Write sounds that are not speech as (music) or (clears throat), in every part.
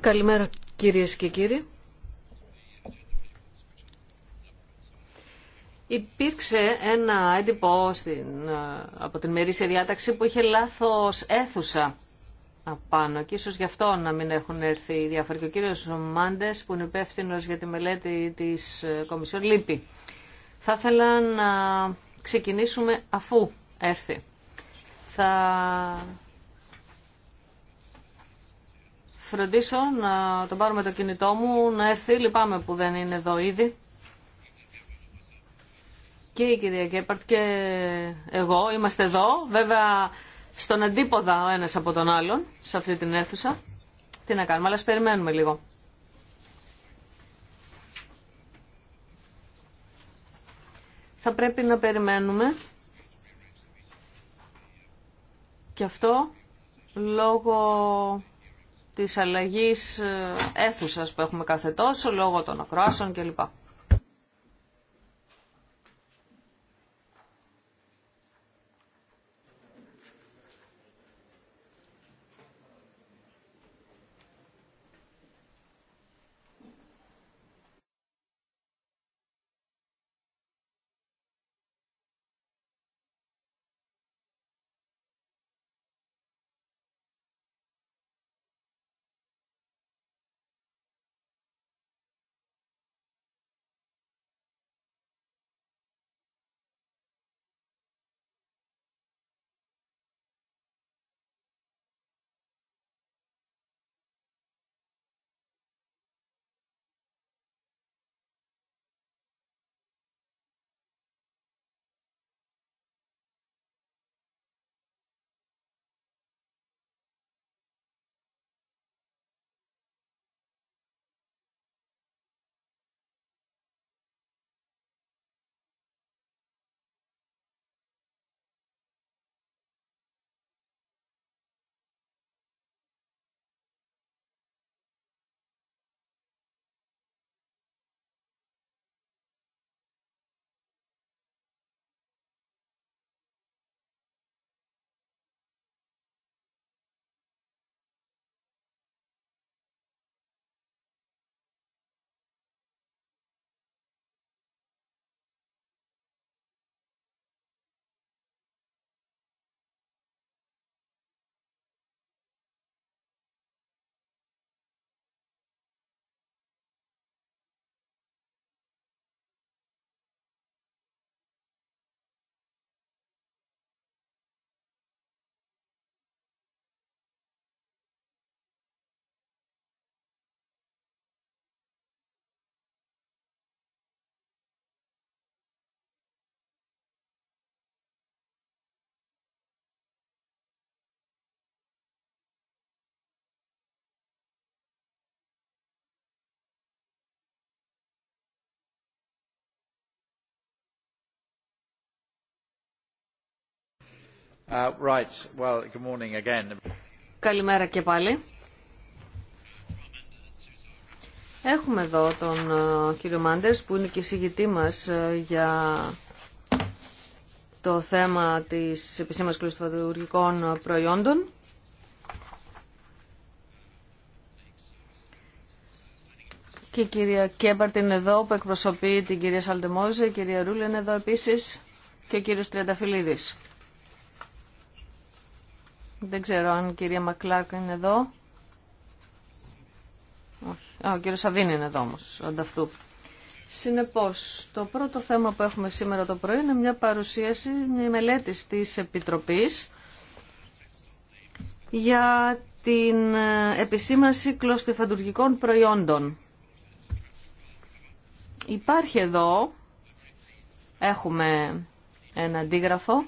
Καλημέρα κυρίες και κύριοι. Υπήρξε ένα έντυπο στην, ε, από την μερίσια διάταξη που είχε λάθος αίθουσα απάνω και ίσως γι' αυτό να μην έχουν έρθει οι διάφοροι. ο κύριο Μάντες που είναι υπεύθυνο για τη μελέτη της ε, Κομισιόν Λύπη. Θα ήθελα να ξεκινήσουμε αφού έρθει. Θα φροντίσω να τον πάρω με το κινητό μου, να έρθει. Λυπάμαι που δεν είναι εδώ ήδη. Και η κυρία Κέπαρτ και εγώ είμαστε εδώ. Βέβαια στον αντίποδα ο ένας από τον άλλον, σε αυτή την αίθουσα. Τι να κάνουμε, αλλά περιμένουμε λίγο. Θα πρέπει να περιμένουμε και αυτό λόγω της αλλαγής ε, αίθουσας που έχουμε κάθε τόσο λόγω των ακροάσεων κλπ. Uh, Καλημέρα και πάλι. Έχουμε εδώ τον ε, κύριο Μάντες που είναι και συγητή μας ε, για το θέμα της επισήμας κλωστοφατουργικών προϊόντων. Και η κυρία Κέμπαρτ είναι εδώ που εκπροσωπεί την κυρία Σαλτεμόζη, η κυρία Ρούλη είναι εδώ επίσης και ο κύριος Τριανταφυλλίδης. Δεν ξέρω αν κυρία Μακλάκ είναι εδώ. Όχι. ο κύριος Σαβίνη είναι εδώ όμως, ανταυτού. Συνεπώς, το πρώτο θέμα που έχουμε σήμερα το πρωί είναι μια παρουσίαση, μια μελέτη της Επιτροπής για την ε, επισήμανση κλωστιφαντουργικών προϊόντων. Υπάρχει εδώ, έχουμε ένα αντίγραφο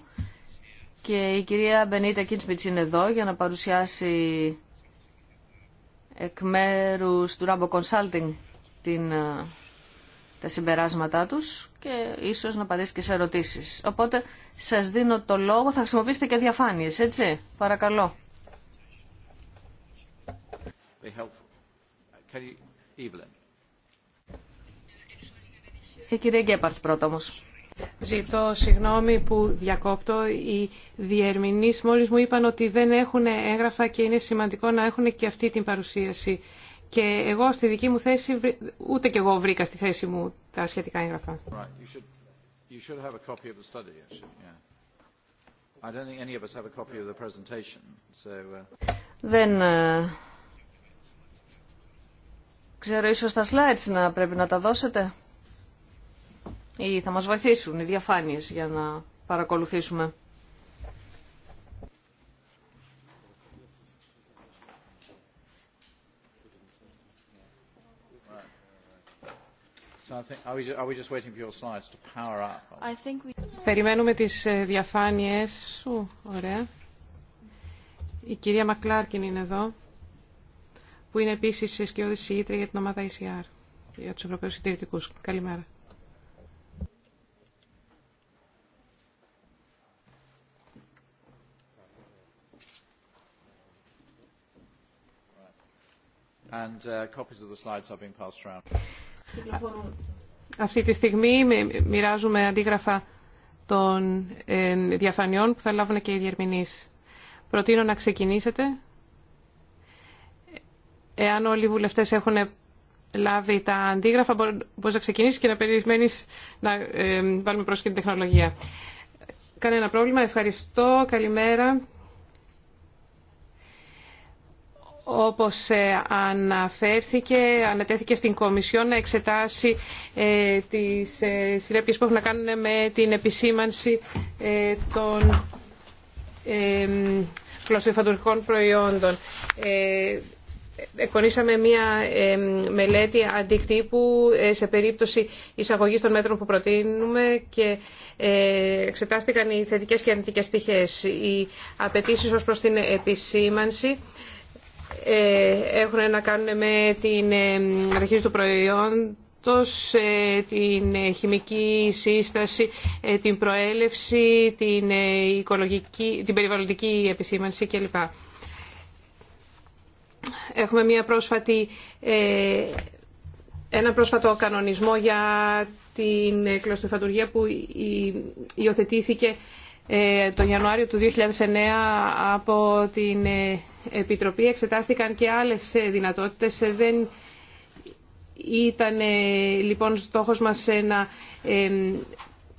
και η κυρία Μπενίτα Κίτσπιτς είναι εδώ για να παρουσιάσει εκ μέρου του Rambo Consulting την, ε, τα συμπεράσματά τους και ίσως να απαντήσει και σε ερωτήσεις. Οπότε σας δίνω το λόγο, θα χρησιμοποιήσετε και διαφάνειες, έτσι, παρακαλώ. Η ε, κυρία Γκέπαρθ πρώτα όμως. Ζητώ συγγνώμη που διακόπτω. Οι διερμηνείς μόλις μου είπαν ότι δεν έχουν έγγραφα και είναι σημαντικό να έχουν και αυτή την παρουσίαση. Και εγώ στη δική μου θέση, ούτε κι εγώ βρήκα στη θέση μου τα σχετικά έγγραφα. Δεν ξέρω, ίσως τα slides να πρέπει να τα δώσετε ή θα μας βοηθήσουν οι διαφάνειες για να παρακολουθήσουμε. Περιμένουμε τις ε, διαφάνειες σου. Ωραία. Η κυρία Μακλάρκιν είναι εδώ, που είναι επίσης σκιώδης ηγήτρια για την ομάδα ICR, για τους Ευρωπαίους Συντηρητικούς. Καλημέρα. Αυτή τη στιγμή μοιράζουμε αντίγραφα των διαφανειών που θα λάβουν και οι διερμηνείς. Προτείνω να ξεκινήσετε. Εάν όλοι οι βουλευτές έχουν λάβει τα αντίγραφα, μπορείς να ξεκινήσεις και να περιμένεις να βάλουμε πρόσκληση την τεχνολογία. Κανένα πρόβλημα. Ευχαριστώ. Καλημέρα όπως ε, αναφέρθηκε, ανατέθηκε στην Κομισιόν να εξετάσει ε, τις ε, συνέπειες που έχουν να κάνουν με την επισήμανση των γλωσσοφαντουργικών προϊόντων. Εκπονήσαμε μία μελέτη αντικτύπου σε περίπτωση εισαγωγής των μέτρων που προτείνουμε και εξετάστηκαν οι θετικές και αρνητικές πτυχές. Οι απαιτήσει ως προς την επισήμανση ε, έχουν να κάνουν με την ε, μεταχείριση του προϊόντος, ε, την χημική σύσταση, την προέλευση, την, οικολογική, την περιβαλλοντική επισήμανση κλπ. Έχουμε μια πρόσφατη, ένα πρόσφατο κανονισμό για την κλωστοφατουργία που υιοθετήθηκε ε, τον Ιανουάριο του 2009 από την ε, Επιτροπή εξετάστηκαν και άλλες ε, δυνατότητες. Δεν ήταν λοιπόν στόχος μας να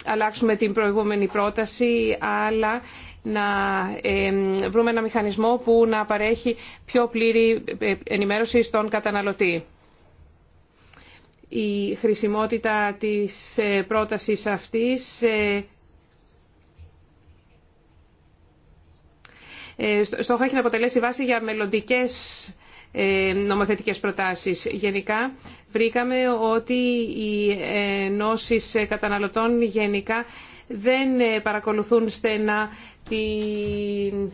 αλλάξουμε την προηγούμενη πρόταση, αλλά να βρούμε ένα μηχανισμό που να παρέχει πιο πλήρη ενημέρωση στον καταναλωτή. Η χρησιμότητα της πρότασης αυτής Ε, στόχο έχει να αποτελέσει βάση για μελλοντικέ ε, νομοθετικές προτάσεις. Γενικά βρήκαμε ότι οι ενώσεις καταναλωτών γενικά δεν ε, παρακολουθούν στενά την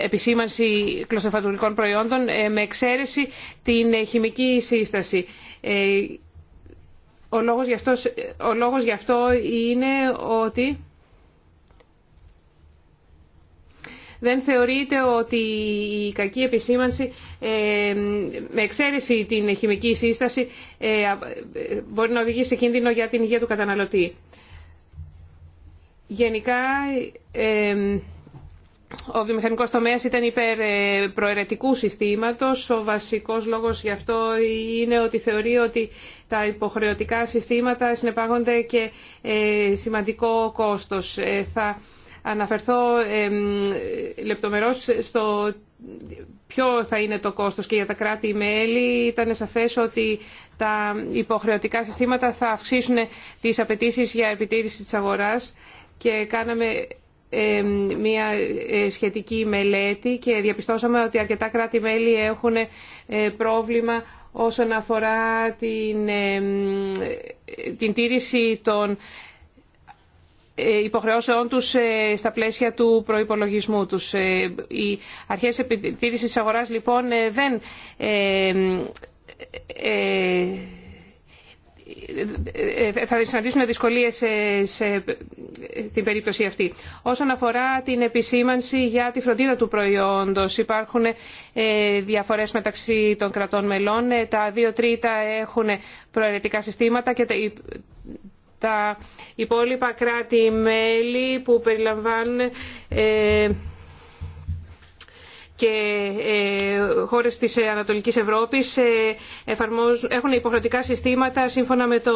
επισήμανση κλωστοφατουρικών προϊόντων με εξαίρεση την χημική σύσταση. Ο λόγος ο λόγος γι αυτό είναι ότι δεν θεωρείται ότι η κακή επισήμανση, ε, με εξαίρεση την χημική σύσταση, ε, μπορεί να οδηγήσει σε κίνδυνο για την υγεία του καταναλωτή. Γενικά, ε, ο βιομηχανικός τομέας ήταν υπέρ προαιρετικού συστήματος. Ο βασικός λόγος γι' αυτό είναι ότι θεωρεί ότι τα υποχρεωτικά συστήματα συνεπάγονται και σημαντικό κόστος αναφερθώ λεπτομερώς στο ποιο θα είναι το κόστος και για τα κράτη-μέλη ήταν σαφές ότι τα υποχρεωτικά συστήματα θα αυξήσουν τις απαιτήσει για επιτήρηση της αγοράς και κάναμε μια ε, σχετική μελέτη και διαπιστώσαμε ότι αρκετά κράτη-μέλη έχουν ε, πρόβλημα όσον αφορά την, την τήρηση των ε, υποχρεώσεών τους ε, στα πλαίσια του προϋπολογισμού τους. Ε, οι αρχές επιτήρησης της αγοράς λοιπόν δεν θα συναντήσουν δυσκολίες στην περίπτωση αυτή. Όσον αφορά την επισήμανση για τη φροντίδα του προϊόντος, υπάρχουν διαφορές μεταξύ των κρατών μελών. Τα δύο τρίτα έχουν προαιρετικά συστήματα και τα υπόλοιπα κράτη-μέλη που περιλαμβάνουν ε, και ε, χώρες της Ανατολικής Ευρώπης ε, έχουν υποχρεωτικά συστήματα σύμφωνα με το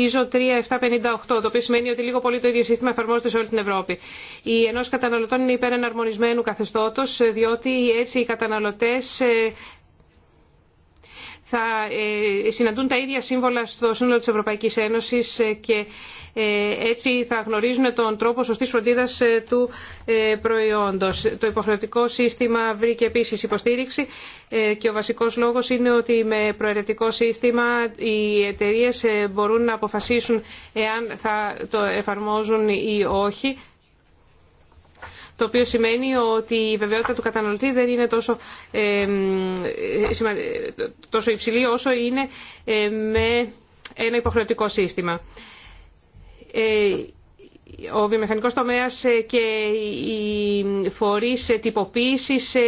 ISO 3758, το οποίο σημαίνει ότι λίγο πολύ το ίδιο σύστημα εφαρμόζεται σε όλη την Ευρώπη. Η ενός καταναλωτών είναι υπέρ εναρμονισμένου καθεστώτος, διότι έτσι οι καταναλωτές θα ε, συναντούν τα ίδια σύμβολα στο σύνολο της Ευρωπαϊκής Ένωσης ε, και ε, έτσι θα γνωρίζουν τον τρόπο σωστής φροντίδας του προϊόντος. Το υποχρεωτικό σύστημα βρήκε επίσης υποστήριξη και ο βασικός λόγος είναι ότι με προαιρετικό σύστημα οι εταιρείε μπορούν να αποφασίσουν εάν θα το εφαρμόζουν ή όχι το οποίο σημαίνει ότι η βεβαιότητα του καταναλωτή δεν είναι τόσο, τόσο υψηλή όσο είναι ε, με ένα υποχρεωτικό σύστημα. Ε, ο βιομηχανικός τομέας και οι φορείς τυποποίησης ε,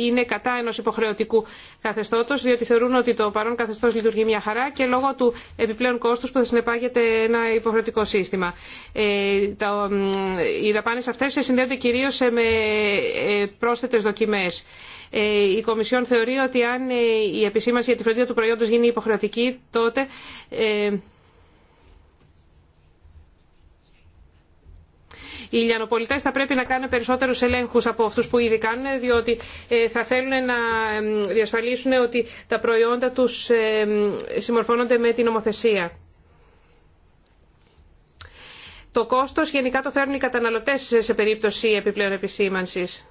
είναι κατά ενός υποχρεωτικού καθεστώτος, διότι θεωρούν ότι το παρόν καθεστώς λειτουργεί μια χαρά και λόγω του επιπλέον κόστους που θα συνεπάγεται ένα υποχρεωτικό σύστημα. Ε, οι δαπάνες αυτές συνδέονται κυρίως με ε, πρόσθετες δοκιμές. Η Κομισιόν θεωρεί ότι αν η επισήμανση για τη φροντίδα του προϊόντος γίνει υποχρεωτική, τότε Οι λιανοπολιτέ θα πρέπει να κάνουν περισσότερους ελέγχους από αυτούς που ήδη κάνουν, διότι ε, θα θέλουν να διασφαλίσουν ότι τα προϊόντα τους συμμορφώνονται με την νομοθεσία. Το κόστος γενικά το φέρνουν οι καταναλωτές σε περίπτωση επιπλέον επισήμανσης.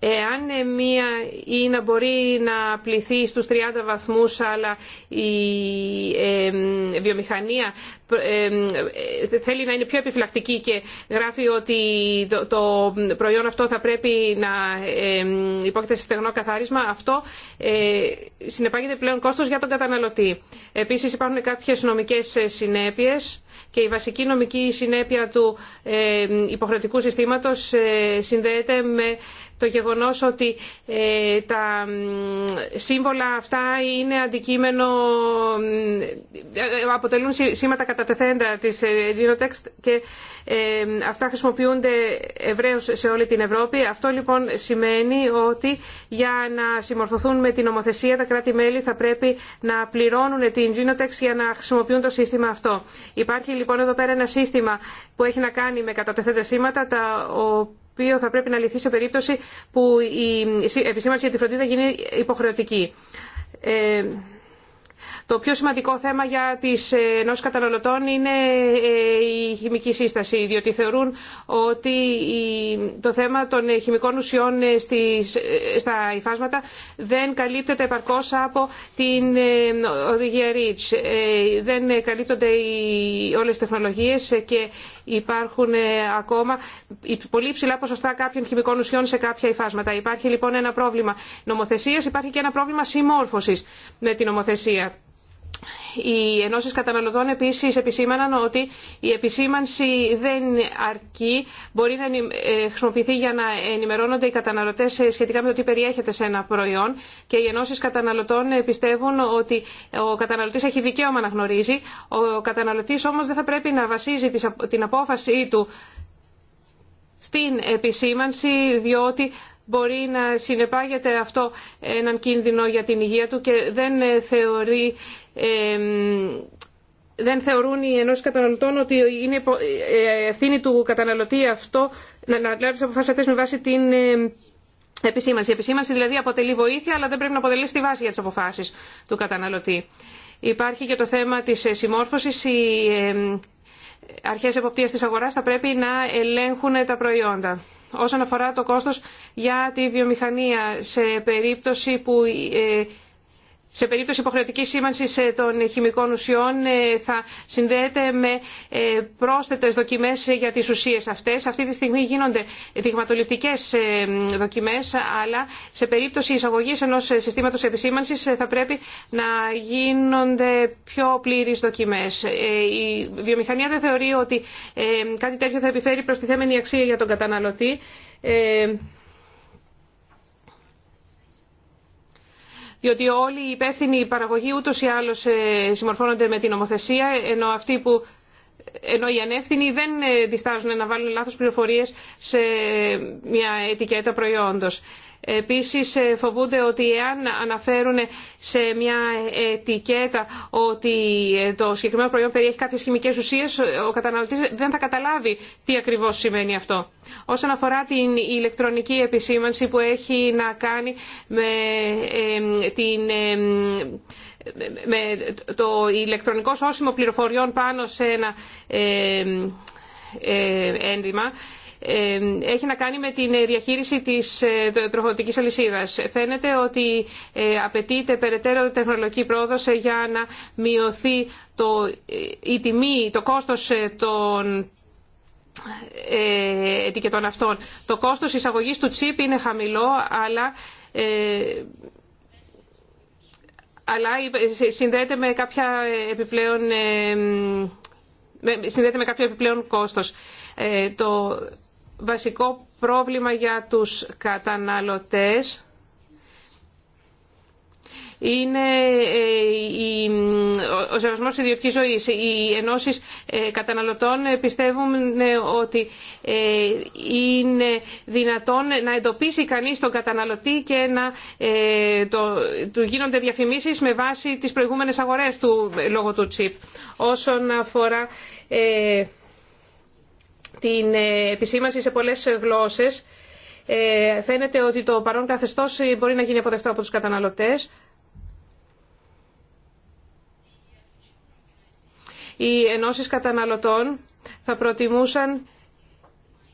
Εάν ε, μία ή να μπορεί να πληθεί στους 30 βαθμούς αλλά η ε, βιομηχανία ε, θέλει να είναι πιο επιφυλακτική και γράφει ότι το προϊόν αυτό θα πρέπει να υπόκειται σε στεγνό καθάρισμα, αυτό συνεπάγεται πλέον κόστος για τον καταναλωτή. Επίσης υπάρχουν κάποιες νομικές συνέπειες και η βασική νομική συνέπεια του υποχρεωτικού συστήματος συνδέεται με το γεγονός ότι ε, τα σύμβολα αυτά είναι αντικείμενο, αποτελούν σήματα κατατεθέντα της Genotext ε, και ε, αυτά χρησιμοποιούνται ευρέως σε όλη την Ευρώπη. Αυτό λοιπόν σημαίνει ότι για να συμμορφωθούν με την ομοθεσία τα κράτη-μέλη θα πρέπει να πληρώνουν την Genotex για να χρησιμοποιούν το σύστημα αυτό. Υπάρχει λοιπόν εδώ πέρα ένα σύστημα που έχει να κάνει με κατατεθέντα σήματα τα οποίο θα πρέπει να λυθεί σε περίπτωση που η επισήμανση για τη φροντίδα γίνει υποχρεωτική. Ε, το πιο σημαντικό θέμα για τις ε, ενός καταναλωτών είναι ε, η χημική σύσταση, διότι θεωρούν ότι το θέμα των ε, χημικών ουσιών στα υφάσματα δεν καλύπτεται επαρκώς από την οδηγία REACH. Δεν καλύπτονται όλες τι τεχνολογίες και υπάρχουν ακόμα πολύ ψηλά ποσοστά κάποιων χημικών ουσιών σε κάποια υφάσματα. Υπάρχει λοιπόν ένα πρόβλημα νομοθεσίας, υπάρχει και ένα πρόβλημα συμμόρφωσης με την νομοθεσία. Οι ενώσεις καταναλωτών επίσης επισήμαναν ότι η επισήμανση δεν αρκεί, μπορεί να ε, χρησιμοποιηθεί για να ενημερώνονται οι καταναλωτές σχετικά με το τι περιέχεται σε ένα προϊόν και οι ενώσεις καταναλωτών πιστεύουν ότι ο καταναλωτής έχει δικαίωμα να γνωρίζει, ο καταναλωτής όμως δεν θα πρέπει να βασίζει την απόφαση του στην επισήμανση διότι μπορεί να συνεπάγεται αυτό έναν κίνδυνο για την υγεία του και δεν θεωρεί δεν θεωρούν οι ενώσει καταναλωτών ότι είναι ε, ε, ευθύνη του καταναλωτή αυτό να λάβει τι αποφάσει αυτέ με βάση την ε, επισήμανση. Η επισήμανση δηλαδή αποτελεί βοήθεια, αλλά δεν πρέπει να αποτελεί στη βάση για τι αποφάσει του καταναλωτή. Υπάρχει και το θέμα τη συμμόρφωση. Οι αρχέ εποπτεία τη αγορά θα πρέπει να ελέγχουν τα προϊόντα. Όσον αφορά το κόστο για τη βιομηχανία, σε περίπτωση που σε περίπτωση υποχρεωτική σήμανση ε, των χημικών ουσιών ε, θα συνδέεται με ε, πρόσθετε δοκιμέ για τι ουσίε αυτέ. Αυτή τη στιγμή γίνονται δειγματοληπτικέ δοκιμέ, αλλά σε περίπτωση εισαγωγή ενό συστήματο επισήμανση θα πρέπει να γίνονται πιο πλήρεις δοκιμέ. Η βιομηχανία δεν θεωρεί ότι κάτι τέτοιο θα επιφέρει προστιθέμενη αξία για τον καταναλωτή. διότι όλοι οι υπεύθυνοι παραγωγοί ούτως ή άλλως ε, συμμορφώνονται με την νομοθεσία, ενώ αυτοί που ενώ οι ανεύθυνοι δεν ε, διστάζουν να βάλουν λάθος πληροφορίες σε μια ετικέτα προϊόντος. Επίσης ε, φοβούνται ότι εάν αναφέρουν σε μια ετικέτα ότι ε, το συγκεκριμένο προϊόν περιέχει κάποιες χημικές ουσίες, ο καταναλωτής δεν θα καταλάβει τι ακριβώς σημαίνει αυτό. Όσον αφορά την ηλεκτρονική επισήμανση που έχει να κάνει με την με το ηλεκτρονικό σώσιμο πληροφοριών πάνω σε ένα ε, ένδυμα ε, έχει να κάνει με την διαχείριση της ε, τροφοδοτική αλυσίδας. Φαίνεται ότι ε, απαιτείται περαιτέρω τεχνολογική πρόοδος για να μειωθεί το, η τιμή, το κόστος των ετικετών αυτών. Το κόστος εισαγωγής του τσίπ είναι χαμηλό, αλλά αλλά συνδέεται με κάποια επιπλέον συνδέεται με κάποιο επιπλέον κόστος. το βασικό πρόβλημα για τους καταναλωτές είναι ε, ο σεβασμός ιδιωτικής ζωής. Οι ενώσεις ε, καταναλωτών ε, πιστεύουν ότι είναι δυνατόν να εντοπίσει κανείς τον καταναλωτή και να του γίνονται διαφημίσεις με βάση τις προηγούμενες αγορές του λόγω του τσιπ. Όσον αφορά την ε, επισήμανση σε πολλές γλώσσες. Ε, φαίνεται ότι το παρόν καθεστώς ε, μπορεί να γίνει αποδεκτό από τους καταναλωτές. Οι ενώσεις καταναλωτών θα προτιμούσαν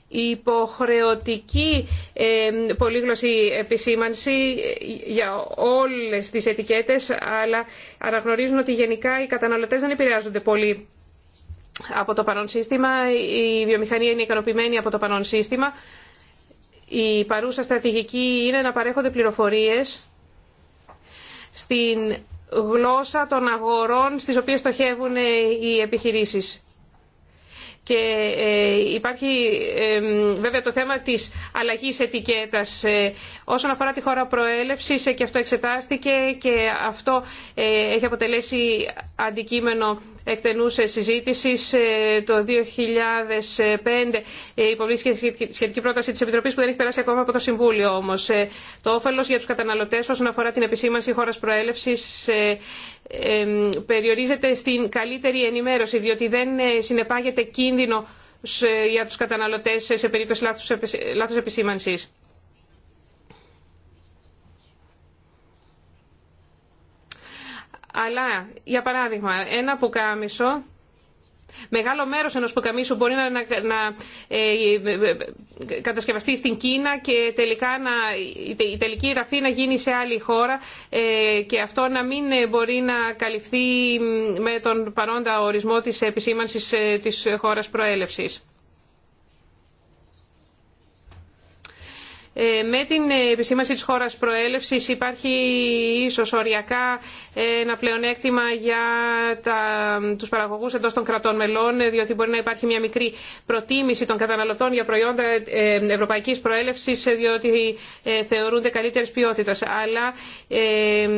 υποχρεωτική ε, πολύγλωση επισήμανση για όλες τις ετικέτες, αλλά αναγνωρίζουν ότι γενικά οι καταναλωτές δεν επηρεάζονται πολύ από το παρόν σύστημα, η βιομηχανία είναι ικανοποιημένη από το παρόν σύστημα. Η παρούσα στρατηγική είναι να παρέχονται πληροφορίες στην γλώσσα των αγορών στις οποίες στοχεύουν οι επιχειρήσεις. Και ε, υπάρχει ε, βέβαια το θέμα της αλλαγής ετικέτας ε, όσον αφορά τη χώρα προέλευσης και αυτό εξετάστηκε και αυτό έχει αποτελέσει αντικείμενο εκτενούς συζήτησης το 2005 υποβλήθηκε σχετική πρόταση της Επιτροπής που δεν έχει περάσει ακόμα από το Συμβούλιο όμως. Το όφελος για τους καταναλωτές όσον αφορά την επισήμανση χώρας προέλευσης περιορίζεται στην καλύτερη ενημέρωση, διότι δεν ε, συνεπάγεται κίνδυνο για τους καταναλωτές σε περίπτωση λάθους επισήμανσης. Αλλά, για παράδειγμα, ένα πουκάμισο μεγάλο μέρο ενό ποκαμίσου μπορεί να, ε, ε, κατασκευαστεί στην Κίνα και τελικά η τελική ραφή να γίνει σε άλλη χώρα ε, και αυτό να μην μπορεί να καλυφθεί με τον παρόντα ορισμό της επισήμανσης της χώρας προέλευση. Ε, με την επισήμαση της χώρας προέλευσης υπάρχει ίσως οριακά ένα πλεονέκτημα για τα, τους παραγωγούς εντός των κρατών μελών, διότι μπορεί να υπάρχει μια μικρή προτίμηση των καταναλωτών για προϊόντα ε, ευρωπαϊκής προέλευσης, διότι ε, θεωρούνται καλύτερης ποιότητας. Αλλά ε,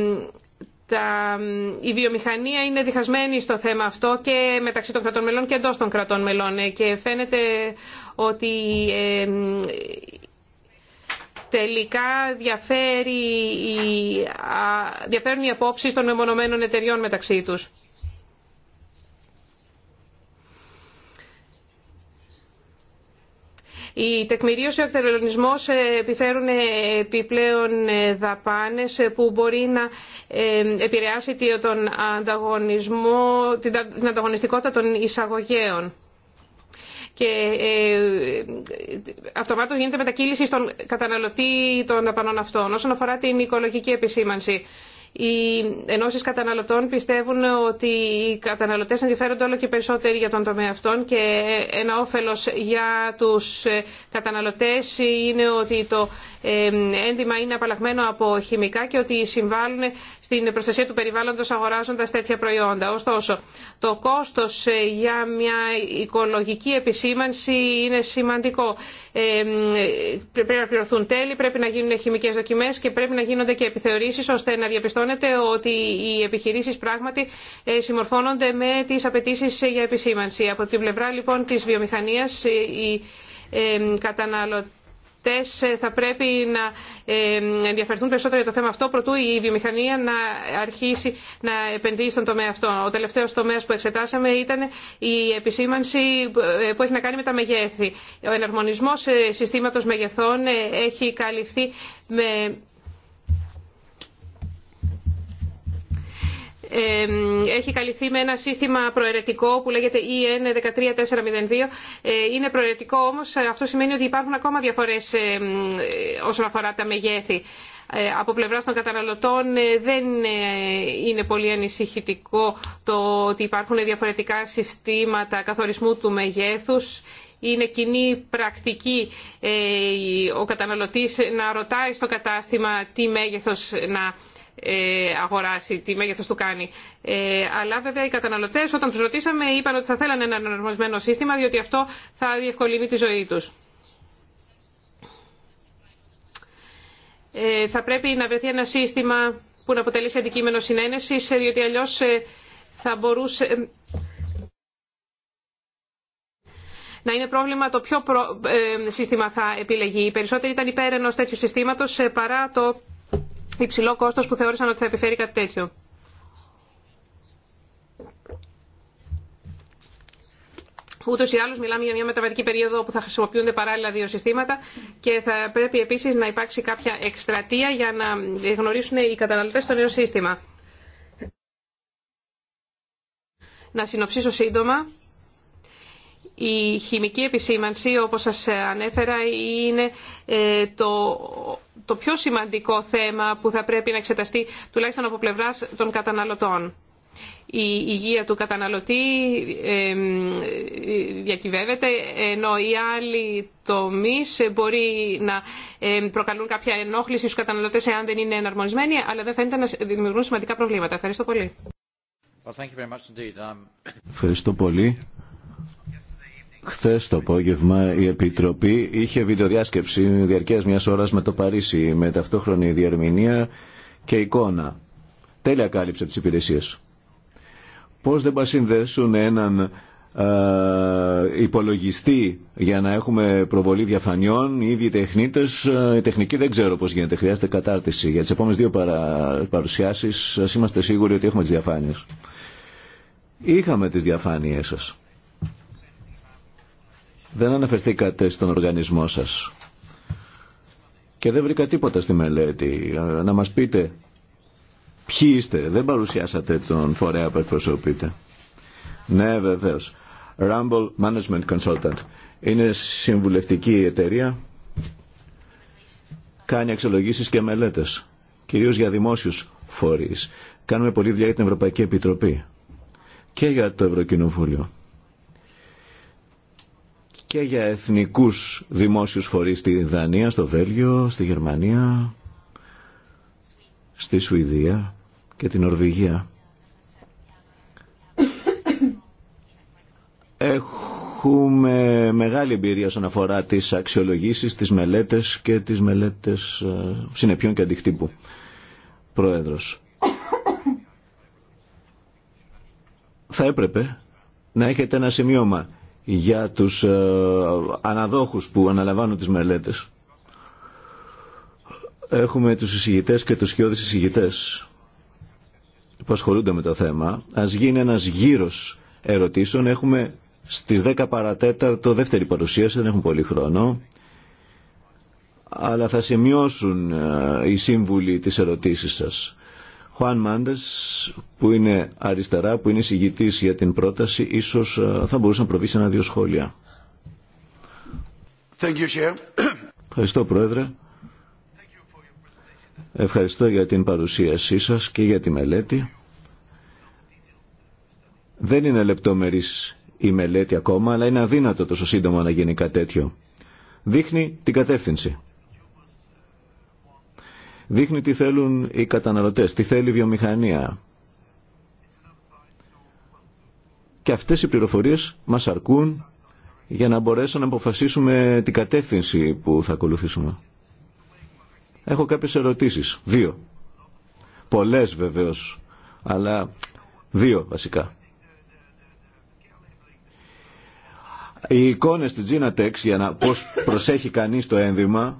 τα, η βιομηχανία είναι διχασμένη στο θέμα αυτό και μεταξύ των κρατών μελών και εντός των κρατών μελών και φαίνεται ότι τελικά διαφέρει η, διαφέρουν οι απόψει των μεμονωμένων εταιριών μεταξύ τους. Η τεκμηρίωση και ο εκτελονισμός ε, επιφέρουν ε, επιπλέον ε, δαπάνες που μπορεί να επηρεάσει τον ανταγωνισμό, την ανταγωνιστικότητα των εισαγωγέων και ε, ε, αυτομάτως γίνεται μετακύληση στον καταναλωτή των δαπανών αυτών. Όσον αφορά την οικολογική επισήμανση, οι ενώσει καταναλωτών πιστεύουν ότι οι καταναλωτέ ενδιαφέρονται όλο και περισσότερο για τον τομέα αυτών και ένα όφελο για του ε, καταναλωτέ είναι ότι το ε, ένδυμα είναι απαλλαγμένο από χημικά και ότι συμβάλλουν στην προστασία του περιβάλλοντο αγοράζοντα τέτοια προϊόντα. Ωστόσο, το κόστο ε, για μια οικολογική επισήμανση είναι σημαντικό. Πρέπει να πληρωθούν τέλη, πρέπει να γίνουν χημικέ δοκιμέ και πρέπει να γίνονται και επιθεωρήσει ώστε να διαπιστώνουν διαπιστώνεται ότι οι επιχειρήσεις πράγματι ε, συμμορφώνονται με τις απαιτήσει για επισήμανση. Από την πλευρά λοιπόν της βιομηχανίας ε, οι ε, καταναλωτές θα πρέπει να ενδιαφερθούν περισσότερο για το θέμα αυτό προτού η βιομηχανία να αρχίσει να επενδύει στον τομέα αυτό. Ο τελευταίος τομέας που εξετάσαμε ήταν η επισήμανση που έχει να κάνει με τα μεγέθη. Ο εναρμονισμός συστήματος μεγεθών έχει καλυφθεί με έχει καλυφθεί με ένα σύστημα προαιρετικό που λέγεται EN13402. Ε, είναι προαιρετικό όμως, αυτό σημαίνει ότι υπάρχουν ακόμα διαφορές όσον αφορά τα μεγέθη. Ε, από πλευρά των καταναλωτών ε, δεν είναι πολύ ανησυχητικό το ότι υπάρχουν διαφορετικά συστήματα καθορισμού του μεγέθους. Είναι κοινή πρακτική ο καταναλωτής να ρωτάει στο κατάστημα τι μέγεθος να ε, αγοράσει, τι μέγεθο του κάνει. Ε, αλλά βέβαια οι καταναλωτέ όταν του ρωτήσαμε είπαν ότι θα θέλανε ένα εναρμοσμένο σύστημα διότι αυτό θα διευκολύνει τη ζωή τους. Ε, θα πρέπει να βρεθεί ένα σύστημα που να αποτελεί αντικείμενο συνένεση διότι αλλιώς θα μπορούσε να είναι πρόβλημα το ποιο σύστημα θα επιλεγεί. Οι περισσότεροι ήταν υπέρ ενός τέτοιου συστήματος παρά το υψηλό κόστος που θεώρησαν ότι θα επιφέρει κάτι τέτοιο. Ούτω ή άλλω μιλάμε για μια μεταβατική περίοδο όπου θα χρησιμοποιούνται παράλληλα δύο συστήματα και θα πρέπει επίση να υπάρξει κάποια εκστρατεία για να γνωρίσουν οι καταναλωτέ το νέο σύστημα. Να συνοψίσω σύντομα. Η χημική επισήμανση, όπως σας ανέφερα, είναι ε, το το πιο σημαντικό θέμα που θα πρέπει να εξεταστεί τουλάχιστον από πλευράς των καταναλωτών. Η υγεία του καταναλωτή διακυβεύεται, ενώ οι άλλοι τομείς μπορεί να προκαλούν κάποια ενόχληση στους καταναλωτές εάν δεν είναι εναρμονισμένοι, αλλά δεν φαίνεται να δημιουργούν σημαντικά προβλήματα. Ευχαριστώ πολύ. Um, Ευχαριστώ πολύ. Χθε το απόγευμα η Επιτροπή είχε βιντεοδιάσκεψη διαρκεία μια ώρα με το Παρίσι, με ταυτόχρονη διαρμηνία και εικόνα. Τέλεια κάλυψε τι υπηρεσίε. Πώ δεν μα συνδέσουν έναν υπολογιστή για να έχουμε προβολή διαφανιών, οι ίδιοι τεχνίτε, η τεχνική δεν ξέρω πώ γίνεται. Χρειάζεται κατάρτιση. Για τι επόμενε δύο παρα... παρουσιάσει, α είμαστε σίγουροι ότι έχουμε τι διαφάνειε. Είχαμε τι διαφάνειέ σα δεν αναφερθήκατε στον οργανισμό σας. Και δεν βρήκα τίποτα στη μελέτη. Ε, να μας πείτε ποιοι είστε. Δεν παρουσιάσατε τον φορέα που εκπροσωπείτε. Ναι, βεβαίω. Rumble Management Consultant. Είναι συμβουλευτική εταιρεία. Κάνει αξιολογήσεις και μελέτες. Κυρίως για δημόσιους φορείς. Κάνουμε πολλή δουλειά για την Ευρωπαϊκή Επιτροπή και για το Ευρωκοινοβούλιο και για εθνικούς δημόσιους φορείς στη Δανία, στο Βέλγιο, στη Γερμανία, στη Σουηδία και την Ορβηγία. Έχουμε μεγάλη εμπειρία στον αφορά τις αξιολογήσεις, τις μελέτες και τις μελέτες ε, συνεπιών και αντιχτύπου. Πρόεδρος. Θα έπρεπε να έχετε ένα σημείωμα για τους ε, αναδόχους που αναλαμβάνουν τις μελέτες. Έχουμε τους εισηγητές και τους χιώδεις εισηγητές που ασχολούνται με το θέμα. Ας γίνει ένας γύρος ερωτήσεων. Έχουμε στις 10 το δεύτερη παρουσίαση, δεν έχουμε πολύ χρόνο. Αλλά θα σημειώσουν ε, οι σύμβουλοι τις ερωτήσεις σας. Χουάν Μάντες που είναι αριστερά, που είναι συγητής για την πρόταση, ίσως ε, θα μπορούσε να προβεί σε ένα-δύο σχόλια. Ευχαριστώ Πρόεδρε. Ευχαριστώ για την παρουσίασή σας και για τη μελέτη. Δεν είναι λεπτομερής η μελέτη ακόμα, αλλά είναι αδύνατο τόσο σύντομα να γίνει κάτι τέτοιο. Δείχνει την κατεύθυνση δείχνει τι θέλουν οι καταναλωτές, τι θέλει η βιομηχανία. Και αυτές οι πληροφορίες μας αρκούν για να μπορέσουμε να αποφασίσουμε την κατεύθυνση που θα ακολουθήσουμε. Έχω κάποιες ερωτήσεις. Δύο. Πολλές βεβαίως, αλλά δύο βασικά. Οι εικόνες του Ginatex για να πώς προσέχει κανείς το ένδυμα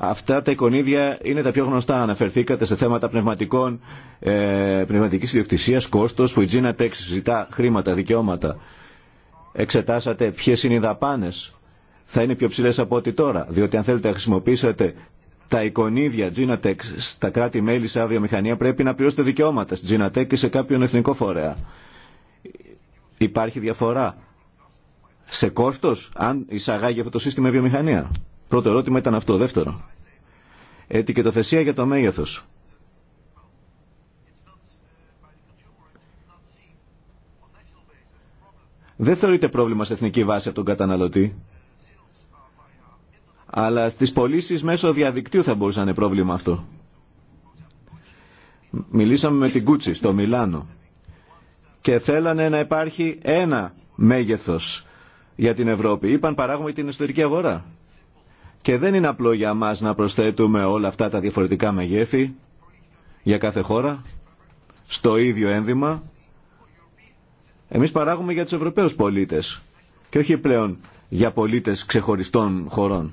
Αυτά τα εικονίδια είναι τα πιο γνωστά. Αναφερθήκατε σε θέματα πνευματικών, ε, πνευματικής ιδιοκτησίας, κόστος, που η Gina ζητά χρήματα, δικαιώματα. Εξετάσατε ποιε είναι οι δαπάνε. Θα είναι πιο ψηλέ από ό,τι τώρα. Διότι αν θέλετε να χρησιμοποιήσετε τα εικονίδια Ginatex στα κράτη-μέλη σε αβιομηχανία πρέπει να πληρώσετε δικαιώματα στη Τέξ και σε κάποιον εθνικό φορέα. Υπάρχει διαφορά σε κόστος αν εισαγάγει αυτό το σύστημα βιομηχανία. Πρώτο ερώτημα ήταν αυτό. Δεύτερο. Ετικετοθεσία για το μέγεθος. Δεν θεωρείται πρόβλημα σε εθνική βάση από τον καταναλωτή. Αλλά στις πωλήσει μέσω διαδικτύου θα μπορούσε να είναι πρόβλημα αυτό. Μιλήσαμε με την Κούτσι στο Μιλάνο και θέλανε να υπάρχει ένα μέγεθος για την Ευρώπη. Είπαν παράγουμε την ιστορική αγορά. Και δεν είναι απλό για μας να προσθέτουμε όλα αυτά τα διαφορετικά μεγέθη για κάθε χώρα στο ίδιο ένδυμα. Εμείς παράγουμε για τους Ευρωπαίους πολίτες και όχι πλέον για πολίτες ξεχωριστών χωρών.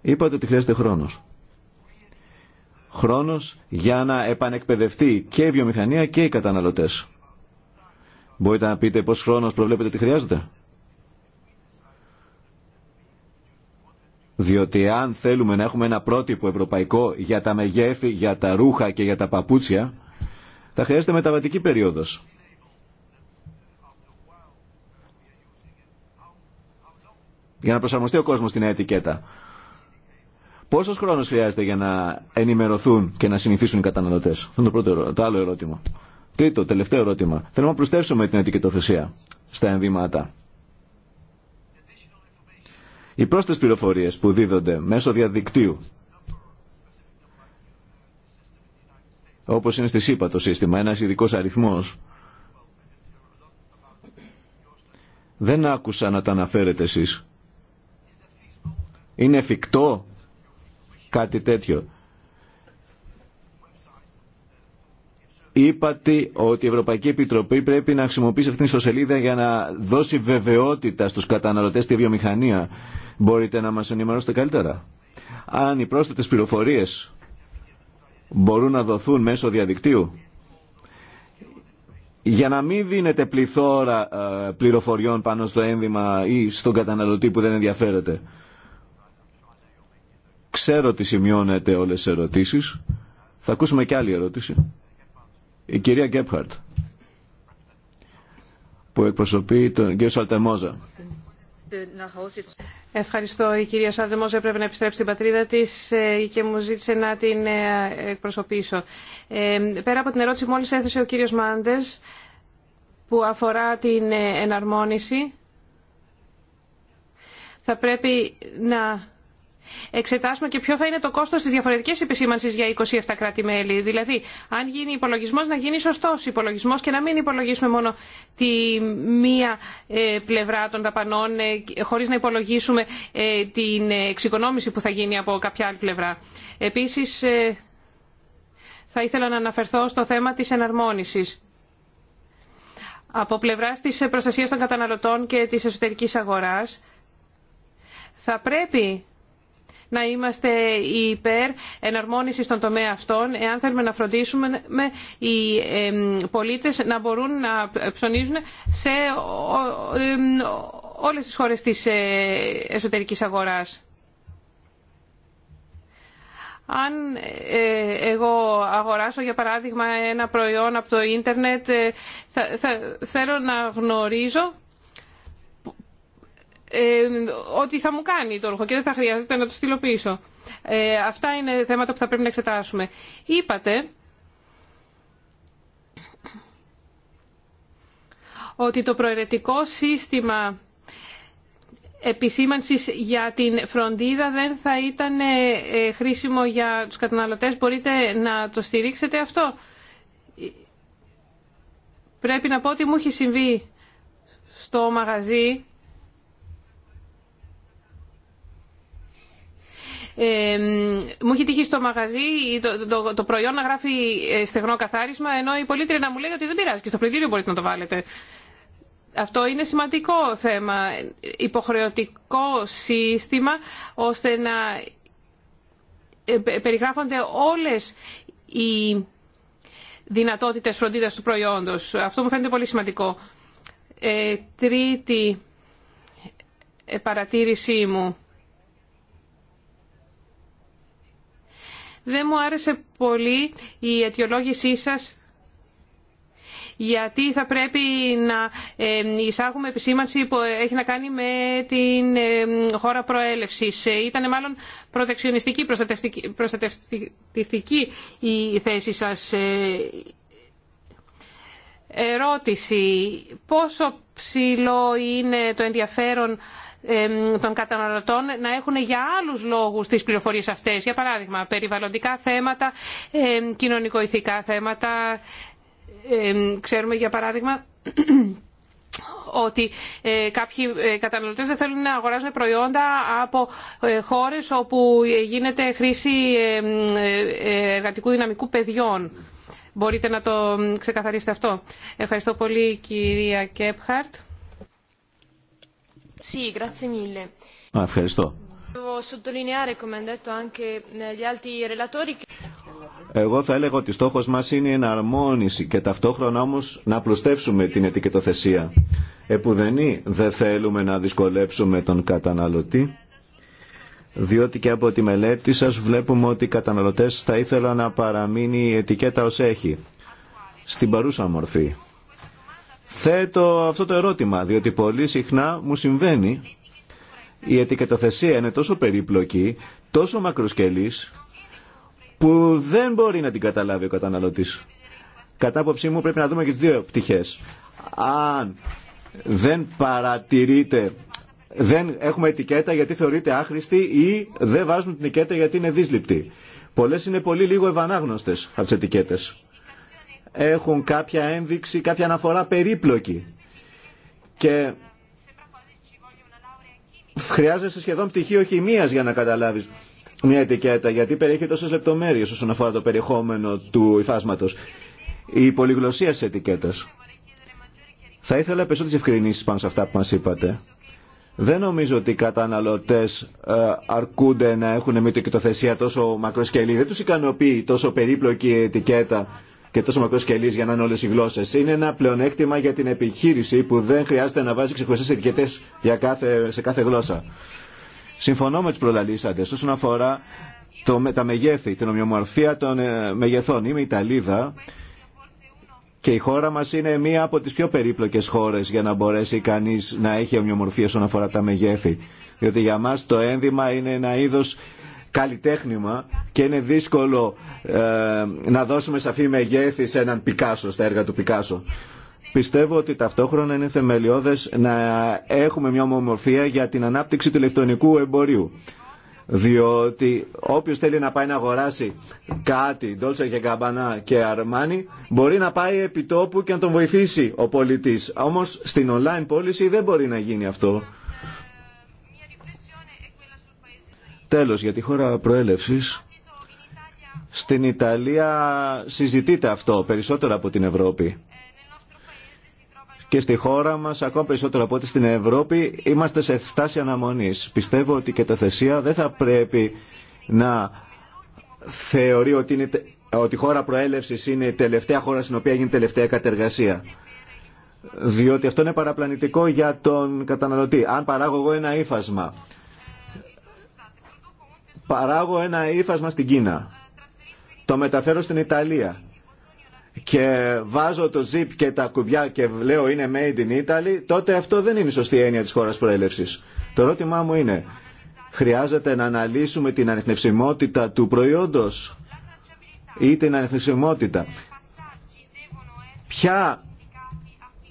Είπατε ότι χρειάζεται χρόνος. Χρόνος για να επανεκπαιδευτεί και η βιομηχανία και οι καταναλωτές. Μπορείτε να πείτε πόσο χρόνος προβλέπετε ότι χρειάζεται. Διότι αν θέλουμε να έχουμε ένα πρότυπο ευρωπαϊκό για τα μεγέθη, για τα ρούχα και για τα παπούτσια, θα χρειάζεται μεταβατική περίοδος. Για να προσαρμοστεί ο κόσμος στην ετικέτα. Πόσος χρόνος χρειάζεται για να ενημερωθούν και να συνηθίσουν οι καταναλωτές. Αυτό είναι το, πρώτο, το άλλο ερώτημα. Τρίτο, τελευταίο ερώτημα. Θέλουμε να προσθέσουμε την ετικετοθεσία στα ενδύματα. Οι πρόσθετες πληροφορίες που δίδονται μέσω διαδικτύου, όπως είναι στη ΣΥΠΑ το σύστημα, ένας ειδικό αριθμός, δεν άκουσα να τα αναφέρετε εσείς. Είναι εφικτό κάτι τέτοιο. είπατε ότι η Ευρωπαϊκή Επιτροπή πρέπει να χρησιμοποιήσει αυτήν την ιστοσελίδα για να δώσει βεβαιότητα στους καταναλωτές στη βιομηχανία. Μπορείτε να μας ενημερώσετε καλύτερα. Αν οι πρόσθετες πληροφορίες μπορούν να δοθούν μέσω διαδικτύου για να μην δίνετε πληθώρα ε, πληροφοριών πάνω στο ένδυμα ή στον καταναλωτή που δεν ενδιαφέρεται. Ξέρω ότι σημειώνετε όλες τις ερωτήσεις. Θα ακούσουμε και άλλη ερώτηση η κυρία Γκέπχαρτ που εκπροσωπεί τον κύριο Σαλτεμόζα. Ευχαριστώ. Η κυρία Σαλτεμόζα έπρεπε να επιστρέψει στην πατρίδα της ε, και μου ζήτησε να την ε, εκπροσωπήσω. Ε, πέρα από την ερώτηση που μόλις έθεσε ο κύριος Μάντες που αφορά την εναρμόνιση θα πρέπει να εξετάσουμε και ποιο θα είναι το κόστος της διαφορετικής επισήμανσης για 27 κράτη-μέλη. Δηλαδή, αν γίνει υπολογισμός, να γίνει σωστός υπολογισμός και να μην υπολογίσουμε μόνο τη μία ε, πλευρά των δαπανών ε, χωρίς να υπολογίσουμε ε, την εξοικονόμηση που θα γίνει από κάποια άλλη πλευρά. Επίσης, θα ήθελα να αναφερθώ στο θέμα της εναρμόνισης από πλευρά τη προστασία των καταναλωτών και τη εσωτερική αγορά, θα πρέπει να είμαστε υπέρ εναρμόνισης στον τομέα αυτών, εάν θέλουμε να φροντίσουμε οι πολίτες να μπορούν να ψωνίζουν σε όλες τις χώρες της ε, εσωτερικής αγοράς. Αν ε, εγώ αγοράσω, για παράδειγμα, ένα προϊόν από το ίντερνετ, ε, θα, θέλω να γνωρίζω ότι θα μου κάνει το ρούχο και δεν θα χρειάζεται να το στείλω πίσω. Ε, αυτά είναι θέματα που θα πρέπει να εξετάσουμε. Είπατε ότι το προαιρετικό σύστημα επισήμανσης για την φροντίδα δεν θα ήταν ε, ε, χρήσιμο για τους καταναλωτές. Μπορείτε να το στηρίξετε αυτό. Πρέπει να πω ότι μου έχει συμβεί στο μαγαζί μου έχει τύχει στο μαγαζί το, το, το προϊόν να γράφει ε, στεγνό καθάρισμα, ενώ η πολίτρια να μου λέει ότι δεν πειράζει και στο πλυντήριο μπορείτε να το βάλετε. Αυτό είναι σημαντικό θέμα, υποχρεωτικό σύστημα, ώστε να ε, περιγράφονται όλες οι δυνατότητες φροντίδας του προϊόντος. Αυτό μου φαίνεται πολύ σημαντικό. Ε, τρίτη ε, παρατήρησή μου. Δεν μου άρεσε πολύ η αιτιολόγησή σας γιατί θα πρέπει να εισάγουμε επισήμανση που έχει να κάνει με την χώρα προέλευσης. Ε, ήταν μάλλον προτεξιονιστική, προστατευτική η θέση σας. Ε, ερώτηση. Πόσο ψηλό είναι το ενδιαφέρον των καταναλωτών να έχουν για άλλους λόγους τις πληροφορίες αυτές. Για παράδειγμα, περιβαλλοντικά θέματα, κοινωνικοηθικά θέματα. Ξέρουμε, για παράδειγμα, (clears throat) ότι ε, κάποιοι ε, καταναλωτές δεν θέλουν να αγοράζουν προϊόντα από ε, χώρες όπου γίνεται χρήση εργατικού δυναμικού παιδιών. Μπορείτε να το ξεκαθαρίσετε αυτό. Ευχαριστώ πολύ κυρία Κέπχαρτ. Εγώ θα έλεγα ότι στόχος μας είναι η εναρμόνιση και ταυτόχρονα όμως να πλουστεύσουμε την ετικετοθεσία. Επουδενή δεν θέλουμε να δυσκολέψουμε τον καταναλωτή διότι και από τη μελέτη σας βλέπουμε ότι οι καταναλωτές θα ήθελαν να παραμείνει η ετικέτα ως έχει στην παρούσα μορφή. Θέτω αυτό το ερώτημα, διότι πολύ συχνά μου συμβαίνει η ετικετοθεσία είναι τόσο περίπλοκη, τόσο μακροσκελής, που δεν μπορεί να την καταλάβει ο καταναλωτής. Κατά άποψή μου πρέπει να δούμε και τις δύο πτυχές. Αν δεν παρατηρείται, δεν έχουμε ετικέτα γιατί θεωρείται άχρηστη ή δεν βάζουν την ετικέτα γιατί είναι δύσληπτη. Πολλές είναι πολύ λίγο ευανάγνωστες από τις ετικέτες έχουν κάποια ένδειξη, κάποια αναφορά περίπλοκη. Και χρειάζεσαι σχεδόν πτυχίο χημίας για να καταλάβεις μια ετικέτα, γιατί περιέχει τόσες λεπτομέρειες όσον αφορά το περιεχόμενο του υφάσματος. Η πολυγλωσία της ετικέτας. Θα ήθελα περισσότερες ευκρινήσεις πάνω σε αυτά που μας είπατε. Δεν νομίζω ότι οι καταναλωτέ ε, αρκούνται να έχουν μια τοκοθεσία τόσο μακροσκελή. Δεν του ικανοποιεί τόσο περίπλοκη ετικέτα και τόσο μακρό για να είναι όλε οι γλώσσε. Είναι ένα πλεονέκτημα για την επιχείρηση που δεν χρειάζεται να βάζει ξεχωριστέ ετικετέ κάθε, σε κάθε γλώσσα. Συμφωνώ με του προλαλήσαντε όσον αφορά το, τα μεγέθη, την ομοιομορφία των ε, μεγεθών. Είμαι Ιταλίδα και η χώρα μα είναι μία από τι πιο περίπλοκες χώρε για να μπορέσει κανεί να έχει ομοιομορφία όσον αφορά τα μεγέθη. Διότι για μα το ένδυμα είναι ένα είδο καλλιτέχνημα και είναι δύσκολο ε, να δώσουμε σαφή μεγέθη σε έναν Πικάσο, στα έργα του Πικάσο. Πιστεύω ότι ταυτόχρονα είναι θεμελιώδες να έχουμε μια ομομορφία για την ανάπτυξη του ηλεκτρονικού εμπορίου. Διότι όποιο θέλει να πάει να αγοράσει κάτι, Dolce για καμπανά και αρμάνι, μπορεί να πάει επί τόπου και να τον βοηθήσει ο πολιτής. Όμως στην online πώληση δεν μπορεί να γίνει αυτό. Τέλος, για τη χώρα προέλευσης, στην Ιταλία συζητείται αυτό περισσότερο από την Ευρώπη. Και στη χώρα μας, ακόμα περισσότερο από ό,τι στην Ευρώπη, είμαστε σε στάση αναμονής. Πιστεύω ότι και τα θεσία δεν θα πρέπει να θεωρεί ότι, είναι, ότι η χώρα προέλευσης είναι η τελευταία χώρα στην οποία γίνεται τελευταία κατεργασία. Διότι αυτό είναι παραπλανητικό για τον καταναλωτή. Αν παράγω εγώ ένα ύφασμα παράγω ένα ύφασμα στην Κίνα, το μεταφέρω στην Ιταλία και βάζω το zip και τα κουμπιά και λέω είναι made in Italy, τότε αυτό δεν είναι η σωστή έννοια της χώρας προέλευσης. Το ερώτημά μου είναι, χρειάζεται να αναλύσουμε την ανεχνευσιμότητα του προϊόντος ή την ανεχνευσιμότητα. Ποια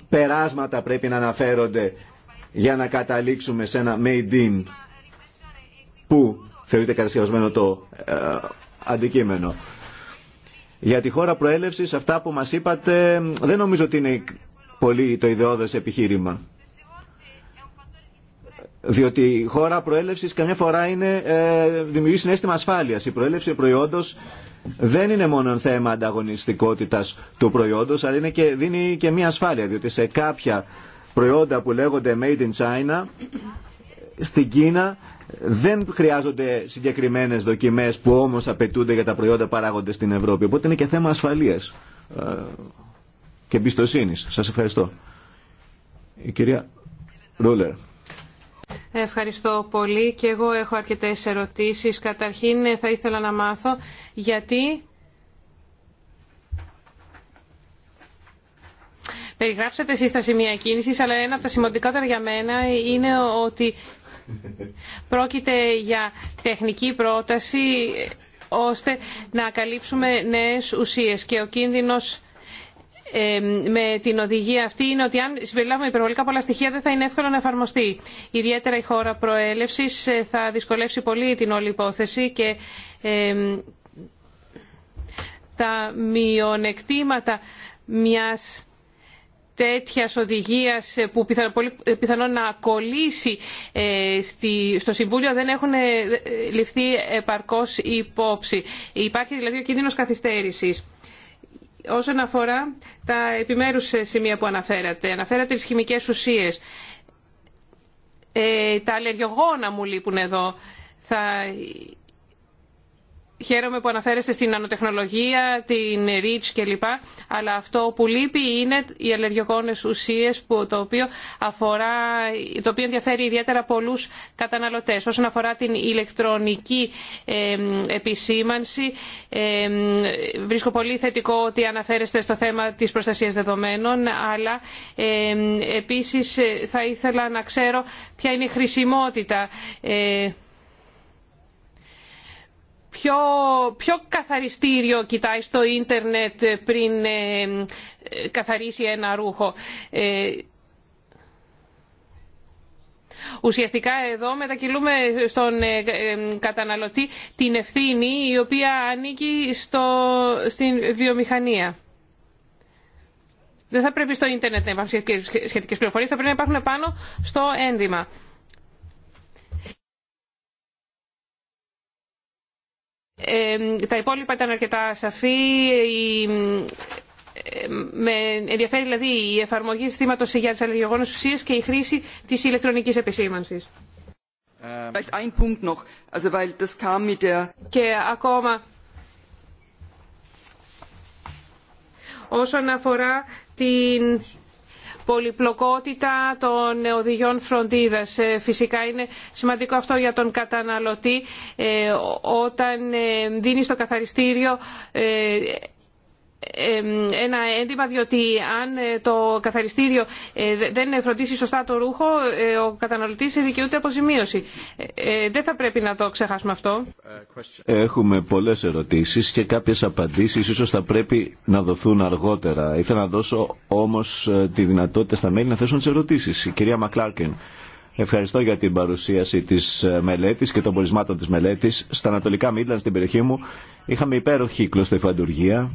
περάσματα πρέπει να αναφέρονται για να καταλήξουμε σε ένα made in που θεωρείται κατασκευασμένο το ε, αντικείμενο. Για τη χώρα προέλευσης, αυτά που μα είπατε, δεν νομίζω ότι είναι πολύ το ιδεώδε επιχείρημα. Διότι η χώρα προέλευσης καμιά φορά είναι, ε, δημιουργεί συνέστημα ασφάλεια. Η προέλευση προϊόντος δεν είναι μόνο θέμα ανταγωνιστικότητας του προϊόντος, αλλά είναι και, δίνει και μια ασφάλεια, διότι σε κάποια προϊόντα που λέγονται Made in China στην Κίνα δεν χρειάζονται συγκεκριμένες δοκιμές που όμως απαιτούνται για τα προϊόντα παράγονται στην Ευρώπη. Οπότε είναι και θέμα ασφαλείας ε, και εμπιστοσύνη. Σας ευχαριστώ. Η κυρία Ρούλερ. Ευχαριστώ πολύ και εγώ έχω αρκετές ερωτήσεις. Καταρχήν ε, θα ήθελα να μάθω γιατί Περιγράψατε εσεί τα σημεία κίνηση, αλλά ένα από τα σημαντικότερα για μένα είναι ότι Πρόκειται για τεχνική πρόταση ώστε να καλύψουμε νέες ουσίες και ο κίνδυνος ε, με την οδηγία αυτή είναι ότι αν συμπεριλάβουμε υπερβολικά πολλά στοιχεία δεν θα είναι εύκολο να εφαρμοστεί. Ιδιαίτερα η χώρα προέλευσης ε, θα δυσκολεύσει πολύ την όλη υπόθεση και ε, τα μειονεκτήματα μιας τέτοια οδηγία ε, που ε, πιθανόν να κολλήσει ε, στο Συμβούλιο δεν έχουν ληφθεί επαρκώ υπόψη. Υπάρχει δηλαδή ο κίνδυνο καθυστέρηση. Όσον αφορά τα επιμέρους σημεία που αναφέρατε, αναφέρατε τις χημικές ουσίες. τα αλλεργιογόνα μου λείπουν εδώ. Θα Χαίρομαι που αναφέρεστε στην ανοτεχνολογία, την REACH κλπ. Αλλά αυτό που λείπει είναι οι αλλεργιογόνες ουσίε το, οποίο αφορά, το οποίο ενδιαφέρει ιδιαίτερα πολλούς καταναλωτές. Όσον αφορά την ηλεκτρονική επισήμανση, βρίσκω πολύ θετικό ότι αναφέρεστε στο θέμα της προστασίας δεδομένων, αλλά επίση ε, θα ήθελα να ξέρω ποια είναι η χρησιμότητα ε, πιο, πιο καθαριστήριο κοιτάει στο ίντερνετ πριν ε, ε, καθαρίσει ένα ρούχο. Ε, ουσιαστικά εδώ μετακυλούμε στον καταναλωτή την ευθύνη η οποία ανήκει στο, στην βιομηχανία. Δεν θα πρέπει στο ίντερνετ να υπάρχουν σχετικές πληροφορίες, θα πρέπει να υπάρχουν πάνω στο ένδυμα. τα υπόλοιπα ήταν αρκετά σαφή. Η, με ενδιαφέρει δηλαδή η εφαρμογή συστήματο για τι αλλεργιογόνε ουσία και η χρήση τη ηλεκτρονική επισήμανση. Και ακόμα. Όσον αφορά την πολυπλοκότητα των οδηγιών φροντίδας. Ε, φυσικά είναι σημαντικό αυτό για τον καταναλωτή ε, όταν ε, δίνει στο καθαριστήριο ένα έντυπα διότι αν ε, το καθαριστήριο ε, δεν φροντίσει σωστά το ρούχο ε, ο καταναλωτής δικαιούται αποζημίωση. Δεν θα πρέπει να το ξεχάσουμε αυτό. Έχουμε πολλές ερωτήσεις και κάποιες απαντήσεις ίσως θα πρέπει να δοθούν αργότερα. Ήθελα να δώσω όμως τη δυνατότητα στα μέλη να θέσουν τις ερωτήσεις. Η κυρία Μακλάρκεν. Ευχαριστώ για την παρουσίαση τη μελέτη και των πολισμάτων τη μελέτη. Στα Ανατολικά Μίτλαν, στην περιοχή μου, είχαμε υπέροχη κλωστοϊφαντουργία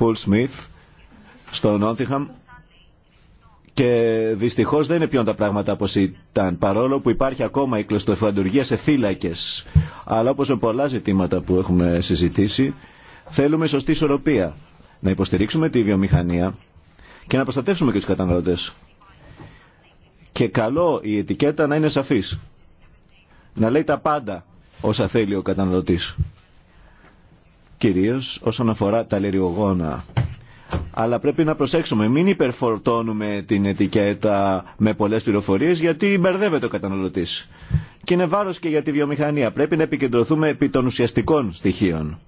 Πολ Σμιθ στο Νόντιχαμ και δυστυχώ δεν είναι ποιόν τα πράγματα όπω ήταν. Παρόλο που υπάρχει ακόμα η κλωστοφαντουργία σε θύλακε. Αλλά όπω με πολλά ζητήματα που έχουμε συζητήσει, θέλουμε σωστή ισορροπία. Να υποστηρίξουμε τη βιομηχανία και να προστατεύσουμε και του καταναλωτέ. Και καλό η ετικέτα να είναι σαφή. Να λέει τα πάντα όσα θέλει ο καταναλωτής κυρίως όσον αφορά τα λεριογόνα. Αλλά πρέπει να προσέξουμε, μην υπερφορτώνουμε την ετικέτα με πολλές πληροφορίες γιατί μπερδεύεται ο καταναλωτής. Και είναι βάρος και για τη βιομηχανία. Πρέπει να επικεντρωθούμε επί των ουσιαστικών στοιχείων.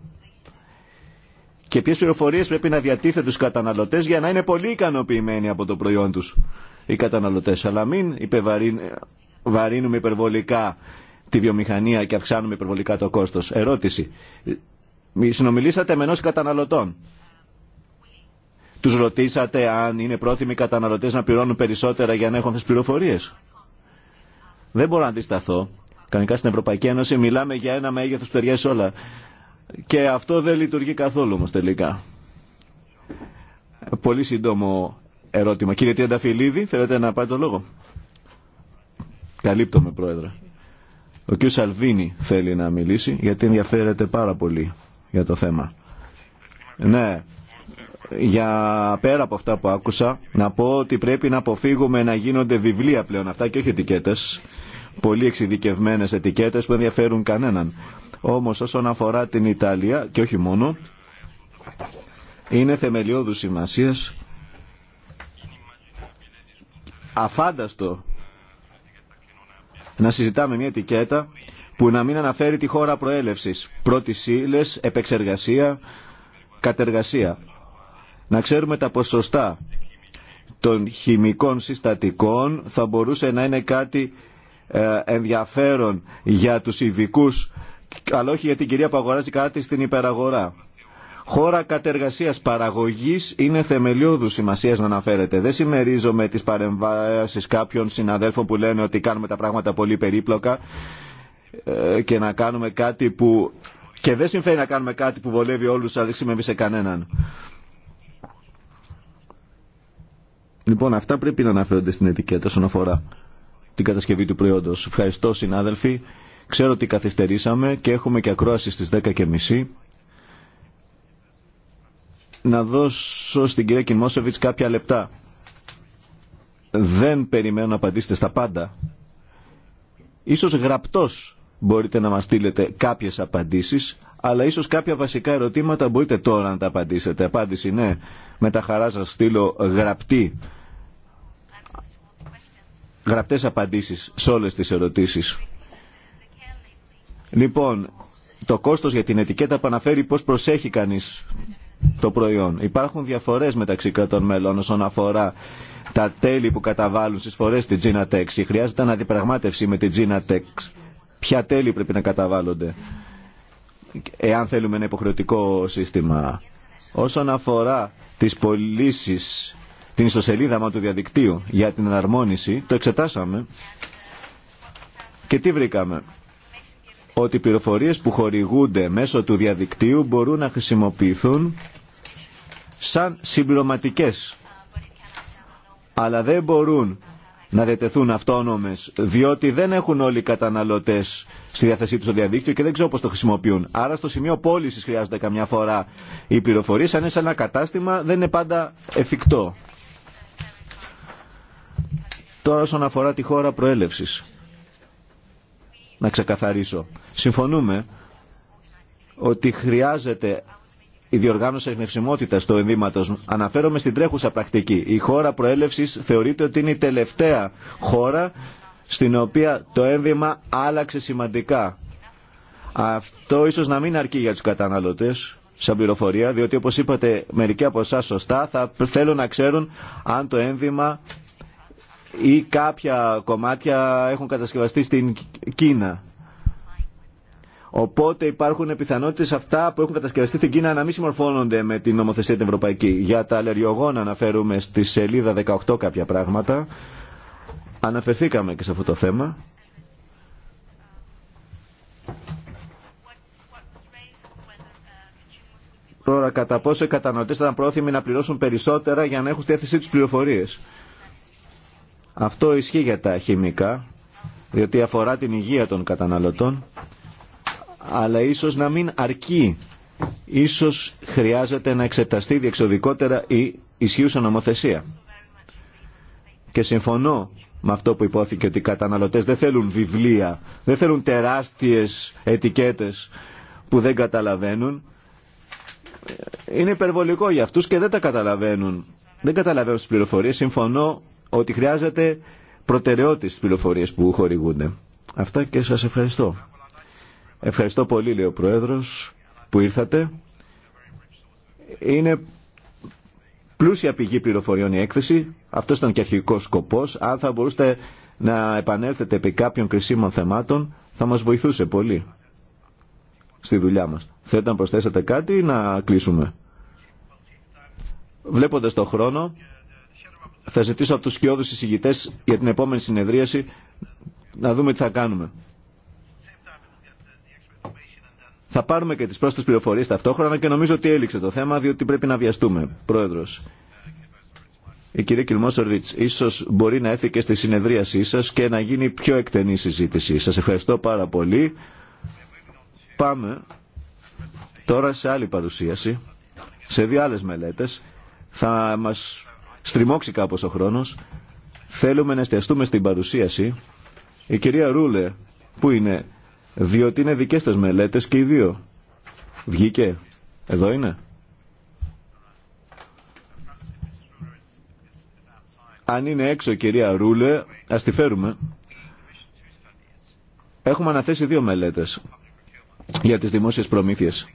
Και ποιες πληροφορίες πρέπει να διατίθεται τους καταναλωτές για να είναι πολύ ικανοποιημένοι από το προϊόν τους οι καταναλωτές. Αλλά μην βαρύνουμε υπερβολικά τη βιομηχανία και αυξάνουμε υπερβολικά το κόστος. Ερώτηση συνομιλήσατε με ενός καταναλωτών. Τους ρωτήσατε αν είναι πρόθυμοι οι καταναλωτές να πληρώνουν περισσότερα για να έχουν αυτές τις πληροφορίες. Δεν μπορώ να αντισταθώ. Κανονικά στην Ευρωπαϊκή Ένωση μιλάμε για ένα μέγεθος που ταιριάζει όλα. Και αυτό δεν λειτουργεί καθόλου όμως τελικά. Πολύ σύντομο ερώτημα. Κύριε Τιανταφυλλίδη, θέλετε να πάρετε το λόγο. με Πρόεδρε. Ο κ. Σαλβίνη θέλει να μιλήσει, γιατί ενδιαφέρεται πάρα πολύ για το θέμα. Ναι, για πέρα από αυτά που άκουσα, να πω ότι πρέπει να αποφύγουμε να γίνονται βιβλία πλέον αυτά και όχι ετικέτες. Πολύ εξειδικευμένε ετικέτες που ενδιαφέρουν κανέναν. Όμως όσον αφορά την Ιταλία, και όχι μόνο, είναι θεμελιώδους σημασία. Αφάνταστο να συζητάμε μια ετικέτα που να μην αναφέρει τη χώρα προέλευσης. Πρώτης ύλες, επεξεργασία, κατεργασία. Να ξέρουμε τα ποσοστά των χημικών συστατικών θα μπορούσε να είναι κάτι ε, ενδιαφέρον για τους ειδικού, αλλά όχι για την κυρία που αγοράζει κάτι στην υπεραγορά. Χώρα κατεργασίας παραγωγής είναι θεμελιώδου σημασίας να αναφέρεται. Δεν συμμερίζομαι τις παρεμβάσεις κάποιων συναδέλφων που λένε ότι κάνουμε τα πράγματα πολύ περίπλοκα ε, και να κάνουμε κάτι που και δεν συμφέρει να κάνουμε κάτι που βολεύει όλους αλλά δεν σε κανέναν. Λοιπόν, αυτά πρέπει να αναφέρονται στην ετικέτα όσον αφορά την κατασκευή του προϊόντος. Ευχαριστώ συνάδελφοι. Ξέρω ότι καθυστερήσαμε και έχουμε και ακρόαση στις 10.30. Να δώσω στην κυρία Κινμόσεβιτς κάποια λεπτά. Δεν περιμένω να απαντήσετε στα πάντα. Ίσως γραπτός μπορείτε να μας στείλετε κάποιες απαντήσεις, αλλά ίσως κάποια βασικά ερωτήματα μπορείτε τώρα να τα απαντήσετε. Απάντηση ναι, με τα χαρά σας στείλω γραπτή, γραπτές απαντήσεις σε όλες τις ερωτήσεις. Λοιπόν, το κόστος για την ετικέτα που αναφέρει πώς προσέχει κανείς το προϊόν. Υπάρχουν διαφορές μεταξύ κρατών μελών όσον αφορά τα τέλη που καταβάλουν στις φορές τη Ginatex. Χρειάζεται αναδιπραγμάτευση με τη Ginatex ποια τέλη πρέπει να καταβάλλονται εάν θέλουμε ένα υποχρεωτικό σύστημα. Όσον αφορά τις πωλήσει, την ιστοσελίδα μα του διαδικτύου για την εναρμόνιση, το εξετάσαμε και τι βρήκαμε. Ότι οι πληροφορίες που χορηγούνται μέσω του διαδικτύου μπορούν να χρησιμοποιηθούν σαν συμπληρωματικές αλλά δεν μπορούν να διατεθούν αυτόνομες, διότι δεν έχουν όλοι οι καταναλωτές στη διάθεσή του το διαδίκτυο και δεν ξέρω πώς το χρησιμοποιούν. Άρα στο σημείο πώληση χρειάζονται καμιά φορά οι πληροφορίες, αν είναι σε ένα κατάστημα δεν είναι πάντα εφικτό. Τώρα όσον αφορά τη χώρα προέλευσης, να ξεκαθαρίσω. Συμφωνούμε ότι χρειάζεται η διοργάνωση εχνευσιμότητα του ενδύματο. Αναφέρομαι στην τρέχουσα πρακτική. Η χώρα προέλευση θεωρείται ότι είναι η τελευταία χώρα στην οποία το ένδυμα άλλαξε σημαντικά. Αυτό ίσως να μην αρκεί για τους καταναλωτές σαν πληροφορία, διότι όπως είπατε μερικοί από εσά σωστά θα θέλουν να ξέρουν αν το ένδυμα ή κάποια κομμάτια έχουν κατασκευαστεί στην Κίνα. Οπότε υπάρχουν πιθανότητε αυτά που έχουν κατασκευαστεί στην Κίνα να μην συμμορφώνονται με την νομοθεσία την ευρωπαϊκή. Για τα αλλεργιογόνα αναφέρουμε στη σελίδα 18 κάποια πράγματα. Αναφερθήκαμε και σε αυτό το θέμα. Τώρα, κατά πόσο οι κατανοητές θα ήταν πρόθυμοι να πληρώσουν περισσότερα για να έχουν στη θέση τους πληροφορίες. Αυτό ισχύει για τα χημικά, διότι αφορά την υγεία των καταναλωτών αλλά ίσως να μην αρκεί. Ίσως χρειάζεται να εξεταστεί διεξοδικότερα η ισχύουσα νομοθεσία. Και συμφωνώ με αυτό που υπόθηκε ότι οι καταναλωτές δεν θέλουν βιβλία, δεν θέλουν τεράστιες ετικέτες που δεν καταλαβαίνουν. Είναι υπερβολικό για αυτούς και δεν τα καταλαβαίνουν. Δεν καταλαβαίνω τις πληροφορίες. Συμφωνώ ότι χρειάζεται προτεραιότητες στις πληροφορίες που χορηγούνται. Αυτά και σας ευχαριστώ. Ευχαριστώ πολύ, λέει ο Πρόεδρος, που ήρθατε. Είναι πλούσια πηγή πληροφοριών η έκθεση. Αυτό ήταν και αρχικό σκοπός. Αν θα μπορούσατε να επανέλθετε επί κάποιων κρισίμων θεμάτων, θα μας βοηθούσε πολύ στη δουλειά μας. Θέλετε να προσθέσετε κάτι ή να κλείσουμε. Βλέποντα το χρόνο, θα ζητήσω από τους σκιώδους συζητητές για την επόμενη συνεδρίαση να δούμε τι θα κάνουμε. Θα πάρουμε και τις πρώτε πληροφορίε ταυτόχρονα και νομίζω ότι έληξε το θέμα διότι πρέπει να βιαστούμε. Πρόεδρος. Η κυρία Κιλμόσορβιτ, ίσω μπορεί να έρθει και στη συνεδρίασή σα και να γίνει πιο εκτενή συζήτηση. Σα ευχαριστώ πάρα πολύ. Πάμε τώρα σε άλλη παρουσίαση, σε δύο άλλε μελέτε. Θα μα στριμώξει κάπω ο χρόνο. Θέλουμε να εστιαστούμε στην παρουσίαση. Η κυρία Ρούλε, που είναι διότι είναι δικές της μελέτες και οι δύο. Βγήκε. Εδώ είναι. Αν είναι έξω κυρία Ρούλε, ας τη φέρουμε. Έχουμε αναθέσει δύο μελέτες για τις δημόσιες προμήθειες.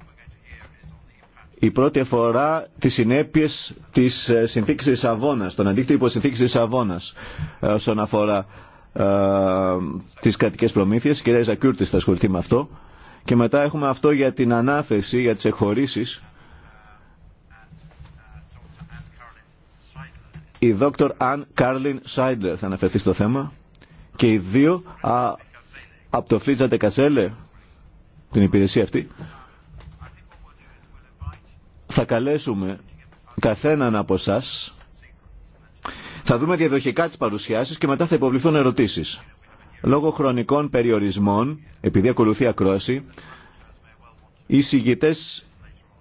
Η πρώτη αφορά τις συνέπειες της ε, συνθήκης της Αβώνας, τον αντίκτυπο της συνθήκης της Αβώνας ε, όσον αφορά ε, τις κρατικές προμήθειε. Η κυρία θα ασχοληθεί με αυτό. Και μετά έχουμε αυτό για την ανάθεση, για τι εκχωρήσεις. Η δόκτωρ Αν Κάρλιν Σάιντλερ θα αναφερθεί στο θέμα. Και οι δύο α, από το Φλίτζα Τεκαζέλε, την υπηρεσία αυτή, θα καλέσουμε καθέναν από εσάς θα δούμε διαδοχικά τις παρουσιάσεις και μετά θα υποβληθούν ερωτήσεις. Λόγω χρονικών περιορισμών, επειδή ακολουθεί ακρόαση, οι συγητέ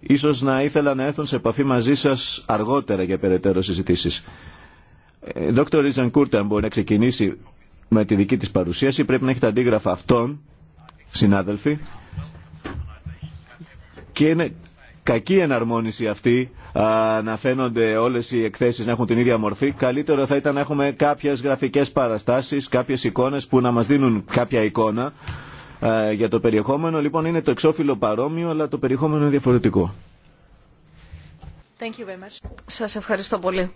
ίσως να ήθελαν να έρθουν σε επαφή μαζί σας αργότερα για περαιτέρω συζητήσεις. Ε, Δόκτωρ Ριζαν αν μπορεί να ξεκινήσει με τη δική της παρουσίαση, πρέπει να έχει τα αντίγραφα αυτών, συνάδελφοι, και είναι κακή εναρμόνιση αυτή να φαίνονται όλες οι εκθέσεις να έχουν την ίδια μορφή. Καλύτερο θα ήταν να έχουμε κάποιες γραφικές παραστάσεις, κάποιες εικόνες που να μας δίνουν κάποια εικόνα για το περιεχόμενο. Λοιπόν, είναι το εξώφυλλο παρόμοιο, αλλά το περιεχόμενο είναι διαφορετικό. Thank you very much. Σας ευχαριστώ πολύ.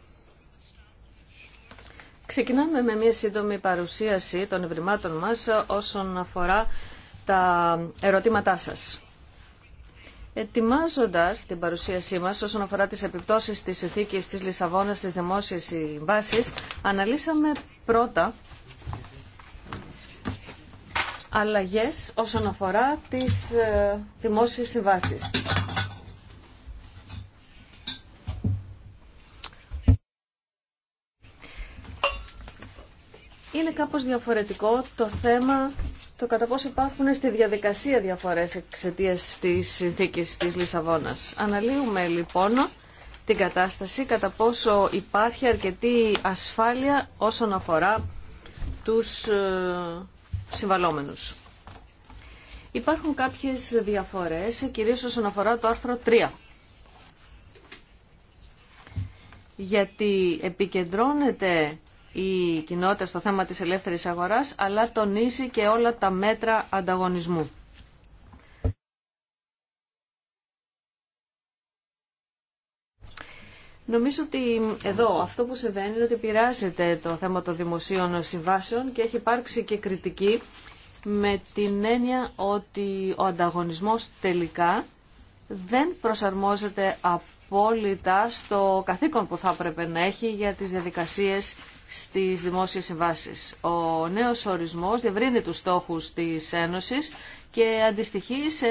Ξεκινάμε με μια σύντομη παρουσίαση των ευρημάτων μας όσον αφορά τα ερωτήματά σας. Ετοιμάζοντας την παρουσίασή μας όσον αφορά τις επιπτώσεις της ηθίκης της Λισαβόνας στις δημόσιες συμβάσεις, αναλύσαμε πρώτα αλλαγές όσον αφορά τις ε, δημόσιες συμβάσεις. Είναι κάπως διαφορετικό το θέμα το κατά πόσο υπάρχουν στη διαδικασία διαφορές εξαιτία της συνθήκης της Λισαβόνας. Αναλύουμε λοιπόν την κατάσταση κατά πόσο υπάρχει αρκετή ασφάλεια όσον αφορά τους ε, συμβαλόμενους. Υπάρχουν κάποιες διαφορές, κυρίως όσον αφορά το άρθρο 3. Γιατί επικεντρώνεται η κοινότητα στο θέμα της ελεύθερης αγοράς, αλλά τονίζει και όλα τα μέτρα ανταγωνισμού. Νομίζω ότι εδώ αυτό που συμβαίνει είναι ότι πειράζεται το θέμα των δημοσίων συμβάσεων και έχει υπάρξει και κριτική με την έννοια ότι ο ανταγωνισμός τελικά δεν προσαρμόζεται απόλυτα στο καθήκον που θα έπρεπε να έχει για τις διαδικασίες στις δημόσιες συμβάσεις. Ο νέος ορισμός διευρύνει τους στόχους της Ένωσης και αντιστοιχεί σε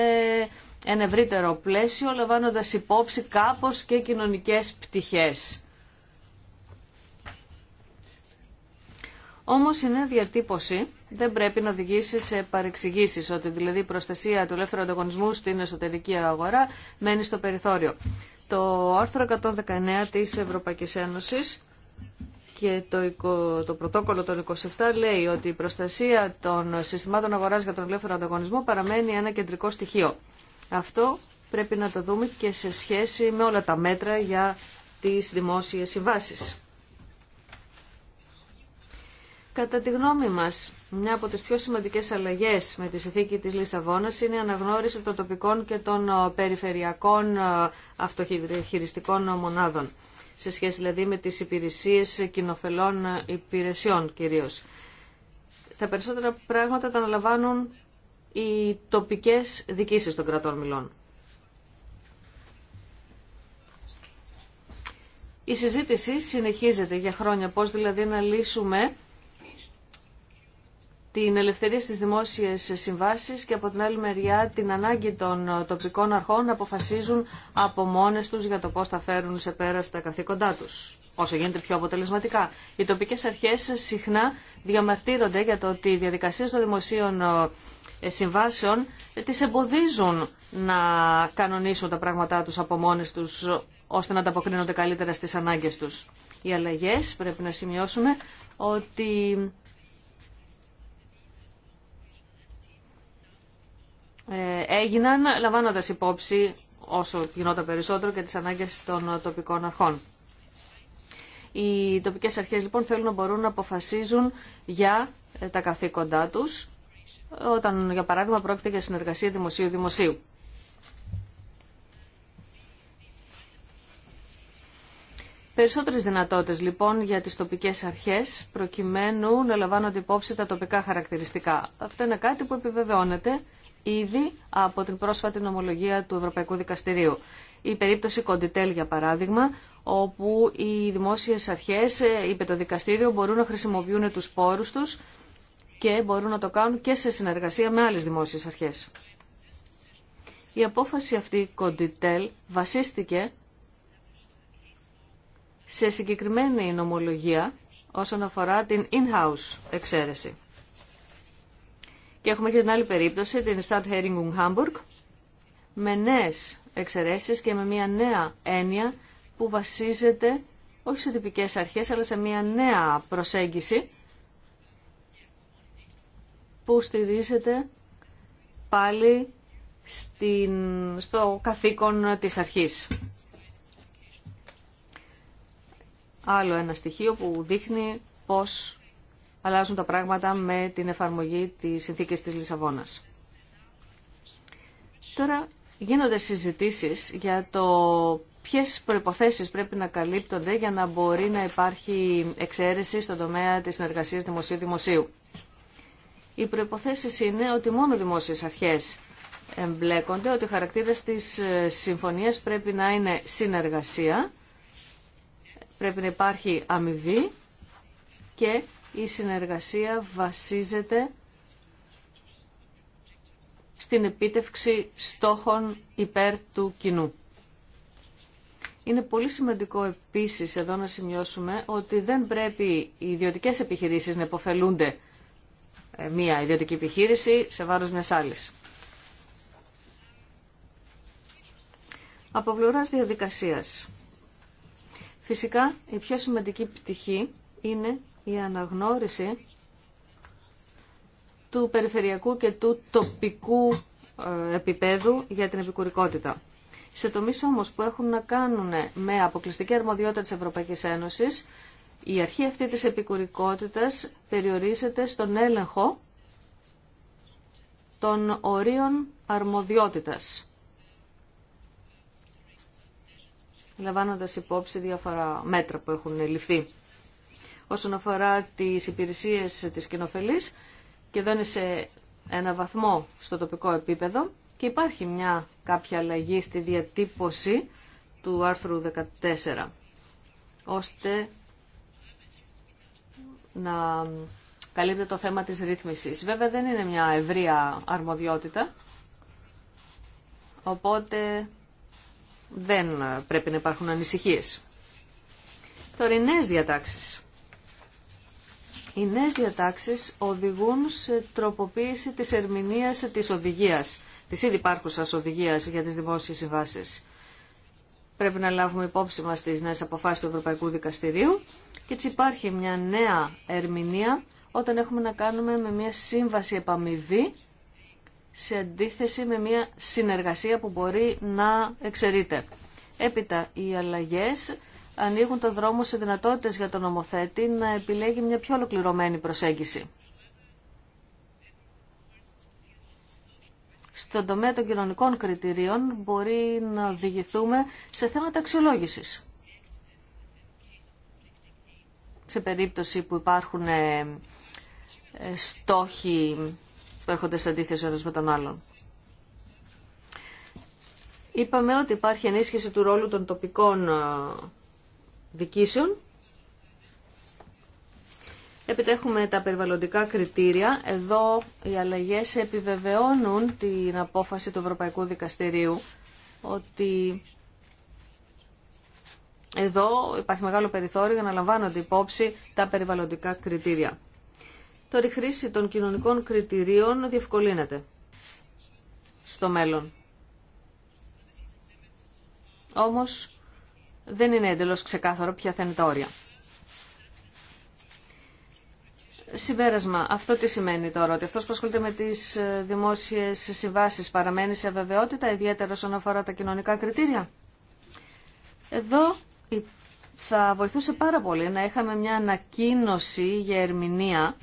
ένα ευρύτερο πλαίσιο, λαμβάνοντας υπόψη κάπως και κοινωνικές πτυχές. Όμως η νέα διατύπωση δεν πρέπει να οδηγήσει σε παρεξηγήσεις, ότι δηλαδή η προστασία του ελεύθερου ανταγωνισμού στην εσωτερική αγορά μένει στο περιθώριο. Το άρθρο 119 της Ευρωπαϊκής Ένωσης και το, το πρωτόκολλο των 27 λέει ότι η προστασία των συστημάτων αγοράς για τον ελεύθερο ανταγωνισμό παραμένει ένα κεντρικό στοιχείο. Αυτό πρέπει να το δούμε και σε σχέση με όλα τα μέτρα για τις δημόσιες συμβάσεις. Κατά τη γνώμη μας, μια από τις πιο σημαντικές αλλαγές με τη συνθήκη της Λισαβόνας είναι η αναγνώριση των τοπικών και των περιφερειακών ε, αυτοχειριστικών μονάδων σε σχέση δηλαδή με τις υπηρεσίες κοινοφελών υπηρεσιών κυρίως. Τα περισσότερα πράγματα τα αναλαμβάνουν οι τοπικές δικήσεις των κρατών μιλών. Η συζήτηση συνεχίζεται για χρόνια πώς δηλαδή να λύσουμε την ελευθερία στις δημόσιες συμβάσεις και από την άλλη μεριά την ανάγκη των ε, τοπικών αρχών να αποφασίζουν από μόνες τους για το πώς θα φέρουν σε πέρα στα καθήκοντά τους, όσο γίνεται πιο αποτελεσματικά. Οι τοπικές αρχές συχνά διαμαρτύρονται για το ότι οι διαδικασίες των δημοσίων ε, ε, συμβάσεων τις εμποδίζουν να κανονίσουν τα πράγματά τους από μόνες τους ώστε να ανταποκρίνονται καλύτερα στις ανάγκες τους. Οι αλλαγές, πρέπει να σημειώσουμε, ότι Ε, έγιναν λαμβάνοντας υπόψη όσο γινόταν περισσότερο και τις ανάγκες των τοπικών αρχών. Οι τοπικές αρχές λοιπόν θέλουν να μπορούν να αποφασίζουν για ε, τα καθήκοντά τους όταν για παράδειγμα πρόκειται για συνεργασία δημοσίου-δημοσίου. Περισσότερες δυνατότητες λοιπόν για τις τοπικές αρχές προκειμένου να λαμβάνονται υπόψη τα τοπικά χαρακτηριστικά. Αυτό είναι κάτι που επιβεβαιώνεται ήδη από την πρόσφατη νομολογία του Ευρωπαϊκού Δικαστηρίου. Η περίπτωση Κοντιτέλ, για παράδειγμα, όπου οι δημόσιες αρχές, ε, είπε το δικαστήριο, μπορούν να χρησιμοποιούν τους πόρους τους και μπορούν να το κάνουν και σε συνεργασία με άλλες δημόσιες αρχές. Η απόφαση αυτή Κοντιτέλ βασίστηκε σε συγκεκριμένη νομολογία όσον αφορά την in-house εξαίρεση. Και έχουμε και την άλλη περίπτωση, την Stadt Heringung Hamburg, με νέες εξαιρέσεις και με μια νέα έννοια που βασίζεται όχι σε τυπικές αρχές, αλλά σε μια νέα προσέγγιση που στηρίζεται πάλι στην, στο καθήκον της αρχής. Άλλο ένα στοιχείο που δείχνει πώς αλλάζουν τα πράγματα με την εφαρμογή της συνθήκης της Λισαβόνας. Τώρα γίνονται συζητήσεις για το ποιες προϋποθέσεις πρέπει να καλύπτονται για να μπορεί να υπάρχει εξαίρεση στον τομέα της συνεργασίας δημοσίου-δημοσίου. Οι προϋποθέσεις είναι ότι μόνο δημόσιες αρχές εμπλέκονται, ότι ο χαρακτήρας της ε, συμφωνίας πρέπει να είναι συνεργασία, πρέπει να υπάρχει αμοιβή και η συνεργασία βασίζεται στην επίτευξη στόχων υπέρ του κοινού. Είναι πολύ σημαντικό επίσης εδώ να σημειώσουμε ότι δεν πρέπει οι ιδιωτικές επιχειρήσεις να υποφελούνται ε, μία ιδιωτική επιχείρηση σε βάρος μιας άλλης. Από πλευράς διαδικασίας. Φυσικά η πιο σημαντική πτυχή είναι η αναγνώριση του περιφερειακού και του τοπικού ε, επίπεδου για την επικουρικότητα. Σε τομείς όμως που έχουν να κάνουν με αποκλειστική αρμοδιότητα της Ευρωπαϊκής Ένωσης, η αρχή αυτή της επικουρικότητας περιορίζεται στον έλεγχο των ορίων αρμοδιότητας. Λαμβάνοντας υπόψη διάφορα μέτρα που έχουν ληφθεί όσον αφορά τις υπηρεσίες της κοινοφελής και εδώ είναι σε ένα βαθμό στο τοπικό επίπεδο και υπάρχει μια κάποια αλλαγή στη διατύπωση του άρθρου 14 ώστε να καλύπτει το θέμα της ρύθμισης. Βέβαια δεν είναι μια ευρεία αρμοδιότητα, οπότε δεν πρέπει να υπάρχουν ανησυχίες. Τωρινές διατάξεις. Οι νέες διατάξεις οδηγούν σε τροποποίηση της ερμηνείας της οδηγίας, της ήδη υπάρχουσας οδηγίας για τις δημόσιες συμβάσεις. Πρέπει να λάβουμε υπόψη μας τις νέες αποφάσεις του Ευρωπαϊκού Δικαστηρίου και έτσι υπάρχει μια νέα ερμηνεία όταν έχουμε να κάνουμε με μια σύμβαση επαμοιβή σε αντίθεση με μια συνεργασία που μπορεί να εξαιρείται. Έπειτα οι αλλαγές ανοίγουν το δρόμο σε δυνατότητες για τον νομοθέτη να επιλέγει μια πιο ολοκληρωμένη προσέγγιση. Στον τομέα των κοινωνικών κριτηρίων μπορεί να οδηγηθούμε σε θέματα αξιολόγησης. Σε περίπτωση που υπάρχουν ε, ε, στόχοι που έρχονται σε αντίθεση ένας με τον άλλον. Είπαμε ότι υπάρχει ενίσχυση του ρόλου των τοπικών ε, δικήσεων. Επιτέχουμε τα περιβαλλοντικά κριτήρια. Εδώ οι αλλαγές επιβεβαιώνουν την απόφαση του Ευρωπαϊκού Δικαστηρίου ότι εδώ υπάρχει μεγάλο περιθώριο για να λαμβάνονται υπόψη τα περιβαλλοντικά κριτήρια. Τώρα η χρήση των κοινωνικών κριτηρίων διευκολύνεται στο μέλλον. Όμως δεν είναι εντελώ ξεκάθαρο ποια θα είναι τα όρια. Συμπέρασμα. Αυτό τι σημαίνει τώρα, ότι αυτός που ασχολείται με τις ε, δημόσιες συμβάσει. παραμένει σε αβεβαιότητα, ιδιαίτερα όσον αφορά τα κοινωνικά κριτήρια. Εδώ θα βοηθούσε πάρα πολύ να είχαμε μια ανακοίνωση για ερμηνεία,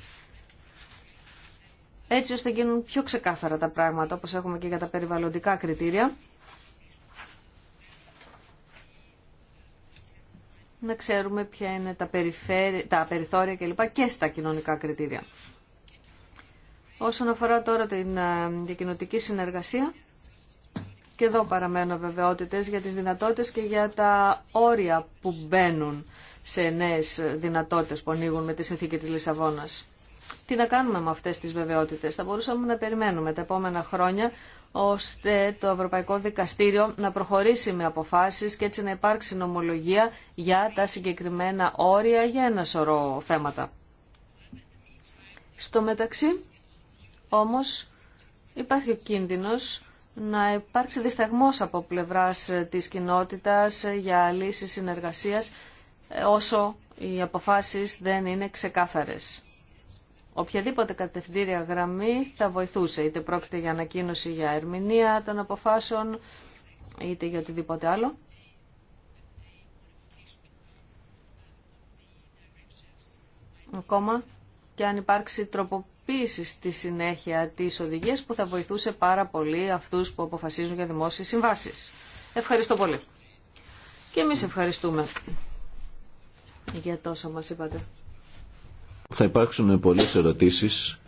έτσι ώστε γίνουν πιο ξεκάθαρα τα πράγματα, όπως έχουμε και για τα περιβαλλοντικά κριτήρια, να ξέρουμε ποια είναι τα, τα περιθώρια κλπ. και στα κοινωνικά κριτήρια. Όσον αφορά τώρα την ε, διακοινωτική συνεργασία, και εδώ παραμένω βεβαιότητες για τις δυνατότητες και για τα όρια που μπαίνουν σε νέες δυνατότητες που ανοίγουν με τη συνθήκη της Λισαβόνας. Τι να κάνουμε με αυτές τις βεβαιότητες. Θα μπορούσαμε να περιμένουμε τα επόμενα χρόνια ώστε το Ευρωπαϊκό Δικαστήριο να προχωρήσει με αποφάσεις και έτσι να υπάρξει νομολογία για τα συγκεκριμένα όρια για ένα σωρό θέματα. Στο μεταξύ, όμως, υπάρχει ο κίνδυνος να υπάρξει δισταγμός από πλευράς της κοινότητας για λύσεις συνεργασίας ε, όσο οι αποφάσεις δεν είναι ξεκάθαρες. Οποιαδήποτε κατευθυντήρια γραμμή θα βοηθούσε, είτε πρόκειται για ανακοίνωση για ερμηνεία των αποφάσεων, είτε για οτιδήποτε άλλο. Ακόμα και αν υπάρξει τροποποίηση στη συνέχεια της οδηγίας που θα βοηθούσε πάρα πολύ αυτούς που αποφασίζουν για δημόσιες συμβάσεις. Ευχαριστώ πολύ. Και εμείς ευχαριστούμε για τόσα μας είπατε. Θα υπάρξουν πολλές ερωτήσεις.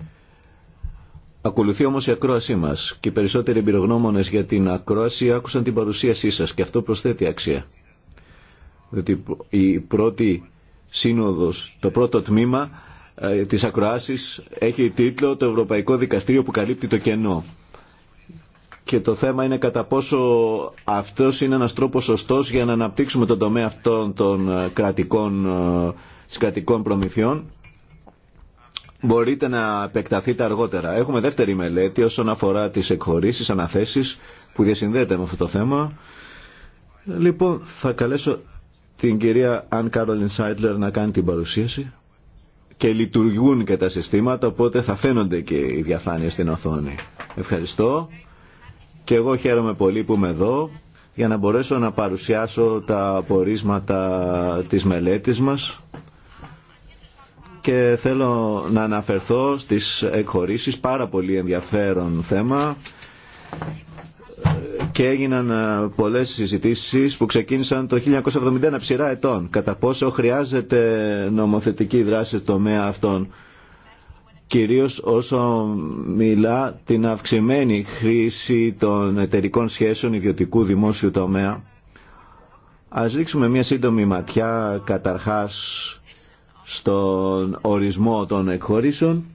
Ακολουθεί όμως η ακρόασή μας και οι περισσότεροι εμπειρογνώμονες για την ακρόαση άκουσαν την παρουσίασή σας και αυτό προσθέτει αξία. Διότι η πρώτη σύνοδος, το πρώτο τμήμα ε, της ακροάσης έχει τίτλο «Το Ευρωπαϊκό Δικαστήριο που καλύπτει το κενό». Και το θέμα είναι κατά πόσο αυτός είναι ένας τρόπος σωστός για να αναπτύξουμε τον τομέα αυτών των ε, κρατικών, ε, κρατικών προμηθειών μπορείτε να επεκταθείτε αργότερα. Έχουμε δεύτερη μελέτη όσον αφορά τις εκχωρήσεις, αναθέσεις που διασυνδέεται με αυτό το θέμα. Λοιπόν, θα καλέσω την κυρία Αν Κάρολιν Σάιτλερ να κάνει την παρουσίαση και λειτουργούν και τα συστήματα, οπότε θα φαίνονται και οι διαφάνειες στην οθόνη. Ευχαριστώ και εγώ χαίρομαι πολύ που είμαι εδώ για να μπορέσω να παρουσιάσω τα απορίσματα της μελέτης μας και θέλω να αναφερθώ στις εκχωρήσεις, πάρα πολύ ενδιαφέρον θέμα και έγιναν ε, πολλές συζητήσεις που ξεκίνησαν το 1971 ψηρά ετών κατά πόσο χρειάζεται νομοθετική δράση στο τομέα αυτών κυρίως όσο μιλά την αυξημένη χρήση των εταιρικών σχέσεων ιδιωτικού δημόσιου τομέα. Ας ρίξουμε μια σύντομη ματιά καταρχάς στον ορισμό των εκχωρήσεων.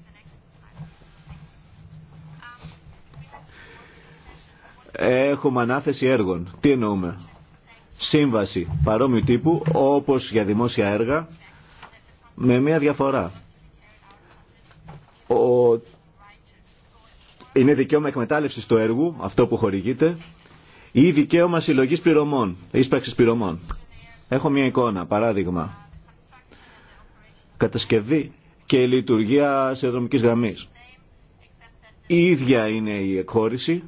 Έχουμε ανάθεση έργων. Τι εννοούμε. Σύμβαση παρόμοιου τύπου όπως για δημόσια έργα με μια διαφορά. Ο... Είναι δικαίωμα εκμετάλλευση του έργου, αυτό που χορηγείται, ή δικαίωμα συλλογή πληρωμών, ίσπραξη πληρωμών. Έχω μια εικόνα, παράδειγμα κατασκευή και η λειτουργία σε δρομικής γραμμής. Η ίδια είναι η εκχώρηση.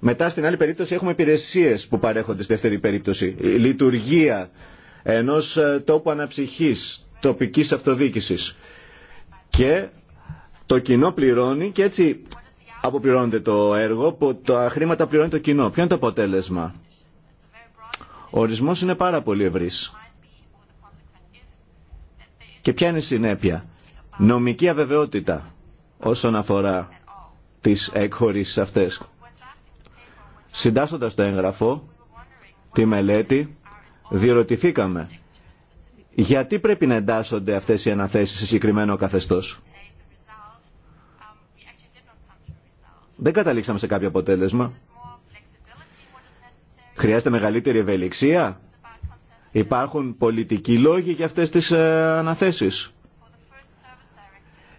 Μετά στην άλλη περίπτωση έχουμε υπηρεσίε που παρέχονται στη δεύτερη περίπτωση. Η λειτουργία ενός ε, τόπου αναψυχής, τοπικής αυτοδίκησης. Και το κοινό πληρώνει και έτσι αποπληρώνεται το έργο που τα χρήματα πληρώνει το κοινό. Ποιο είναι το αποτέλεσμα. Ο ορισμός είναι πάρα πολύ ευρύς. Και ποια είναι η συνέπεια. Νομική αβεβαιότητα όσον αφορά τις εκχωρήσεις αυτές. Συντάσσοντας το έγγραφο, τη μελέτη, διερωτηθήκαμε γιατί πρέπει να εντάσσονται αυτές οι αναθέσεις σε συγκεκριμένο καθεστώς. Δεν καταλήξαμε σε κάποιο αποτέλεσμα. Χρειάζεται μεγαλύτερη ευελιξία Υπάρχουν πολιτικοί λόγοι για αυτές τις ε, αναθέσεις.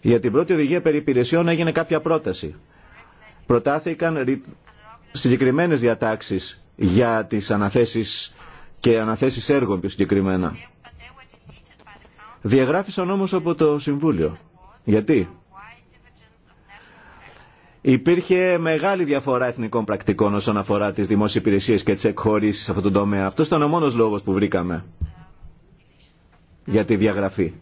Για την πρώτη οδηγία περί υπηρεσιών έγινε κάποια πρόταση. Προτάθηκαν συγκεκριμένες διατάξεις για τις αναθέσεις και αναθέσεις έργων πιο συγκεκριμένα. Διαγράφησαν όμως από το Συμβούλιο. Γιατί? Υπήρχε μεγάλη διαφορά εθνικών πρακτικών όσον αφορά τις δημόσιες υπηρεσίες και τις εκχωρήσεις σε αυτό τον τομέα. Αυτό ήταν ο μόνος λόγος που βρήκαμε για τη διαγραφή.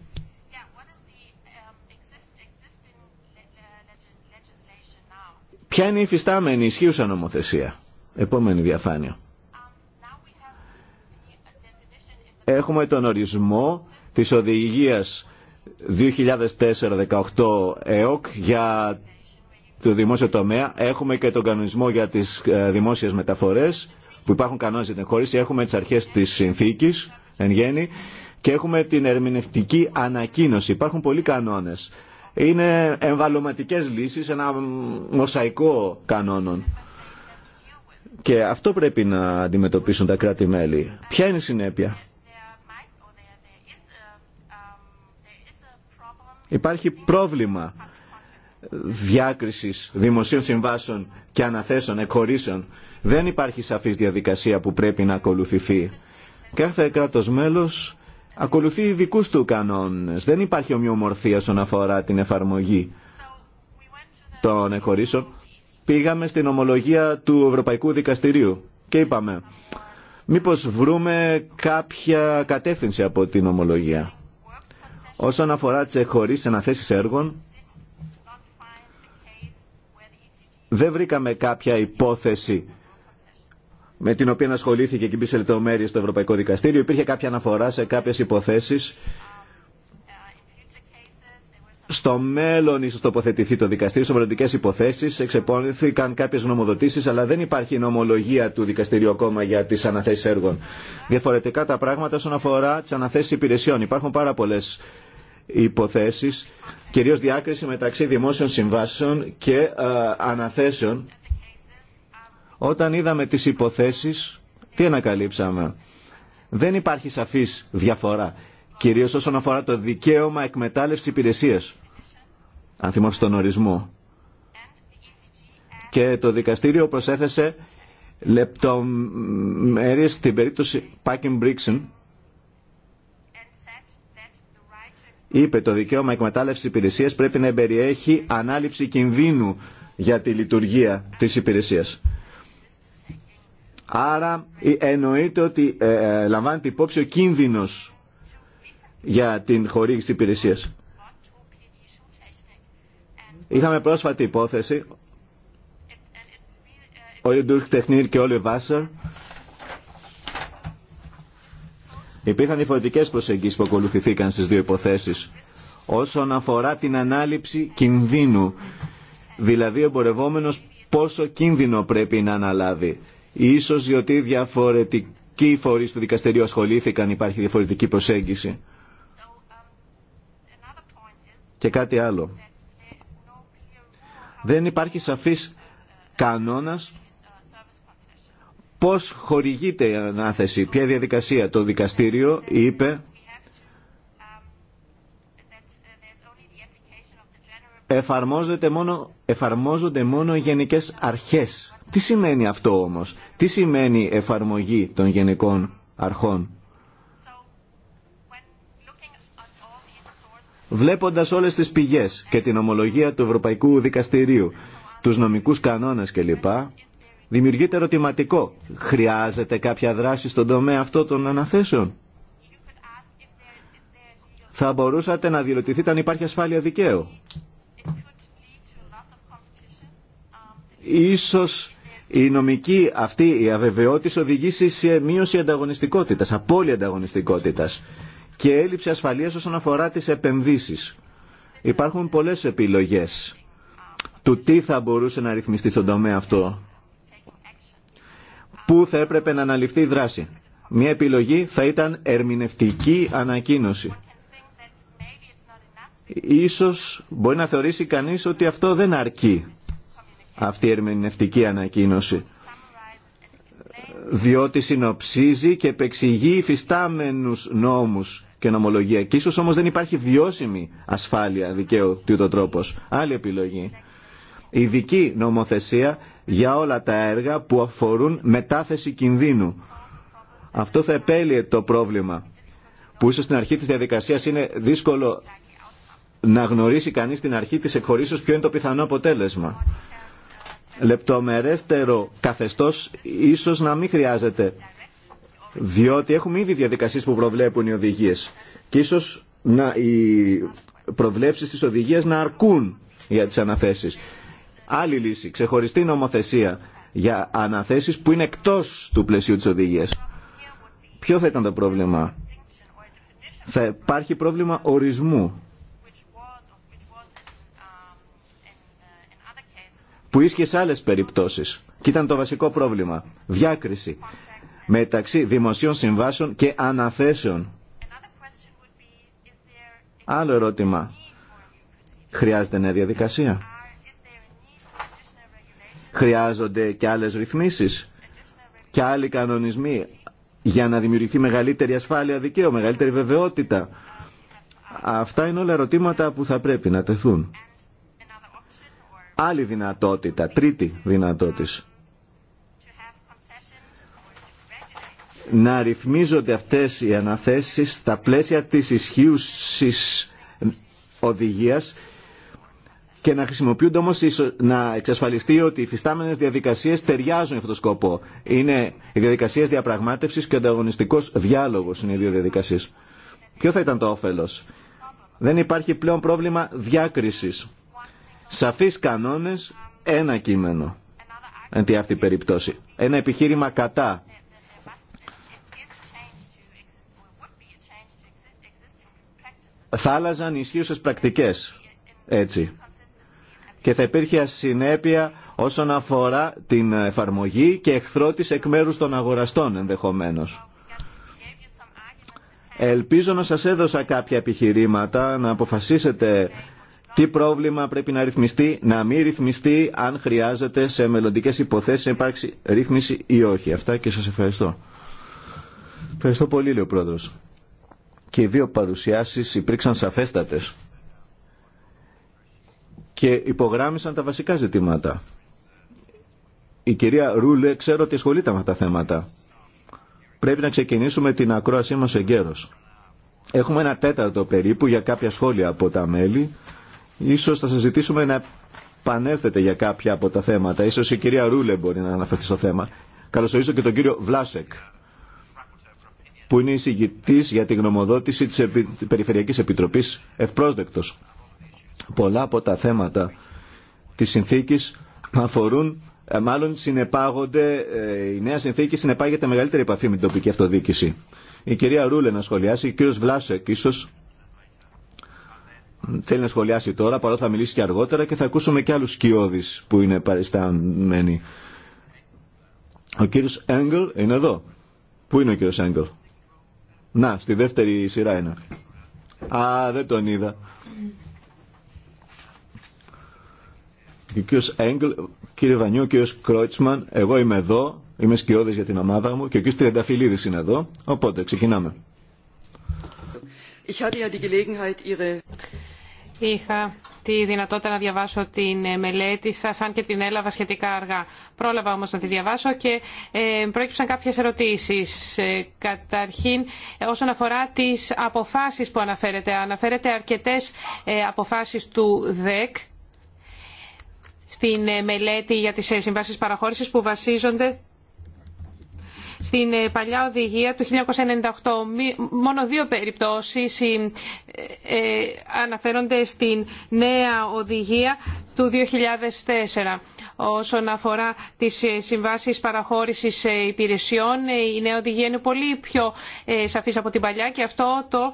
Ποια είναι η υφιστάμενη ισχύουσα νομοθεσία. Επόμενη διαφάνεια. Έχουμε τον ορισμό της οδηγίας 2004-18 ΕΟΚ για του δημόσιου τομέα. Έχουμε και τον κανονισμό για τις ε, δημόσιες μεταφορές που υπάρχουν κανόνες για την Έχουμε τις αρχές τη συνθήκης εν γέννη και έχουμε την ερμηνευτική ανακοίνωση. Υπάρχουν πολλοί κανόνες. Είναι εμβαλωματικέ λύσεις, ένα μοσαϊκό κανόνων. Και αυτό πρέπει να αντιμετωπίσουν τα κράτη-μέλη. Ποια είναι η συνέπεια. Υπάρχει πρόβλημα διάκρισης δημοσίων συμβάσεων και αναθέσεων, εκχωρήσεων. Δεν υπάρχει σαφής διαδικασία που πρέπει να ακολουθηθεί. Κάθε κράτος μέλος ακολουθεί ειδικού του κανόνες. Δεν υπάρχει ομοιομορφία όσον αφορά την εφαρμογή των εκχωρήσεων. Πήγαμε στην ομολογία του Ευρωπαϊκού Δικαστηρίου και είπαμε μήπως βρούμε κάποια κατεύθυνση από την ομολογία. Όσον αφορά τις εκχωρήσεις αναθέσεις έργων, δεν βρήκαμε κάποια υπόθεση με την οποία ασχολήθηκε και μπήσε λεπτομέρειε στο Ευρωπαϊκό Δικαστήριο. Υπήρχε κάποια αναφορά σε κάποιε υποθέσει. Στο μέλλον ίσως τοποθετηθεί το δικαστήριο σε μελλοντικέ υποθέσεις, εξεπώνηθηκαν κάποιες γνωμοδοτήσεις αλλά δεν υπάρχει νομολογία του δικαστηρίου ακόμα για τις αναθέσεις έργων. Διαφορετικά τα πράγματα όσον αφορά τις αναθέσεις υπηρεσιών. Υπάρχουν πάρα πολλέ υποθέσεις, κυρίως διάκριση μεταξύ δημόσιων συμβάσεων και ε, αναθέσεων. Όταν είδαμε τις υποθέσεις, τι ανακαλύψαμε. Δεν υπάρχει σαφής διαφορά, κυρίως όσον αφορά το δικαίωμα εκμετάλλευσης υπηρεσίας, αν θυμώ τον ορισμό. Και το δικαστήριο προσέθεσε λεπτομέρειες στην περίπτωση Πάκιν Μπρίξεν, είπε το δικαίωμα εκμετάλλευση υπηρεσία πρέπει να περιέχει ανάληψη κινδύνου για τη λειτουργία της υπηρεσίας. Άρα εννοείται ότι ε, ε, λαμβάνεται υπόψη ο κίνδυνος για την χορήγηση υπηρεσία. υπηρεσίας. Είχαμε πρόσφατη υπόθεση, ο Ιντουρκ Τεχνίρ και ο οι Υπήρχαν διαφορετικέ προσεγγίσεις που ακολουθηθήκαν στις δύο υποθέσεις όσον αφορά την ανάληψη κινδύνου. Δηλαδή ο εμπορευόμενος πόσο κίνδυνο πρέπει να αναλάβει. Ίσως διότι διαφορετικοί φορείς του δικαστηρίου ασχολήθηκαν, υπάρχει διαφορετική προσέγγιση. Και κάτι άλλο. Δεν υπάρχει σαφής κανόνας Πώς χορηγείται η ανάθεση, ποια διαδικασία. Το δικαστήριο είπε εφαρμόζεται μόνο, εφαρμόζονται μόνο οι γενικές αρχές. Τι σημαίνει αυτό όμως, τι σημαίνει εφαρμογή των γενικών αρχών. Βλέποντας όλες τις πηγές και την ομολογία του Ευρωπαϊκού Δικαστηρίου, τους νομικούς κανόνες κλπ, Δημιουργείται ερωτηματικό. Χρειάζεται κάποια δράση στον τομέα αυτό των αναθέσεων. Θα μπορούσατε να δηλωτηθείτε αν υπάρχει ασφάλεια δικαίου. Ίσως η νομική αυτή η αβεβαιότητα οδηγήσει σε μείωση ανταγωνιστικότητας, απώλεια ανταγωνιστικότητας και έλλειψη ασφαλείας όσον αφορά τις επενδύσεις. Υπάρχουν πολλές επιλογές του τι θα μπορούσε να ρυθμιστεί στον τομέα αυτό πού θα έπρεπε να αναλυφθεί η δράση. Μια επιλογή θα ήταν ερμηνευτική ανακοίνωση. Ίσως μπορεί να θεωρήσει κανείς ότι αυτό δεν αρκεί, αυτή η ερμηνευτική ανακοίνωση, διότι συνοψίζει και επεξηγεί υφιστάμενους νόμους και νομολογία. Και ίσως όμως δεν υπάρχει βιώσιμη ασφάλεια δικαίου τρόπος. Άλλη επιλογή. Ειδική νομοθεσία για όλα τα έργα που αφορούν μετάθεση κινδύνου. Αυτό θα επέλυε το πρόβλημα που ίσως στην αρχή της διαδικασίας είναι δύσκολο να γνωρίσει κανείς στην αρχή της εκχωρήσεως ποιο είναι το πιθανό αποτέλεσμα. Λεπτομερέστερο καθεστώς ίσως να μην χρειάζεται διότι έχουμε ήδη διαδικασίες που προβλέπουν οι οδηγίες και ίσως να, οι προβλέψεις της οδηγίας να αρκούν για τις αναθέσεις άλλη λύση, ξεχωριστή νομοθεσία για αναθέσεις που είναι εκτός του πλαισίου της οδηγίας. Ποιο θα ήταν το πρόβλημα. Θα υπάρχει πρόβλημα ορισμού που ίσχυε σε άλλες περιπτώσεις και ήταν το βασικό πρόβλημα. Διάκριση μεταξύ δημοσίων συμβάσεων και αναθέσεων. Άλλο ερώτημα. Χρειάζεται νέα διαδικασία. Χρειάζονται και άλλες ρυθμίσεις και άλλοι κανονισμοί για να δημιουργηθεί μεγαλύτερη ασφάλεια δικαίου, μεγαλύτερη βεβαιότητα. Αυτά είναι όλα ερωτήματα που θα πρέπει να τεθούν. Άλλη δυνατότητα, τρίτη δυνατότητα. Να ρυθμίζονται αυτές οι αναθέσεις στα πλαίσια της ισχύουσης οδηγίας και να χρησιμοποιούνται όμως να εξασφαλιστεί ότι οι φυστάμενες διαδικασίες ταιριάζουν αυτόν τον σκοπό. Είναι οι διαδικασίες διαπραγμάτευσης και ο ανταγωνιστικός διάλογος είναι οι δύο διαδικασίες. Ποιο θα ήταν το όφελος. Δεν υπάρχει πλέον πρόβλημα διάκρισης. Σαφείς κανόνες, ένα κείμενο. Εν τη αυτή περίπτωση. Ένα επιχείρημα κατά. Θα άλλαζαν οι ισχύουσες πρακτικές. Έτσι και θα υπήρχε ασυνέπεια όσον αφορά την εφαρμογή και εχθρό τη εκ μέρους των αγοραστών ενδεχομένως. Ελπίζω να σας έδωσα κάποια επιχειρήματα να αποφασίσετε τι πρόβλημα πρέπει να ρυθμιστεί, να μην ρυθμιστεί, αν χρειάζεται σε μελλοντικές υποθέσεις να υπάρξει ρύθμιση ή όχι. Αυτά και σας ευχαριστώ. Ευχαριστώ πολύ, λέει ο Και οι δύο παρουσιάσεις υπήρξαν σαφέστατες και υπογράμμισαν τα βασικά ζητήματα. Η κυρία Ρούλε ξέρω ότι ασχολείται με αυτά τα θέματα. Πρέπει να ξεκινήσουμε την ακρόασή μας εγκαίρως. Έχουμε ένα τέταρτο περίπου για κάποια σχόλια από τα μέλη. Ίσως θα σας ζητήσουμε να πανέλθετε για κάποια από τα θέματα. Ίσως η κυρία Ρούλε μπορεί να αναφερθεί στο θέμα. Καλωσορίζω και τον κύριο Βλάσεκ που είναι εισηγητής για τη γνωμοδότηση της Περιφερειακής Επιτροπής ευπρόσδεκτος. Πολλά από τα θέματα της συνθήκης αφορούν, ε, μάλλον συνεπάγονται, ε, η νέα συνθήκη συνεπάγεται μεγαλύτερη επαφή με την τοπική αυτοδιοίκηση. Η κυρία Ρούλε να σχολιάσει, ο κύριος Βλάσεκ ίσως θέλει να σχολιάσει τώρα, παρόλο θα μιλήσει και αργότερα και θα ακούσουμε και άλλους σκιώδεις που είναι παρισταμένοι. Ο κύριος Έγγελ είναι εδώ. Πού είναι ο κύριος Έγγελ? Να, στη δεύτερη σειρά είναι. Α, δεν τον είδα. ο κύριος Έγκλ, κύριε Βανιού, ο Κρόιτσμαν, εγώ είμαι εδώ, είμαι σκιώδης για την ομάδα μου και ο κύριος Τριανταφυλλίδης είναι εδώ, οπότε ξεκινάμε. Είχα τη δυνατότητα να διαβάσω την ε, μελέτη σας, αν και την έλαβα σχετικά αργά. Πρόλαβα όμως να τη διαβάσω και ε, πρόκειψαν κάποιες ερωτήσεις. Ε, καταρχήν, όσον αφορά τις αποφάσεις που αναφέρετε, αναφέρετε αρκετές αποφάσεις του ΔΕΚ στην ε, μελέτη για τις ε, συμβάσεις παραχώρησης που βασίζονται στην ε, παλιά οδηγία του 1998. Μόνο δύο περιπτώσεις αναφέρονται στην νέα οδηγία του 2004. Όσον αφορά τις συμβάσεις παραχώρησης υπηρεσιών, η νέα οδηγία είναι πολύ πιο σαφής από την παλιά και αυτό το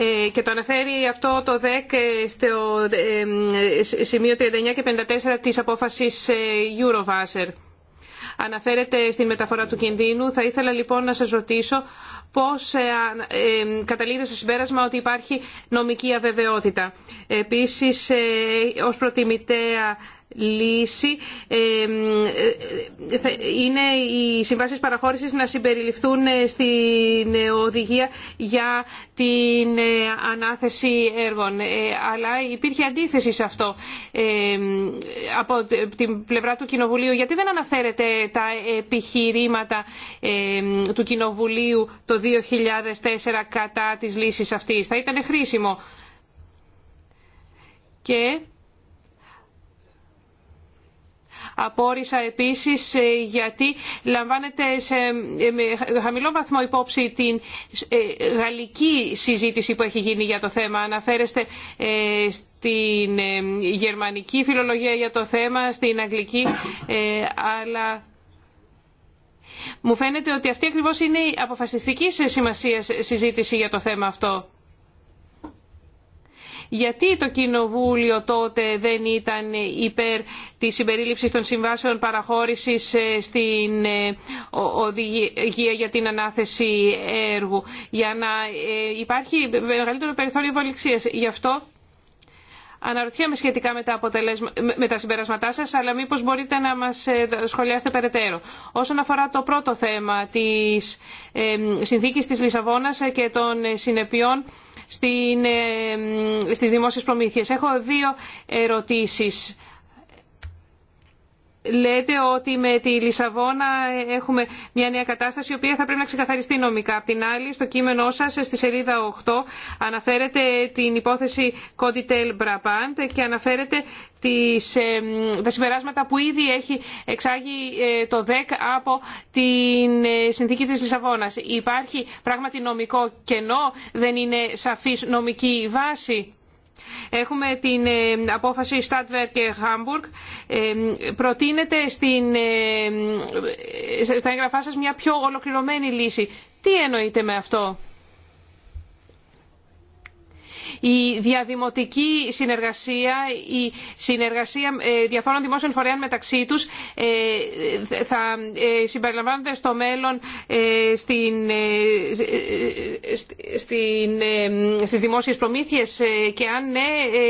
ε, και το αναφέρει αυτό το ΔΕΚ ε, στο ε, σημείο 39 και 54 της απόφασης Eurovaser. Αναφέρεται στην μεταφορά του κινδύνου. Θα ήθελα λοιπόν να σας ρωτήσω πώς καταλήγει στο συμπέρασμα ότι υπάρχει νομική αβεβαιότητα. Επίσης, ως προτιμητέα λύση ε, ε, είναι οι συμβάσεις παραχώρησης να συμπεριληφθούν ε, στην οδηγία για την ανάθεση έργων. Αλλά υπήρχε αντίθεση σε αυτό από την πλευρά του Κοινοβουλίου. Γιατί δεν αναφέρετε τα επιχειρήματα του Κοινοβουλίου το 2004 κατά της λύσης αυτής. Θα ήταν χρήσιμο. Και Απόρρισα επίσης ε, γιατί λαμβάνεται σε ε, χαμηλό βαθμό υπόψη την ε, γαλλική συζήτηση που έχει γίνει για το θέμα. Αναφέρεστε στην γερμανική φιλολογία για το θέμα, στην αγγλική, αλλά... Μου φαίνεται ότι αυτή ακριβώς είναι η αποφασιστική σημασία συζήτηση για το θέμα αυτό. Γιατί το Κοινοβούλιο τότε δεν ήταν υπέρ της συμπερίληψης των συμβάσεων παραχώρησης ε, στην ε, οδηγία για την ανάθεση έργου, για να ε, υπάρχει μεγαλύτερο περιθώριο ευελιξίας. Γι' αυτό αναρωτιέμαι σχετικά με τα, αποτελέσμα... με τα συμπεράσματά σας, αλλά μήπως μπορείτε να μας σχολιάσετε περαιτέρω. Όσον αφορά το πρώτο θέμα της συνθήκης της Λισαβόνας και των συνεπειών στην, ε, στις δημόσιες προμήθειες. Έχω δύο ερωτήσεις λέτε ότι με τη Λισαβόνα έχουμε μια νέα κατάσταση η οποία θα πρέπει να ξεκαθαριστεί νομικά. Απ' την άλλη, στο κείμενό σας, στη σελίδα 8, αναφέρετε την υπόθεση Κόντιτελ Μπραπάντ και αναφέρετε τις, ε, τα συμπεράσματα που ήδη έχει εξάγει ε, το ΔΕΚ από την ε, συνθήκη της Λισαβόνας. Υπάρχει πράγματι νομικό κενό, δεν είναι σαφής νομική βάση. Έχουμε την ε, απόφαση Στάτβερ και Χάμπουργκ. Ε, προτείνεται στην, ε, στα εγγραφά σας μια πιο ολοκληρωμένη λύση. Τι εννοείτε με αυτό η διαδημοτική συνεργασία, η συνεργασία ε, διαφόρων δημόσιων φορέων μεταξύ τους ε, θα ε, συμπεριλαμβάνονται στο μέλλον στην, στην, στις δημόσιες προμήθειες και αν ναι,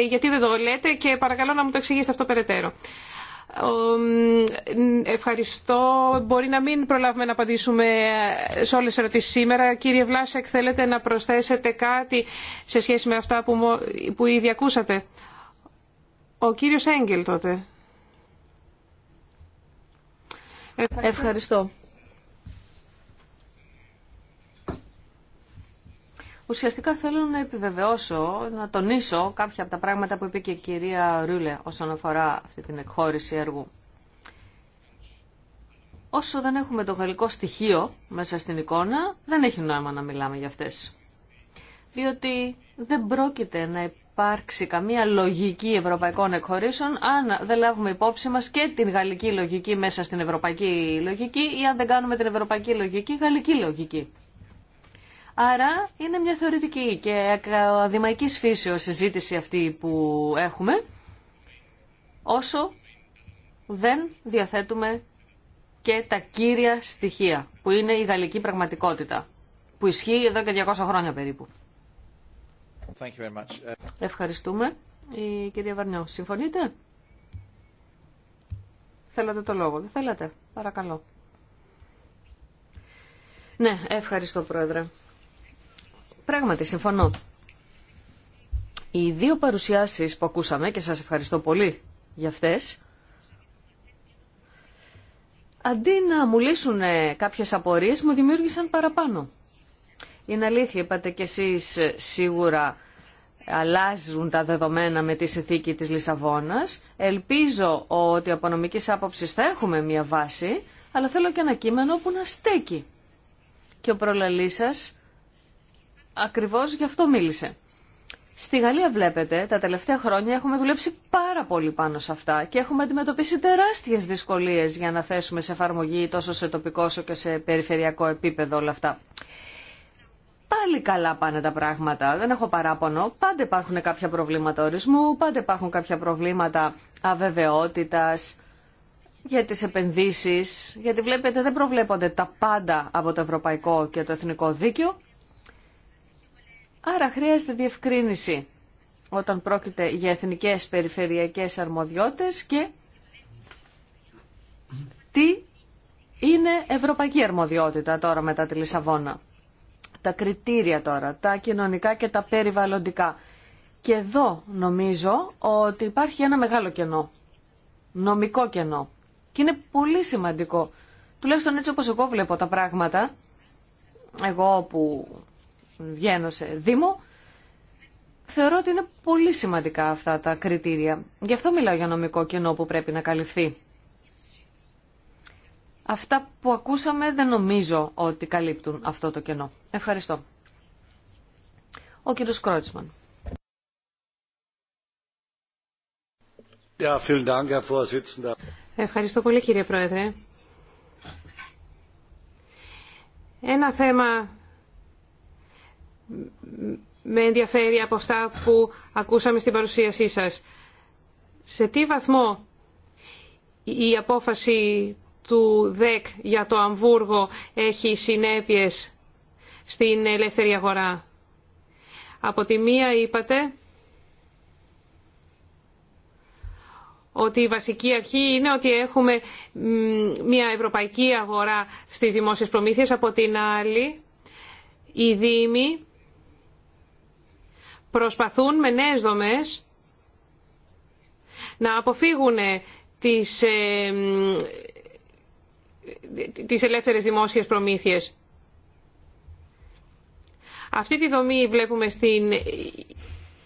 γιατί δεν το λέτε και παρακαλώ να μου το εξηγήσετε αυτό περαιτέρω. Ευχαριστώ. Μπορεί να μην προλάβουμε να απαντήσουμε σε όλες τις ερωτήσεις σήμερα. Κύριε Βλάσεκ, θέλετε να προσθέσετε κάτι σε σχέση με αυτά που, ήδη ακούσατε. Ο κύριος Έγγελ τότε. Ευχαριστώ. Ουσιαστικά θέλω να επιβεβαιώσω, να τονίσω κάποια από τα πράγματα που είπε και η κυρία Ρούλε όσον αφορά αυτή την εκχώρηση έργου. Όσο δεν έχουμε το γαλλικό στοιχείο μέσα στην εικόνα, δεν έχει νόημα να μιλάμε για αυτές. Διότι δεν πρόκειται να υπάρξει καμία λογική ευρωπαϊκών εκχωρήσεων αν δεν λάβουμε υπόψη μας και την γαλλική λογική μέσα στην ευρωπαϊκή λογική ή αν δεν κάνουμε την ευρωπαϊκή λογική γαλλική λογική. Άρα είναι μια θεωρητική και ακαδημαϊκή φύσεως συζήτηση αυτή που έχουμε, όσο δεν διαθέτουμε και τα κύρια στοιχεία, που είναι η γαλλική πραγματικότητα, που ισχύει εδώ και 200 χρόνια περίπου. Ευχαριστούμε. Η κυρία Βαρνιό, συμφωνείτε? Θέλατε το λόγο, δεν θέλατε. Παρακαλώ. Ναι, ευχαριστώ πρόεδρε. Πράγματι, συμφωνώ. Οι δύο παρουσιάσεις που ακούσαμε και σας ευχαριστώ πολύ για αυτές, αντί να μου λύσουν ε, κάποιες απορίες, μου δημιούργησαν παραπάνω. Είναι αλήθεια, είπατε κι εσείς ε, σίγουρα αλλάζουν τα δεδομένα με τη συνθήκη της Λισαβόνας. Ελπίζω ότι από νομικής άποψης θα έχουμε μια βάση, αλλά θέλω και ένα κείμενο που να στέκει. Και ο προλαλής σας ακριβώς γι' αυτό μίλησε. Στη Γαλλία βλέπετε, τα τελευταία χρόνια έχουμε δουλέψει πάρα πολύ πάνω σε αυτά και έχουμε αντιμετωπίσει τεράστιες δυσκολίες για να θέσουμε σε εφαρμογή τόσο σε τοπικό όσο και σε περιφερειακό επίπεδο όλα αυτά. Πάλι καλά πάνε τα πράγματα, δεν έχω παράπονο. Πάντα υπάρχουν κάποια προβλήματα ορισμού, πάντα υπάρχουν κάποια προβλήματα αβεβαιότητας για τις επενδύσεις, γιατί βλέπετε δεν προβλέπονται τα πάντα από το ευρωπαϊκό και το εθνικό δίκαιο Άρα χρειάζεται διευκρίνηση όταν πρόκειται για εθνικές περιφερειακές αρμοδιότητες και τι είναι ευρωπαϊκή αρμοδιότητα τώρα μετά τη Λισαβόνα. Τα κριτήρια τώρα, τα κοινωνικά και τα περιβαλλοντικά. Και εδώ νομίζω ότι υπάρχει ένα μεγάλο κενό, νομικό κενό. Και είναι πολύ σημαντικό. Τουλάχιστον έτσι όπως εγώ βλέπω τα πράγματα, εγώ που βγαίνω σε Δήμο, θεωρώ ότι είναι πολύ σημαντικά αυτά τα κριτήρια. Γι' αυτό μιλάω για νομικό κενό που πρέπει να καλυφθεί. Αυτά που ακούσαμε δεν νομίζω ότι καλύπτουν αυτό το κενό. Ευχαριστώ. Ο κύριος Κρότσμαν. Ευχαριστώ πολύ κύριε Πρόεδρε. Ένα θέμα με ενδιαφέρει από αυτά που ακούσαμε στην παρουσίασή σας. Σε τι βαθμό η απόφαση του ΔΕΚ για το Αμβούργο έχει συνέπειες στην ελεύθερη αγορά. Από τη μία είπατε ότι η βασική αρχή είναι ότι έχουμε μια ευρωπαϊκή αγορά στις δημόσιες προμήθειες. Από την άλλη, η Δήμοι προσπαθούν με νέες δομές να αποφύγουν τις, ε, τις ελεύθερες δημόσιες προμήθειες. Αυτή τη δομή βλέπουμε στην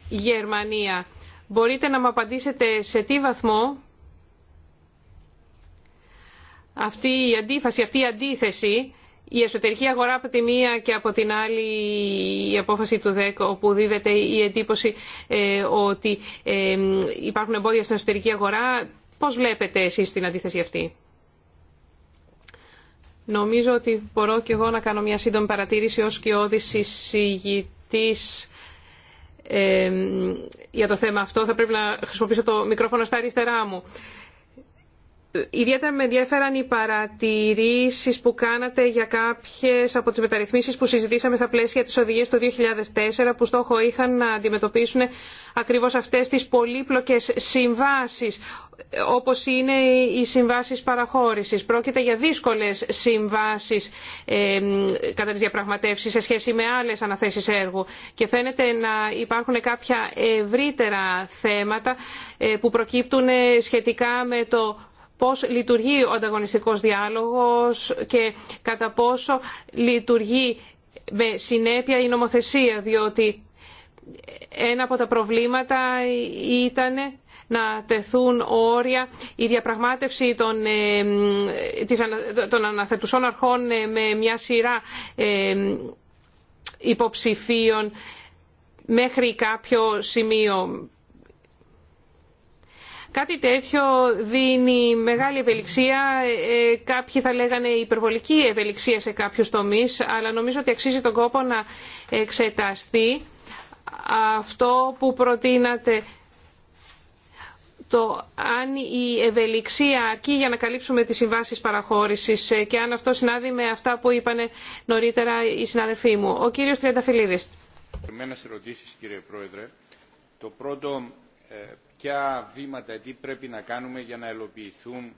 Γερμανία. Μπορείτε να μου απαντήσετε σε τι βαθμό αυτή η αντίφαση, αυτή η αντίθεση η εσωτερική αγορά από τη μία και από την άλλη η απόφαση του ΔΕΚ όπου δίδεται η εντύπωση ε, ότι ε, υπάρχουν εμπόδια στην εσωτερική αγορά. Πώς βλέπετε εσείς την αντίθεση αυτή. Νομίζω ότι μπορώ και εγώ να κάνω μια σύντομη παρατήρηση ως και ε, για το θέμα αυτό. Θα πρέπει να χρησιμοποιήσω το μικρόφωνο στα αριστερά μου. Ιδιαίτερα με ενδιαφέραν οι παρατηρήσεις που κάνατε για κάποιες από τις μεταρρυθμίσεις που συζητήσαμε στα πλαίσια της οδηγίας του 2004 που στόχο είχαν να αντιμετωπίσουν ακριβώς αυτές τις πολύπλοκες συμβάσεις όπως είναι οι συμβάσεις παραχώρησης. Πρόκειται για δύσκολες συμβάσεις ε, κατά τις διαπραγματεύσεις σε σχέση με άλλες αναθέσεις έργου και φαίνεται να υπάρχουν κάποια ευρύτερα θέματα ε, που προκύπτουν σχετικά με το πώς λειτουργεί ο ανταγωνιστικός διάλογος και κατά πόσο λειτουργεί με συνέπεια η νομοθεσία, διότι ένα από τα προβλήματα ήταν να τεθούν όρια η διαπραγμάτευση των, ε, αναθετουσών αρχών ε, με μια σειρά ε, υποψηφίων μέχρι κάποιο σημείο. Κάτι τέτοιο δίνει μεγάλη ευελιξία. Ε, κάποιοι θα λέγανε υπερβολική ευελιξία σε κάποιους τομείς, αλλά νομίζω ότι αξίζει τον κόπο να εξεταστεί αυτό που προτείνατε το αν η ευελιξία αρκεί για να καλύψουμε τις συμβάσεις παραχώρησης ε, και αν αυτό συνάδει με αυτά που είπαν νωρίτερα οι συναδελφοί μου. Ο κύριος Τριανταφυλλίδης. Ερωτήσεις, κύριε Πρόεδρε. Το πρώτο ε, ποια βήματα, τι πρέπει να κάνουμε για να ελοποιηθούν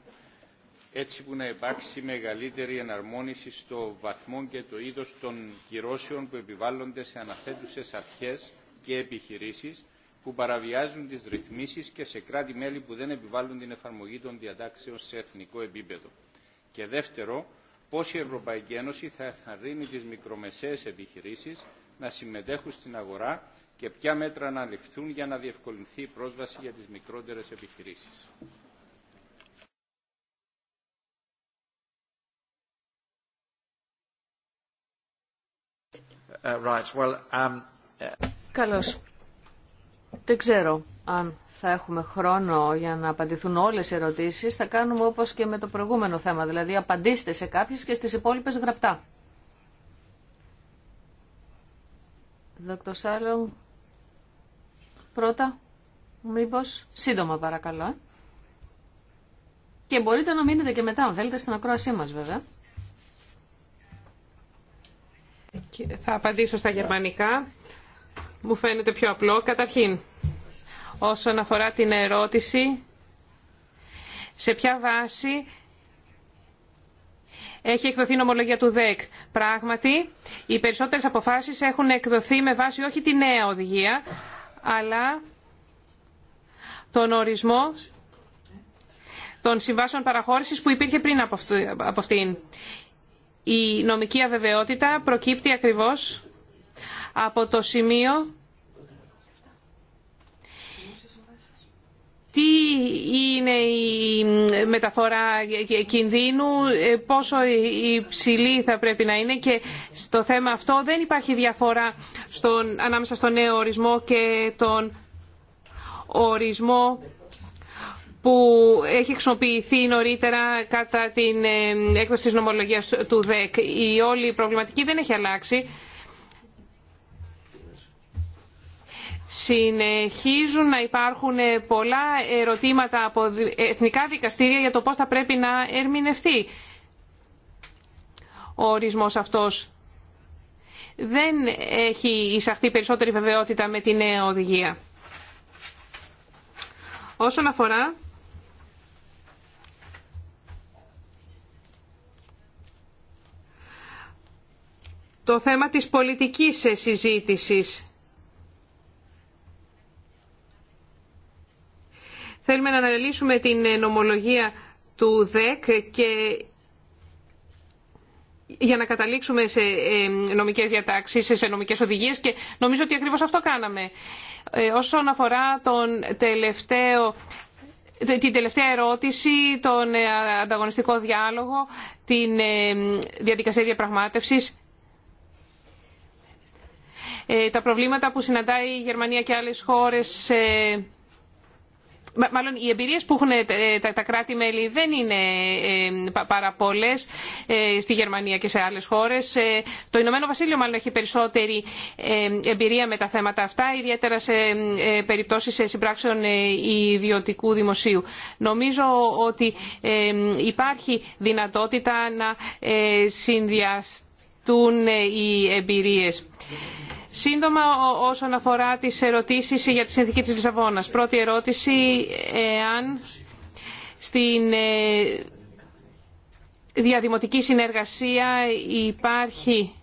έτσι που να υπάρξει μεγαλύτερη εναρμόνιση στο βαθμό και το είδος των κυρώσεων που επιβάλλονται σε αναθέτουσες αρχές και επιχειρήσεις που παραβιάζουν τις ρυθμίσεις και σε κράτη-μέλη που δεν επιβάλλουν την εφαρμογή των διατάξεων σε εθνικό επίπεδο. Και δεύτερο, πώς η Ευρωπαϊκή Ένωση θα εθαρρύνει τις μικρομεσαίες επιχειρήσεις να συμμετέχουν στην αγορά και ποια μέτρα να ληφθούν για να διευκολυνθεί η πρόσβαση για τις μικρότερες επιχειρήσεις. Uh, right. Well, um... Uh, Καλώς. Δεν ξέρω αν θα έχουμε χρόνο για να απαντηθούν όλες οι ερωτήσεις. Θα κάνουμε όπως και με το προηγούμενο θέμα. Δηλαδή απαντήστε σε κάποιες και στις υπόλοιπες γραπτά. Δόκτωρ Σάλλον, Πρώτα, μήπως σύντομα παρακαλώ. Ε. Και μπορείτε να μείνετε και μετά, αν θέλετε, στην ακρόασή μας βέβαια. Θα απαντήσω στα γερμανικά. Μου φαίνεται πιο απλό. Καταρχήν, όσον αφορά την ερώτηση, σε ποια βάση έχει εκδοθεί η νομολογία του ΔΕΚ. Πράγματι, οι περισσότερες αποφάσεις έχουν εκδοθεί με βάση όχι τη νέα οδηγία, αλλά τον ορισμό των συμβάσεων παραχώρησης που υπήρχε πριν από αυτήν. Η νομική αβεβαιότητα προκύπτει ακριβώς από το σημείο τι είναι η μεταφορά κινδύνου, πόσο υψηλή θα πρέπει να είναι και στο θέμα αυτό δεν υπάρχει διαφορά στον, ανάμεσα στον νέο ορισμό και τον ορισμό που έχει χρησιμοποιηθεί νωρίτερα κατά την ε, έκδοση της νομολογίας του ΔΕΚ. Η όλη προβληματική δεν έχει αλλάξει. Συνεχίζουν να υπάρχουν πολλά ερωτήματα από εθνικά δικαστήρια για το πώς θα πρέπει να ερμηνευτεί ο ορισμός αυτός. Δεν έχει εισαχθεί περισσότερη βεβαιότητα με τη νέα οδηγία. Όσον αφορά το θέμα της πολιτικής συζήτησης Θέλουμε να αναλύσουμε την ε, νομολογία του ΔΕΚ και για να καταλήξουμε σε ε, νομικές διατάξεις, σε νομικές οδηγίες και νομίζω ότι ακριβώς αυτό κάναμε. Ε, όσον αφορά τον την τελευταία ερώτηση, τον ανταγωνιστικό διάλογο, την διαδικασία διαπραγμάτευσης, τα προβλήματα που συναντάει η Γερμανία και άλλες χώρες μάλλον οι εμπειρίε που έχουν ε, τα κράτη-μέλη δεν είναι ε, πάρα πολλέ ε, στη Γερμανία και σε άλλες χώρες. Το Ηνωμένο Βασίλειο μάλλον έχει περισσότερη εμπειρία με τα θέματα αυτά, ιδιαίτερα σε περιπτώσεις συμπράξεων ιδιωτικού δημοσίου. Νομίζω ότι υπάρχει δυνατότητα να συνδυαστούν οι εμπειρίε. Σύντομα όσον αφορά τις ερωτήσεις για τη συνθήκη της Λισαβόνας. Πρώτη ερώτηση, εάν στην ε, διαδημοτική συνεργασία υπάρχει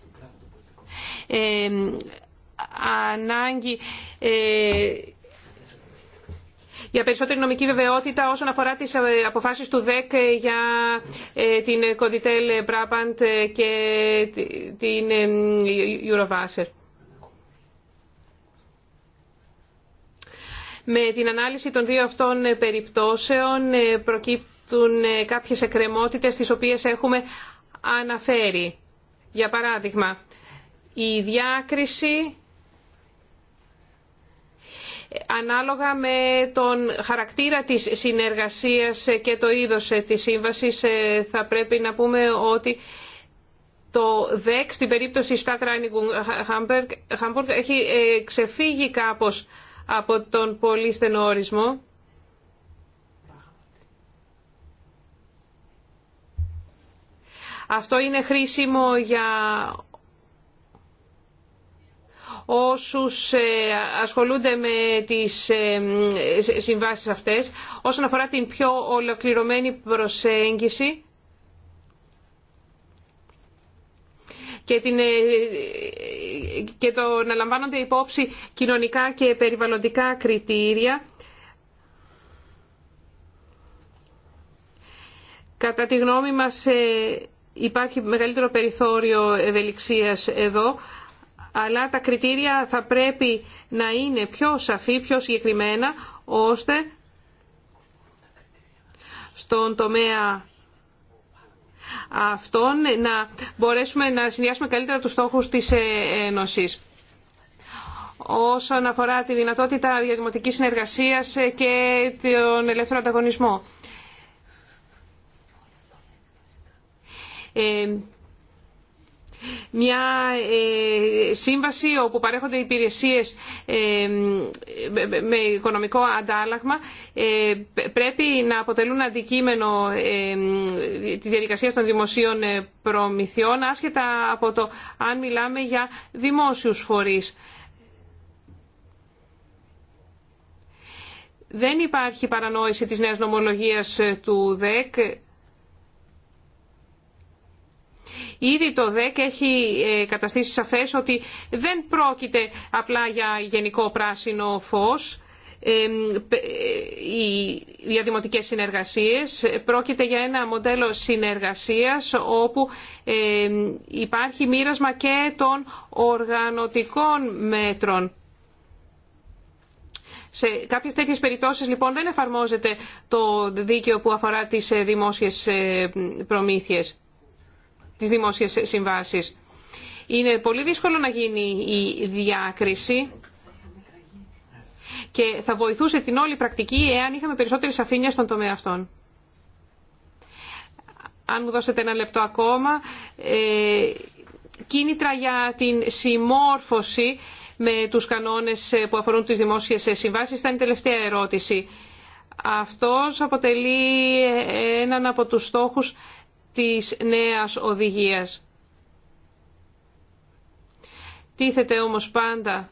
ε, ανάγκη ε, για περισσότερη νομική βεβαιότητα όσον αφορά τις αποφάσεις του ΔΕΚ για την Κοντιτέλ Μπράπαντ και την Eurovaser. Με την ανάλυση των δύο αυτών ε, περιπτώσεων ε, προκύπτουν ε, κάποιες εκκρεμότητες τις οποίες έχουμε αναφέρει. Για παράδειγμα, η διάκριση ανάλογα με τον χαρακτήρα της συνεργασίας και το είδος της σύμβασης θα πρέπει να πούμε ότι το ΔΕΚ στην περίπτωση Στάτρα Χάμπουργκ έχει ξεφύγει κάπως από τον πολύ στενό ορισμό. Αυτό είναι χρήσιμο για όσους ε, ασχολούνται με τις ε, συμβάσεις αυτές. Όσον αφορά την πιο ολοκληρωμένη προσέγγιση και την ε, και το να λαμβάνονται υπόψη κοινωνικά και περιβαλλοντικά κριτήρια. Κατά τη γνώμη μας ε, υπάρχει μεγαλύτερο περιθώριο ευελιξίας εδώ, αλλά τα κριτήρια θα πρέπει να είναι πιο σαφή, πιο συγκεκριμένα, ώστε στον τομέα αυτών να μπορέσουμε να συνδυάσουμε καλύτερα τους στόχους της ε, Ένωσης. Όσον αφορά τη δυνατότητα διαδημοτικής συνεργασίας ε, και τον ελεύθερο ανταγωνισμό. Ε, μια ε, σύμβαση όπου παρέχονται υπηρεσίες ε, με οικονομικό αντάλλαγμα ε, πρέπει να αποτελούν αντικείμενο της διαδικασίας των δημοσίων προμηθειών άσχετα από το αν μιλάμε για δημόσιους φορείς. Δεν υπάρχει παρανόηση της νέας νομολογίας του ΔΕΚ Ήδη το ΔΕΚ έχει ε, καταστήσει σαφές ότι δεν πρόκειται απλά για γενικό πράσινο φως ε, ε, οι δημοτικές συνεργασίες. Πρόκειται για ένα μοντέλο συνεργασίας όπου υπάρχει μοίρασμα και των οργανωτικών μέτρων. Σε κάποιες τέτοιες περιπτώσεις λοιπόν δεν εφαρμόζεται το δίκαιο που αφορά τις δημόσιες προμήθειες τις δημόσιες συμβάσεις. Είναι πολύ δύσκολο να γίνει η διάκριση και θα βοηθούσε την όλη πρακτική εάν είχαμε περισσότερη σαφήνεια στον τομέα αυτόν. Αν μου δώσετε ένα λεπτό ακόμα, ε, κίνητρα για την συμμόρφωση με τους κανόνες που αφορούν τις δημόσιες συμβάσεις θα είναι η τελευταία ερώτηση. Αυτός αποτελεί έναν από τους στόχους της νέας οδηγίας. Τίθεται όμως πάντα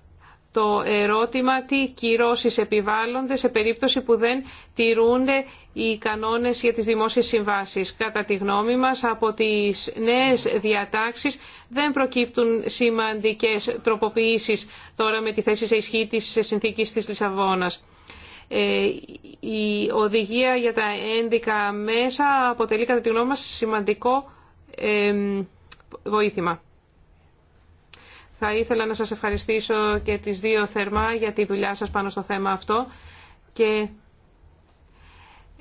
το ερώτημα τι κυρώσεις επιβάλλονται σε περίπτωση που δεν τηρούνται οι κανόνες για τις δημόσιες συμβάσεις. Κατά τη γνώμη μας, από τις νέες διατάξεις δεν προκύπτουν σημαντικές τροποποιήσεις τώρα με τη θέση σε ισχύ της συνθήκης της Λισαβόνας. Ε, η οδηγία για τα ένδικα μέσα αποτελεί κατά τη γνώμη μας σημαντικό βοήθημα. Θα ήθελα να σας ευχαριστήσω και τις δύο θερμά για τη δουλειά σας πάνω στο θέμα αυτό και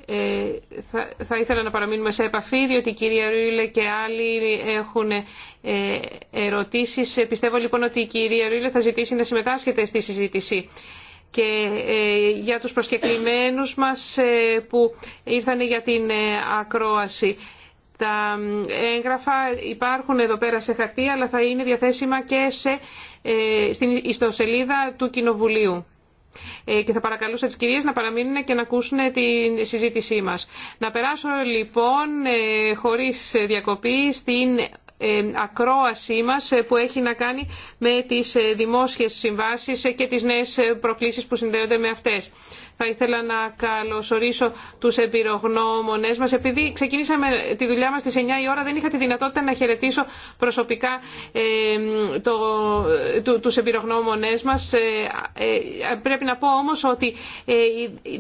ε, θα, θα ήθελα να παραμείνουμε σε επαφή διότι η κυρία Ρούιλε και άλλοι έχουν ε, ερωτήσεις. Πιστεύω λοιπόν ότι η κυρία Ρούιλε θα ζητήσει να συμμετάσχετε στη συζήτηση και ε, για τους προσκεκλημένους μας ε, που ήρθαν για την ε, ακρόαση. Τα έγγραφα υπάρχουν εδώ πέρα σε χαρτί, αλλά θα είναι διαθέσιμα και σε, στην ιστοσελίδα του Κοινοβουλίου. Και θα παρακαλούσα τις κυρίες να παραμείνουν και να ακούσουν τη συζήτησή μας. Να περάσω λοιπόν χωρίς διακοπή στην ακρόασή μας ε, που έχει να κάνει με τις ε, δημόσιες συμβάσεις ε, και τις νέες προκλήσεις που συνδέονται με αυτές. Θα ήθελα να καλωσορίσω τους εμπειρογνώμονες μας. Επειδή ξεκινήσαμε τη δουλειά μας στις 9 η ώρα, δεν είχα τη δυνατότητα να χαιρετήσω προσωπικά ε, το, το, τους εμπειρογνώμονες μας. Ε, ε, πρέπει να πω όμως ότι ε,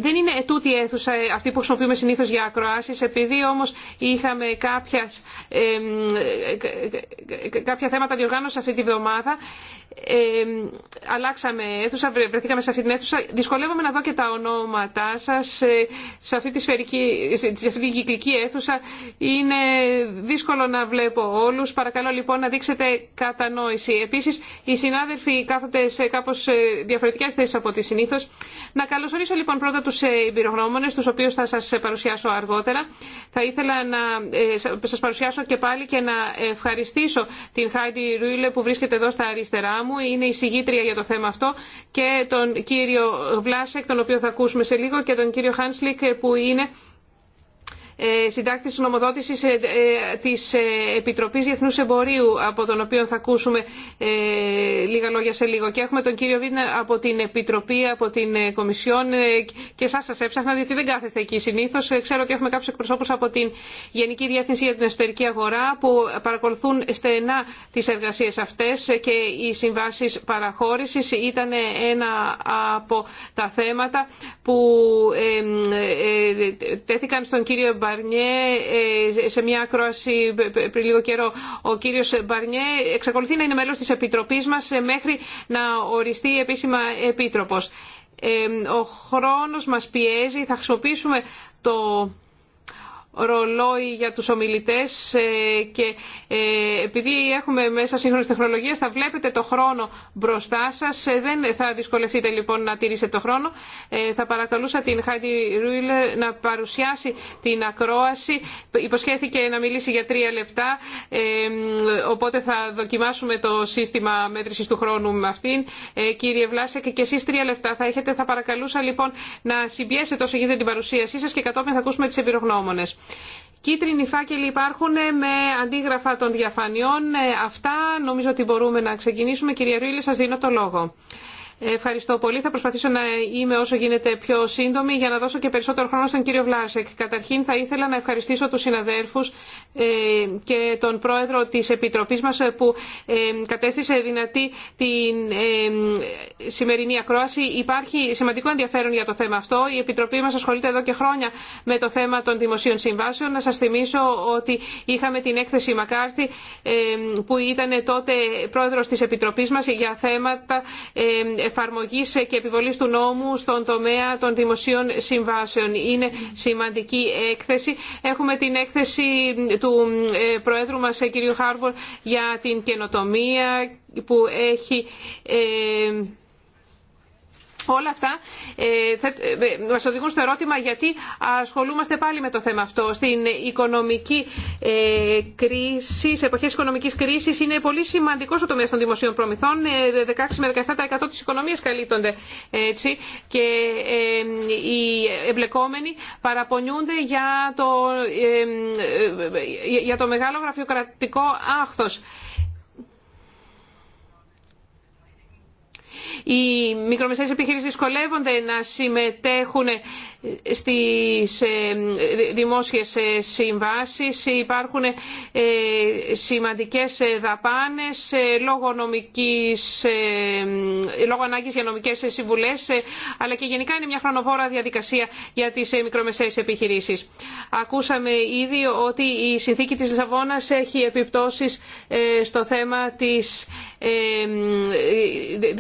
δεν είναι ετούτη αίθουσα αυτή που χρησιμοποιούμε συνήθως για ακροάσεις, επειδή όμως είχαμε κάποια, κάποια θέματα διοργάνωση αυτή τη βδομάδα, αλλάξαμε αίθουσα, βρεθήκαμε σε αυτή την αίθουσα. Δυσκολεύομαι να δω και τα ονόματά σα ε, σε αυτή τη σφαιρική, σε αυτή την κυκλική αίθουσα. Είναι δύσκολο να βλέπω όλου. Παρακαλώ λοιπόν να δείξετε κατανόηση. Επίση, οι συνάδελφοι κάθονται σε κάπω ε, διαφορετικέ θέσει από ό,τι συνήθω. Να καλωσορίσω λοιπόν πρώτα του ε, εμπειρογνώμονε, του οποίου θα σα παρουσιάσω αργότερα. Θα ήθελα να σα παρουσιάσω και πάλι και να ευχαριστήσω την Χάιντι Ρούιλε που βρίσκεται εδώ στα αριστερά μου είναι η συγγήτρια για το θέμα αυτό και τον κύριο Βλάσεκ, τον οποίο θα ακούσουμε σε λίγο, και τον κύριο Χάνσλικ που είναι ε, συντάκτης της νομοδότησης ε, ε, της Επιτροπής Διεθνούς Εμπορίου, από τον οποίο θα ακούσουμε λίγα λόγια σε λίγο. Και έχουμε τον κύριο Βίνα από την Επιτροπή, από την Κομισιόν και εσάς σας έψαχνα, διότι δεν κάθεστε εκεί συνήθως. Ξέρω ότι έχουμε κάποιους εκπροσώπους από την Γενική Διεύθυνση για την Εσωτερική Αγορά που παρακολουθούν στενά τις εργασίες αυτές και οι συμβάσεις παραχώρησης ήταν ένα από τα θέματα που τέθηκαν στον κύριο Μπαρνιέ ε, σε μια ακρόαση πριν λίγο καιρό. Ο κύριο Μπαρνιέ εξακολουθεί να είναι μέλο τη επιτροπή μα ε, μέχρι να οριστεί επίσημα Επίτροπος. Ε, ο χρόνος μας πιέζει, θα χρησιμοποιήσουμε το ρολόι για τους ομιλητές ε, και ε, επειδή έχουμε μέσα σύγχρονε τεχνολογίε, θα βλέπετε το χρόνο μπροστά σας. Ε, δεν θα δυσκολευτείτε λοιπόν να τηρήσετε το χρόνο. Θα παρακαλούσα την Χάιντι Ρούιλε να παρουσιάσει την ακρόαση. Υποσχέθηκε να μιλήσει για τρία λεπτά, οπότε θα δοκιμάσουμε το σύστημα μέτρησης του χρόνου με αυτήν. Κύριε Βλάσια, και εσείς τρία λεπτά θα έχετε. Θα παρακαλούσα λοιπόν να συμπιέσετε όσο γίνεται την παρουσίασή σας και κατόπιν θα ακούσουμε τις επιρρογνώμονες. Κίτρινοι φάκελοι υπάρχουν με αντίγραφα των διαφανειών. Ε, αυτά νομίζω ότι μπορούμε να ξεκινήσουμε. Κυρία Ρούλη σας δίνω το λόγο. Ευχαριστώ πολύ. Θα προσπαθήσω να είμαι όσο γίνεται πιο σύντομη για να δώσω και περισσότερο χρόνο στον κύριο Βλάσεκ. Καταρχήν θα ήθελα να ευχαριστήσω τους συναδέρφους ε, και τον πρόεδρο της Επιτροπής μας ε, που ε, κατέστησε δυνατή την σημερινή ακρόαση. Υπάρχει σημαντικό ενδιαφέρον για το θέμα αυτό. Η Επιτροπή μας ασχολείται εδώ και χρόνια με το θέμα των δημοσίων συμβάσεων. Να σας θυμίσω ότι είχαμε την έκθεση Μακάρθη που ήταν τότε πρόεδρος της Επιτροπής μας για θέματα εφαρμογής και επιβολής του νόμου στον τομέα των δημοσίων συμβάσεων. Είναι σημαντική έκθεση. Έχουμε την έκθεση του ε, Προέδρου μας, ε, κ. Χάρβορ, για την καινοτομία που έχει ε, Όλα αυτά ε, ε, μας οδηγούν στο ερώτημα γιατί ασχολούμαστε πάλι με το θέμα αυτό. Στην οικονομική ε, κρίση, σε οικονομικής κρίσης είναι πολύ σημαντικό ο τομέα των δημοσίων προμηθών. 16 με 17% της οικονομίας καλύπτονται έτσι και οι εμπλεκόμενοι παραπονιούνται για το, για το μεγάλο γραφειοκρατικό άχθος. Οι μικρομεσαίες επιχειρήσεις δυσκολεύονται να συμμετέχουν στις ε, δημόσιες ε, συμβάσεις υπάρχουν ε, σημαντικές δαπάνες λόγω, νομικής, λόγω ανάγκης για νομικές συμβουλές αλλά και γενικά είναι μια χρονοβόρα διαδικασία για τις μικρομεσαίες επιχειρήσεις. Ακούσαμε ήδη ότι η συνθήκη της Λισαβόνας έχει επιπτώσεις στο θέμα της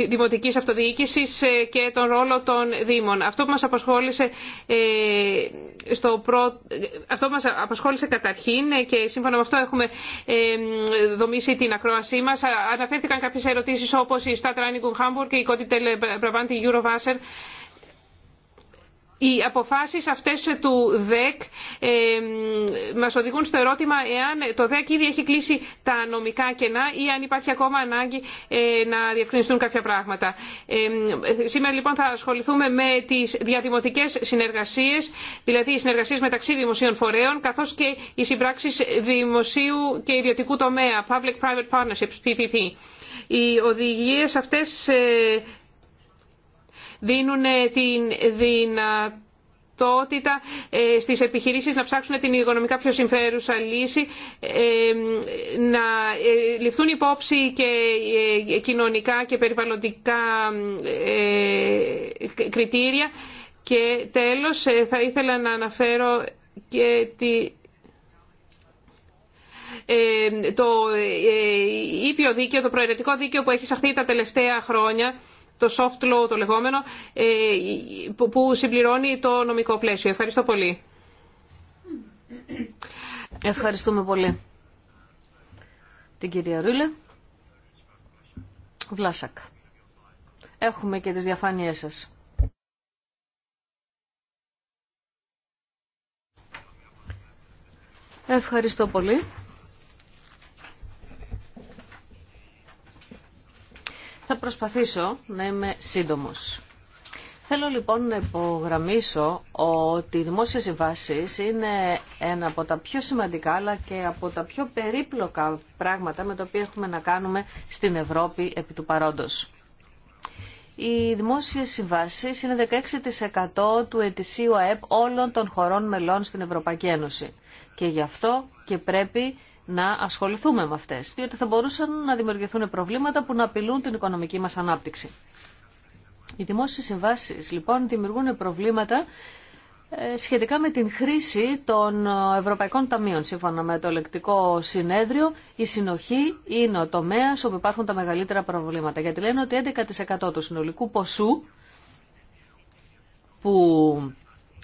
δημοτικής αυτοδιοίκησης και τον ρόλο των Δήμων. Αυτό που μας απασχόλησε ε, στο προ... Αυτό μας απασχόλησε καταρχήν και σύμφωνα με αυτό έχουμε ε, δομήσει την ακρόασή μας. Αναφέρθηκαν κάποιες ερωτήσεις όπως η Stadt Reinigung Hamburg και η Kotitel Brabant, η Eurovasser οι αποφάσεις αυτές του ΔΕΚ ε, μας οδηγούν στο ερώτημα εάν το ΔΕΚ ήδη έχει κλείσει τα νομικά κενά ή αν υπάρχει ακόμα ανάγκη ε, να διευκρινιστούν κάποια πράγματα. Ε, σήμερα λοιπόν θα ασχοληθούμε με τις διαδημοτικές συνεργασίες, δηλαδή οι συνεργασίες μεταξύ δημοσίων φορέων, καθώς και οι συμπράξεις δημοσίου και ιδιωτικού τομέα, Public-Private Partnerships, PPP. Οι οδηγίες αυτές ε, δίνουν ε, την δυνατότητα ε, στις επιχειρήσεις να ψάξουν την οικονομικά πιο συμφέρουσα λύση, ε, να ληφθούν υπόψη και κοινωνικά και περιβαλλοντικά κριτήρια. Και τέλος θα ήθελα να αναφέρω και τη το ήπιο δίκαιο, το προαιρετικό δίκαιο που έχει σαχθεί τα τελευταία χρόνια το soft law το λεγόμενο, ε, που συμπληρώνει το νομικό πλαίσιο. Ευχαριστώ πολύ. Ευχαριστούμε πολύ. Την κυρία Ρούλε. Βλάσακ. Έχουμε και τις διαφάνειές σας. Ευχαριστώ πολύ. Θα προσπαθήσω να είμαι σύντομος. Θέλω λοιπόν να υπογραμμίσω ότι οι δημόσιες συμβάσεις είναι ένα από τα πιο σημαντικά αλλά και από τα πιο περίπλοκα πράγματα με τα οποία έχουμε να κάνουμε στην Ευρώπη επί του παρόντος. Οι δημόσιες συμβάσεις είναι 16% του ετησίου ΑΕΠ όλων των χωρών μελών στην Ευρωπαϊκή Ένωση. Και γι' αυτό και πρέπει να ασχοληθούμε με αυτέ, διότι θα μπορούσαν να δημιουργηθούν προβλήματα που να απειλούν την οικονομική μα ανάπτυξη. Οι δημόσιε συμβάσει λοιπόν δημιουργούν προβλήματα ε, σχετικά με την χρήση των Ευρωπαϊκών Ταμείων. Σύμφωνα με το ελεκτικό συνέδριο, η συνοχή είναι ο τομέα όπου υπάρχουν τα μεγαλύτερα προβλήματα. Γιατί λένε ότι 11% του συνολικού ποσού που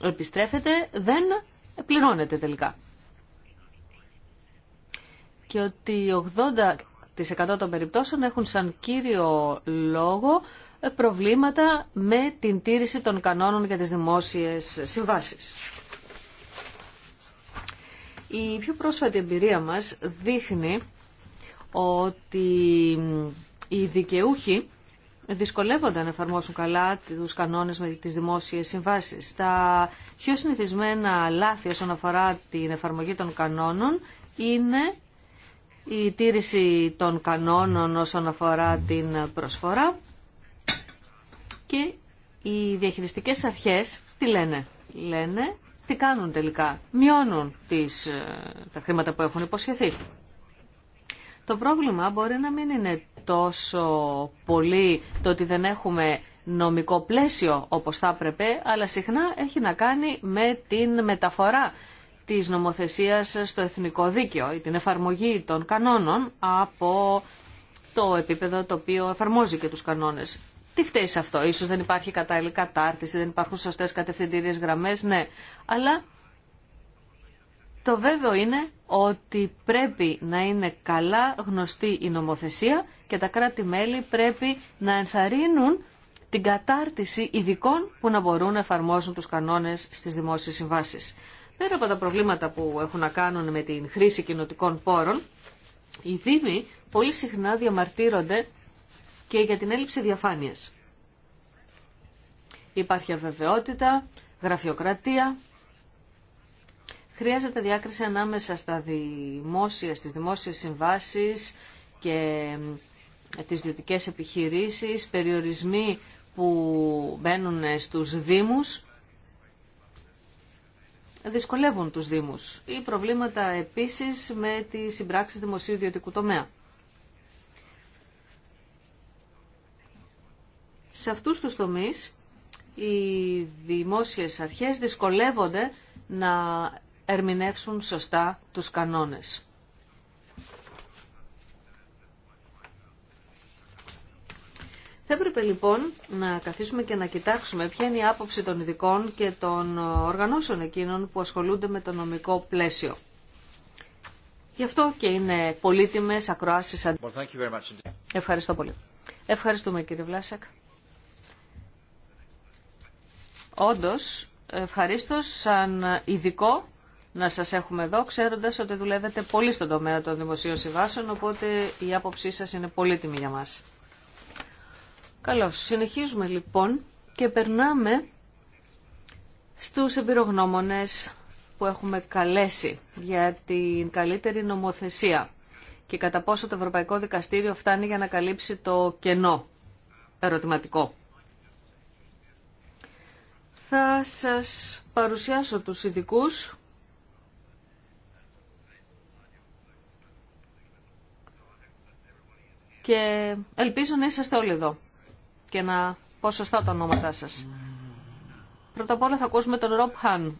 επιστρέφεται δεν πληρώνεται τελικά και ότι 80% των περιπτώσεων έχουν σαν κύριο λόγο ε, προβλήματα με την τήρηση των κανόνων για τις δημόσιες συμβάσεις. Η πιο πρόσφατη εμπειρία μας δείχνει ότι οι δικαιούχοι δυσκολεύονται να εφαρμόσουν καλά τους κανόνες με τις δημόσιες συμβάσεις. Τα πιο συνηθισμένα λάθη όσον αφορά την εφαρμογή των κανόνων είναι η τήρηση των κανόνων όσον αφορά την προσφορά και οι διαχειριστικές αρχές τι λένε. Λένε τι κάνουν τελικά. Μειώνουν τις, ε, τα χρήματα που έχουν υποσχεθεί. Το πρόβλημα μπορεί να μην είναι τόσο πολύ το ότι δεν έχουμε νομικό πλαίσιο όπως θα έπρεπε, αλλά συχνά έχει να κάνει με την μεταφορά της νομοθεσίας στο εθνικό δίκαιο ή την εφαρμογή των κανόνων από το επίπεδο το οποίο εφαρμόζει και τους κανόνες. Τι φταίει σε αυτό, ίσως δεν υπάρχει κατάλληλη κατάρτιση, δεν υπάρχουν σωστές κατευθυντήριες γραμμές, ναι. Αλλά το βέβαιο είναι ότι πρέπει να είναι καλά γνωστή η νομοθεσία και τα κράτη-μέλη πρέπει να ενθαρρύνουν την κατάρτιση ειδικών που να μπορούν να εφαρμόζουν τους κανόνες στις δημόσιες συμβάσεις. Πέρα από τα προβλήματα που έχουν να κάνουν με την χρήση κοινοτικών πόρων, οι Δήμοι πολύ συχνά διαμαρτύρονται και για την έλλειψη διαφάνειας. Υπάρχει αβεβαιότητα, γραφειοκρατία. Χρειάζεται διάκριση ανάμεσα στα δημόσια, στις δημόσιες συμβάσεις και ε, τις ιδιωτικέ επιχειρήσεις, περιορισμοί που μπαίνουν στους Δήμους δυσκολεύουν τους Δήμους ή προβλήματα επίσης με τις συμπράξεις δημοσίου ιδιωτικού τομέα. Σε αυτούς τους τομείς οι δημόσιες αρχές δυσκολεύονται να ερμηνεύσουν σωστά τους κανόνες. Θα έπρεπε λοιπόν να καθίσουμε και να κοιτάξουμε ποια είναι η άποψη των ειδικών και των οργανώσεων εκείνων που ασχολούνται με το νομικό πλαίσιο. Γι' αυτό και είναι πολύτιμες ακροάσεις. Ευχαριστώ πολύ. Ευχαριστούμε κύριε Βλάσακ. Όντως, ευχαρίστω σαν ειδικό να σας έχουμε εδώ, ξέροντας ότι δουλεύετε πολύ στον τομέα των δημοσίων συμβάσεων, οπότε η άποψή σας είναι πολύτιμη για μας. Καλώς. Συνεχίζουμε λοιπόν και περνάμε στους εμπειρογνώμονες που έχουμε καλέσει για την καλύτερη νομοθεσία και κατά πόσο το Ευρωπαϊκό Δικαστήριο φτάνει για να καλύψει το κενό ερωτηματικό. Θα σας παρουσιάσω τους ειδικού. και ελπίζω να είσαστε όλοι εδώ και να πω σωστά τα ονόματά σας. Πρώτα απ' όλα θα ακούσουμε τον Ρομπ Χάν,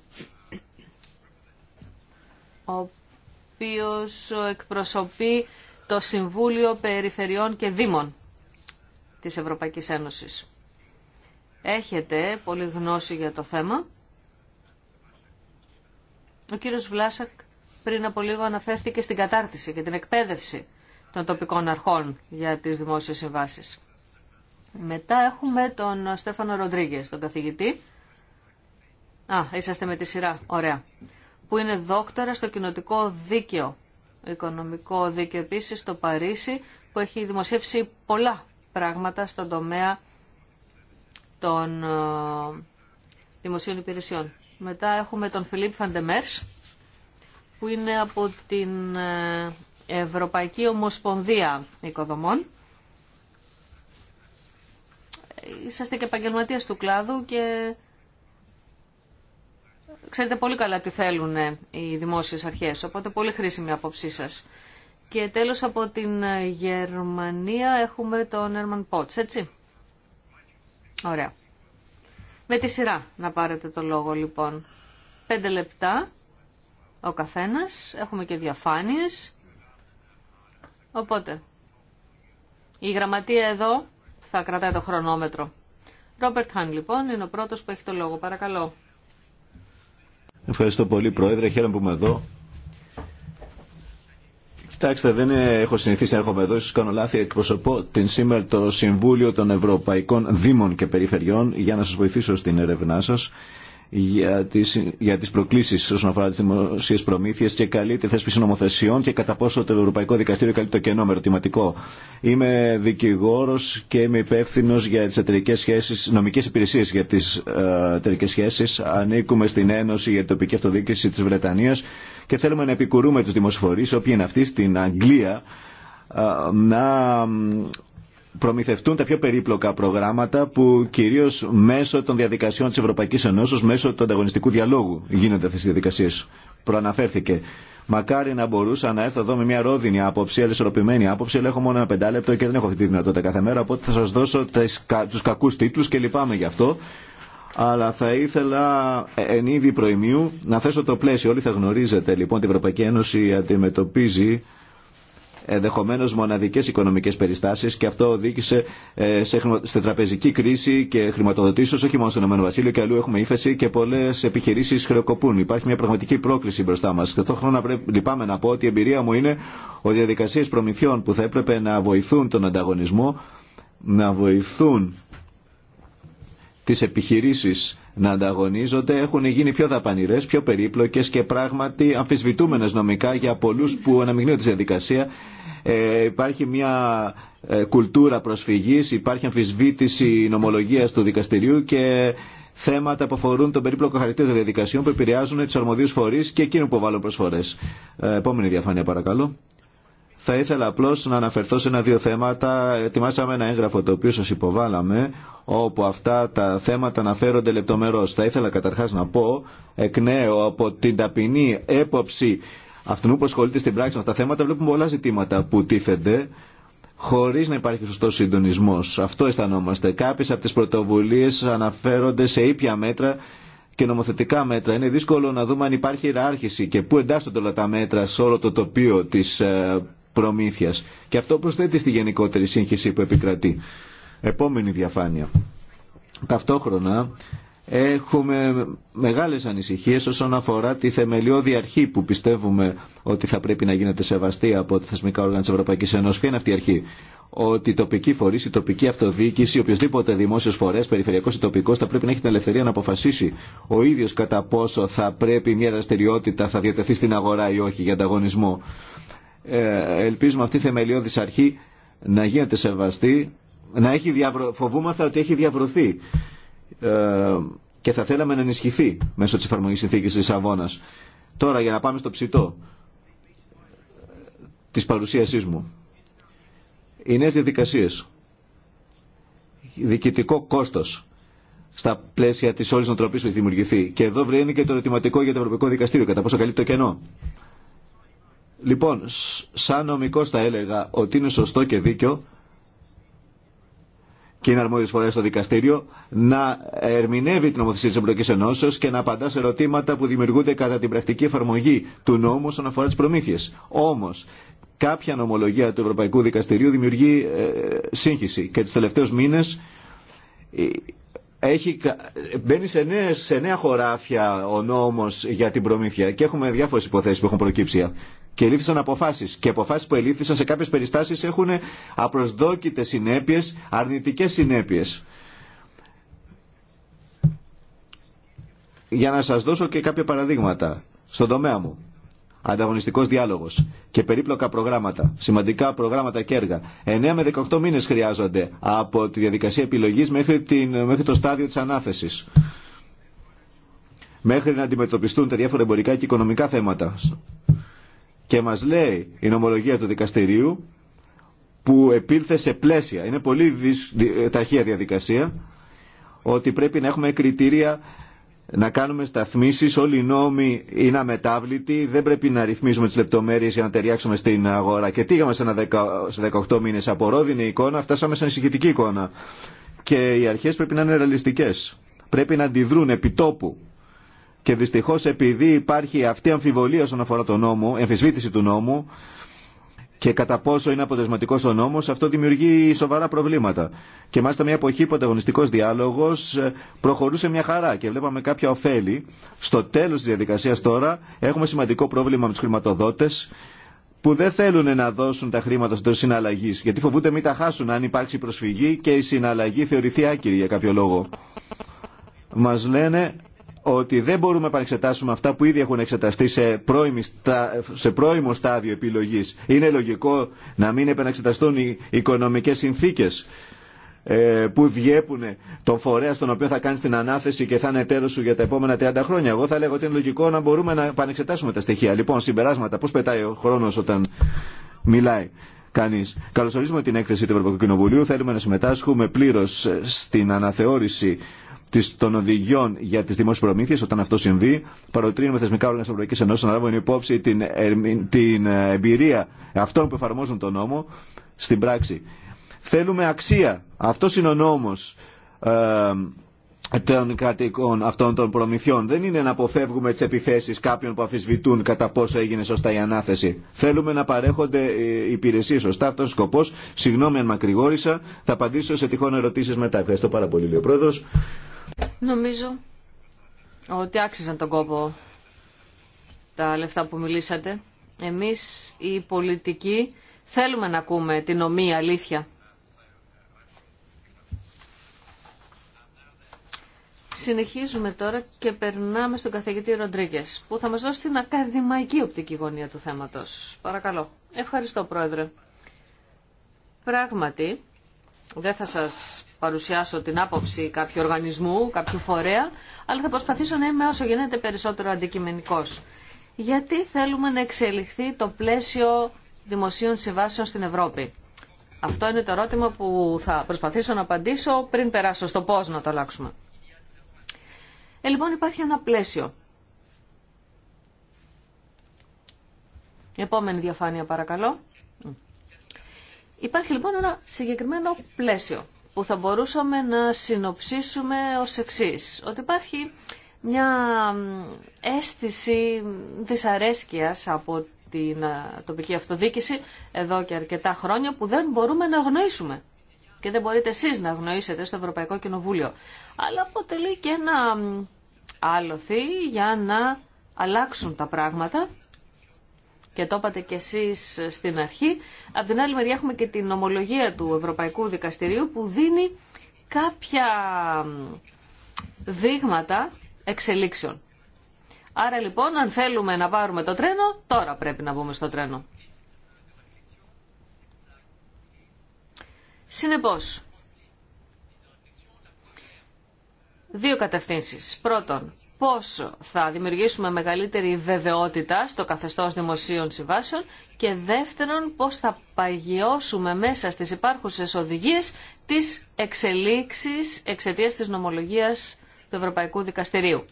ο οποίος εκπροσωπεί το Συμβούλιο Περιφερειών και Δήμων της Ευρωπαϊκής Ένωσης. Έχετε πολλή γνώση για το θέμα. Ο κύριος Βλάσακ πριν από λίγο αναφέρθηκε στην κατάρτιση και την εκπαίδευση των τοπικών αρχών για τις δημόσιες συμβάσεις. Μετά έχουμε τον Στέφανο Ροντρίγκε, τον καθηγητή. Α, είσαστε με τη σειρά. Ωραία. Που είναι δόκτωρα στο κοινοτικό δίκαιο. Οικονομικό δίκαιο επίση στο Παρίσι, που έχει δημοσιεύσει πολλά πράγματα στον τομέα των ε, δημοσίων υπηρεσιών. Μετά έχουμε τον Φιλίπ Φαντεμέρς, που είναι από την ε, Ευρωπαϊκή Ομοσπονδία Οικοδομών είσαστε και επαγγελματία του κλάδου και ξέρετε πολύ καλά τι θέλουν οι δημόσιες αρχές, οπότε πολύ χρήσιμη απόψή σας. Και τέλος από την Γερμανία έχουμε τον Έρμαν Πότς, έτσι. Ωραία. Με τη σειρά να πάρετε το λόγο λοιπόν. Πέντε λεπτά ο καθένας, έχουμε και διαφάνειες. Οπότε, η γραμματεία εδώ θα κρατάει το χρονόμετρο. Ρόμπερτ Χάν λοιπόν είναι ο πρώτος που έχει το λόγο. Παρακαλώ. Ευχαριστώ πολύ Πρόεδρε, χαίρομαι που είμαι εδώ. Κοιτάξτε, δεν έχω συνηθίσει να έρχομαι εδώ, ίσως κάνω λάθη. Εκπροσωπώ την σήμερα το Συμβούλιο των Ευρωπαϊκών Δήμων και Περιφερειών για να σας βοηθήσω στην έρευνά σας για τις, για τις προκλήσεις όσον αφορά τις δημοσίες προμήθειες και καλύτερη τη θέσπιση νομοθεσιών και κατά πόσο το Ευρωπαϊκό Δικαστήριο καλεί το κενό με ερωτηματικό. Είμαι δικηγόρος και είμαι υπεύθυνο για τις εταιρικές σχέσεις, νομικές υπηρεσίες για τις ε, εταιρικές σχέσεις. Ανήκουμε στην Ένωση για την τοπική αυτοδιοίκηση της Βρετανίας και θέλουμε να επικουρούμε τους δημοσιοφορείς, όποιοι είναι αυτοί στην Αγγλία, ε, να προμηθευτούν τα πιο περίπλοκα προγράμματα που κυρίω μέσω των διαδικασιών τη Ευρωπαϊκή Ενώσεω, μέσω του ανταγωνιστικού διαλόγου γίνονται αυτέ οι διαδικασίε. Προαναφέρθηκε. Μακάρι να μπορούσα να έρθω εδώ με μια ρόδινη άποψη, αλυσορροπημένη άποψη, αλλά έχω μόνο ένα πεντάλεπτο και δεν έχω αυτή τη δυνατότητα κάθε μέρα, οπότε θα σα δώσω του κακού τίτλου και λυπάμαι γι' αυτό. Αλλά θα ήθελα ε, εν είδη προημίου να θέσω το πλαίσιο. Όλοι θα γνωρίζετε λοιπόν ότι η Ευρωπαϊκή Ένωση αντιμετωπίζει ενδεχομένω μοναδικέ οικονομικέ περιστάσει και αυτό οδήγησε ε, σε τραπεζική κρίση και χρηματοδοτήσεω όχι μόνο στον ΕΒ και αλλού έχουμε ύφεση και πολλέ επιχειρήσει χρεοκοπούν. Υπάρχει μια πραγματική πρόκληση μπροστά μα. Ταυτόχρονα λυπάμαι να πω ότι η εμπειρία μου είναι ότι οι διαδικασίε προμηθειών που θα έπρεπε να βοηθούν τον ανταγωνισμό να βοηθούν τις επιχειρήσεις να ανταγωνίζονται έχουν γίνει πιο δαπανηρές, πιο περίπλοκες και πράγματι αμφισβητούμενες νομικά για πολλούς που αναμειγνύουν τη διαδικασία. Ε, υπάρχει μια ε, κουλτούρα προσφυγής, υπάρχει αμφισβήτηση νομολογίας του δικαστηριού και θέματα που αφορούν τον περίπλοκο χαρακτήρα των διαδικασιών που επηρεάζουν τις αρμοδίου φορεί και εκείνου που βάλουν προσφορέ. Ε, επόμενη διαφάνεια, παρακαλώ. Θα ήθελα απλώ να αναφερθώ σε ένα-δύο θέματα. Ετοιμάσαμε ένα έγγραφο το οποίο σα υποβάλαμε, όπου αυτά τα θέματα αναφέρονται λεπτομερώ. Θα ήθελα καταρχά να πω εκ νέου από την ταπεινή έποψη αυτού που ασχολείται στην πράξη με αυτά τα θέματα, βλέπουμε πολλά ζητήματα που τίθενται χωρί να υπάρχει σωστό συντονισμό. Αυτό αισθανόμαστε. Κάποιε από τι πρωτοβουλίε αναφέρονται σε ήπια μέτρα και νομοθετικά μέτρα. Είναι δύσκολο να δούμε αν υπάρχει ιεράρχηση και πού εντάσσονται όλα τα μέτρα σε όλο το τοπίο τη ε, και αυτό προσθέτει στη γενικότερη σύγχυση που επικρατεί. Επόμενη διαφάνεια. Ταυτόχρονα έχουμε μεγάλες ανησυχίες όσον αφορά τη θεμελιώδη αρχή που πιστεύουμε ότι θα πρέπει να γίνεται σεβαστή από τα θεσμικά όργανα της Ευρωπαϊκής Ένωσης. Ποια είναι αυτή η αρχή. Ότι η τοπική φορή, η τοπική αυτοδιοίκηση, οποιοδήποτε δημόσιο φορέ, περιφερειακό ή τοπικό, θα πρέπει να έχει την ελευθερία να αποφασίσει ο ίδιο κατά πόσο θα πρέπει μια δραστηριότητα θα διατεθεί στην αγορά ή όχι για ανταγωνισμό. Ε, ελπίζουμε αυτή η θεμελιώδης αρχή να γίνεται σεβαστή, να έχει ότι έχει διαβρωθεί ε, και θα θέλαμε να ενισχυθεί μέσω της εφαρμογής συνθήκης της Αβώνα. Τώρα για να πάμε στο ψητό της παρουσίασής μου. Οι νέες διαδικασίες, διοικητικό κόστος στα πλαίσια της όλης νοοτροπής που έχει δημιουργηθεί. Και εδώ βρένει και το ερωτηματικό για το Ευρωπαϊκό Δικαστήριο, κατά πόσο καλύπτει το κενό. Λοιπόν, σαν νομικός θα έλεγα ότι είναι σωστό και δίκιο και είναι αρμόδιε φορέ στο δικαστήριο, να ερμηνεύει την νομοθεσία τη Ευρωπαϊκή Ενώσεω και να απαντά σε ερωτήματα που δημιουργούνται κατά την πρακτική εφαρμογή του νόμου όσον αφορά τι προμήθειε. Όμω, κάποια νομολογία του Ευρωπαϊκού Δικαστηρίου δημιουργεί ε, σύγχυση και του τελευταίου μήνε. Ε, έχει, μπαίνει σε, σε νέα χωράφια ο νόμος για την προμήθεια και έχουμε διάφορες υποθέσεις που έχουν προκύψει και λήφθησαν αποφάσει. Και αποφάσει που ελήφθησαν σε κάποιε περιστάσει έχουν απροσδόκητε συνέπειε, αρνητικέ συνέπειε. Για να σα δώσω και κάποια παραδείγματα. Στον τομέα μου. Ανταγωνιστικό διάλογο και περίπλοκα προγράμματα, σημαντικά προγράμματα και έργα. 9 με 18 μήνε χρειάζονται από τη διαδικασία επιλογή μέχρι, μέχρι το στάδιο τη ανάθεση. Μέχρι να αντιμετωπιστούν τα διάφορα εμπορικά και οικονομικά θέματα και μας λέει η νομολογία του δικαστηρίου που επήλθε σε πλαίσια, είναι πολύ δυσ... Ε, ταχεία διαδικασία, ότι πρέπει να έχουμε κριτήρια να κάνουμε σταθμίσει. Όλοι οι νόμοι είναι αμετάβλητοι. Δεν πρέπει να ρυθμίζουμε τι λεπτομέρειε για να ταιριάξουμε στην αγορά. Και τι είχαμε σε 18 μήνε. Από εικόνα φτάσαμε σε ανησυχητική εικόνα. Και οι αρχέ πρέπει να είναι ρεαλιστικέ. Πρέπει να αντιδρούν επί τόπου και δυστυχώς επειδή υπάρχει αυτή η αμφιβολία όσον αφορά τον νόμο, εμφισβήτηση του νόμου και κατά πόσο είναι αποτελεσματικό ο νόμο, αυτό δημιουργεί σοβαρά προβλήματα. Και μάλιστα μια εποχή που ο ανταγωνιστικό διάλογο ε, προχωρούσε μια χαρά και βλέπαμε κάποια ωφέλη. Στο τέλο τη διαδικασία τώρα έχουμε σημαντικό πρόβλημα με του χρηματοδότε που δεν θέλουν να δώσουν τα χρήματα στον συναλλαγή, γιατί φοβούνται μην τα χάσουν αν υπάρξει προσφυγή και η συναλλαγή θεωρηθεί άκυρη για κάποιο λόγο. Μα λένε ότι δεν μπορούμε να επανεξετάσουμε αυτά που ήδη έχουν εξεταστεί σε, πρώιμο στάδιο επιλογής. Είναι λογικό να μην επαναξεταστούν οι οικονομικές συνθήκες ε, που διέπουν τον φορέα στον οποίο θα κάνει την ανάθεση και θα είναι τέλο σου για τα επόμενα 30 χρόνια. Εγώ θα λέγω ότι είναι λογικό να μπορούμε να επανεξετάσουμε τα στοιχεία. Λοιπόν, συμπεράσματα, πώ πετάει ο χρόνο όταν μιλάει κανεί. Καλωσορίζουμε την έκθεση του Ευρωπαϊκού Κοινοβουλίου. Θέλουμε να συμμετάσχουμε πλήρω στην αναθεώρηση των οδηγιών για τι δημόσιε προμήθειε, όταν αυτό συμβεί, παροτρύνουμε θεσμικά όλα τη Ευρωπαϊκή Ενώση να λάβουν υπόψη την, την ε, εμπειρία αυτών που εφαρμόζουν τον νόμο στην πράξη. Θέλουμε αξία. Αυτό είναι ο νόμο ε, των κρατικών αυτών των προμηθειών. Δεν είναι να αποφεύγουμε τι επιθέσει κάποιων που αφισβητούν κατά πόσο έγινε σωστά η ανάθεση. Θέλουμε να παρέχονται ε, υπηρεσίε σωστά. Αυτό ο σκοπό. Συγγνώμη αν μακρηγόρησα. Θα απαντήσω σε τυχόν ερωτήσει μετά. Ευχαριστώ πάρα πολύ, λέει Νομίζω ότι άξιζαν τον κόπο τα λεφτά που μιλήσατε. Εμείς οι πολιτικοί θέλουμε να ακούμε την ομοία αλήθεια. Συνεχίζουμε τώρα και περνάμε στον καθηγητή Ροντρίγκε, που θα μας δώσει την ακαδημαϊκή οπτική γωνία του θέματος. Παρακαλώ. Ευχαριστώ, Πρόεδρε. Πράγματι, δεν θα σας παρουσιάσω την άποψη κάποιου οργανισμού, κάποιου φορέα, αλλά θα προσπαθήσω να είμαι όσο γίνεται περισσότερο αντικειμενικός. Γιατί θέλουμε να εξελιχθεί το πλαίσιο δημοσίων συμβάσεων στην Ευρώπη. Αυτό είναι το ερώτημα που θα προσπαθήσω να απαντήσω πριν περάσω στο πώς να το αλλάξουμε. Ε, λοιπόν, υπάρχει ένα πλαίσιο. Επόμενη διαφάνεια, παρακαλώ. Υπάρχει λοιπόν ένα συγκεκριμένο πλαίσιο που θα μπορούσαμε να συνοψίσουμε ως εξή. Ότι υπάρχει μια αίσθηση δυσαρέσκειας από την τοπική αυτοδίκηση εδώ και αρκετά χρόνια που δεν μπορούμε να γνωρίσουμε. Και δεν μπορείτε εσείς να γνωρίσετε στο Ευρωπαϊκό Κοινοβούλιο. Αλλά αποτελεί και ένα άλοθη για να αλλάξουν τα πράγματα και το είπατε κι εσείς στην αρχή. Από την άλλη μεριά έχουμε και την ομολογία του Ευρωπαϊκού Δικαστηρίου που δίνει κάποια δείγματα εξελίξεων. Άρα λοιπόν αν θέλουμε να πάρουμε το τρένο, τώρα πρέπει να βγούμε στο τρένο. Συνεπώς, δύο κατευθύνσεις. Πρώτον, πώς θα δημιουργήσουμε μεγαλύτερη βεβαιότητα στο καθεστώς δημοσίων συμβάσεων και δεύτερον πώς θα παγιώσουμε μέσα στις υπάρχουσες οδηγίες τις εξελίξεις εξαιτία της νομολογίας του Ευρωπαϊκού Δικαστηρίου.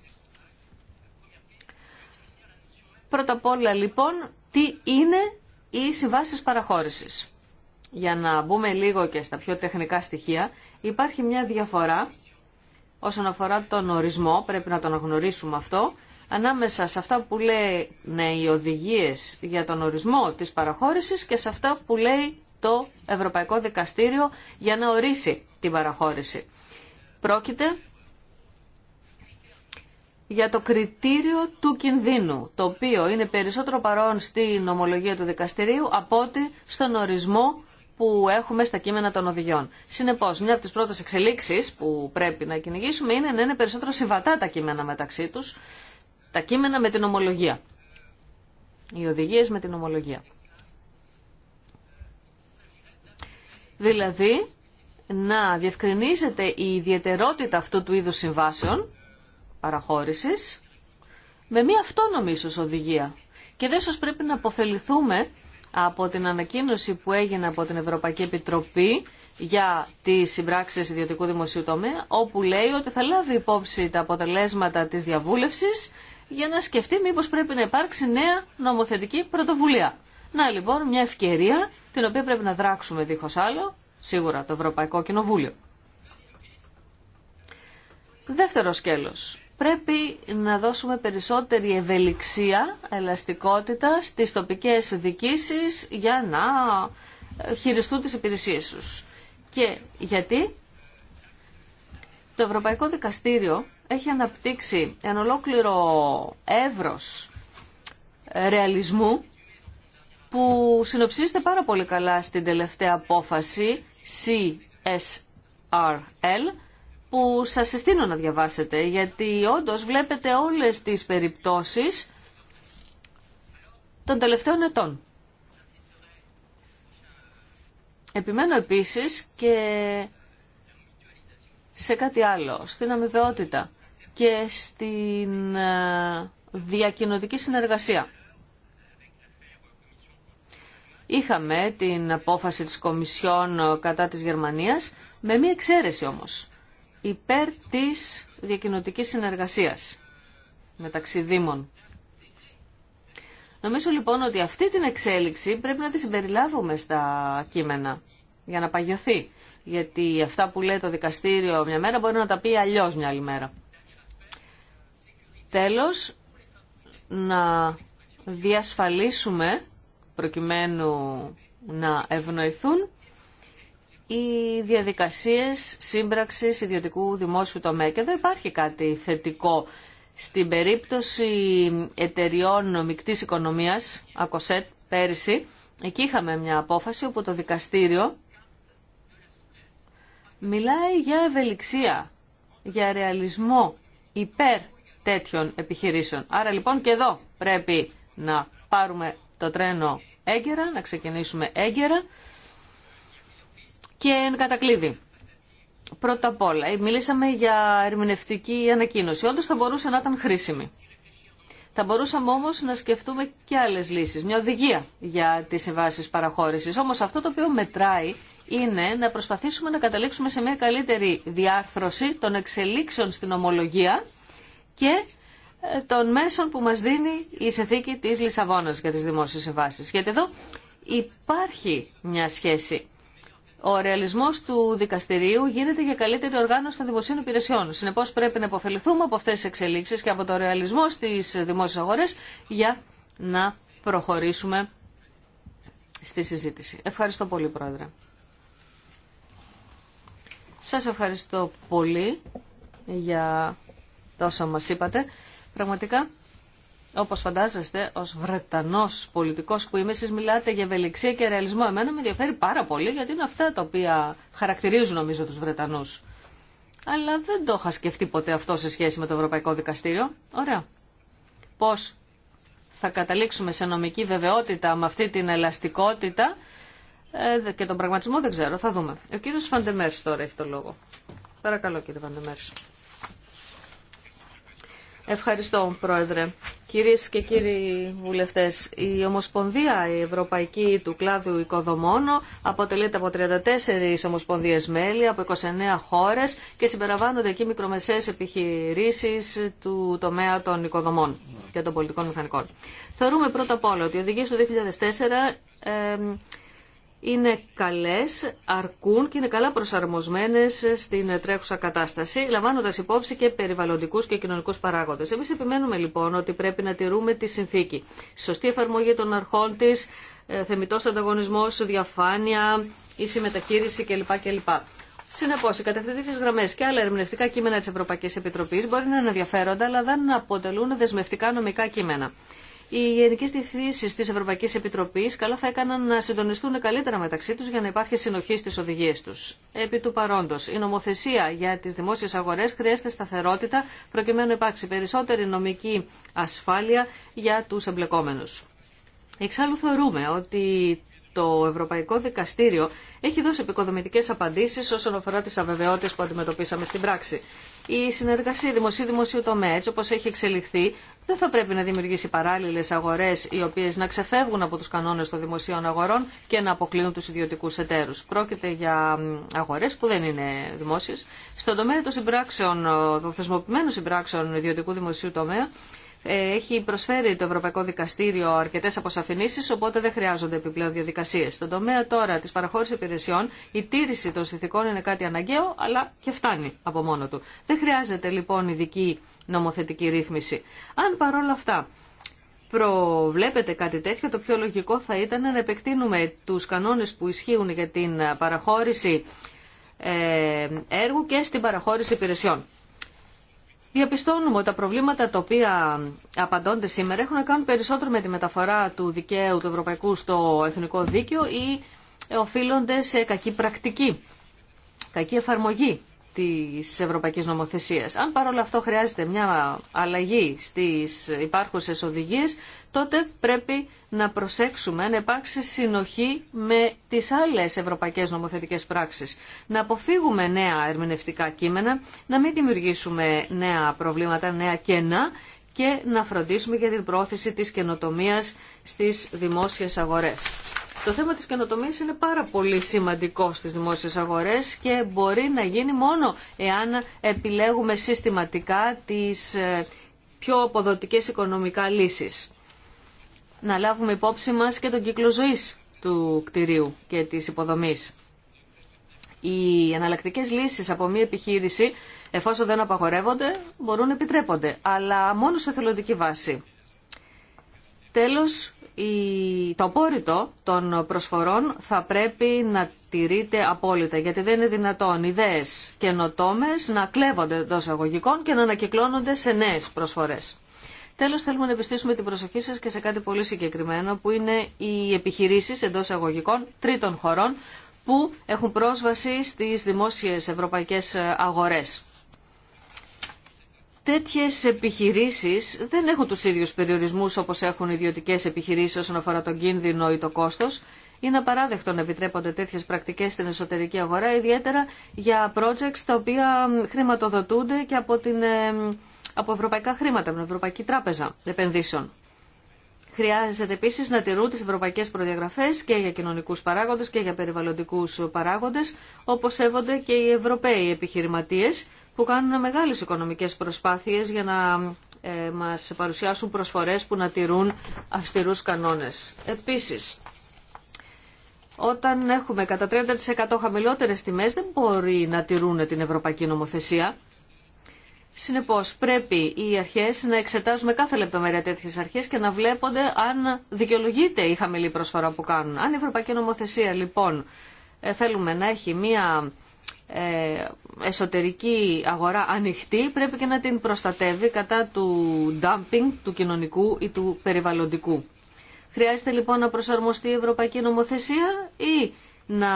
Πρώτα απ' όλα λοιπόν, τι είναι οι συμβάσεις παραχώρησης. Για να μπούμε λίγο και στα πιο τεχνικά στοιχεία, υπάρχει μια διαφορά Όσον αφορά τον ορισμό, πρέπει να τον γνωρίσουμε αυτό, ανάμεσα σε αυτά που λέει οι οδηγίες για τον ορισμό της παραχώρησης και σε αυτά που λέει το Ευρωπαϊκό Δικαστήριο για να ορίσει την παραχώρηση. Πρόκειται για το κριτήριο του κινδύνου, το οποίο είναι περισσότερο παρόν στην ομολογία του δικαστηρίου από ότι στον ορισμό που έχουμε στα κείμενα των οδηγιών. Συνεπώ, μια από τι πρώτε εξελίξει που πρέπει να κυνηγήσουμε είναι να είναι περισσότερο συμβατά τα κείμενα μεταξύ του, τα κείμενα με την ομολογία. Οι οδηγίε με την ομολογία. Δηλαδή, να διευκρινίζεται η ιδιαιτερότητα αυτού του είδους συμβάσεων, παραχώρησης, με μια αυτόνομη ίσως οδηγία. Και δεν πρέπει να αποφεληθούμε από την ανακοίνωση που έγινε από την Ευρωπαϊκή Επιτροπή για τις συμπράξει ιδιωτικού δημοσίου τομέα, όπου λέει ότι θα λάβει υπόψη τα αποτελέσματα της διαβούλευση για να σκεφτεί μήπως πρέπει να υπάρξει νέα νομοθετική πρωτοβουλία. Να λοιπόν μια ευκαιρία την οποία πρέπει να δράξουμε δίχως άλλο, σίγουρα το Ευρωπαϊκό Κοινοβούλιο. Δεύτερο σκέλος πρέπει να δώσουμε περισσότερη ευελιξία, ελαστικότητα στις τοπικές δικήσεις για να ε, χειριστούν τις υπηρεσίες τους. Και γιατί το Ευρωπαϊκό Δικαστήριο έχει αναπτύξει ένα ολόκληρο εύρος ε, ρεαλισμού που συνοψίζεται πάρα πολύ καλά στην τελευταία απόφαση CSRL που σας συστήνω να διαβάσετε, γιατί όντως βλέπετε όλες τις περιπτώσεις των τελευταίων ετών. Επιμένω επίσης και σε κάτι άλλο, στην αμοιβαιότητα και στην ε, διακοινωτική συνεργασία. Είχαμε την απόφαση της Κομισιόν κατά της Γερμανίας, με μία εξαίρεση όμως υπέρ της διακοινωτικής συνεργασίας μεταξύ Δήμων. Νομίζω λοιπόν ότι αυτή την εξέλιξη πρέπει να τη συμπεριλάβουμε στα κείμενα για να παγιωθεί. Γιατί αυτά που λέει το δικαστήριο μια μέρα μπορεί να τα πει αλλιώ μια άλλη μέρα. Τέλος, να διασφαλίσουμε προκειμένου να ευνοηθούν οι διαδικασίες σύμπραξης ιδιωτικού δημόσιου τομέα. Και εδώ υπάρχει κάτι θετικό. Στην περίπτωση εταιριών μικτής οικονομίας, ΑΚΟΣΕΤ, πέρυσι, εκεί είχαμε μια απόφαση όπου το δικαστήριο μιλάει για ευελιξία, για ρεαλισμό υπέρ τέτοιων επιχειρήσεων. Άρα λοιπόν και εδώ πρέπει να πάρουμε το τρένο έγκαιρα, να ξεκινήσουμε έγκαιρα και εν κατακλείδη. Πρώτα απ' όλα, ε, μιλήσαμε για ερμηνευτική ανακοίνωση. Όντω θα μπορούσε να ήταν χρήσιμη. Θα μπορούσαμε όμω να σκεφτούμε και άλλε λύσει. Μια οδηγία για τι συμβάσει παραχώρηση. Όμω αυτό το οποίο μετράει είναι να προσπαθήσουμε να καταλήξουμε σε μια καλύτερη διάρθρωση των εξελίξεων στην ομολογία και ε, των μέσων που μας δίνει η συνθήκη της Λισαβόνας για τις δημόσιες συμβάσει. Γιατί εδώ υπάρχει μια σχέση. Ο ρεαλισμό του δικαστηρίου γίνεται για καλύτερη οργάνωση των δημοσίων υπηρεσιών. Συνεπώ πρέπει να υποφεληθούμε από αυτέ τι εξελίξει και από το ρεαλισμό στι δημόσιε αγορέ για να προχωρήσουμε στη συζήτηση. Ευχαριστώ πολύ, Πρόεδρε. Σα ευχαριστώ πολύ για τόσα μα είπατε. Πραγματικά όπως φαντάζεστε, ως Βρετανός πολιτικός που είμαι, εσείς μιλάτε για ευελιξία και ρεαλισμό. Εμένα με ενδιαφέρει πάρα πολύ, γιατί είναι αυτά τα οποία χαρακτηρίζουν νομίζω τους Βρετανούς. Αλλά δεν το είχα σκεφτεί ποτέ αυτό σε σχέση με το Ευρωπαϊκό Δικαστήριο. Ωραία. Πώς θα καταλήξουμε σε νομική βεβαιότητα με αυτή την ελαστικότητα ε, και τον πραγματισμό δεν ξέρω. Θα δούμε. Ο κύριος Φαντεμέρς τώρα έχει το λόγο. Παρακαλώ κύριε Φαντεμέρς. Ευχαριστώ, Πρόεδρε. Κυρίε και κύριοι βουλευτέ, η Ομοσπονδία η Ευρωπαϊκή του Κλάδου Οικοδομών αποτελείται από 34 ομοσπονδίες μέλη, από 29 χώρες και συμπεραβάνονται εκεί μικρομεσαίες επιχειρήσεις του τομέα των οικοδομών και των πολιτικών μηχανικών. Θεωρούμε πρώτα απ' όλα ότι οι Οδηγία του 2004 ε, είναι καλές, αρκούν και είναι καλά προσαρμοσμένες στην τρέχουσα κατάσταση, λαμβάνοντας υπόψη και περιβαλλοντικούς και κοινωνικούς παράγοντες. Εμείς επιμένουμε λοιπόν ότι πρέπει να τηρούμε τη συνθήκη. Σωστή εφαρμογή των αρχών της, ε, θεμητός ανταγωνισμός, διαφάνεια, ίση μεταχείριση κλπ. κλπ. Συνεπώ, οι κατευθυντήριε γραμμέ και άλλα ερμηνευτικά κείμενα τη Ευρωπαϊκή Επιτροπή μπορεί να είναι ενδιαφέροντα, αλλά δεν αποτελούν δεσμευτικά νομικά κείμενα. Οι γενικέ διευθύνσει τη Ευρωπαϊκή Επιτροπή καλά θα έκαναν να συντονιστούν καλύτερα μεταξύ του για να υπάρχει συνοχή στι οδηγίε του. Επί του παρόντο, η νομοθεσία για τι δημόσιε αγορέ χρειάζεται σταθερότητα προκειμένου να υπάρξει περισσότερη νομική ασφάλεια για του εμπλεκόμενου. Εξάλλου θεωρούμε ότι το Ευρωπαϊκό Δικαστήριο έχει δώσει επικοδομητικέ απαντήσει όσον αφορά τι αβεβαιότητε που αντιμετωπίσαμε στην πράξη η συνεργασία δημοσίου-δημοσίου τομέα, έτσι όπω έχει εξελιχθεί, δεν θα πρέπει να δημιουργήσει παράλληλε αγορέ οι οποίε να ξεφεύγουν από του κανόνε των δημοσίων αγορών και να αποκλείουν του ιδιωτικού εταίρους. Πρόκειται για αγορέ που δεν είναι δημόσιε. Στον τομέα των, συμπράξεων, των θεσμοποιημένων συμπράξεων ιδιωτικού δημοσίου τομέα, ε, έχει προσφέρει το Ευρωπαϊκό Δικαστήριο αρκετέ αποσαφηνήσει, οπότε δεν χρειάζονται επιπλέον διαδικασίε. Στον τομέα τώρα τη παραχώρηση υπηρεσιών, η τήρηση των συνθηκών είναι κάτι αναγκαίο, αλλά και φτάνει από μόνο του. Δεν χρειάζεται λοιπόν ειδική νομοθετική ρύθμιση. Αν παρόλα αυτά προβλέπετε κάτι τέτοιο, το πιο λογικό θα ήταν να επεκτείνουμε του κανόνε που ισχύουν για την παραχώρηση ε, έργου και στην παραχώρηση υπηρεσιών διαπιστώνουμε ότι τα προβλήματα τα οποία απαντώνται σήμερα έχουν να κάνουν περισσότερο με τη μεταφορά του δικαίου του ευρωπαϊκού στο εθνικό δίκαιο ή οφείλονται σε κακή πρακτική, κακή εφαρμογή της Ευρωπαϊκής Νομοθεσίας. Αν παρόλα αυτό χρειάζεται μια αλλαγή στις υπάρχουσες οδηγίες, τότε πρέπει να προσέξουμε να υπάρξει συνοχή με τις άλλες ευρωπαϊκές νομοθετικές πράξεις. Να αποφύγουμε νέα ερμηνευτικά κείμενα, να μην δημιουργήσουμε νέα προβλήματα, νέα κενά και να φροντίσουμε για την πρόθεση της καινοτομίας στις δημόσιες αγορές. Το θέμα της καινοτομίας είναι πάρα πολύ σημαντικό στις δημόσιες αγορές και μπορεί να γίνει μόνο εάν επιλέγουμε συστηματικά τις ε, πιο αποδοτικές οικονομικά λύσεις. Να λάβουμε υπόψη μας και τον κύκλο ζωής του κτηρίου και της υποδομής. Οι αναλλακτικές λύσεις από μια επιχείρηση Εφόσον δεν απαγορεύονται, μπορούν να επιτρέπονται, αλλά μόνο σε θελοντική βάση. Τέλος, το απόρριτο των προσφορών θα πρέπει να τηρείται απόλυτα, γιατί δεν είναι δυνατόν ιδέες καινοτόμε να κλέβονται εντό αγωγικών και να ανακυκλώνονται σε νέες προσφορές. Τέλο, θέλουμε να επιστήσουμε την προσοχή σα και σε κάτι πολύ συγκεκριμένο που είναι οι επιχειρήσει εντό αγωγικών τρίτων χωρών που έχουν πρόσβαση στι δημόσιε ευρωπαϊκέ αγορέ. Τέτοιε επιχειρήσει δεν έχουν του ίδιου περιορισμού όπω έχουν ιδιωτικέ επιχειρήσει όσον αφορά τον κίνδυνο ή το κόστο. Είναι απαράδεκτο να επιτρέπονται τέτοιε πρακτικέ στην εσωτερική αγορά, ιδιαίτερα για projects τα οποία χρηματοδοτούνται και από, την, από ευρωπαϊκά χρήματα, από την Ευρωπαϊκή Τράπεζα Επενδύσεων. Χρειάζεται επίση να τηρούν τι ευρωπαϊκέ προδιαγραφέ και για κοινωνικού παράγοντε και για περιβαλλοντικού παράγοντε, όπω σέβονται και οι Ευρωπαίοι επιχειρηματίε που κάνουν μεγάλες οικονομικές προσπάθειες για να ε, μας παρουσιάσουν προσφορές που να τηρούν αυστηρούς κανόνες. Επίσης, όταν έχουμε κατά 30% χαμηλότερες τιμές δεν μπορεί να τηρούν την ευρωπαϊκή νομοθεσία. Συνεπώς πρέπει οι αρχές να εξετάζουν κάθε λεπτομέρεια τέτοιες αρχές και να βλέπονται αν δικαιολογείται η χαμηλή προσφορά που κάνουν. Αν η Ευρωπαϊκή Νομοθεσία λοιπόν ε, θέλουμε να έχει μία ε, εσωτερική αγορά ανοιχτή πρέπει και να την προστατεύει κατά του dumping του κοινωνικού ή του περιβαλλοντικού. Χρειάζεται λοιπόν να προσαρμοστεί η ευρωπαϊκή νομοθεσία ή να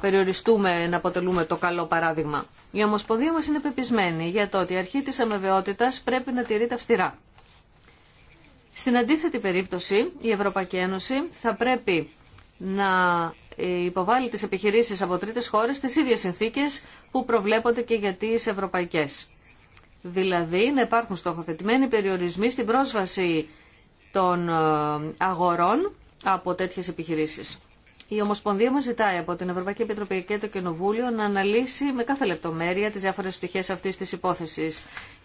περιοριστούμε να αποτελούμε το καλό παράδειγμα. Η Ομοσπονδία μας είναι πεπισμένη για το ότι η αρχή της αμεβαιότητας πρέπει να τηρείται αυστηρά. Στην αντίθετη περίπτωση η Ευρωπαϊκή Ένωση θα πρέπει να υποβάλει τις επιχειρήσεις από τρίτες χώρες στις ίδιες συνθήκες που προβλέπονται και για τις ευρωπαϊκές. Δηλαδή να υπάρχουν στοχοθετημένοι περιορισμοί στην πρόσβαση των ε, αγορών από τέτοιες επιχειρήσεις. Η Ομοσπονδία μας ζητάει από την Ευρωπαϊκή Επιτροπή και το Κοινοβούλιο να αναλύσει με κάθε λεπτομέρεια τις διάφορες πτυχές αυτής της υπόθεσης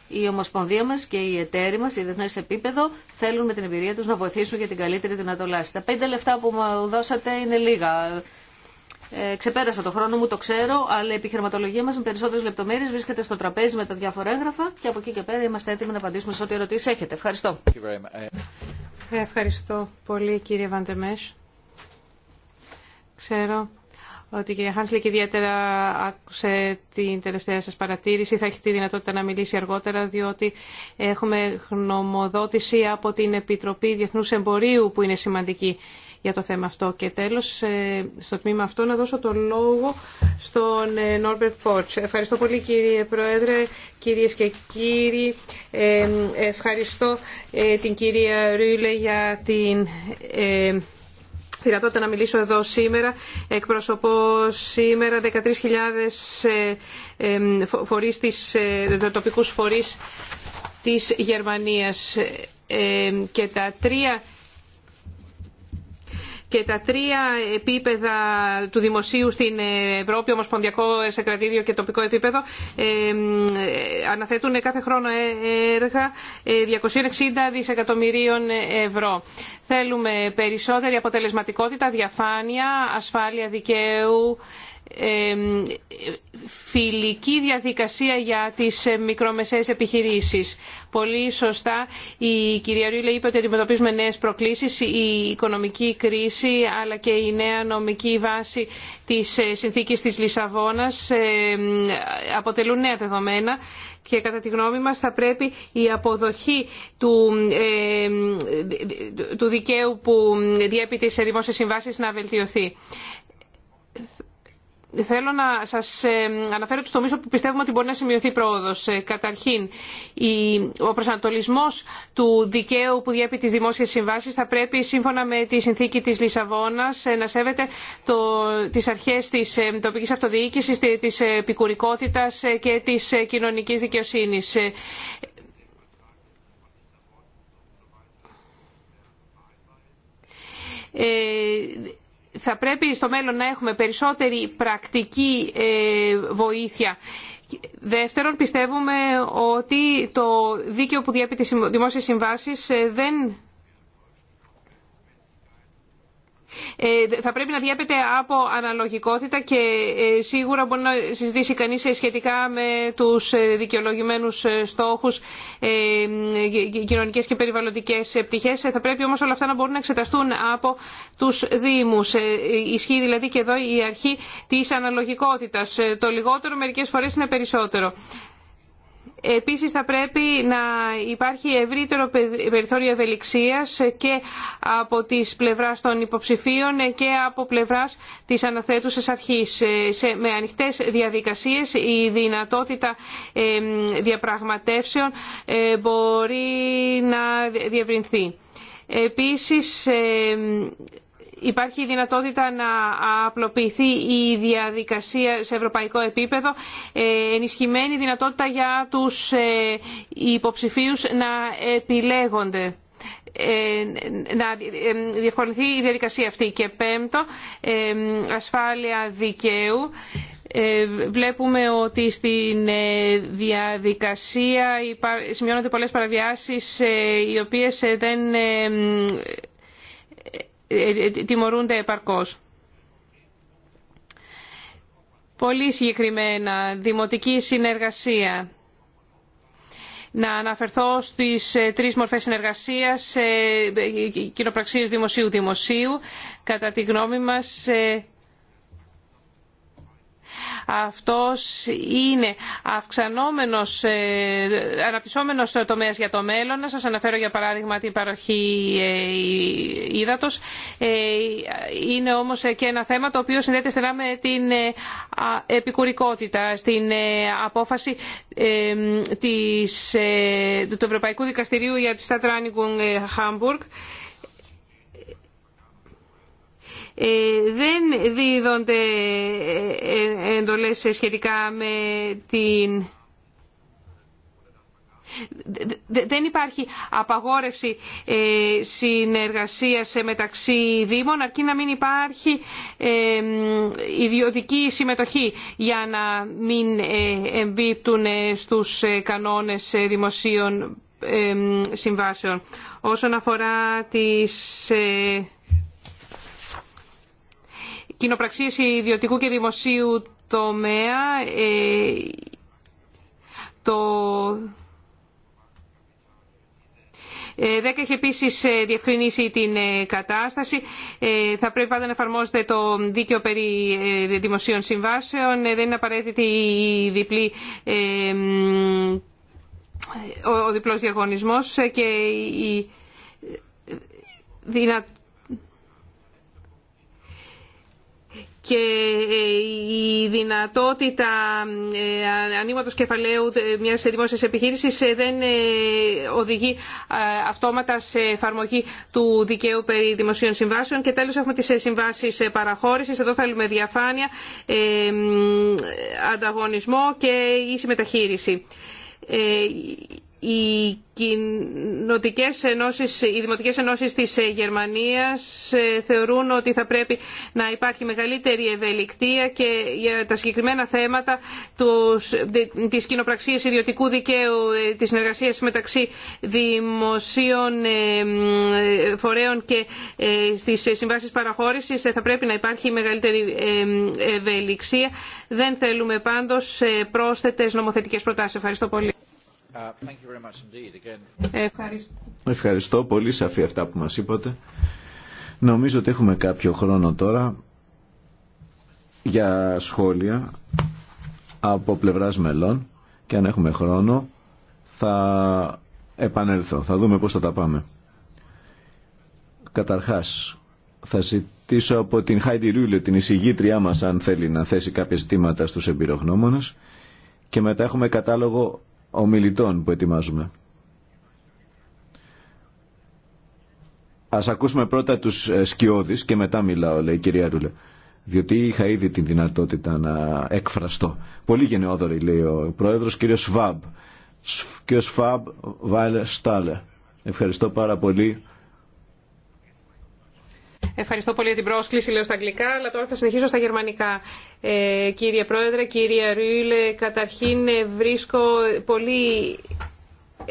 η Ομοσπονδία μα και οι εταίροι μα, οι σε επίπεδο, θέλουν με την εμπειρία του να βοηθήσουν για την καλύτερη δυνατολάση. Τα πέντε λεφτά που μου δώσατε είναι λίγα. Ε, ξεπέρασα το χρόνο μου, το ξέρω, αλλά η επιχειρηματολογία μα με περισσότερε λεπτομέρειε βρίσκεται στο τραπέζι με τα διάφορα έγγραφα και από εκεί και πέρα είμαστε έτοιμοι να απαντήσουμε σε ό,τι ερωτήσει έχετε. Ευχαριστώ. Ευχαριστώ πολύ κύριε Βαντεμέσ. Ξέρω ότι η κυρία και ιδιαίτερα άκουσε την τελευταία σας παρατήρηση. Θα έχει τη δυνατότητα να μιλήσει αργότερα, διότι έχουμε γνωμοδότηση από την Επιτροπή Διεθνούς Εμπορίου που είναι σημαντική για το θέμα αυτό. Και τέλος, ε, στο τμήμα αυτό να δώσω το λόγο στον Νόρμπερτ Πότς. Ευχαριστώ πολύ κύριε Πρόεδρε, κυρίες και κύριοι. Ε, ευχαριστώ ε, την κυρία Ρούλε για την δυνατότητα να μιλήσω εδώ σήμερα. Εκπροσωπώ σήμερα 13.000 ε, ε, φορείς της, ε, τοπικούς φορείς της Γερμανίας και τα τρία και τα τρία επίπεδα του δημοσίου στην Ευρώπη, ομοσπονδιακό, σε και τοπικό επίπεδο, ε, ε, αναθέτουν κάθε χρόνο ε, έργα 260 δισεκατομμυρίων ευρώ. Θέλουμε περισσότερη αποτελεσματικότητα, διαφάνεια, ασφάλεια δικαίου, φιλική διαδικασία για τις ε, μικρομεσαίες επιχειρήσεις. Πολύ σωστά η κυρία Ρίλε είπε ότι αντιμετωπίζουμε νέες προκλήσεις, η οικονομική κρίση αλλά και η νέα νομική βάση της ε, συνθήκης της Λισαβόνας αποτελούν νέα δεδομένα και κατά τη γνώμη μας θα πρέπει η αποδοχή του, δικαίου που διέπει τι δημόσιες συμβάσεις να βελτιωθεί Θέλω να σας ε, αναφέρω τους τομείς όπου πιστεύουμε ότι μπορεί να σημειωθεί πρόοδος. Ε, καταρχήν, ο προσανατολισμός του δικαίου που διέπει τις δημόσιες συμβάσεις θα πρέπει σύμφωνα με τη συνθήκη της Λισαβόνας ε, να σέβεται το, τις αρχές της τοπικής αυτοδιοίκησης, της επικουρικότητας και της κοινωνικής δικαιοσύνης. Ε, θα πρέπει στο μέλλον να έχουμε περισσότερη πρακτική ε, βοήθεια. Δεύτερον, πιστεύουμε ότι το δίκαιο που διέπει τις δημόσιες συμβάσεις ε, δεν ε, θα πρέπει να διέπεται από αναλογικότητα και ε, σίγουρα μπορεί να συζητήσει κανείς ε, σχετικά με τους δικαιολογημένους στόχους, κοινωνικές και περιβαλλοντικές πτυχές. Θα πρέπει όμως όλα αυτά να μπορούν να εξεταστούν από τους Δήμους. Ισχύει δηλαδή και εδώ η αρχή της αναλογικότητας. Το λιγότερο μερικές φορές είναι περισσότερο. Επίσης θα πρέπει να υπάρχει ευρύτερο περιθώριο ευελιξίας και από τις πλευράς των υποψηφίων και από πλευράς της αναθέτουσας αρχής. Ε, με ανοιχτές διαδικασίες η δυνατότητα ε, διαπραγματεύσεων ε, μπορεί να διευρυνθεί. Επίσης Υπάρχει δυνατότητα να απλοποιηθεί η διαδικασία σε ευρωπαϊκό επίπεδο, ε, ενισχυμένη δυνατότητα για τους ε, υποψηφίους να επιλέγονται, ε, να διευκολυνθεί η διαδικασία αυτή. Και πέμπτο, ασφάλεια δικαίου. Βλέπουμε ότι στην διαδικασία σημειώνονται πολλές παραβιάσεις οι οποίες δεν ε, ε, ε, τιμωρούνται επαρκώς. Πολύ συγκεκριμένα, δημοτική συνεργασία. Να αναφερθώ στις τρεις μορφές συνεργασίας, κοινοπραξίες δημοσίου-δημοσίου. Κατά τη γνώμη μας, αυτός είναι αυξανόμενος, ε, αναπτυσσόμενος τομέας για το μέλλον. Να σας αναφέρω για παράδειγμα την παροχή ε, ύδατος. Ε, είναι όμως και ένα θέμα το οποίο συνδέεται στενά με την επικουρικότητα στην απόφαση της, του Ευρωπαϊκού Δικαστηρίου για τη Στατράνικουν Χάμπουργκ. Ε, δεν δίδονται ε, ε, εντολές σχετικά με την... Δεν υπάρχει απαγόρευση συνεργασίας μεταξύ Δήμων αρκεί να μην υπάρχει ιδιωτική συμμετοχή για να μην εμπίπτουν στους κανόνες δημοσίων συμβάσεων. Όσον αφορά τις κοινοπραξίες ιδιωτικού και δημοσίου τομέα ε, το ε, ΔΕΚ έχει επίσης ε, διευκρινίσει την κατάσταση. Θα πρέπει πάντα να εφαρμόζεται το δίκαιο περί δημοσίων συμβάσεων. Δεν είναι απαραίτητη ο διπλός διαγωνισμός και η δυνατότητα και ε, η δυνατότητα ε, ανοίγματος κεφαλαίου ε, μιας δημόσιας επιχείρησης δεν οδηγεί αυτόματα σε εφαρμογή του δικαίου περί δημοσίων συμβάσεων. Και τέλος έχουμε τις συμβάσεις παραχώρησης. Εδώ θέλουμε διαφάνεια, ανταγωνισμό και ίση μεταχείριση οι κοινοτικές ενώσεις, οι δημοτικές ενώσεις της Γερμανίας ε, θεωρούν ότι θα πρέπει να υπάρχει μεγαλύτερη ευελικτία και για τα συγκεκριμένα θέματα τη της κοινοπραξίας ιδιωτικού δικαίου, ε, της συνεργασίας μεταξύ δημοσίων ε, φορέων και στις συμβάσεις παραχώρησης θα πρέπει να υπάρχει μεγαλύτερη ευελιξία. Δεν θέλουμε πάντως πρόσθετες νομοθετικές προτάσεις. Ευχαριστώ πολύ. Ευχαριστώ. πολύ σαφή αυτά που μας είπατε. Νομίζω ότι έχουμε κάποιο χρόνο τώρα για σχόλια από πλευράς μελών και αν έχουμε χρόνο θα επανέλθω, θα δούμε πώς θα τα πάμε. Καταρχάς, θα ζητήσω από την Χάιντι Ρούλε, την εισηγήτριά μας, αν θέλει να θέσει κάποια ζητήματα στους εμπειρογνώμονες και μετά έχουμε κατάλογο ομιλητών που ετοιμάζουμε. Ας ακούσουμε πρώτα τους ε, σκιώδεις και μετά μιλάω, λέει η κυρία Ρούλε. Διότι είχα ήδη την δυνατότητα να εκφραστώ. Πολύ γενναιόδορη, λέει ο πρόεδρος, κύριο Σφάμπ. Κύριο Σφάμπ Βάιλε Στάλε. Ευχαριστώ πάρα πολύ Ευχαριστώ πολύ για την πρόσκληση, λέω στα αγγλικά, αλλά τώρα θα συνεχίσω στα γερμανικά. Ε, κύριε Πρόεδρε, κύριε Ρούιλε, καταρχήν ε, βρίσκω πολύ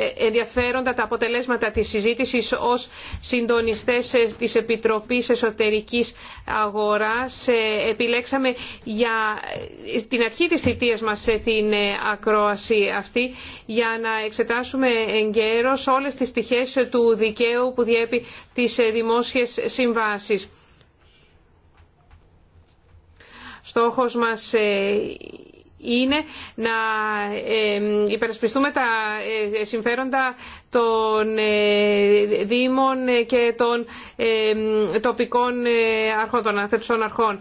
ε, ενδιαφέροντα τα αποτελέσματα της συζήτησης ως συντονιστές ε, της Επιτροπής Εσωτερικής Αγοράς. Ε, επιλέξαμε για την αρχή της θητείας μας την ακρόαση αυτή για να εξετάσουμε εγκαίρως όλες τις πτυχές του δικαίου που διέπει τις δημόσιες συμβάσεις. Στόχος μας είναι να υπερασπιστούμε τα ε, συμφέροντα των ε, Δήμων και των τοπικών ε, αρχών, των αναθέτουσων αρχών.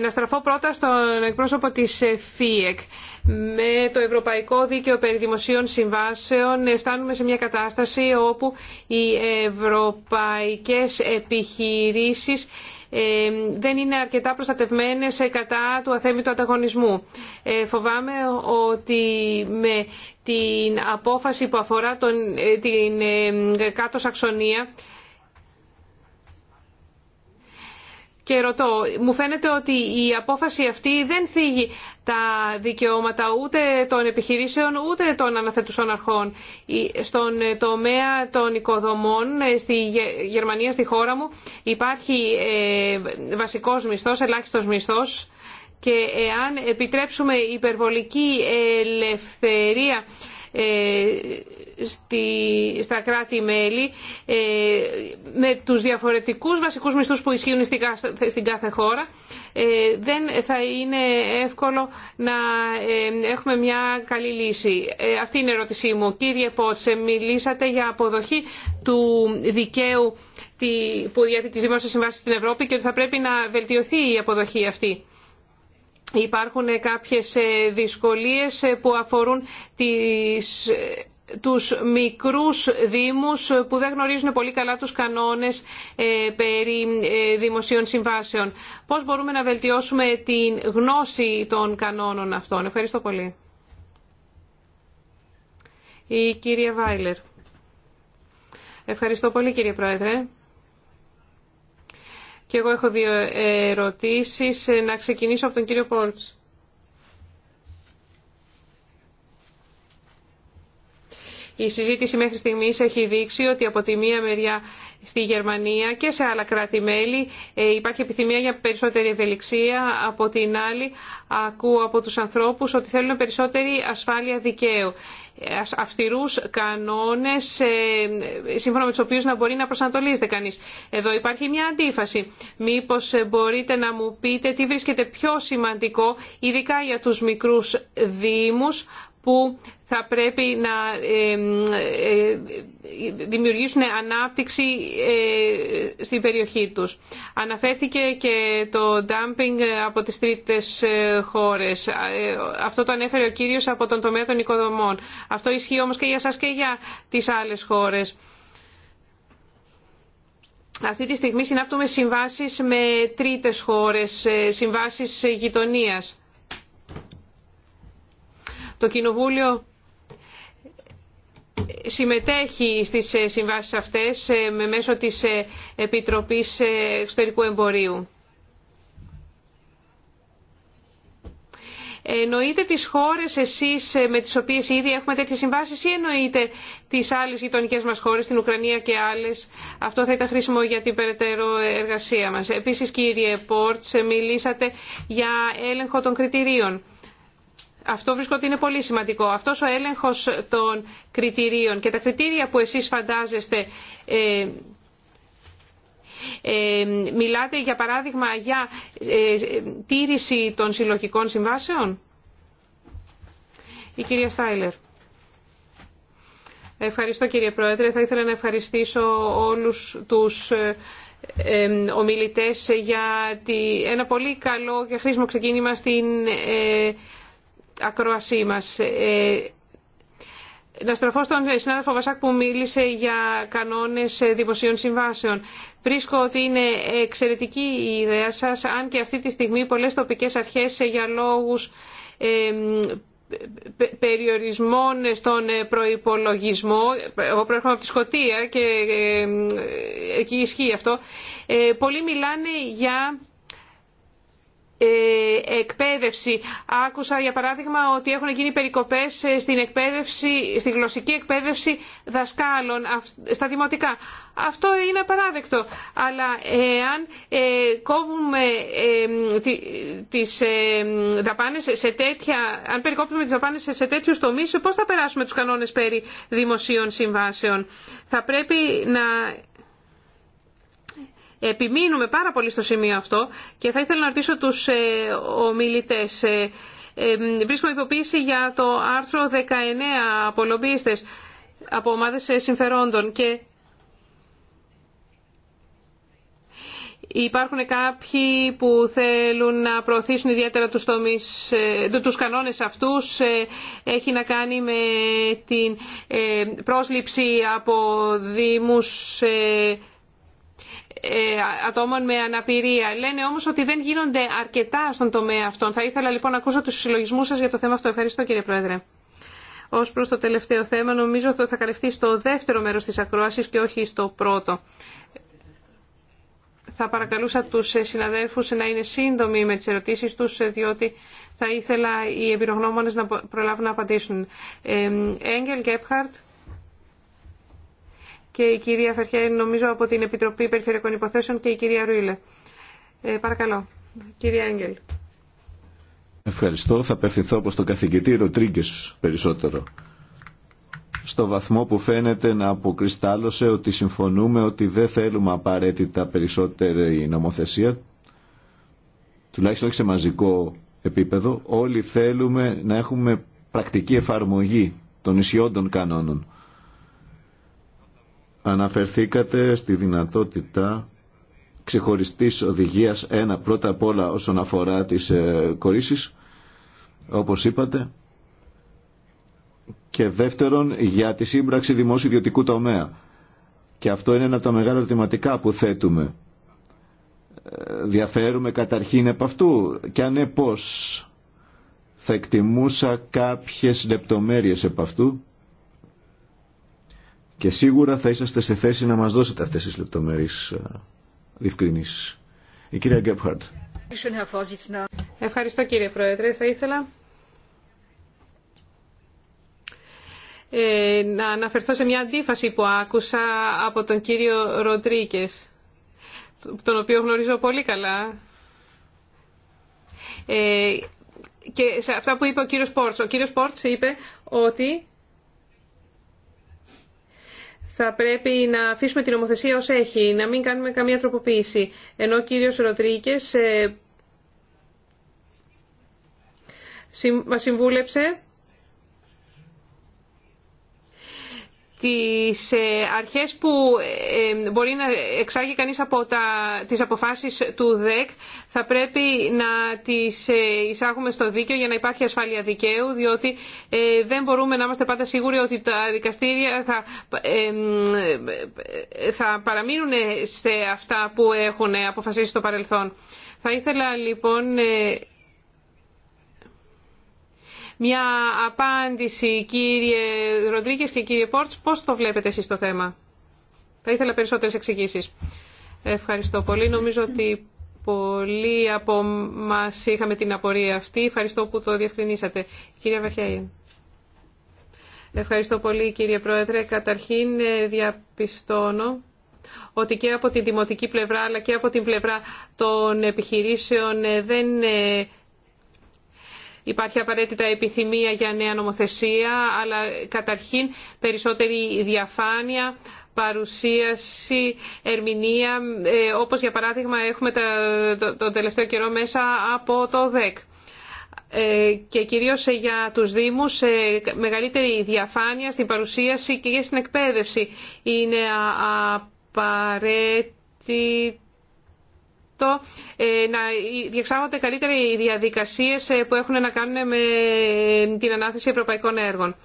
Να στραφώ πρώτα στον εκπρόσωπο της ΦΙΕΚ. Με το Ευρωπαϊκό Δίκαιο περί Δημοσίων Συμβάσεων φτάνουμε σε μια κατάσταση όπου οι ευρωπαϊκές επιχειρήσεις ε, δεν είναι αρκετά προστατευμένες κατά του αθέμητου ανταγωνισμού. Ε, φοβάμαι ότι με την απόφαση που αφορά τον, ε, την κάτω σαξονία και ρωτώ, μου φαίνεται ότι η απόφαση αυτή δεν θίγει τα δικαιώματα ούτε των επιχειρήσεων ούτε των αναθετουσών αρχών. Στον τομέα των οικοδομών ε, στη Γερμανία, στη χώρα μου, υπάρχει ε, βασικός μισθός, ελάχιστος μισθός και εάν επιτρέψουμε υπερβολική ελευθερία ε, στη, στα κράτη-μέλη ε, με τους διαφορετικούς βασικούς μισθούς που ισχύουν στην κάθε χώρα ε, δεν θα είναι εύκολο να έχουμε μια καλή λύση. Αυτή είναι η ερώτησή μου. Κύριε Πότσε, μιλήσατε για αποδοχή του δικαίου που διατηρεί τις δημόσιες συμβάσεις στην Ευρώπη και ότι θα πρέπει να βελτιωθεί η αποδοχή αυτή υπάρχουν κάποιες ε, δυσκολίες ε, που αφορούν τις ε, τους μικρούς δήμους που δεν γνωρίζουν πολύ καλά τους κανόνες περί δημοσίων συμβάσεων. Πώς μπορούμε να βελτιώσουμε την γνώση των κανόνων αυτών. Ευχαριστώ πολύ. Η κυρία Βάιλερ. Ευχαριστώ πολύ κύριε Πρόεδρε. Και εγώ έχω δύο ερωτήσεις. Ε, να ξεκινήσω από τον κύριο Πόλτς. Η συζήτηση μέχρι στιγμής έχει δείξει ότι από τη μία μεριά στη Γερμανία και σε άλλα κράτη-μέλη ε, υπάρχει επιθυμία για περισσότερη ευελιξία. Από την άλλη ακούω από τους ανθρώπους ότι θέλουν περισσότερη ασφάλεια δικαίου αυστηρούς κανόνες ε, σύμφωνα με τους οποίους να μπορεί να προσανατολίζεται κανείς. Εδώ υπάρχει μια αντίφαση. Μήπως ε, μπορείτε να μου πείτε τι βρίσκεται πιο σημαντικό, ειδικά για τους μικρούς δήμους που θα πρέπει να ε, δημιουργήσουν ανάπτυξη ε, στην περιοχή τους. Αναφέρθηκε και το dumping από τις τρίτες ε, χώρες. Αυτό το ανέφερε ο κύριος από τον τομέα των οικοδομών. Αυτό ισχύει όμως και για σας και για τις άλλες χώρες. Αυτή τη στιγμή συνάπτουμε συμβάσεις με τρίτες χώρες, συμβάσεις γειτονίας. Το Κοινοβούλιο συμμετέχει στις ε, συμβάσεις αυτές ε, με μέσω της ε, Επιτροπής Εξωτερικού Εμπορίου. Εννοείτε τις χώρες εσείς με τις οποίες ήδη έχουμε τέτοιες συμβάσεις ή εννοείτε τις άλλες γειτονικέ μας χώρες, την Ουκρανία και άλλες. Αυτό θα ήταν χρήσιμο για την περαιτέρω εργασία μας. Επίσης κύριε Πόρτς, μιλήσατε για έλεγχο των κριτηρίων. Αυτό βρίσκω ότι είναι πολύ σημαντικό. Αυτός ο έλεγχος των κριτηρίων και τα κριτήρια που εσείς φαντάζεστε ε, ε, μιλάτε για παράδειγμα για ε, τήρηση των συλλογικών συμβάσεων. Η κυρία Στάιλερ. Ευχαριστώ κύριε Πρόεδρε. Θα ήθελα να ευχαριστήσω όλους τους ε, ομιλητές για ένα πολύ καλό και χρήσιμο ξεκίνημα στην ακρόασή Να στραφώ στον συνάδελφο Βασάκ που μίλησε για κανόνες δημοσίων συμβάσεων. Βρίσκω ότι είναι εξαιρετική η ιδέα σας, αν και αυτή τη στιγμή πολλές τοπικές αρχές για λόγους περιορισμών στον προϋπολογισμό. Εγώ προέρχομαι από τη Σκωτία και εκεί ισχύει αυτό. Πολλοί μιλάνε για ε, εκπαίδευση. Άκουσα για παράδειγμα ότι έχουν γίνει περικοπές ε, στην, εκπαίδευση, στη γλωσσική εκπαίδευση δασκάλων στα δημοτικά. Αυτό είναι απαράδεκτο. Αλλά εάν ε, κόβουμε τις δαπάνες σε τέτοια, αν περικόπτουμε τις δαπάνες σε τέτοιους τομείς, πώς θα περάσουμε τους κανόνες περί δημοσίων συμβάσεων. Θα πρέπει να Επιμείνουμε πάρα πολύ στο σημείο αυτό και θα ήθελα να ρωτήσω τους ε, ομιλητές. Ε, ε, Βρίσκω υποποίηση για το άρθρο 19 από λομπίστες, από ομάδες συμφερόντων και Υπάρχουν κάποιοι που θέλουν να προωθήσουν ιδιαίτερα τους, τομείς, τους κανόνες αυτούς. Έχει να κάνει με την πρόσληψη από δήμους ε, ατόμων με αναπηρία. Λένε όμως ότι δεν γίνονται αρκετά στον τομέα αυτόν. Θα ήθελα λοιπόν να ακούσω τους συλλογισμούς σας για το θέμα αυτό. Ευχαριστώ κύριε Πρόεδρε. Ω προ το τελευταίο θέμα, νομίζω ότι θα καλυφθεί στο δεύτερο μέρος τη ακρόαση και όχι στο πρώτο. Θα παρακαλούσα τους συναδέλφους να είναι σύντομοι με τι ερωτήσει του, διότι θα ήθελα οι εμπειρογνώμονε να προλάβουν να απαντήσουν. Ε, Έγκελ Γκέπχαρτ και η κυρία Φερχέν νομίζω από την Επιτροπή Περιφερειακών Υποθέσεων και η κυρία Ρούιλε. Ε, παρακαλώ, κυρία Έγγελ. Ευχαριστώ. Θα απευθυνθώ προς τον καθηγητή Ροτρίγκε περισσότερο. Στο βαθμό που φαίνεται να αποκριστάλλωσε ότι συμφωνούμε ότι δεν θέλουμε απαραίτητα περισσότερη νομοθεσία, τουλάχιστον όχι σε μαζικό επίπεδο, όλοι θέλουμε να έχουμε πρακτική εφαρμογή των ισιών κανόνων. Αναφερθήκατε στη δυνατότητα ξεχωριστής οδηγίας ένα πρώτα απ' όλα όσον αφορά τις ε, κορίσεις όπως είπατε και δεύτερον για τη σύμπραξη δημοσιο ιδιωτικού τομέα και αυτό είναι ένα από τα μεγάλα ερωτηματικά που θέτουμε ε, διαφέρουμε καταρχήν επ' αυτού και αν ναι, θα εκτιμούσα κάποιες λεπτομέρειες επ' αυτού και σίγουρα θα είσαστε σε θέση να μας δώσετε αυτές τις λεπτομέρειες ε, διευκρινήσεις. Η κυρία Γκέπχαρτ. Ευχαριστώ κύριε Πρόεδρε. Θα ήθελα ε, να αναφερθώ σε μια αντίφαση που άκουσα από τον κύριο Ροντρίκες, τον οποίο γνωρίζω πολύ καλά. Ε, και σε αυτά που είπε ο κύριος Πόρτς. Ο κύριος Πόρτς είπε ότι θα πρέπει να αφήσουμε την νομοθεσία ως έχει, να μην κάνουμε καμία τροποποίηση. Ενώ ο κύριος Ροτρίκες ε, συμβούλεψε τις ε, αρχές που ε, μπορεί να εξάγει κανείς από τα, τις αποφάσεις του ΔΕΚ θα πρέπει να τις ε, εισάγουμε στο δίκαιο για να υπάρχει ασφάλεια δικαίου διότι δεν μπορούμε να είμαστε πάντα σίγουροι ότι τα δικαστήρια θα, θα παραμείνουν σε αυτά που έχουν αποφασίσει στο παρελθόν. Θα ήθελα λοιπόν μια απάντηση κύριε Ροντρίγκε και κύριε Πόρτς. Πώς το βλέπετε εσείς το θέμα. Θα ήθελα περισσότερες εξηγήσεις. Ευχαριστώ πολύ. Νομίζω ότι πολλοί από μας είχαμε την απορία αυτή. Ευχαριστώ που το διευκρινίσατε. Κύριε Βαχιάη. Ευχαριστώ πολύ κύριε Πρόεδρε. Καταρχήν ε, διαπιστώνω ότι και από την δημοτική πλευρά αλλά και από την πλευρά των επιχειρήσεων ε, δεν ε, Υπάρχει απαραίτητα επιθυμία για νέα νομοθεσία, αλλά καταρχήν περισσότερη διαφάνεια, παρουσίαση, ερμηνεία, ε, όπως για παράδειγμα έχουμε το τελευταίο καιρό μέσα από το ΔΕΚ ε, και κυρίως για τους Δήμους μεγαλύτερη διαφάνεια στην παρουσίαση και στην εκπαίδευση είναι απαραίτητη ε, να διεξάγονται καλύτερα οι διαδικασίες ε, που έχουν να κάνουν με την ανάθεση ευρωπαϊκών έργων.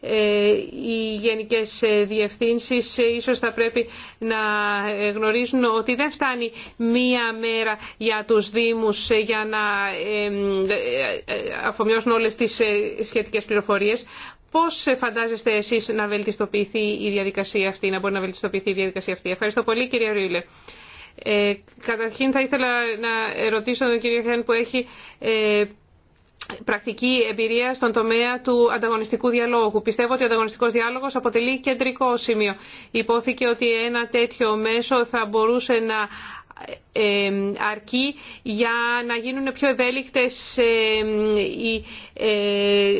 Ε, οι γενικές διευθύνσεις ίσως θα πρέπει να γνωρίζουν ότι δεν φτάνει μία μέρα για τους Δήμους για να αφομοιώσουν όλες τις σχετικές πληροφορίες. Πώς φαντάζεστε εσείς να βελτιστοποιηθεί η διαδικασία αυτή, να μπορεί να βελτιστοποιηθεί η διαδικασία αυτή. Ευχαριστώ πολύ κύριε Ρίλε. Ε, καταρχήν θα ήθελα να ερωτήσω τον κύριο Χέν που έχει ε, πρακτική εμπειρία στον τομέα του ανταγωνιστικού διαλόγου. Πιστεύω ότι ο ανταγωνιστικός διάλογος αποτελεί κεντρικό σημείο. Υπόθηκε ότι ένα τέτοιο μέσο θα μπορούσε να ε, αρκεί για να γίνουν πιο ευέλικτες ε, οι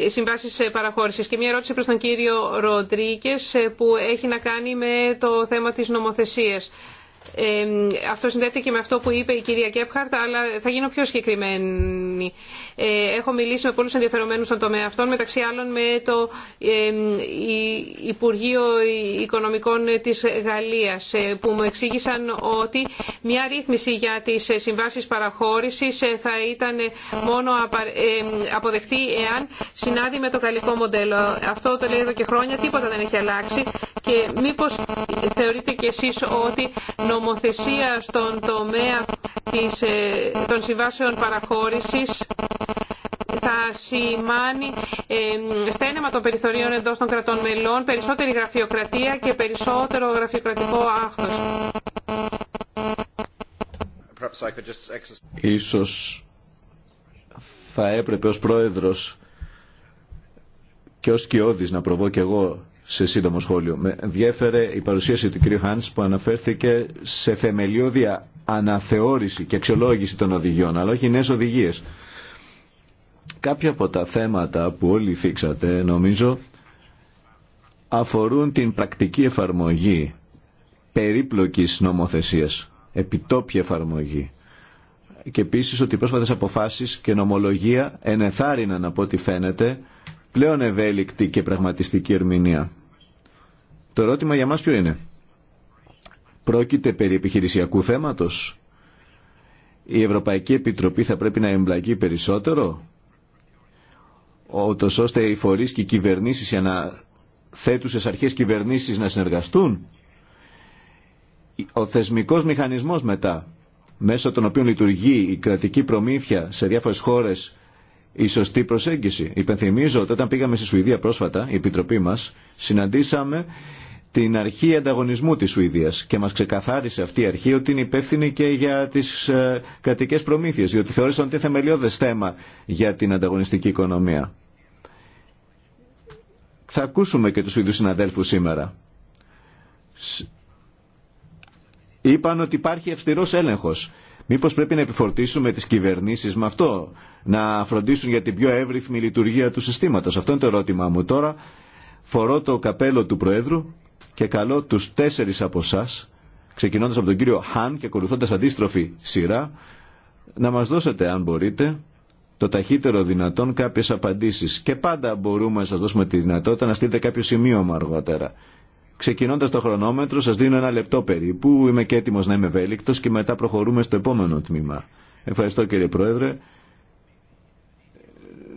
συμβάσεις παραχώρησης. Και μια ερώτηση προς τον κύριο Ροντρίκες που έχει να κάνει με το θέμα της νομοθεσίας αυτό συνδέεται και με αυτό που είπε η κυρία Κέπχαρτ, αλλά θα γίνω πιο συγκεκριμένη. Ε, έχω μιλήσει με πολλού ενδιαφερομένους στον τομέα αυτών, μεταξύ άλλων με το Υπουργείο Οικονομικών της Γαλλίας, ε, που μου εξήγησαν ότι μια ρύθμιση για τις συμβάσει παραχώρησης ε, θα ήταν μόνο αποδεκτή εάν συνάδει με το γαλλικό μοντέλο. Αυτό το λέει εδώ και χρόνια, τίποτα δεν έχει αλλάξει. Και μήπω θεωρείτε κι εσεί ότι νομοθεσία στον τομέα της, ε, των συμβάσεων παραχώρησης θα σημάνει ε, στένεμα των περιθωρίων εντός των κρατών μελών, περισσότερη γραφειοκρατία και περισσότερο γραφειοκρατικό άχθος. Ίσως θα έπρεπε ως πρόεδρος και ως κοιόδης να προβώ και εγώ σε σύντομο σχόλιο. Με διέφερε η παρουσίαση του κ. Χάνς που αναφέρθηκε σε θεμελιώδη αναθεώρηση και αξιολόγηση των οδηγιών, αλλά όχι νέες οδηγίες. Κάποια από τα θέματα που όλοι θίξατε, νομίζω, αφορούν την πρακτική εφαρμογή περίπλοκης νομοθεσίας, επιτόπια εφαρμογή. Και επίση ότι οι πρόσφατες αποφάσεις και νομολογία ενεθάρρυναν από ό,τι φαίνεται πλέον ευέλικτη και πραγματιστική ερμηνεία. Το ερώτημα για μας ποιο είναι. Πρόκειται περί επιχειρησιακού θέματος. Η Ευρωπαϊκή Επιτροπή θα πρέπει να εμπλακεί περισσότερο Ότως ώστε οι φορείς και οι κυβερνήσεις να αναθέτουσες αρχές κυβερνήσεις να συνεργαστούν. Ο θεσμικός μηχανισμός μετά, μέσω των οποίων λειτουργεί η κρατική προμήθεια σε διάφορες χώρες η σωστή προσέγγιση. Υπενθυμίζω ότι όταν πήγαμε στη Σουηδία πρόσφατα, η Επιτροπή μας, συναντήσαμε την αρχή ανταγωνισμού της Σουηδίας και μας ξεκαθάρισε αυτή η αρχή ότι είναι υπεύθυνη και για τις κρατικέ ε, κρατικές προμήθειες, διότι θεώρησαν ότι είναι θεμελιώδες θέμα για την ανταγωνιστική οικονομία. Θα ακούσουμε και τους Σουηδούς συναδέλφου σήμερα. Είπαν ότι υπάρχει ευστηρό έλεγχος Μήπως πρέπει να επιφορτήσουμε τις κυβερνήσεις με αυτό, να φροντίσουν για την πιο εύρυθμη λειτουργία του συστήματος. Αυτό είναι το ερώτημά μου τώρα. Φορώ το καπέλο του Προέδρου και καλώ τους τέσσερις από εσά, ξεκινώντας από τον κύριο Χαν και ακολουθώντα αντίστροφη σειρά, να μας δώσετε, αν μπορείτε, το ταχύτερο δυνατόν κάποιε απαντήσει Και πάντα μπορούμε να σα δώσουμε τη δυνατότητα να στείλετε κάποιο σημείωμα αργότερα. Ξεκινώντας το χρονόμετρο σας δίνω ένα λεπτό περίπου, είμαι και έτοιμος να είμαι ευέλικτος και μετά προχωρούμε στο επόμενο τμήμα. Ευχαριστώ κύριε Πρόεδρε.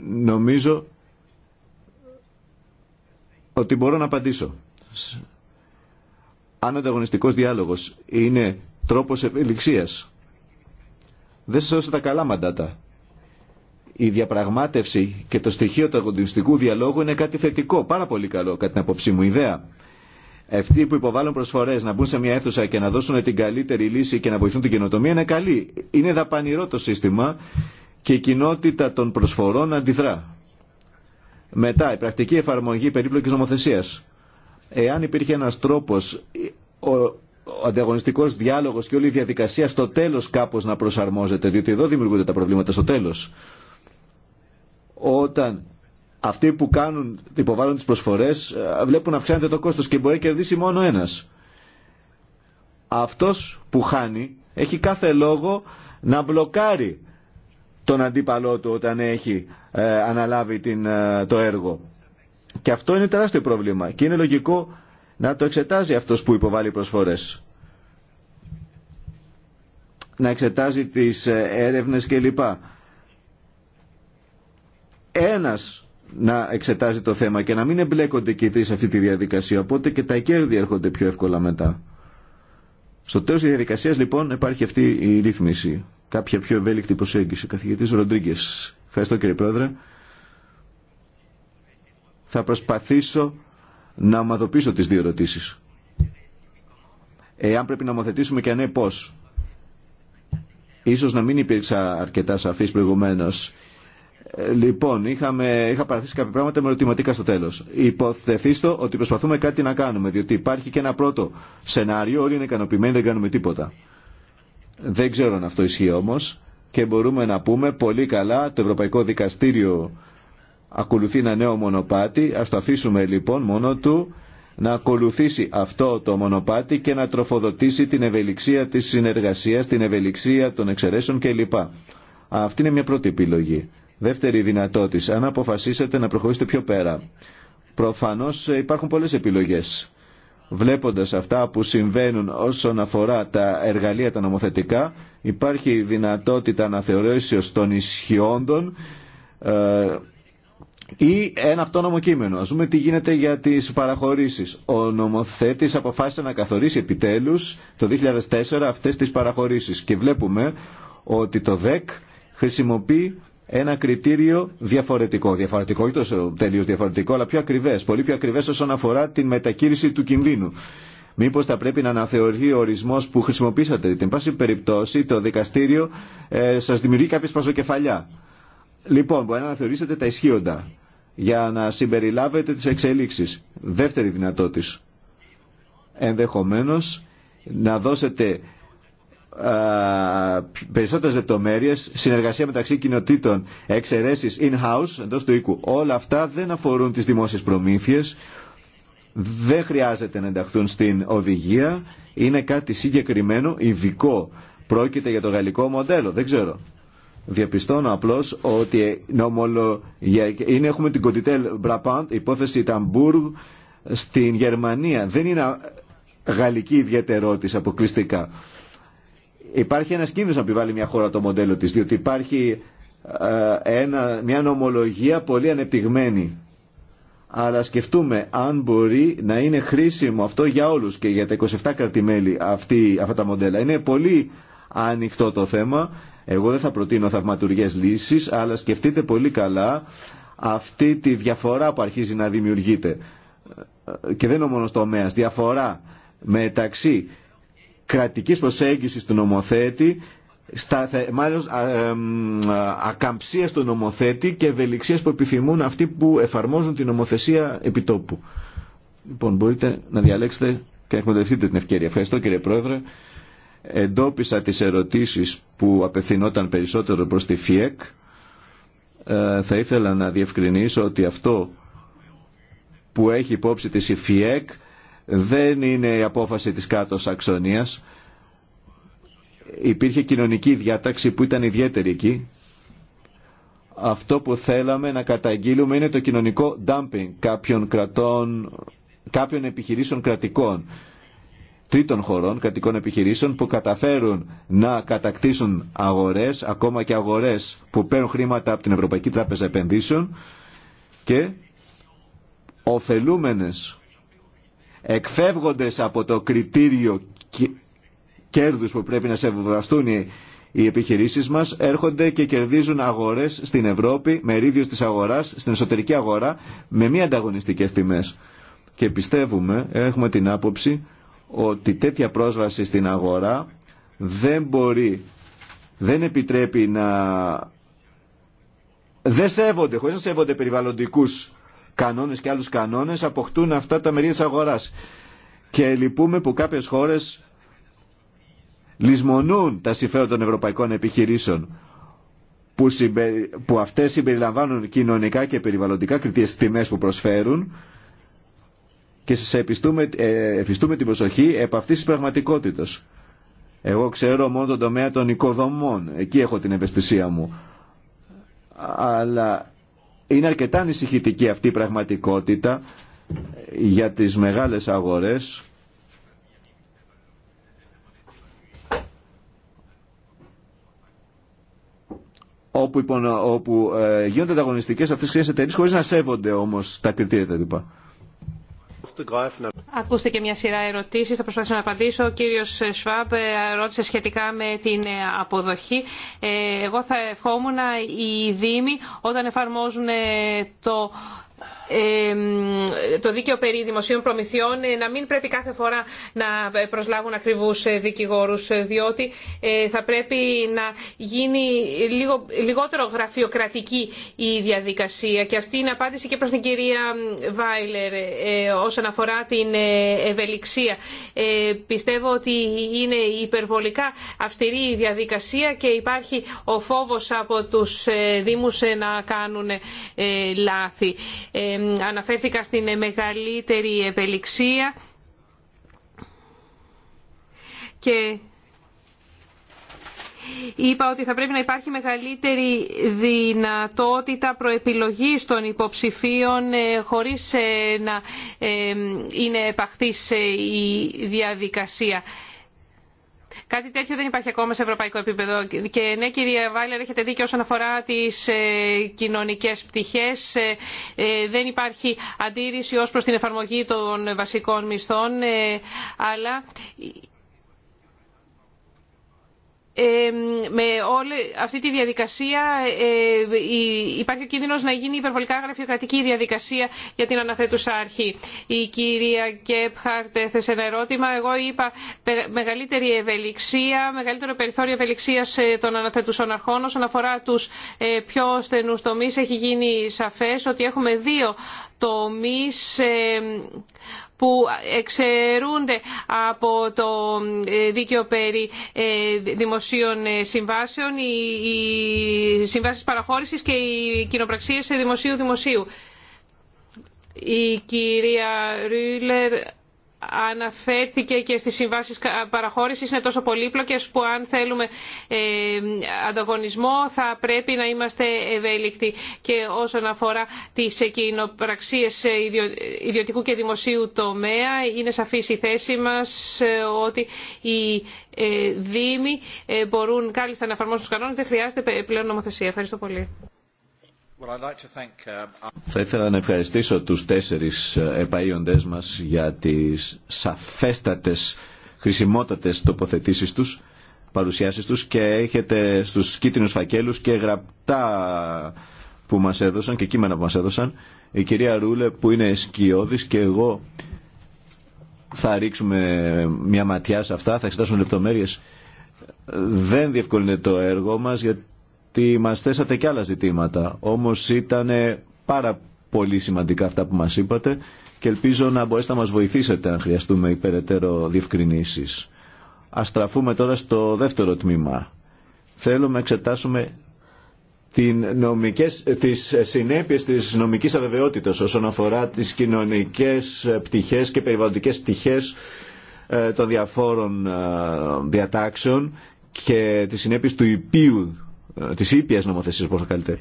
Νομίζω ότι μπορώ να απαντήσω. Αν ο ανταγωνιστικός διάλογος είναι τρόπος ευελιξίας, δεν σας δώσω τα καλά μαντάτα. Η διαπραγμάτευση και το στοιχείο του αγωνιστικού διαλόγου είναι κάτι θετικό, πάρα πολύ καλό κατά την απόψη μου ιδέα. Αυτοί που υποβάλλουν προσφορέ να μπουν σε μια αίθουσα και να δώσουν την καλύτερη λύση και να βοηθούν την καινοτομία είναι καλή. Είναι δαπανηρό το σύστημα και η κοινότητα των προσφορών αντιδρά. Μετά, η πρακτική εφαρμογή περίπλοκης νομοθεσία. Εάν υπήρχε ένας τρόπος, ο, ο ανταγωνιστικός διάλογος και όλη η διαδικασία στο τέλο κάπως να προσαρμόζεται, διότι εδώ δημιουργούνται τα προβλήματα στο τέλο. Όταν αυτοί που κάνουν, υποβάλλουν τις προσφορές ε, βλέπουν να αυξάνεται το κόστος και μπορεί να κερδίσει μόνο ένας. Αυτός που χάνει έχει κάθε λόγο να μπλοκάρει τον αντίπαλό του όταν έχει ε, αναλάβει την, ε, το έργο. Και αυτό είναι τεράστιο πρόβλημα και είναι λογικό να το εξετάζει αυτός που υποβάλλει προσφορές. Να εξετάζει τις έρευνες κλπ. Ένας να εξετάζει το θέμα και να μην εμπλέκονται και οι σε αυτή τη διαδικασία. Οπότε και τα κέρδη έρχονται πιο εύκολα μετά. Στο τέλο τη διαδικασία λοιπόν υπάρχει αυτή η ρύθμιση. Κάποια πιο ευέλικτη προσέγγιση. Καθηγητή Ροντρίγκε. Ευχαριστώ κύριε Πρόεδρε. Θα προσπαθήσω να ομαδοποιήσω τι δύο ερωτήσει. Εάν πρέπει να ομοθετήσουμε και ανέ ναι, πώ. Ίσως να μην υπήρξα αρκετά σαφής προηγουμένως. Λοιπόν, είχαμε, είχα παραθέσει κάποια πράγματα με ερωτηματικά στο τέλο. Υποθεθήστο ότι προσπαθούμε κάτι να κάνουμε, διότι υπάρχει και ένα πρώτο σενάριο, όλοι είναι ικανοποιημένοι, δεν κάνουμε τίποτα. Δεν ξέρω αν αυτό ισχύει όμω και μπορούμε να πούμε πολύ καλά το Ευρωπαϊκό Δικαστήριο ακολουθεί ένα νέο μονοπάτι, Α το αφήσουμε λοιπόν μόνο του να ακολουθήσει αυτό το μονοπάτι και να τροφοδοτήσει την ευελιξία της συνεργασίας, την ευελιξία των εξαιρέσεων κλπ. Αυτή είναι μια πρώτη επιλογή. Δεύτερη δυνατότητα, αν αποφασίσετε να προχωρήσετε πιο πέρα. Προφανώς ε, υπάρχουν πολλές επιλογές. Βλέποντας αυτά που συμβαίνουν όσον αφορά τα εργαλεία τα νομοθετικά, υπάρχει η δυνατότητα αναθεωρήσεως των ισχυόντων ε, ή ένα αυτόνομο κείμενο. Ας δούμε τι γίνεται για τις παραχωρήσεις. Ο νομοθέτης αποφάσισε να καθορίσει επιτέλους το 2004 αυτές τις παραχωρήσεις και βλέπουμε ότι το ΔΕΚ χρησιμοποιεί ένα κριτήριο διαφορετικό. Διαφορετικό, όχι τόσο τελείω διαφορετικό, αλλά πιο ακριβέ. Πολύ πιο ακριβέ όσον αφορά την μετακύριση του κινδύνου. Μήπω θα πρέπει να αναθεωρηθεί ο ορισμό που χρησιμοποίησατε. Την πάση περιπτώσει, το δικαστήριο ε, σα δημιουργεί κάποια παζοκεφαλιά. Λοιπόν, μπορεί να αναθεωρήσετε τα ισχύοντα για να συμπεριλάβετε τι εξελίξει. Δεύτερη δυνατότητα. Ενδεχομένω να δώσετε περισσοτερες δεπτομέρειε, λεπτομέρειες, συνεργασία μεταξύ εξαιρέσει εξαιρέσεις in-house εντός του οίκου. Όλα αυτά δεν αφορούν τις δημόσιες προμήθειες, δεν χρειάζεται να ενταχθούν στην οδηγία, είναι κάτι συγκεκριμένο, ειδικό. Πρόκειται για το γαλλικό μοντέλο, δεν ξέρω. Διαπιστώνω απλώς ότι είναι, έχουμε την Κοντιτέλ Μπραπάντ, υπόθεση Ταμπούργ στην Γερμανία. Δεν είναι γαλλική ιδιαιτερότητα αποκλειστικά. Υπάρχει ένας κίνδυνος να επιβάλλει μια χώρα το μοντέλο της, διότι υπάρχει ε, ένα, μια νομολογία πολύ ανεπτυγμένη. Αλλά σκεφτούμε αν μπορεί να είναι χρήσιμο αυτό για όλους και για τα 27 κρατημέλη αυτή, αυτά τα μοντέλα. Είναι πολύ ανοιχτό το θέμα. Εγώ δεν θα προτείνω θαυματουργές λύσεις, αλλά σκεφτείτε πολύ καλά αυτή τη διαφορά που αρχίζει να δημιουργείται. Ε, και δεν είναι ο μόνος Διαφορά μεταξύ κρατικής προσέγγισης του νομοθέτη στα μάλλον ακαμψίας του νομοθέτη και ευελιξίας που επιθυμούν αυτοί που εφαρμόζουν την νομοθεσία επιτόπου. Λοιπόν, μπορείτε να διαλέξετε και εκμεταλλευτείτε την ευκαιρία. Ευχαριστώ κύριε Πρόεδρε. Εντόπισα τις ερωτήσεις που απευθυνόταν περισσότερο προς τη ΦΙΕΚ. Ε, θα ήθελα να διευκρινίσω ότι αυτό που έχει υπόψη της η ΦΙΕΚ δεν είναι η απόφαση της κάτω Σαξονίας. Υπήρχε κοινωνική διάταξη που ήταν ιδιαίτερη εκεί. Αυτό που θέλαμε να καταγγείλουμε είναι το κοινωνικό dumping κάποιων, κρατών, κάποιων επιχειρήσεων κρατικών τρίτων χωρών, κρατικών επιχειρήσεων που καταφέρουν να κατακτήσουν αγορές, ακόμα και αγορές που παίρνουν χρήματα από την Ευρωπαϊκή Τράπεζα Επενδύσεων και ωφελούμενες εκφεύγοντες από το κριτήριο κέρδους που πρέπει να σεβαστούν οι επιχειρήσεις μας έρχονται και κερδίζουν αγορές στην Ευρώπη, μερίδιος της αγοράς, στην εσωτερική αγορά, με μη ανταγωνιστικές τιμές. Και πιστεύουμε, έχουμε την άποψη, ότι τέτοια πρόσβαση στην αγορά δεν μπορεί, δεν επιτρέπει να... Δεν σέβονται, χωρίς να σέβονται περιβαλλοντικούς κανόνες και άλλους κανόνες αποκτούν αυτά τα μερίδια της αγοράς. Και λυπούμε που κάποιες χώρες λησμονούν τα συμφέροντα των ευρωπαϊκών επιχειρήσεων που, που αυτές συμπεριλαμβάνουν κοινωνικά και περιβαλλοντικά κριτήρια στις που προσφέρουν και σε επιστούμε, ε, εφιστούμε την προσοχή επ' αυτής της πραγματικότητας. Εγώ ξέρω μόνο τον τομέα των οικοδομών, εκεί έχω την ευαισθησία μου. Αλλά είναι αρκετά ανησυχητική αυτή η πραγματικότητα για τις μεγάλες αγορές όπου, όπου ε, γίνονται ανταγωνιστικές αυτές τις εταιρείες χωρίς να σέβονται όμως τα κριτήρια τα Ακούστε Ακούστηκε μια σειρά ερωτήσει, θα προσπαθήσω να απαντήσω. Ο κύριο Σβάμπ ε, ρώτησε σχετικά με την ε, αποδοχή. Ε, εγώ θα ευχόμουν οι Δήμοι όταν εφαρμόζουν το το δίκαιο περί δημοσίων προμηθειών ε, να μην πρέπει κάθε φορά να προσλάβουν ακριβούς ε, δικηγόρους ε, διότι θα πρέπει να γίνει λίγο, λιγότερο γραφειοκρατική η διαδικασία και αυτή είναι απάντηση και προς την κυρία Βάιλερ όσον αφορά την ευελιξία. Πιστεύω ότι είναι υπερβολικά αυστηρή η διαδικασία και υπάρχει ο φόβος από τους Δήμους να κάνουν λάθη αναφέρθηκα στην ε, μεγαλύτερη ευελιξία και είπα ότι θα πρέπει να υπάρχει μεγαλύτερη δυνατότητα προεπιλογής των υποψηφίων ε, χωρίς ε, να είναι επαχθής η διαδικασία. Κάτι τέτοιο δεν υπάρχει ακόμα σε ευρωπαϊκό επίπεδο. Και ναι, κυρία Βάιλερ, έχετε δίκιο όσον αφορά τι ε, κοινωνικέ πτυχέ. Ε, ε, δεν υπάρχει αντίρρηση ω προ την εφαρμογή των βασικών μισθών, αλλά με όλη αυτή τη διαδικασία υπάρχει ο κίνδυνος να γίνει υπερβολικά γραφειοκρατική διαδικασία για την αναθέτουσα αρχή. Η κυρία Κέπχαρτ έθεσε ένα ερώτημα. Εγώ είπα μεγαλύτερη ευελιξία, μεγαλύτερο περιθώριο ευελιξία ε, των αναθέτουσων αρχών όσον αφορά τους ε, πιο στενούς τομείς. Έχει γίνει σαφές ότι έχουμε δύο τομείς ε, που εξαιρούνται από το ε, δίκαιο περί ε, δημοσίων ε, συμβάσεων, οι συμβάσεις παραχώρησης και οι κοινοπραξίες σε δημοσίου-δημοσίου. Η κυρία Ρούλερ αναφέρθηκε και στις συμβάσεις παραχώρησης είναι τόσο πολύπλοκες που αν θέλουμε ε, ανταγωνισμό θα πρέπει να είμαστε ευέλικτοι και όσον αφορά τις κοινοπραξίες ε, ιδιωτικού και δημοσίου τομέα είναι σαφής η θέση μας ε, ότι οι δήμοι μπορούν κάλλιστα να εφαρμόσουν τους κανόνες δεν χρειάζεται πλέον νομοθεσία. Ευχαριστώ πολύ. Uh, θα ήθελα να ευχαριστήσω τους τέσσερις ε, επαΐοντές μας για τις σαφέστατες, χρησιμότατες τοποθετήσεις τους, παρουσιάσεις τους και έχετε στους κίτρινους φακέλους και γραπτά που μας έδωσαν και κείμενα που μας έδωσαν. Η κυρία Ρούλε που είναι σκιώδης και εγώ θα ρίξουμε μια ματιά σε αυτά, θα εξετάσουμε λεπτομέρειες. Ε, δεν διευκολύνεται το έργο μας γιατί ότι μας θέσατε και άλλα ζητήματα, όμως ήταν πάρα πολύ σημαντικά αυτά που μας είπατε και ελπίζω να μπορέσετε να μας βοηθήσετε αν χρειαστούμε υπεραιτέρω διευκρινήσεις. Ας στραφούμε τώρα στο δεύτερο τμήμα. Θέλουμε να εξετάσουμε την νομικές, τις συνέπειες της νομικής αβεβαιότητας όσον αφορά τις κοινωνικές πτυχές και περιβαλλοντικές πτυχές ε, των διαφόρων ε, διατάξεων και τις συνέπειες του υπείου ε, της ήπιας νομοθεσίας, που θα καλείτε.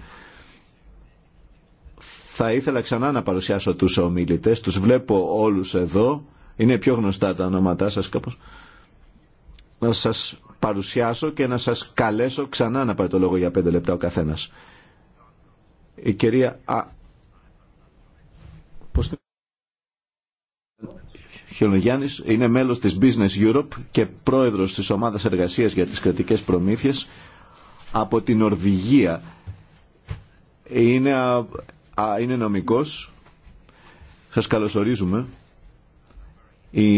Θα ήθελα ξανά να παρουσιάσω τους ομιλητέ, τους βλέπω όλους εδώ, είναι πιο γνωστά τα ονόματά σα κάπως. Να σας παρουσιάσω και να σας καλέσω ξανά να πάρει το λόγο για πέντε λεπτά ο καθένας. Η κυρία... Α, είναι μέλος της Business Europe και πρόεδρος της ομάδας εργασίας για τις κρατικές προμήθειες από την Ορβηγία. Είναι, α, είναι νομικός. Σας καλωσορίζουμε. Η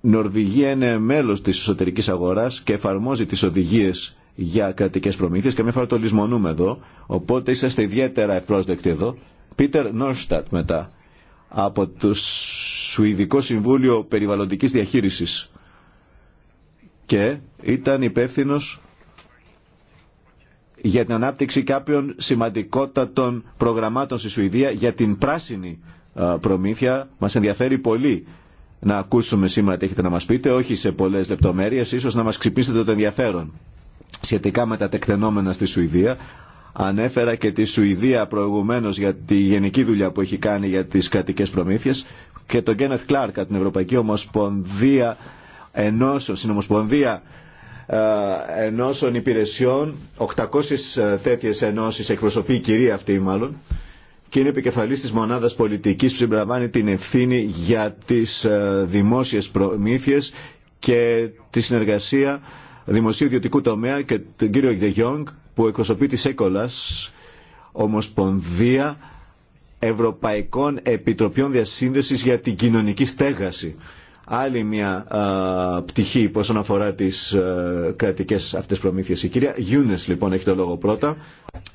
Νορβηγία είναι μέλος της εσωτερικής αγοράς και εφαρμόζει τις οδηγίες για κρατικές προμήθειες και φορά το λησμονούμε εδώ, οπότε είσαστε ιδιαίτερα ευπρόσδεκτοι εδώ. Πίτερ Νόρστατ μετά, από το Σουηδικό Συμβούλιο Περιβαλλοντικής Διαχείρισης και ήταν υπεύθυνο για την ανάπτυξη κάποιων σημαντικότατων προγραμμάτων στη Σουηδία για την πράσινη προμήθεια. Μας ενδιαφέρει πολύ να ακούσουμε σήμερα τι έχετε να μας πείτε, όχι σε πολλές λεπτομέρειες, ίσως να μας ξυπνήσετε το ενδιαφέρον. Σχετικά με τα τεκτενόμενα στη Σουηδία, ανέφερα και τη Σουηδία προηγουμένως για τη γενική δουλειά που έχει κάνει για τις κρατικές προμήθειες και τον Κένεθ Κλάρκα, την Ευρωπαϊκή Ομοσπονδία Ενώσεων, στην Ομοσπονδία ε, ενώσεων υπηρεσιών, 800 ε, τέτοιε ενώσει εκπροσωπεί η κυρία αυτή μάλλον, και είναι επικεφαλή τη μονάδα πολιτική που συμπεριλαμβάνει την ευθύνη για τι ε, δημόσιε προμήθειε και τη συνεργασία δημοσίου-ιδιωτικού τομέα και τον κύριο Γκεγιόνγκ που εκπροσωπεί τη όμως Ομοσπονδία Ευρωπαϊκών Επιτροπιών Διασύνδεση για την Κοινωνική Στέγαση άλλη μια α, πτυχή όσον αφορά τις κρατικέ κρατικές αυτές προμήθειες. Η κυρία Γιούνες λοιπόν έχει το λόγο πρώτα.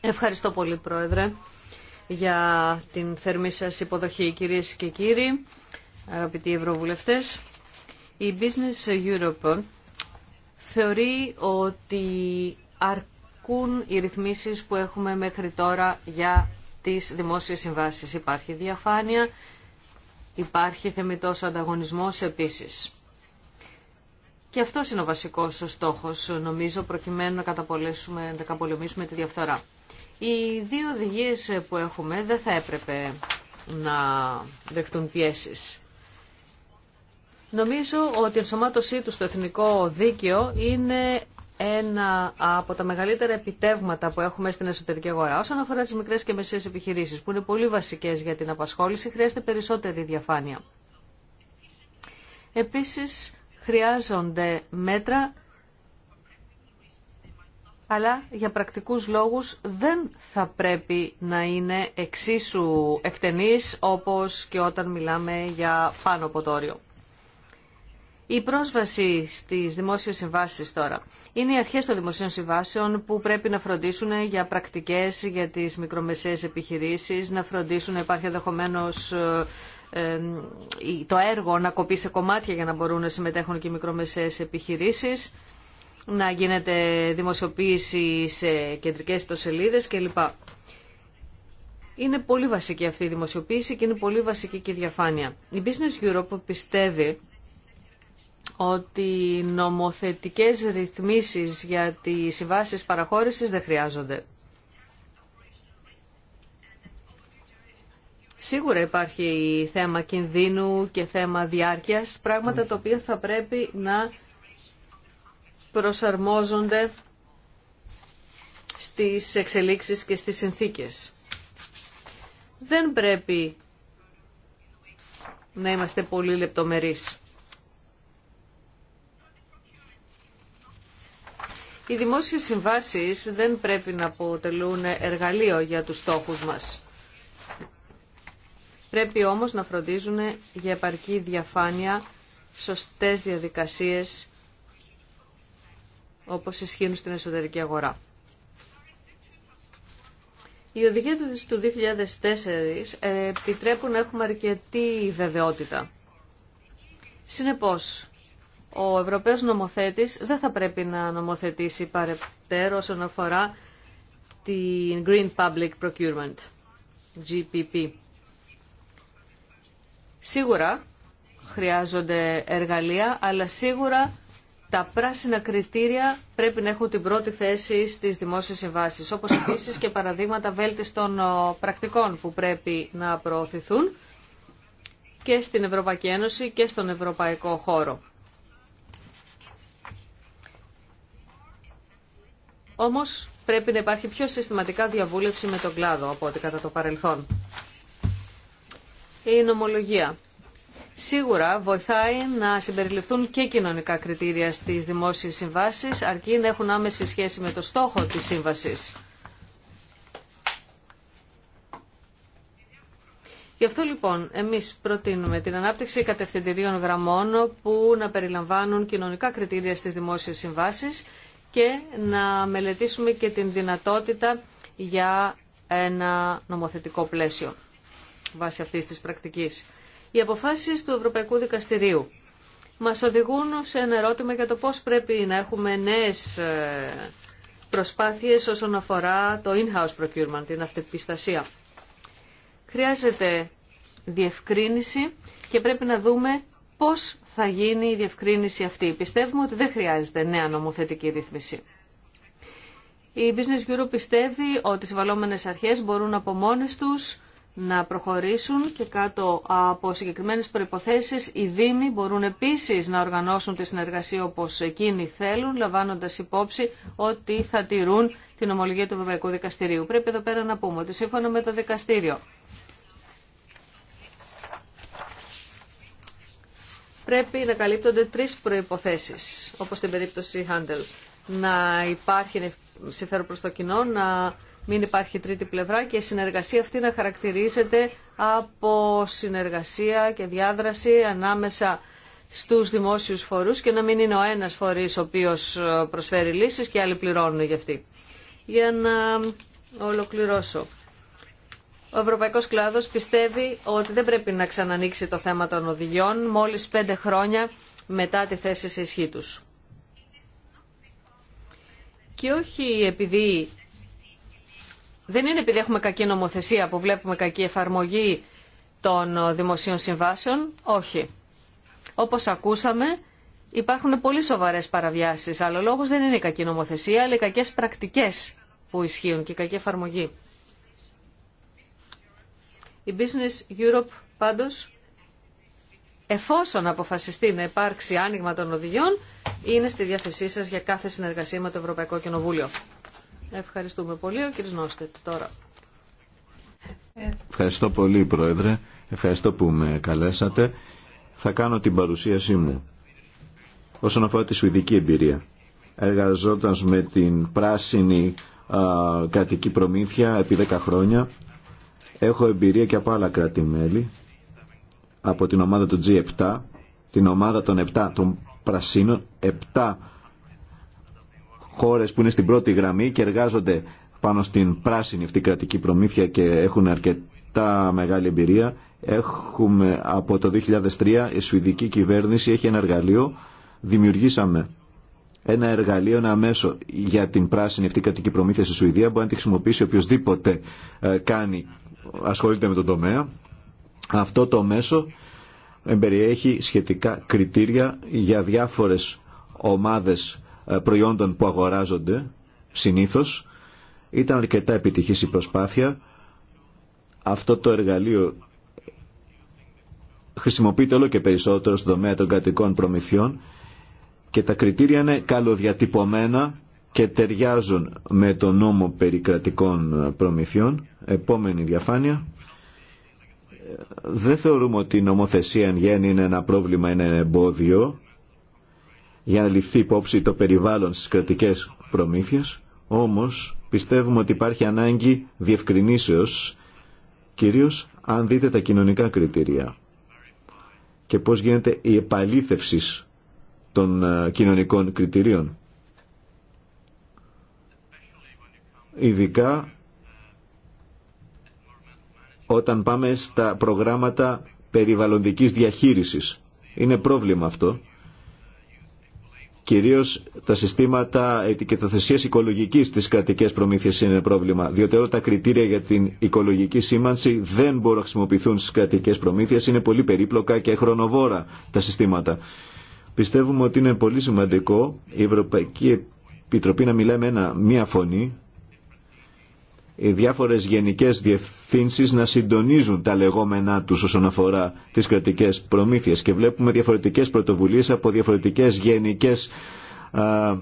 Ευχαριστώ πολύ Πρόεδρε για την θερμή σας υποδοχή κυρίες και κύριοι, αγαπητοί ευρωβουλευτές. Η Business Europe θεωρεί ότι αρκούν οι ρυθμίσεις που έχουμε μέχρι τώρα για τις δημόσιες συμβάσεις. Υπάρχει διαφάνεια, υπάρχει θεμητός ανταγωνισμός επίσης. Και αυτό είναι ο βασικός στόχος, νομίζω, προκειμένου να καταπολεμήσουμε, να καταπολεμήσουμε τη διαφθορά. Οι δύο οδηγίε που έχουμε δεν θα έπρεπε να δεχτούν πιέσεις. Νομίζω ότι η ενσωμάτωσή του στο εθνικό δίκαιο είναι ένα από τα μεγαλύτερα επιτεύγματα που έχουμε στην εσωτερική αγορά. Όσον αφορά τι μικρέ και μεσαίε επιχειρήσει, που είναι πολύ βασικέ για την απασχόληση, χρειάζεται περισσότερη διαφάνεια. Επίση, χρειάζονται μέτρα, αλλά για πρακτικούς λόγους δεν θα πρέπει να είναι εξίσου εκτενείς όπως και όταν μιλάμε για πάνω από το όριο. Η πρόσβαση στι δημόσιε συμβάσει τώρα. Είναι οι αρχέ των δημοσίων συμβάσεων που πρέπει να φροντίσουν για πρακτικέ για τι μικρομεσαίες επιχειρήσει, να φροντίσουν να υπάρχει ενδεχομένω ε, ε, το έργο να κοπεί σε κομμάτια για να μπορούν να συμμετέχουν και οι μικρομεσαίες επιχειρήσει, να γίνεται δημοσιοποίηση σε κεντρικέ ιστοσελίδε κλπ. Είναι πολύ βασική αυτή η δημοσιοποίηση και είναι πολύ βασική και η διαφάνεια. Η Business Europe πιστεύει ότι νομοθετικές ρυθμίσεις για τις συμβάσεις παραχώρησης δεν χρειάζονται. Σίγουρα υπάρχει θέμα κινδύνου και θέμα διάρκειας, πράγματα τα οποία θα πρέπει να προσαρμόζονται στις εξελίξεις και στις συνθήκες. Δεν πρέπει να είμαστε πολύ λεπτομερείς. Οι δημόσιες συμβάσεις δεν πρέπει να αποτελούν εργαλείο για τους στόχους μας. Πρέπει όμως να φροντίζουν για επαρκή διαφάνεια, σωστές διαδικασίες, όπως ισχύουν στην εσωτερική αγορά. Οι οδηγίες του 2004 ε, επιτρέπουν να έχουμε αρκετή βεβαιότητα. Συνεπώς, ο Ευρωπαίος νομοθέτης δεν θα πρέπει να νομοθετήσει παρεπτέρω όσον αφορά την Green Public Procurement, GPP. Σίγουρα χρειάζονται εργαλεία, αλλά σίγουρα τα πράσινα κριτήρια πρέπει να έχουν την πρώτη θέση στις δημόσιες συμβάσεις, όπως επίσης και παραδείγματα βέλτιστων ε, πρακτικών που πρέπει να προωθηθούν και στην Ευρωπαϊκή Ένωση και στον Ευρωπαϊκό χώρο. Όμω πρέπει να υπάρχει πιο συστηματικά διαβούλευση με τον κλάδο από ό,τι κατά το παρελθόν. Η νομολογία. Σίγουρα βοηθάει να συμπεριληφθούν και κοινωνικά κριτήρια στις δημόσιες συμβάσει, αρκεί να έχουν άμεση σχέση με το στόχο τη σύμβασή. Γι' αυτό λοιπόν εμείς προτείνουμε την ανάπτυξη κατευθυντηρίων γραμμών που να περιλαμβάνουν κοινωνικά κριτήρια στις δημόσιες συμβάσεις και να μελετήσουμε και την δυνατότητα για ένα νομοθετικό πλαίσιο βάσει αυτής της πρακτικής. Οι αποφάσεις του Ευρωπαϊκού Δικαστηρίου μας οδηγούν σε ένα ερώτημα για το πώς πρέπει να έχουμε νέες ε, προσπάθειες όσον αφορά το in-house procurement, την αυτεπιστασία. Χρειάζεται διευκρίνηση και πρέπει να δούμε πώς θα γίνει η διευκρίνηση αυτή. Πιστεύουμε ότι δεν χρειάζεται νέα νομοθετική ρύθμιση. Η Business Europe πιστεύει ότι οι συμβαλόμενες αρχές μπορούν από μόνες τους να προχωρήσουν και κάτω από συγκεκριμένες προϋποθέσεις οι Δήμοι μπορούν επίσης να οργανώσουν τη συνεργασία όπως εκείνοι θέλουν, λαμβάνοντας υπόψη ότι θα τηρούν την ομολογία του Ευρωπαϊκού Δικαστηρίου. Πρέπει εδώ πέρα να πούμε ότι σύμφωνα με το Δικαστήριο πρέπει να καλύπτονται τρεις προϋποθέσεις, όπως στην περίπτωση Handel. Να υπάρχει συμφέρον προς το κοινό, να μην υπάρχει τρίτη πλευρά και η συνεργασία αυτή να χαρακτηρίζεται από συνεργασία και διάδραση ανάμεσα στους δημόσιους φορούς και να μην είναι ο ένας φορής ο οποίος ε, προσφέρει λύσεις και άλλοι πληρώνουν για αυτή. Για να ολοκληρώσω. Ο ευρωπαϊκό κλάδο πιστεύει ότι δεν πρέπει να ξανανοίξει το θέμα των οδηγιών μόλι πέντε χρόνια μετά τη θέση σε ισχύ του. Και όχι επειδή. Δεν είναι επειδή έχουμε κακή νομοθεσία που βλέπουμε κακή εφαρμογή των δημοσίων συμβάσεων. Όχι. Όπως ακούσαμε, υπάρχουν πολύ σοβαρές παραβιάσεις, αλλά ο λόγος δεν είναι η κακή νομοθεσία, αλλά οι κακές πρακτικές που ισχύουν και η κακή εφαρμογή. Η Business Europe πάντως, εφόσον αποφασιστεί να υπάρξει άνοιγμα των οδηγιών, είναι στη διάθεσή σας για κάθε συνεργασία με το Ευρωπαϊκό Κοινοβούλιο. Ευχαριστούμε πολύ. Ο κ. Νόστετ τώρα. Ευχαριστώ πολύ, Πρόεδρε. Ευχαριστώ που με καλέσατε. Θα κάνω την παρουσίασή μου όσον αφορά τη σουηδική εμπειρία. Εργαζόταν με την πράσινη κατοική προμήθεια επί 10 χρόνια Έχω εμπειρία και από άλλα κράτη-μέλη, από την ομάδα του G7, την ομάδα των 7 των πρασίνων, 7 χώρες που είναι στην πρώτη γραμμή και εργάζονται πάνω στην πράσινη αυτή κρατική προμήθεια και έχουν αρκετά μεγάλη εμπειρία. Έχουμε από το 2003 η Σουηδική κυβέρνηση έχει ένα εργαλείο, δημιουργήσαμε ένα εργαλείο, ένα μέσο για την πράσινη αυτή κρατική προμήθεια στη Σουηδία μπορεί να τη χρησιμοποιήσει οποιοδήποτε ε, κάνει ασχολείται με τον τομέα. Αυτό το μέσο περιέχει σχετικά κριτήρια για διάφορες ομάδες ε, προϊόντων που αγοράζονται συνήθως. Ήταν αρκετά επιτυχής η προσπάθεια. Αυτό το εργαλείο χρησιμοποιείται όλο και περισσότερο στον τομέα των κατοικών προμηθειών και τα κριτήρια είναι καλοδιατυπωμένα και ταιριάζουν με τον νόμο περί κρατικών ε, προμηθειών. Επόμενη διαφάνεια. Δεν θεωρούμε ότι η νομοθεσία εν γέννη είναι ένα πρόβλημα, ένα εμπόδιο για να ληφθεί υπόψη το περιβάλλον στις κρατικές προμήθειες. Όμως πιστεύουμε ότι υπάρχει ανάγκη διευκρινήσεως, κυρίως αν δείτε τα κοινωνικά κριτήρια και πώς γίνεται η επαλήθευση των ε, κοινωνικών κριτηρίων ειδικά όταν πάμε στα προγράμματα περιβαλλοντικής διαχείρισης. Είναι πρόβλημα αυτό. Κυρίως τα συστήματα ετικετοθεσίας οικολογικής στις κρατικές προμήθειες είναι πρόβλημα, διότι όλα τα κριτήρια για την οικολογική σήμανση δεν μπορούν να χρησιμοποιηθούν στις κρατικές προμήθειες, είναι πολύ περίπλοκα και χρονοβόρα τα συστήματα. Πιστεύουμε ότι είναι πολύ σημαντικό η Ευρωπαϊκή Επιτροπή να μιλάει με ένα, μία φωνή οι διάφορες γενικές διευθύνσεις να συντονίζουν τα λεγόμενά τους όσον αφορά τις κρατικές προμήθειες και βλέπουμε διαφορετικές πρωτοβουλίες από διαφορετικές γενικές α,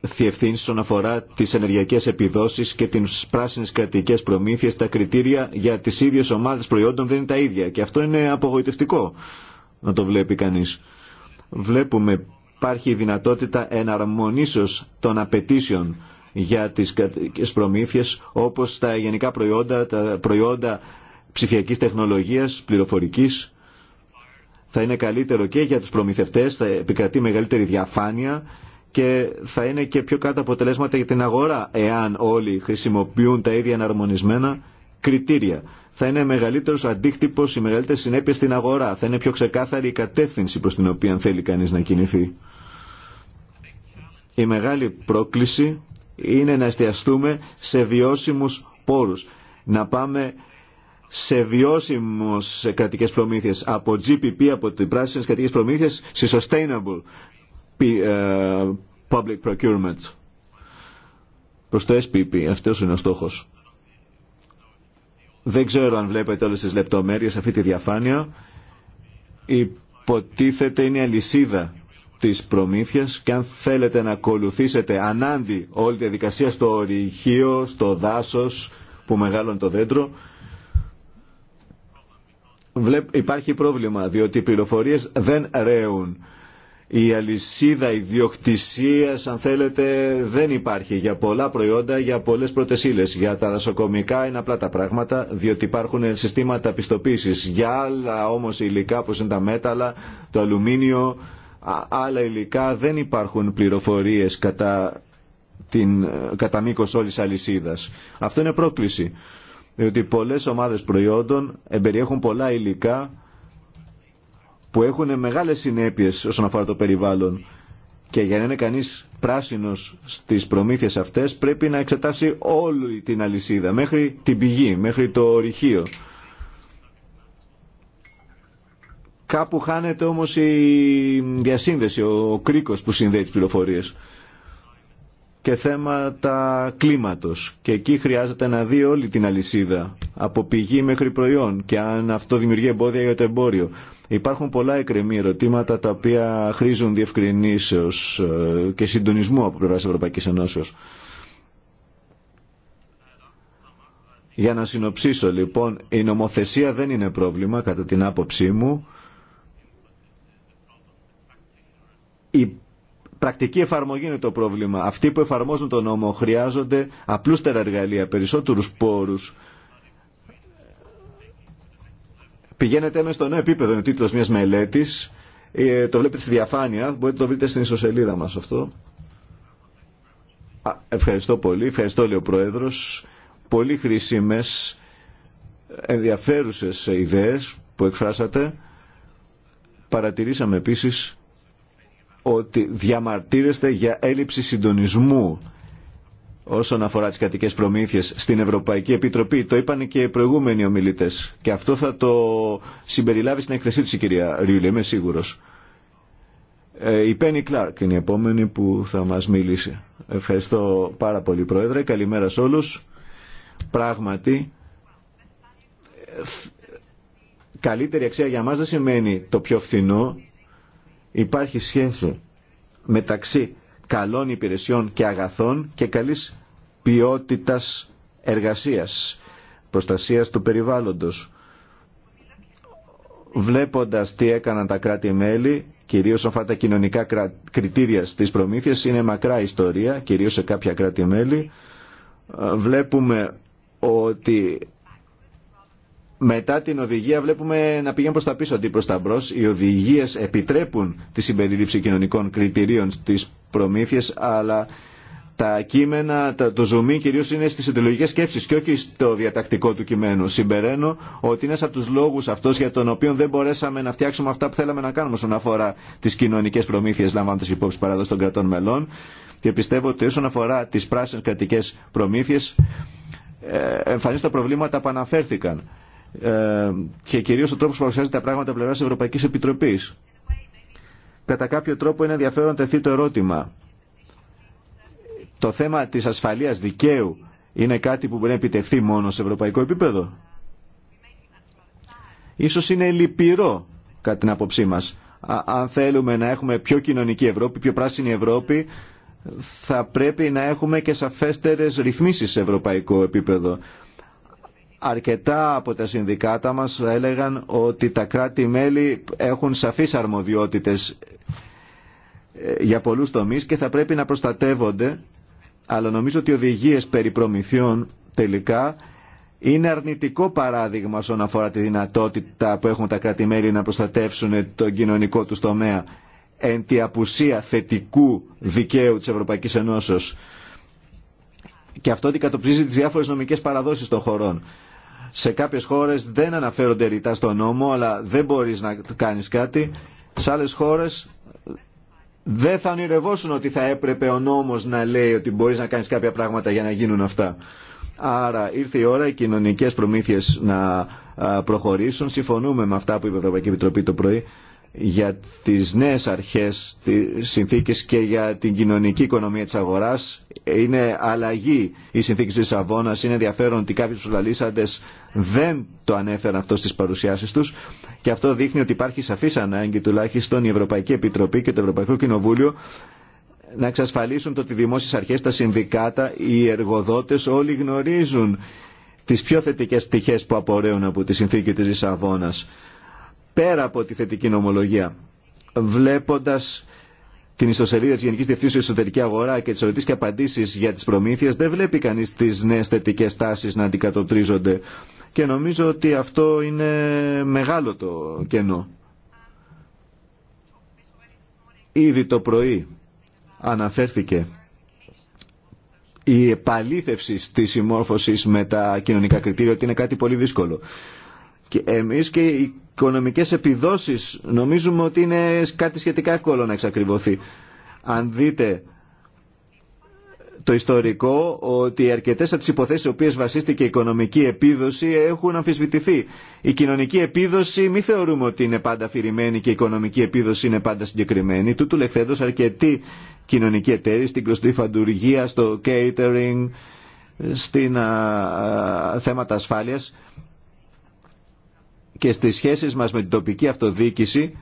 διευθύνσεις όσον αφορά τις ενεργειακές επιδόσεις και τις πράσινες κρατικές προμήθειες. Τα κριτήρια για τις ίδιες ομάδες προϊόντων δεν είναι τα ίδια και αυτό είναι απογοητευτικό να το βλέπει κανείς. Βλέπουμε υπάρχει η δυνατότητα εναρμονίσεως των απαιτήσεων για τις προμήθειες όπως τα γενικά προϊόντα, τα προϊόντα ψηφιακής τεχνολογίας, πληροφορικής. Θα είναι καλύτερο και για τους προμηθευτές, θα επικρατεί μεγαλύτερη διαφάνεια και θα είναι και πιο κάτω αποτελέσματα για την αγορά εάν όλοι χρησιμοποιούν τα ίδια αναρμονισμένα κριτήρια. Θα είναι μεγαλύτερος αντίκτυπος, οι μεγαλύτερες συνέπειες στην αγορά. Θα είναι πιο ξεκάθαρη η κατεύθυνση προς την οποία θέλει κανείς να κινηθεί. Η μεγάλη πρόκληση είναι να εστιαστούμε σε βιώσιμους πόρους. Να πάμε σε βιώσιμους κρατικές προμήθειες, από GPP, από την πράσινες κρατικές προμήθειες, σε sustainable ε, public procurement. Προς το SPP, αυτός είναι ο στόχος. Δεν ξέρω αν βλέπετε όλες τις λεπτομέρειες αυτή τη διαφάνεια. Υποτίθεται είναι η αλυσίδα της προμήθειας και αν θέλετε να ακολουθήσετε ανάντι όλη τη διαδικασία στο ορυχείο, στο δάσος που μεγάλωνε το δέντρο υπάρχει πρόβλημα διότι οι πληροφορίες δεν ρέουν η αλυσίδα ιδιοκτησίας αν θέλετε δεν υπάρχει για πολλά προϊόντα, για πολλές πρωτεσίλε. για τα δασοκομικά είναι απλά τα πράγματα διότι υπάρχουν συστήματα πιστοποίηση. για άλλα όμω υλικά όπω είναι τα μέταλλα, το αλουμίνιο άλλα υλικά δεν υπάρχουν πληροφορίες κατά, την, κατά μήκος όλης αλυσίδας. Αυτό είναι πρόκληση, διότι πολλές ομάδες προϊόντων εμπεριέχουν πολλά υλικά που έχουν μεγάλες συνέπειες όσον αφορά το περιβάλλον και για να είναι κανείς πράσινος στις προμήθειες αυτές πρέπει να εξετάσει όλη την αλυσίδα μέχρι την πηγή, μέχρι το ορυχείο. Κάπου χάνεται όμως η διασύνδεση, ο κρίκος που συνδέει τις πληροφορίες και θέματα κλίματος. Και εκεί χρειάζεται να δει όλη την αλυσίδα, από πηγή μέχρι προϊόν και αν αυτό δημιουργεί εμπόδια για το εμπόριο. Υπάρχουν πολλά εκκρεμή ερωτήματα τα οποία χρήζουν διευκρινήσεως ε, και συντονισμού από πλευράς Ευρωπαϊκή Ενώσεω. Για να συνοψίσω λοιπόν, η νομοθεσία δεν είναι πρόβλημα κατά την άποψή μου. Η πρακτική εφαρμογή είναι το πρόβλημα. Αυτοί που εφαρμόζουν τον νόμο χρειάζονται απλούστερα εργαλεία, περισσότερους πόρους. Πηγαίνετε μέσα στο νέο επίπεδο, είναι ο τίτλος μιας μελέτης. Ε, το βλέπετε στη διαφάνεια, μπορείτε να το βρείτε στην ισοσελίδα μας αυτό. ευχαριστώ πολύ, ευχαριστώ λέει ο Πρόεδρος. Πολύ χρήσιμες, ενδιαφέρουσες ιδέες που εκφράσατε. Παρατηρήσαμε επίσης ότι διαμαρτύρεστε για έλλειψη συντονισμού όσον αφορά τις κατοικές προμήθειες στην Ευρωπαϊκή Επιτροπή. Το είπαν και οι προηγούμενοι ομιλητές και αυτό θα το συμπεριλάβει στην εκθεσή της η κυρία Ρίουλη, είμαι σίγουρος. Ε, η Πένι Κλάρκ είναι η επόμενη που θα μας μιλήσει. Ευχαριστώ πάρα πολύ Πρόεδρε, καλημέρα σε όλους. Πράγματι, ε, καλύτερη αξία για μας δεν σημαίνει το πιο φθηνό, υπάρχει σχέση μεταξύ καλών υπηρεσιών και αγαθών και καλής ποιότητας εργασίας, προστασίας του περιβάλλοντος. Βλέποντας τι έκαναν τα κράτη-μέλη, κυρίως αυτά τα κοινωνικά κριτήρια στις προμήθειες, είναι μακρά ιστορία, κυρίως σε κάποια κράτη-μέλη, ε, βλέπουμε ότι μετά την οδηγία βλέπουμε να πηγαίνουν προς τα πίσω αντί προς τα μπρος. Οι οδηγίες επιτρέπουν τη συμπερίληψη κοινωνικών κριτηρίων στις προμήθειες, αλλά τα κείμενα, το ζουμί κυρίω είναι στι συντολογικέ σκέψει και όχι στο διατακτικό του κειμένου. Συμπεραίνω ότι είναι από του λόγου αυτό για τον οποίο δεν μπορέσαμε να φτιάξουμε αυτά που θέλαμε να κάνουμε όσον αφορά τι κοινωνικέ προμήθειε, λαμβάνοντα υπόψη παραδόση των κρατών μελών. Και πιστεύω ότι όσον αφορά τι πράσινε κρατικέ προμήθειε, ε, εμφανίζονται προβλήματα που αναφέρθηκαν. Ε, και κυρίως ο τρόπος που παρουσιάζεται τα πράγματα πλευρά της Ευρωπαϊκής Επιτροπής. Κατά κάποιο τρόπο είναι ενδιαφέρον να τεθεί το ερώτημα. Το θέμα της ασφαλείας δικαίου είναι κάτι που μπορεί να επιτευχθεί μόνο σε ευρωπαϊκό επίπεδο. Ίσως είναι λυπηρό κατά την άποψή μας. Αν θέλουμε να έχουμε πιο κοινωνική Ευρώπη, πιο πράσινη Ευρώπη, θα πρέπει να έχουμε και σαφέστερες ρυθμίσεις σε ευρωπαϊκό επίπεδο αρκετά από τα συνδικάτα μας έλεγαν ότι τα κράτη-μέλη έχουν σαφείς αρμοδιότητες ε, για πολλούς τομείς και θα πρέπει να προστατεύονται, αλλά νομίζω ότι οι οδηγίες περί προμηθειών τελικά είναι αρνητικό παράδειγμα όσον αφορά τη δυνατότητα που έχουν τα κράτη-μέλη να προστατεύσουν τον κοινωνικό του τομέα εν τη απουσία θετικού δικαίου της Ευρωπαϊκής Ενώσεως. Και αυτό αντικατοπτρίζει τις διάφορες νομικές παραδόσεις των χωρών. Σε κάποιες χώρες δεν αναφέρονται ρητά στον νόμο, αλλά δεν μπορείς να κάνεις κάτι. Σε άλλες χώρες δεν θα ονειρευόσουν ότι θα έπρεπε ο νόμος να λέει ότι μπορείς να κάνεις κάποια πράγματα για να γίνουν αυτά. Άρα ήρθε η ώρα οι κοινωνικές προμήθειες να προχωρήσουν. Συμφωνούμε με αυτά που είπε η Ευρωπαϊκή Επιτροπή το πρωί για τις νέες αρχές της συνθήκης και για την κοινωνική οικονομία της αγοράς. Είναι αλλαγή η συνθήκη της Αβώνας. Είναι ενδιαφέρον ότι κάποιοι προσλαλήσαντες δεν το ανέφεραν αυτό στις παρουσιάσεις τους και αυτό δείχνει ότι υπάρχει σαφής ανάγκη τουλάχιστον η Ευρωπαϊκή Επιτροπή και το Ευρωπαϊκό Κοινοβούλιο να εξασφαλίσουν το ότι οι δημόσιες αρχές, τα συνδικάτα, οι εργοδότες όλοι γνωρίζουν τις πιο θετικές πτυχές που απορρέουν από τη συνθήκη της πέρα από τη θετική νομολογία, βλέποντας την ιστοσελίδα τη Γενική Διευθύνσεω Εσωτερική Αγορά και τι ερωτήσει και απαντήσει για τι προμήθειε, δεν βλέπει κανεί τι νέε θετικέ τάσει να αντικατοπτρίζονται. Και νομίζω ότι αυτό είναι μεγάλο το κενό. Ήδη το πρωί αναφέρθηκε η επαλήθευση της συμμόρφωσης με τα κοινωνικά κριτήρια ότι είναι κάτι πολύ δύσκολο. Και εμείς και οι οικονομικές επιδόσεις νομίζουμε ότι είναι κάτι σχετικά εύκολο να εξακριβωθεί. Αν δείτε το ιστορικό ότι αρκετέ από τι υποθέσει στι οποίε βασίστηκε η οικονομική επίδοση έχουν αμφισβητηθεί. Η κοινωνική επίδοση μη θεωρούμε ότι είναι πάντα αφηρημένη και η οικονομική επίδοση είναι πάντα συγκεκριμένη. Τούτου λεχθέντω αρκετοί κοινωνικοί εταίροι στην κλωστή φαντουργία, στο catering, στην θέματα ασφάλεια και στις σχέσεις μας με την τοπική αυτοδίκηση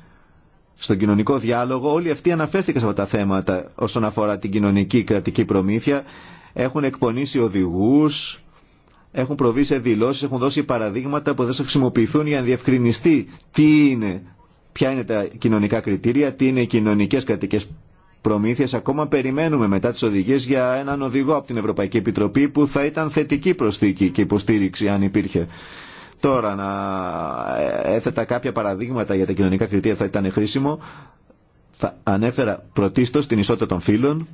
στον κοινωνικό διάλογο, όλοι αυτοί αναφέρθηκαν σε αυτά τα θέματα όσον αφορά την κοινωνική κρατική προμήθεια, έχουν εκπονήσει οδηγούς, έχουν προβεί σε δηλώσεις, έχουν δώσει παραδείγματα που δεν θα χρησιμοποιηθούν για να διευκρινιστεί τι είναι, ποια είναι τα κοινωνικά κριτήρια, τι είναι οι κοινωνικές κρατικές προμήθειες. Ακόμα περιμένουμε μετά τις οδηγίες για έναν οδηγό από την Ευρωπαϊκή Επιτροπή που θα ήταν θετική προσθήκη και υποστήριξη αν υπήρχε Τώρα να ε, έθετα κάποια παραδείγματα για τα κοινωνικά κριτήρια θα ήταν χρήσιμο. Θα ανέφερα πρωτίστως την ισότητα των φύλων.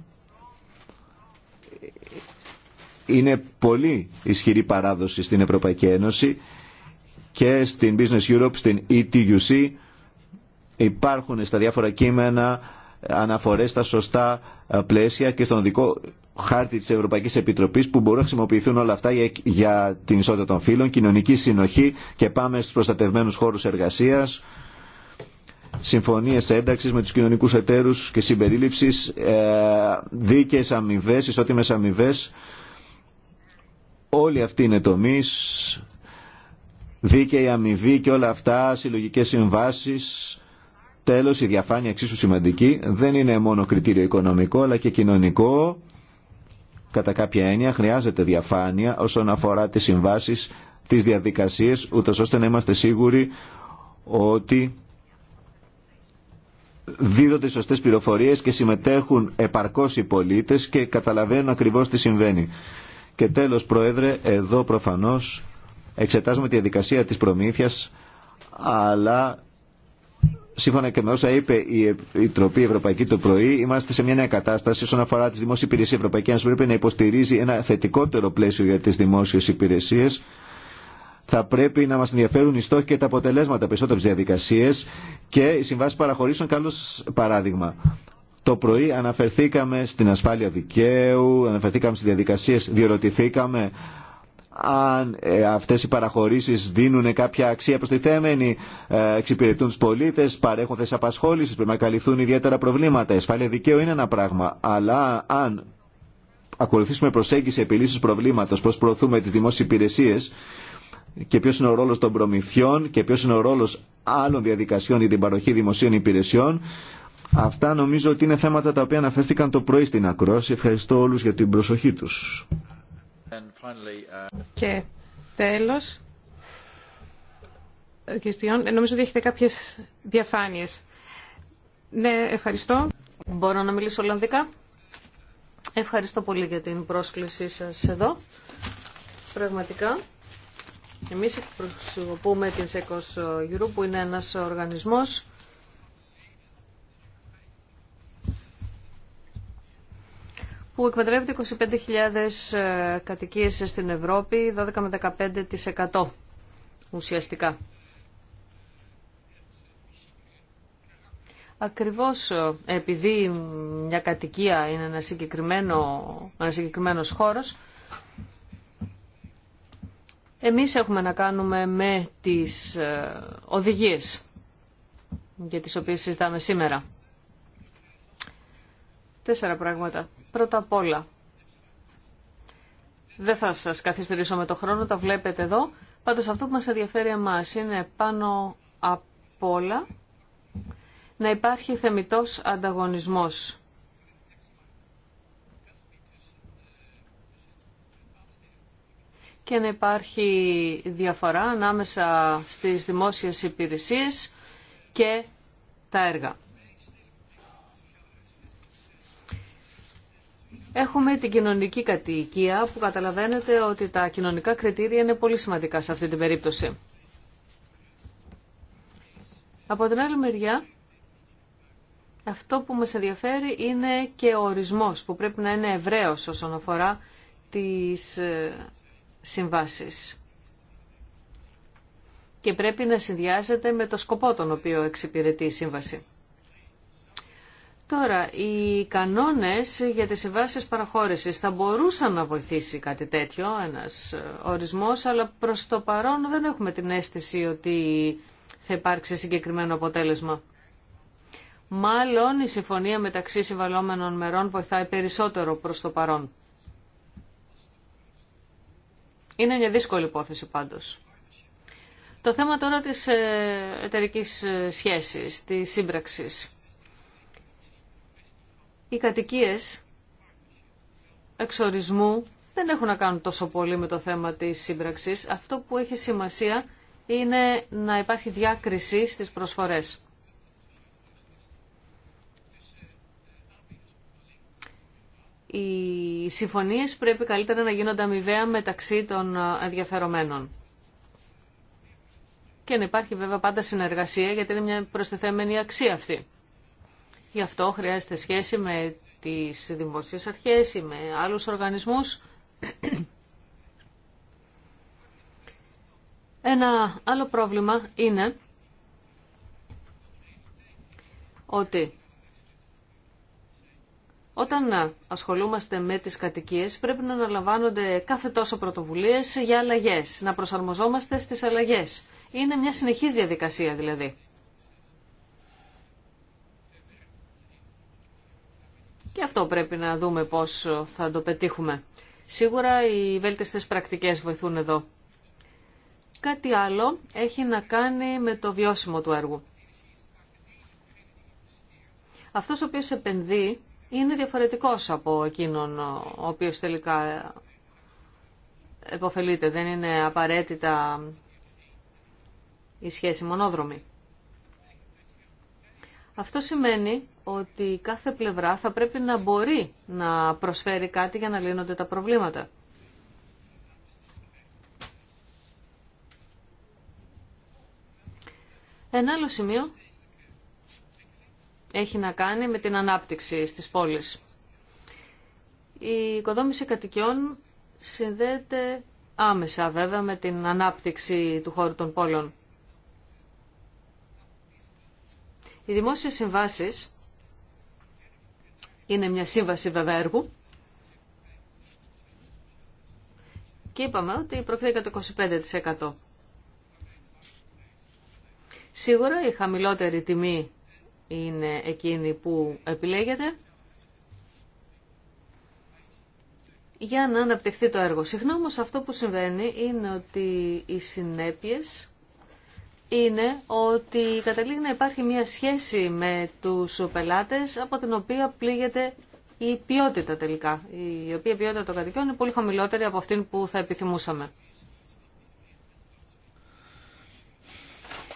Είναι πολύ ισχυρή παράδοση στην Ευρωπαϊκή Ένωση και στην Business Europe, στην ETUC υπάρχουν στα διάφορα κείμενα αναφορές στα σωστά ε, πλαίσια και στον οδικό χάρτη της Ευρωπαϊκής Επιτροπής που μπορούν να χρησιμοποιηθούν όλα αυτά για την ισότητα των φύλων, κοινωνική συνοχή και πάμε στους προστατευμένους χώρους εργασίας, συμφωνίες ένταξης με τους κοινωνικούς εταίρους και συμπερίληψης, ε, δίκαιες αμοιβέ, ισότιμες αμοιβέ. Όλοι αυτοί είναι τομεί, δίκαιη αμοιβή και όλα αυτά, συλλογικές συμβάσεις, Τέλος, η διαφάνεια εξίσου σημαντική δεν είναι μόνο κριτήριο οικονομικό αλλά και κοινωνικό Κατά κάποια έννοια χρειάζεται διαφάνεια όσον αφορά τις συμβάσεις, τις διαδικασίες, ούτως ώστε να είμαστε σίγουροι ότι δίδονται σωστές πληροφορίες και συμμετέχουν επαρκώς οι πολίτες και καταλαβαίνουν ακριβώς τι συμβαίνει. Και τέλος, Πρόεδρε, εδώ προφανώς εξετάζουμε τη διαδικασία της προμήθειας, αλλά σύμφωνα και με όσα είπε η Τροπή Ευρωπαϊκή το πρωί, είμαστε σε μια νέα κατάσταση όσον αφορά τι δημόσιε υπηρεσίε. Η Ευρωπαϊκή Ένωση πρέπει να υποστηρίζει ένα θετικότερο πλαίσιο για τι δημόσιε υπηρεσίε. Θα πρέπει να μα ενδιαφέρουν οι στόχοι και τα αποτελέσματα περισσότερε διαδικασίε και οι συμβάσει παραχωρήσεων καλό παράδειγμα. Το πρωί αναφερθήκαμε στην ασφάλεια δικαίου, αναφερθήκαμε στι διαδικασίε, διερωτηθήκαμε αν ε, αυτές οι παραχωρήσεις δίνουν κάποια αξία προστιθέμενη, ε, εξυπηρετούν τους πολίτες, παρέχουν θέσεις απασχόλησης, πρέπει να καλυφθούν ιδιαίτερα προβλήματα. εσφάλεια δικαίου είναι ένα πράγμα, αλλά αν ακολουθήσουμε προσέγγιση επιλύσεις προβλήματος, πώς προωθούμε τις δημόσιες υπηρεσίες και ποιος είναι ο ρόλος των προμηθειών και ποιος είναι ο ρόλος άλλων διαδικασιών για την παροχή δημοσίων υπηρεσιών, Αυτά νομίζω ότι είναι θέματα τα οποία αναφέρθηκαν το πρωί στην ακρόαση. Ευχαριστώ όλους για την προσοχή τους. Uh, Και τέλος, ε, ε, νομίζω ότι έχετε κάποιες διαφάνειες. Ναι, ευχαριστώ. Μπορώ να μιλήσω Ολλανδικά. Ευχαριστώ πολύ για την πρόσκλησή σας εδώ. Πραγματικά, εμείς εκπροσωπούμε την ΣΕΚΟΣ Γιουρού που είναι ένας οργανισμός που εκμετρεύεται 25.000 ε, κατοικίες στην Ευρώπη, 12 με 15% ουσιαστικά. Ακριβώς ε, επειδή μια κατοικία είναι ένα συγκεκριμένο, ένας συγκεκριμένος χώρος, εμείς έχουμε να κάνουμε με τις ε, οδηγίες για τις οποίες συζητάμε σήμερα. Τέσσερα πράγματα Πρώτα απ' όλα, δεν θα σας καθυστερήσω με το χρόνο, τα βλέπετε εδώ. Πάντως αυτό που μας ενδιαφέρει εμάς είναι πάνω απ' όλα να υπάρχει θεμητός ανταγωνισμός. και να υπάρχει διαφορά ανάμεσα στις δημόσιες υπηρεσίες και τα έργα. Έχουμε την κοινωνική κατοικία που καταλαβαίνετε ότι τα κοινωνικά κριτήρια είναι πολύ σημαντικά σε αυτή την περίπτωση. Από την άλλη μεριά, αυτό που μας ενδιαφέρει είναι και ο ορισμός που πρέπει να είναι ευραίος όσον αφορά τις ε, συμβάσεις. Και πρέπει να συνδυάζεται με το σκοπό τον οποίο εξυπηρετεί η σύμβαση. Τώρα, οι κανόνες για τις συμβάσεις παραχώρησης θα μπορούσαν να βοηθήσει κάτι τέτοιο, ένας ε, ορισμός, αλλά προς το παρόν δεν έχουμε την αίσθηση ότι θα υπάρξει συγκεκριμένο αποτέλεσμα. Μάλλον η συμφωνία μεταξύ συμβαλόμενων μερών βοηθάει περισσότερο προς το παρόν. Είναι μια δύσκολη υπόθεση πάντως. Το θέμα τώρα της ε, εταιρικής ε, σχέσης, της σύμπραξης οι κατοικίες εξορισμού δεν έχουν να κάνουν τόσο πολύ με το θέμα της σύμπραξης. Αυτό που έχει σημασία είναι να υπάρχει διάκριση στις προσφορές. Οι συμφωνίες πρέπει καλύτερα να γίνονται αμοιβαία μεταξύ των ενδιαφερομένων. Και να υπάρχει βέβαια πάντα συνεργασία γιατί είναι μια προστιθέμενη αξία αυτή. Γι' αυτό χρειάζεται σχέση με τις δημοσίες αρχές ή με άλλους οργανισμούς. Ένα άλλο πρόβλημα είναι ότι όταν ασχολούμαστε με τις κατοικίες πρέπει να αναλαμβάνονται κάθε τόσο πρωτοβουλίες για αλλαγές, να προσαρμοζόμαστε στις αλλαγές. Είναι μια συνεχής διαδικασία δηλαδή. Και αυτό πρέπει να δούμε πώς θα το πετύχουμε. Σίγουρα οι βέλτιστες πρακτικές βοηθούν εδώ. Κάτι άλλο έχει να κάνει με το βιώσιμο του έργου. Αυτός ο οποίος επενδύει είναι διαφορετικός από εκείνον ο οποίος τελικά επωφελείται. Δεν είναι απαραίτητα η σχέση μονόδρομη. Αυτό σημαίνει ότι κάθε πλευρά θα πρέπει να μπορεί να προσφέρει κάτι για να λύνονται τα προβλήματα. Ένα άλλο σημείο έχει να κάνει με την ανάπτυξη στις πόλεις. Η οικοδόμηση κατοικιών συνδέεται άμεσα βέβαια με την ανάπτυξη του χώρου των πόλεων. Οι δημόσιες συμβάσεις είναι μια σύμβαση βέβαια έργου και είπαμε ότι προκρίνεται το 25%. Σίγουρα η χαμηλότερη τιμή είναι εκείνη που επιλέγεται για να αναπτυχθεί το έργο. Συχνά όμως αυτό που συμβαίνει είναι ότι οι συνέπειες είναι ότι καταλήγει να υπάρχει μια σχέση με τους πελάτες από την οποία πλήγεται η ποιότητα τελικά, η οποία ποιότητα των κατοικιών είναι πολύ χαμηλότερη από αυτήν που θα επιθυμούσαμε.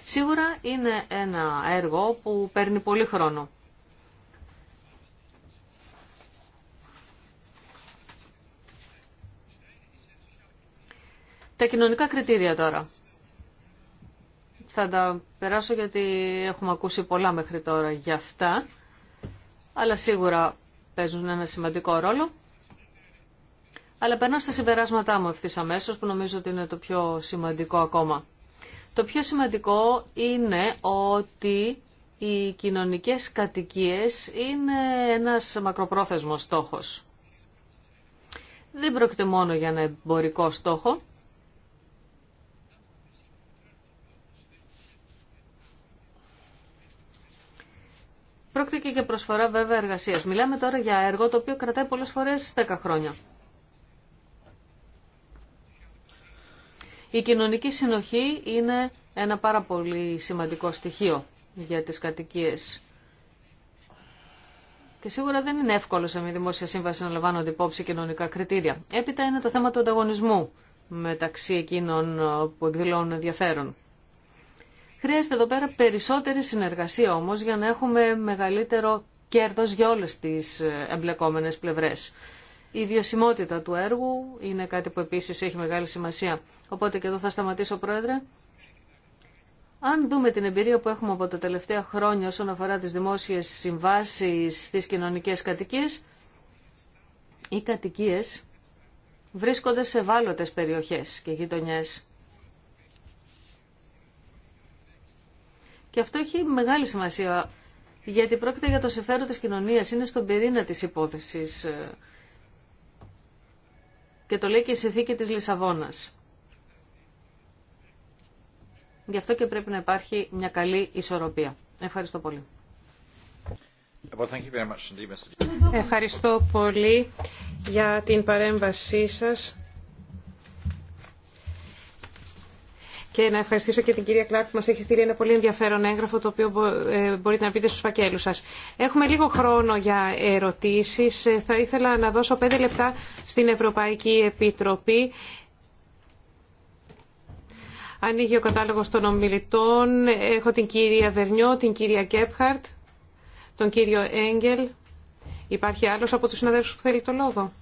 Σίγουρα είναι ένα έργο που παίρνει πολύ χρόνο. Τα κοινωνικά κριτήρια τώρα. Θα τα περάσω γιατί έχουμε ακούσει πολλά μέχρι τώρα για αυτά, αλλά σίγουρα παίζουν ένα σημαντικό ρόλο. Αλλά περνάω στα συμπεράσματά μου ευθύ αμέσω, που νομίζω ότι είναι το πιο σημαντικό ακόμα. Το πιο σημαντικό είναι ότι οι κοινωνικές κατοικίες είναι ένας μακροπρόθεσμος στόχος. Δεν πρόκειται μόνο για ένα εμπορικό στόχο, Πρόκειται και για προσφορά βέβαια εργασίας. Μιλάμε τώρα για έργο το οποίο κρατάει πολλές φορές 10 χρόνια. Η κοινωνική συνοχή είναι ένα πάρα πολύ σημαντικό στοιχείο για τις κατοικίες. Και σίγουρα δεν είναι εύκολο σε μια δημόσια σύμβαση να λαμβάνονται υπόψη κοινωνικά κριτήρια. Έπειτα είναι το θέμα του ανταγωνισμού μεταξύ εκείνων που εκδηλώνουν ενδιαφέρον. Χρειάζεται εδώ πέρα περισσότερη συνεργασία όμως για να έχουμε μεγαλύτερο κέρδος για όλες τις ε, εμπλεκόμενες πλευρές. Η βιωσιμότητα του έργου είναι κάτι που επίσης έχει μεγάλη σημασία. Οπότε και εδώ θα σταματήσω, Πρόεδρε. Αν δούμε την εμπειρία που έχουμε από τα τελευταία χρόνια όσον αφορά τις δημόσιες συμβάσεις στις κοινωνικές κατοικίες, οι κατοικίες βρίσκονται σε ευάλωτε περιοχές και γειτονιές. Και αυτό έχει μεγάλη σημασία, γιατί πρόκειται για το συμφέρον της κοινωνίας, είναι στον πυρήνα της υπόθεσης. Ε, και το λέει και η συνθήκη της Λισαβόνας. Γι' αυτό και πρέπει να υπάρχει μια καλή ισορροπία. Ευχαριστώ πολύ. Ευχαριστώ πολύ για την παρέμβασή σας. και να ευχαριστήσω και την κυρία Κλάρκ που μα έχει στείλει ένα πολύ ενδιαφέρον έγγραφο το οποίο ε, μπορείτε να πείτε στου φακέλου σα. Έχουμε λίγο χρόνο για ερωτήσει. Ε, θα ήθελα να δώσω πέντε λεπτά στην Ευρωπαϊκή Επιτροπή. Ανοίγει ο κατάλογο των ομιλητών. Έχω την κυρία Βερνιό, την κυρία Γκέπχαρτ, τον κύριο Έγγελ. Υπάρχει άλλο από του συναδέλφου που θέλει το λόγο.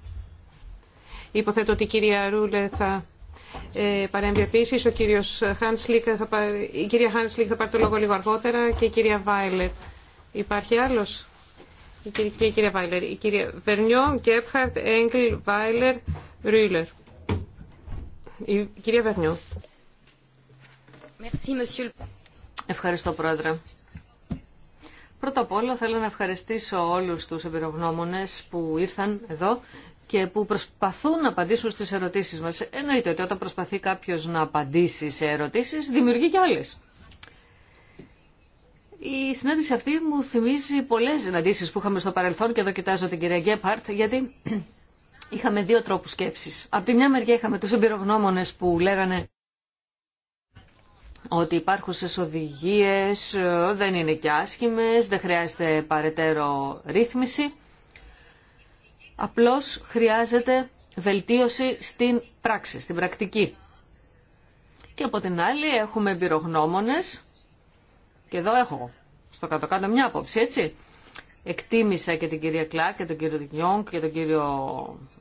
Υποθέτω ότι η κυρία Ρούλε θα ε, παρέμβει επίση. Ο κύριος Χάνσλικ η κυρία Χάνσλικ θα πάρει το λόγο λίγο αργότερα και η κυρία Βάιλερ. Υπάρχει άλλος? και η κυρία Βάιλερ. Η κυρία Βερνιό, Γκέπχαρτ, Έγκλ, Βάιλερ, Ρούιλερ. Η κυρία Βερνιό. Ευχαριστώ πρόεδρε. Πρώτα απ' όλα θέλω να ευχαριστήσω όλους τους εμπειρογνώμονες που ήρθαν εδώ και που προσπαθούν να απαντήσουν στις ερωτήσεις μας. Εννοείται ότι όταν προσπαθεί κάποιος να απαντήσει σε ερωτήσεις, δημιουργεί και άλλες. Η συνάντηση αυτή μου θυμίζει πολλές συναντήσεις που είχαμε στο παρελθόν και εδώ κοιτάζω την κυρία Γκέπαρτ, γιατί (clears throat) είχαμε δύο τρόπους σκέψης. Από τη μια μεριά είχαμε τους εμπειρογνώμονες που λέγανε ότι υπάρχουσες οδηγίες ε, δεν είναι και άσχημες, δεν χρειάζεται παρετέρω ρύθμιση. Απλώς χρειάζεται βελτίωση στην πράξη, στην πρακτική. Και από την άλλη έχουμε εμπειρογνώμονες, και εδώ έχω στο κατω μια άποψη, έτσι. Εκτίμησα και την κυρία Κλάκ και τον κύριο Δικιόγκ και τον κύριο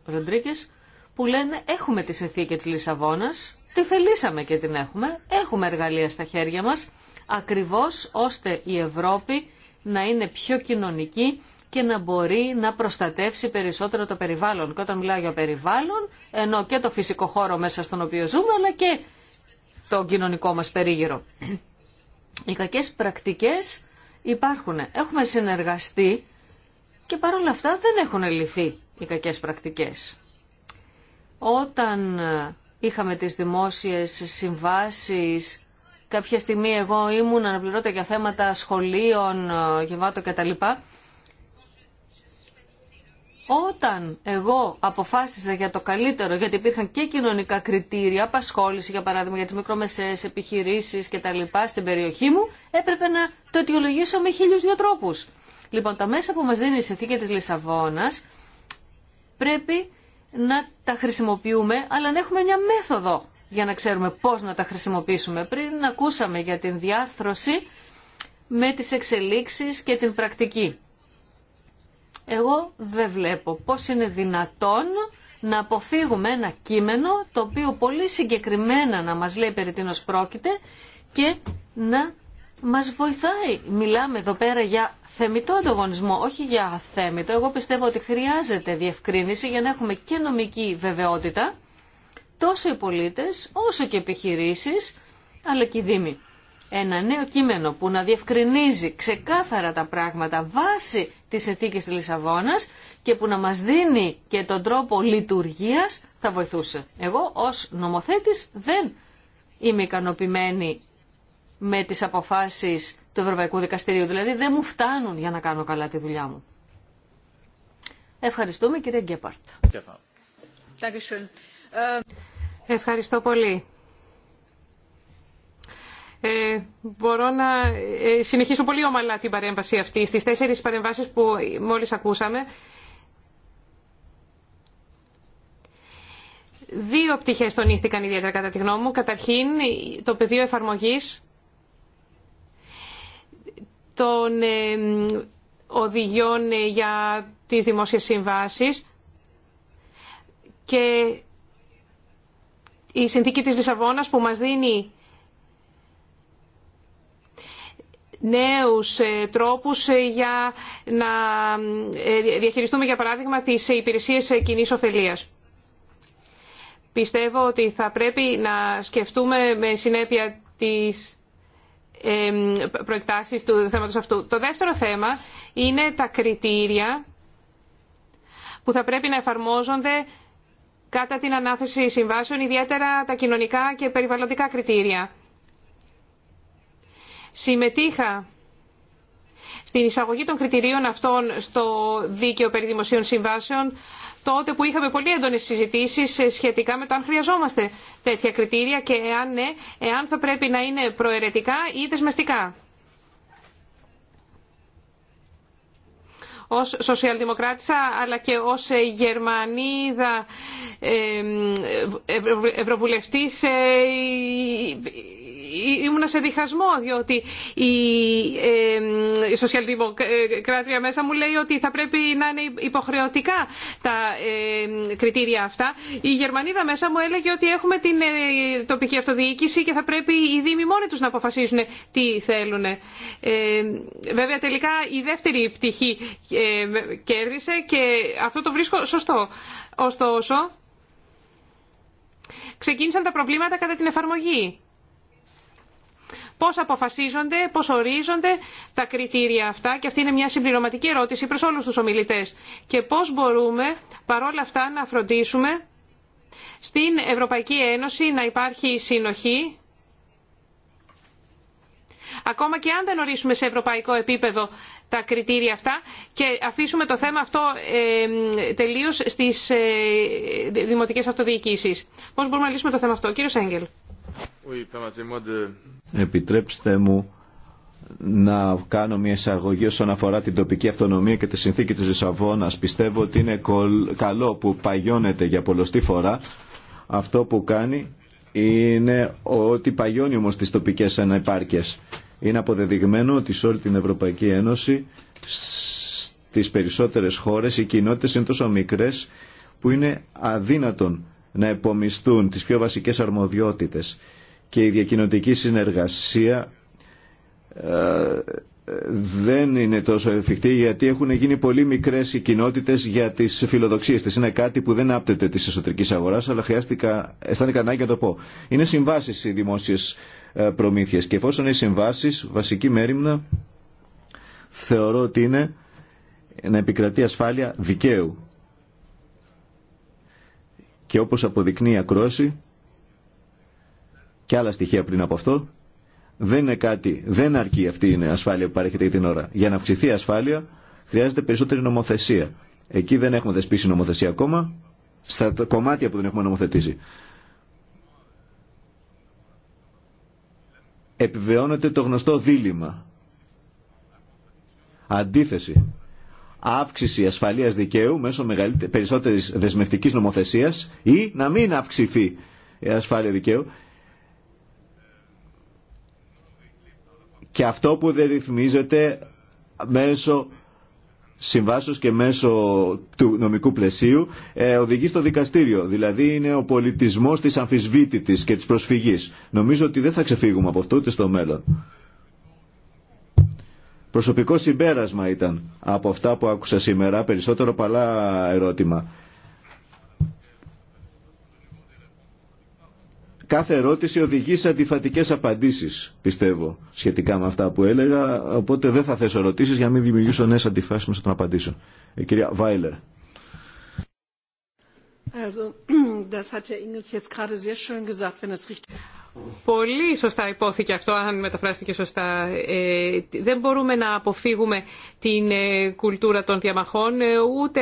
Ροντρίκης, που λένε έχουμε τη συνθήκη της Λισαβόνας, τη θελήσαμε και την έχουμε, έχουμε εργαλεία στα χέρια μας, ακριβώς ώστε η Ευρώπη να είναι πιο κοινωνική και να μπορεί να προστατεύσει περισσότερο το περιβάλλον. Και όταν μιλάω για περιβάλλον, ενώ και το φυσικό χώρο μέσα στον οποίο ζούμε, αλλά και το κοινωνικό μας περίγυρο. (clears throat) Οι κακές πρακτικές υπάρχουν. Έχουμε συνεργαστεί και παρόλα αυτά δεν έχουν λυθεί οι κακές πρακτικές. Όταν ε, είχαμε τις δημόσιες συμβάσεις, κάποια στιγμή εγώ ήμουν αναπληρώτα για θέματα σχολείων, ε, γεμάτο κτλ. Όταν εγώ αποφάσισα για το καλύτερο, γιατί υπήρχαν και κοινωνικά κριτήρια, απασχόληση για παράδειγμα για τι μικρομεσαίε επιχειρήσει κτλ. τα στην περιοχή μου, έπρεπε να το αιτιολογήσω με χίλιου δυο τρόπου. Λοιπόν, τα μέσα που μα δίνει η συνθήκη τη Λισαβόνα πρέπει να τα χρησιμοποιούμε, αλλά να έχουμε μια μέθοδο για να ξέρουμε πώς να τα χρησιμοποιήσουμε. Πριν ακούσαμε για την διάρθρωση με τις εξελίξεις και την πρακτική. Εγώ δεν βλέπω πώς είναι δυνατόν να αποφύγουμε ένα κείμενο το οποίο πολύ συγκεκριμένα να μας λέει περί τίνος πρόκειται και να μας βοηθάει. Μιλάμε εδώ πέρα για θεμητό ανταγωνισμό, όχι για αθέμητο. Εγώ πιστεύω ότι χρειάζεται διευκρίνηση για να έχουμε και νομική βεβαιότητα, τόσο οι πολίτες, όσο και επιχειρήσεις, αλλά και οι δήμοι ένα νέο κείμενο που να διευκρινίζει ξεκάθαρα τα πράγματα βάσει της εθήκης της Λισαβόνας και που να μας δίνει και τον τρόπο λειτουργίας θα βοηθούσε. Εγώ ως νομοθέτης δεν είμαι ικανοποιημένη με τις αποφάσεις του Ευρωπαϊκού Δικαστηρίου. Δηλαδή δεν μου φτάνουν για να κάνω καλά τη δουλειά μου. Ευχαριστούμε κύριε Γκέπαρτ. Ευχαριστώ πολύ. Ε, μπορώ να ε, συνεχίσω πολύ ομαλά την παρέμβαση αυτή. Στις τέσσερις παρεμβάσεις που μόλις ακούσαμε, δύο πτυχές τονίστηκαν ιδιαίτερα κατά τη γνώμη μου. Καταρχήν, το πεδίο εφαρμογής των ε, οδηγιών ε, για τις δημόσιες συμβάσεις και η συνθήκη της Λισαβόνας που μας δίνει νέους ε, τρόπους ε, για να ε, διαχειριστούμε, για παράδειγμα, τις υπηρεσίες κοινής ωφελίας. Πιστεύω ότι θα πρέπει να σκεφτούμε με συνέπεια τις προεκτάσεις του θέματος αυτού. Το δεύτερο θέμα είναι τα κριτήρια που θα πρέπει να εφαρμόζονται κατά την ανάθεση συμβάσεων, ιδιαίτερα τα κοινωνικά και περιβαλλοντικά κριτήρια συμμετείχα στην εισαγωγή των κριτηρίων αυτών στο δίκαιο περί δημοσίων συμβάσεων τότε που είχαμε πολύ έντονε συζητήσει σχετικά με το αν χρειαζόμαστε τέτοια κριτήρια και εάν ναι, εάν θα πρέπει να είναι προαιρετικά ή δεσμευτικά. ως σοσιαλδημοκράτησα αλλά και ως Γερμανίδα ευρωβουλευτής ε, ήμουνα σε διχασμό διότι η, ε, η σοσιαλδημοκράτρια μέσα μου λέει ότι θα πρέπει να είναι υποχρεωτικά τα κριτήρια αυτά. Η Γερμανίδα μέσα μου έλεγε ότι έχουμε την ε, τοπική αυτοδιοίκηση και θα πρέπει οι Δήμοι μόνοι τους να αποφασίζουν τι θέλουν. βέβαια τελικά η δεύτερη πτυχή κέρδισε και αυτό το βρίσκω σωστό. Ωστόσο, ξεκίνησαν τα προβλήματα κατά την εφαρμογή πώ αποφασίζονται, πώ ορίζονται τα κριτήρια αυτά και αυτή είναι μια συμπληρωματική ερώτηση προ όλου του ομιλητές και πώς μπορούμε παρόλα αυτά να φροντίσουμε στην Ευρωπαϊκή Ένωση να υπάρχει συνοχή ακόμα και αν δεν ορίσουμε σε ευρωπαϊκό επίπεδο τα κριτήρια αυτά και αφήσουμε το θέμα αυτό ε, τελείως στις ε, δημοτικές αυτοδιοικήσεις. Πώς μπορούμε να λύσουμε το θέμα αυτό. Κύριο Σέγγελ. Επιτρέψτε μου να κάνω μια εισαγωγή όσον αφορά την τοπική αυτονομία και τη συνθήκη της Λισαβόνας. Πιστεύω ότι είναι καλό που παγιώνεται για πολλωστή φορά. Αυτό που κάνει είναι ότι παγιώνει όμως τις τοπικές ανεπάρκειες. Είναι αποδεδειγμένο ότι σε όλη την Ευρωπαϊκή Ένωση στις περισσότερες χώρες οι κοινότητες είναι τόσο μικρές που είναι αδύνατον να επομιστούν τις πιο βασικές αρμοδιότητες και η διακοινωτική συνεργασία ε, δεν είναι τόσο εφικτή γιατί έχουν γίνει πολύ μικρές οι κοινότητες για τις φιλοδοξίες της. Είναι κάτι που δεν άπτεται της εσωτερικής αγοράς αλλά χρειάστηκα, κανένα για να το πω. Είναι συμβάσεις οι δημόσιες ε, προμήθειες και εφόσον είναι συμβάσεις βασική μέρημνα θεωρώ ότι είναι να επικρατεί ασφάλεια δικαίου και όπως αποδεικνύει η ακρόαση και άλλα στοιχεία πριν από αυτό, δεν είναι κάτι, δεν αρκεί αυτή η ασφάλεια που παρέχεται για την ώρα. Για να αυξηθεί η ασφάλεια χρειάζεται περισσότερη νομοθεσία. Εκεί δεν έχουμε δεσπίσει νομοθεσία ακόμα, στα κομμάτια που δεν έχουμε νομοθετήσει. Επιβεώνεται το γνωστό δίλημα. Αντίθεση αύξηση ασφαλεία δικαίου μέσω περισσότερη δεσμευτική νομοθεσία ή να μην αυξηθεί η ασφάλεια δικαίου. Και αυτό που δεν ρυθμίζεται μέσω συμβάσεως και μέσω του νομικού πλαισίου ε, οδηγεί στο δικαστήριο. Δηλαδή είναι ο πολιτισμός της αμφισβήτητης και της προσφυγής. Νομίζω ότι δεν θα ξεφύγουμε από αυτό ούτε στο μέλλον. Προσωπικό συμπέρασμα ήταν από αυτά που άκουσα σήμερα, περισσότερο παλά ερώτημα. Κάθε ερώτηση οδηγεί σε αντιφατικές απαντήσεις, πιστεύω, σχετικά με αυτά που έλεγα, οπότε δεν θα θέσω ερωτήσεις για να μην δημιουργήσω νέες αντιφάσεις μέσα των απαντήσεων. Η ε, κυρία Βάιλερ. Πολύ σωστά υπόθηκε αυτό, αν μεταφράστηκε σωστά. Ε, δεν μπορούμε να αποφύγουμε την ε, κουλτούρα των διαμαχών, ε, ούτε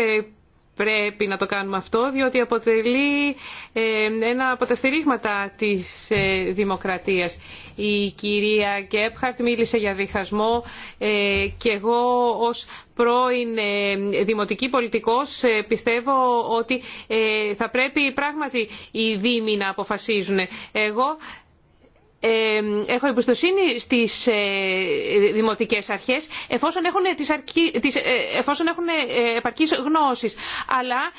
πρέπει να το κάνουμε αυτό, διότι αποτελεί ε, ένα από τα στηρίγματα της ε, δημοκρατίας. Η κυρία Κέπχαρτ μίλησε για διχασμό ε, και εγώ ως πρώην δημοτική πολιτικός πιστεύω ότι θα πρέπει πράγματι οι δήμοι να αποφασίζουν. Εγώ έχω εμπιστοσύνη στις ε, δημοτικές αρχές εφόσον έχουν, τις αρκεί, τις, ε, εφόσον έχουν ε, επαρκείς γνώσεις. Αλλά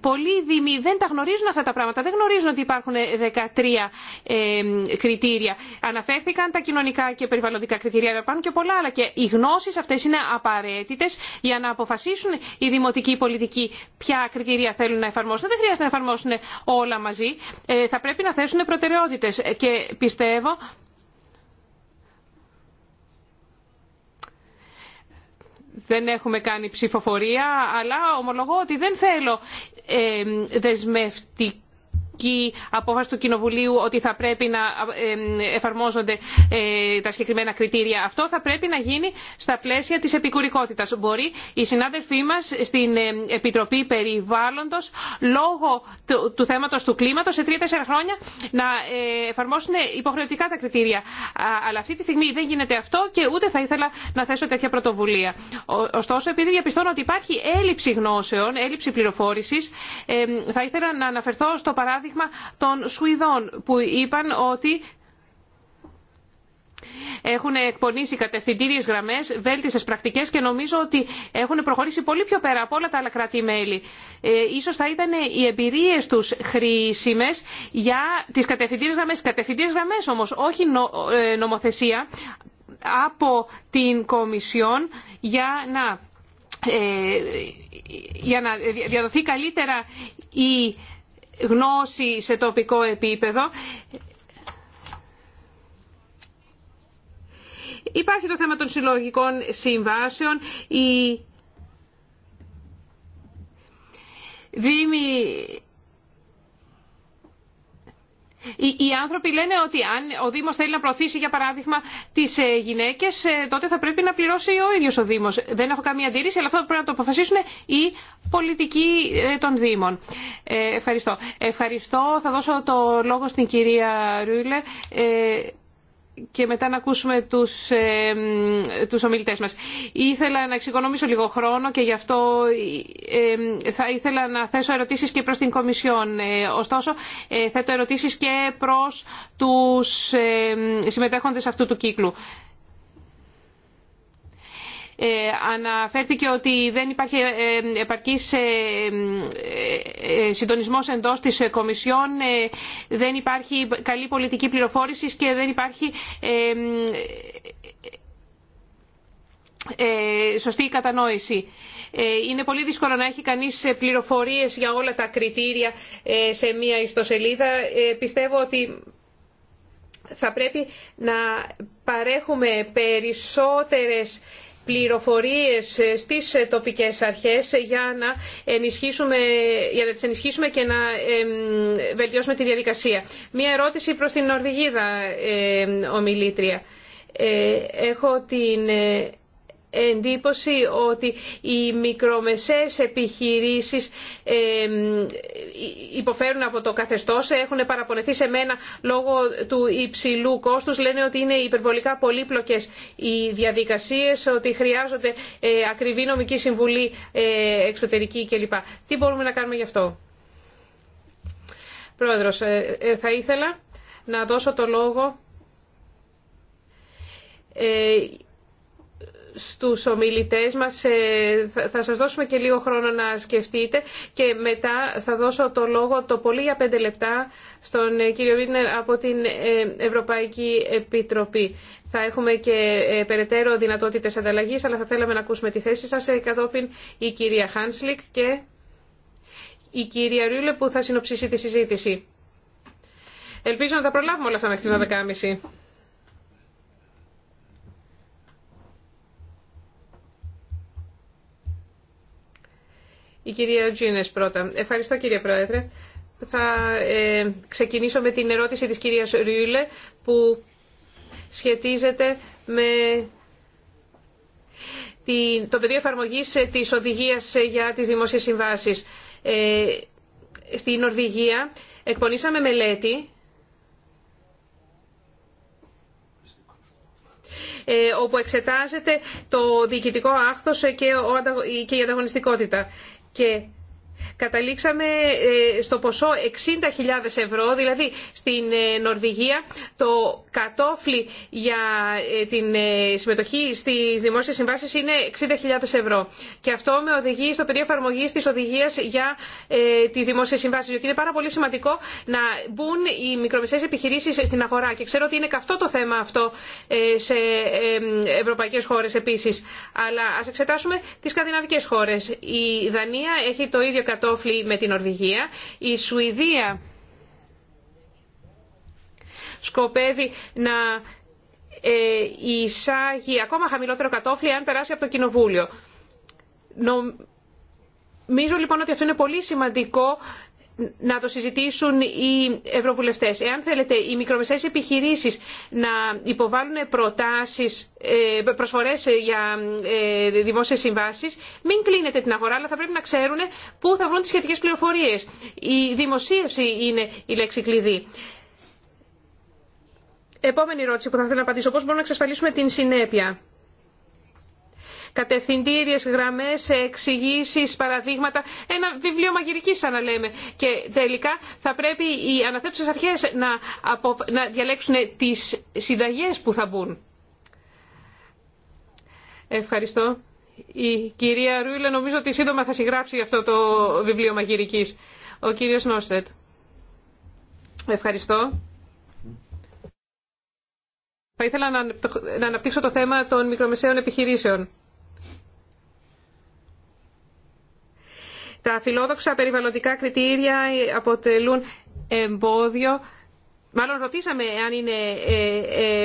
Πολλοί, δήμοι δεν τα γνωρίζουν αυτά τα πράγματα, δεν γνωρίζουν ότι υπάρχουν 13 ε, κριτήρια. Αναφέρθηκαν τα κοινωνικά και περιβαλλοντικά κριτήρια, αλλά υπάρχουν και πολλά άλλα. Και οι γνώσει αυτέ είναι απαραίτητε για να αποφασίσουν οι δημοτικοί πολιτικοί ποια κριτήρια θέλουν να εφαρμόσουν. Δεν χρειάζεται να εφαρμόσουν όλα μαζί. Ε, θα πρέπει να θέσουν προτεραιότητε. Και πιστεύω δεν έχουμε κάνει ψηφοφορία, αλλά ομολογώ ότι δεν θέλω ε, δεσμευτική και απόφαση του Κοινοβουλίου ότι θα πρέπει να εφαρμόζονται ε, τα συγκεκριμένα κριτήρια. Αυτό θα πρέπει να γίνει στα πλαίσια της επικουρικότητας. Μπορεί οι συνάδελφοί μας στην ε, Επιτροπή Περιβάλλοντος λόγω του θέματος του κλίματος σε τρία-τέσσερα χρόνια να ε, εφαρμόσουν υποχρεωτικά τα κριτήρια. Αλλά αυτή τη στιγμή δεν γίνεται αυτό και ούτε θα ήθελα να θέσω τέτοια πρωτοβουλία. Ωστόσο, επειδή διαπιστώνω ότι υπάρχει έλλειψη γνώσεων, έλλειψη πληροφόρησης, θα ήθελα να αναφερθώ στο παράδειγμα παράδειγμα των Σουηδών που είπαν ότι έχουν εκπονήσει κατευθυντήριε γραμμέ, βέλτιστε πρακτικέ και νομίζω ότι έχουν προχωρήσει πολύ πιο πέρα από όλα τα άλλα κράτη-μέλη. Ε, ίσως θα ήταν οι εμπειρίε του χρήσιμε για τι κατευθυντήριε γραμμέ. Κατευθυντήριε γραμμέ όμω, όχι ε, νομοθεσία από την Κομισιόν για να, ε, για να διαδοθεί καλύτερα η γνώση σε τοπικό επίπεδο. Υπάρχει το θέμα των συλλογικών συμβάσεων. Οι δήμοι οι άνθρωποι λένε ότι αν ο Δήμο θέλει να προωθήσει, για παράδειγμα, τις ε, γυναίκες, ε, τότε θα πρέπει να πληρώσει ο ίδιος ο Δήμο. Δεν έχω καμία αντίρρηση, αλλά αυτό πρέπει να το αποφασίσουν οι πολιτικοί ε, των Δήμων. ευχαριστώ. Ευχαριστώ. Θα δώσω το λόγο στην κυρία Ρούλε και μετά να ακούσουμε τους, ε, τους ομιλητές μας. Ήθελα να εξοικονομήσω λίγο χρόνο και γι' αυτό ε, ε, θα ήθελα να θέσω ερωτήσεις και προς την Κομισιόν. Ε, ωστόσο, ε, θέτω ερωτήσεις και προς τους συμμετέχοντες αυτού του κύκλου. Ε, αναφέρθηκε ότι δεν υπάρχει ε, επαρκής ε, συντονισμός εντός της Κομισιόν, δεν υπάρχει καλή πολιτική πληροφόρηση και δεν υπάρχει σωστή κατανόηση. Είναι πολύ δύσκολο να έχει κανείς πληροφορίες για όλα τα κριτήρια σε μία ιστοσελίδα. Πιστεύω ότι θα πρέπει να παρέχουμε περισσότερες πληροφορίες ε, στις ε, τοπικές αρχές για να, ενισχύσουμε, για να ενισχύσουμε και να βελτιώσουμε τη διαδικασία. Μία ερώτηση προς την Νορβηγίδα ε, ομιλήτρια. Έχω την εντύπωση ότι οι μικρομεσαίες επιχειρήσεις υποφέρουν από το καθεστώς, έχουν παραπονεθεί σε μένα λόγω του υψηλού κόστους, λένε ότι είναι υπερβολικά πολύπλοκες οι διαδικασίες, ότι χρειάζονται ε, ακριβή νομική συμβουλή ε, εξωτερική κλπ. Τι μπορούμε να κάνουμε γι' αυτό. Πρόεδρος, ε, θα ήθελα να δώσω το λόγο στους ομιλητές μας. Ε, θα σας δώσουμε και λίγο χρόνο να σκεφτείτε και μετά θα δώσω το λόγο το πολύ για πέντε λεπτά στον ε, κύριο Βίτνερ από την ε, Ευρωπαϊκή Επιτροπή. Θα έχουμε και περαιτέρω δυνατότητες ανταλλαγής, αλλά θα θέλαμε να ακούσουμε τη θέση σας κατόπιν η κυρία Χάνσλικ και η κυρία Ρούλε που θα συνοψίσει τη συζήτηση. Ελπίζω να τα προλάβουμε όλα αυτά μέχρι τις 12.30. Ναι. Η κυρία Τζίνες πρώτα. Ευχαριστώ κύριε Πρόεδρε. Θα ε, ξεκινήσω με την ερώτηση της κυρίας Ριούλε που σχετίζεται με την, το πεδίο εφαρμογή της οδηγίας για τις δημόσιες συμβάσεις. Ε, στη Νορβηγία εκπονήσαμε μελέτη ε, όπου εξετάζεται το διοικητικό άχθος και η ανταγωνιστικότητα και Καταλήξαμε ε, στο ποσό 60.000 ευρώ, δηλαδή στην ε, Νορβηγία το κατόφλι για ε, την συμμετοχή στις δημόσιες συμβάσεις είναι 60.000 ευρώ. Και αυτό με οδηγεί στο πεδίο εφαρμογή της οδηγίας για τις δημόσιες συμβάσεις, γιατί είναι πάρα πολύ σημαντικό να μπουν οι μικρομεσαίες επιχειρήσεις στην αγορά. Και ξέρω ότι είναι καυτό το θέμα αυτό σε ευρωπαϊκές χώρες επίσης. Αλλά ας εξετάσουμε τις σκανδιναβικές χώρες. Η Δανία έχει το ίδιο κατόφλι με την Ορβηγία. Η Σουηδία σκοπεύει να ε, εισάγει ακόμα χαμηλότερο κατόφλι αν περάσει από το Κοινοβούλιο. Νομίζω λοιπόν ότι αυτό είναι πολύ σημαντικό να το συζητήσουν οι ευρωβουλευτές. Εάν θέλετε οι μικρομεσαίες επιχειρήσεις να υποβάλουν προτάσεις, ε, προσφορές για ε, δημόσιες συμβάσεις, μην κλείνετε την αγορά, αλλά θα πρέπει να ξέρουν πού θα βρουν τις σχετικές πληροφορίες. Η δημοσίευση είναι η λέξη κλειδί. Επόμενη ερώτηση που θα θέλω να απαντήσω, πώς μπορούμε να εξασφαλίσουμε την συνέπεια. Κατευθυντήριε γραμμέ, εξηγήσει, παραδείγματα, ένα βιβλίο μαγειρική σαν να λέμε. Και τελικά θα πρέπει οι αναθέτουσε αρχές να, απο... να διαλέξουν τι συνταγέ που θα μπουν. Ευχαριστώ. Η κυρία Ρούιλε νομίζω ότι σύντομα θα συγγράψει αυτό το βιβλίο μαγειρική. Ο κύριο Νόστετ. Ευχαριστώ. Θα ήθελα να αναπτύξω το θέμα των μικρομεσαίων επιχειρήσεων. Τα φιλόδοξα περιβαλλοντικά κριτήρια αποτελούν εμπόδιο. Μάλλον ρωτήσαμε αν είναι, ε, ε,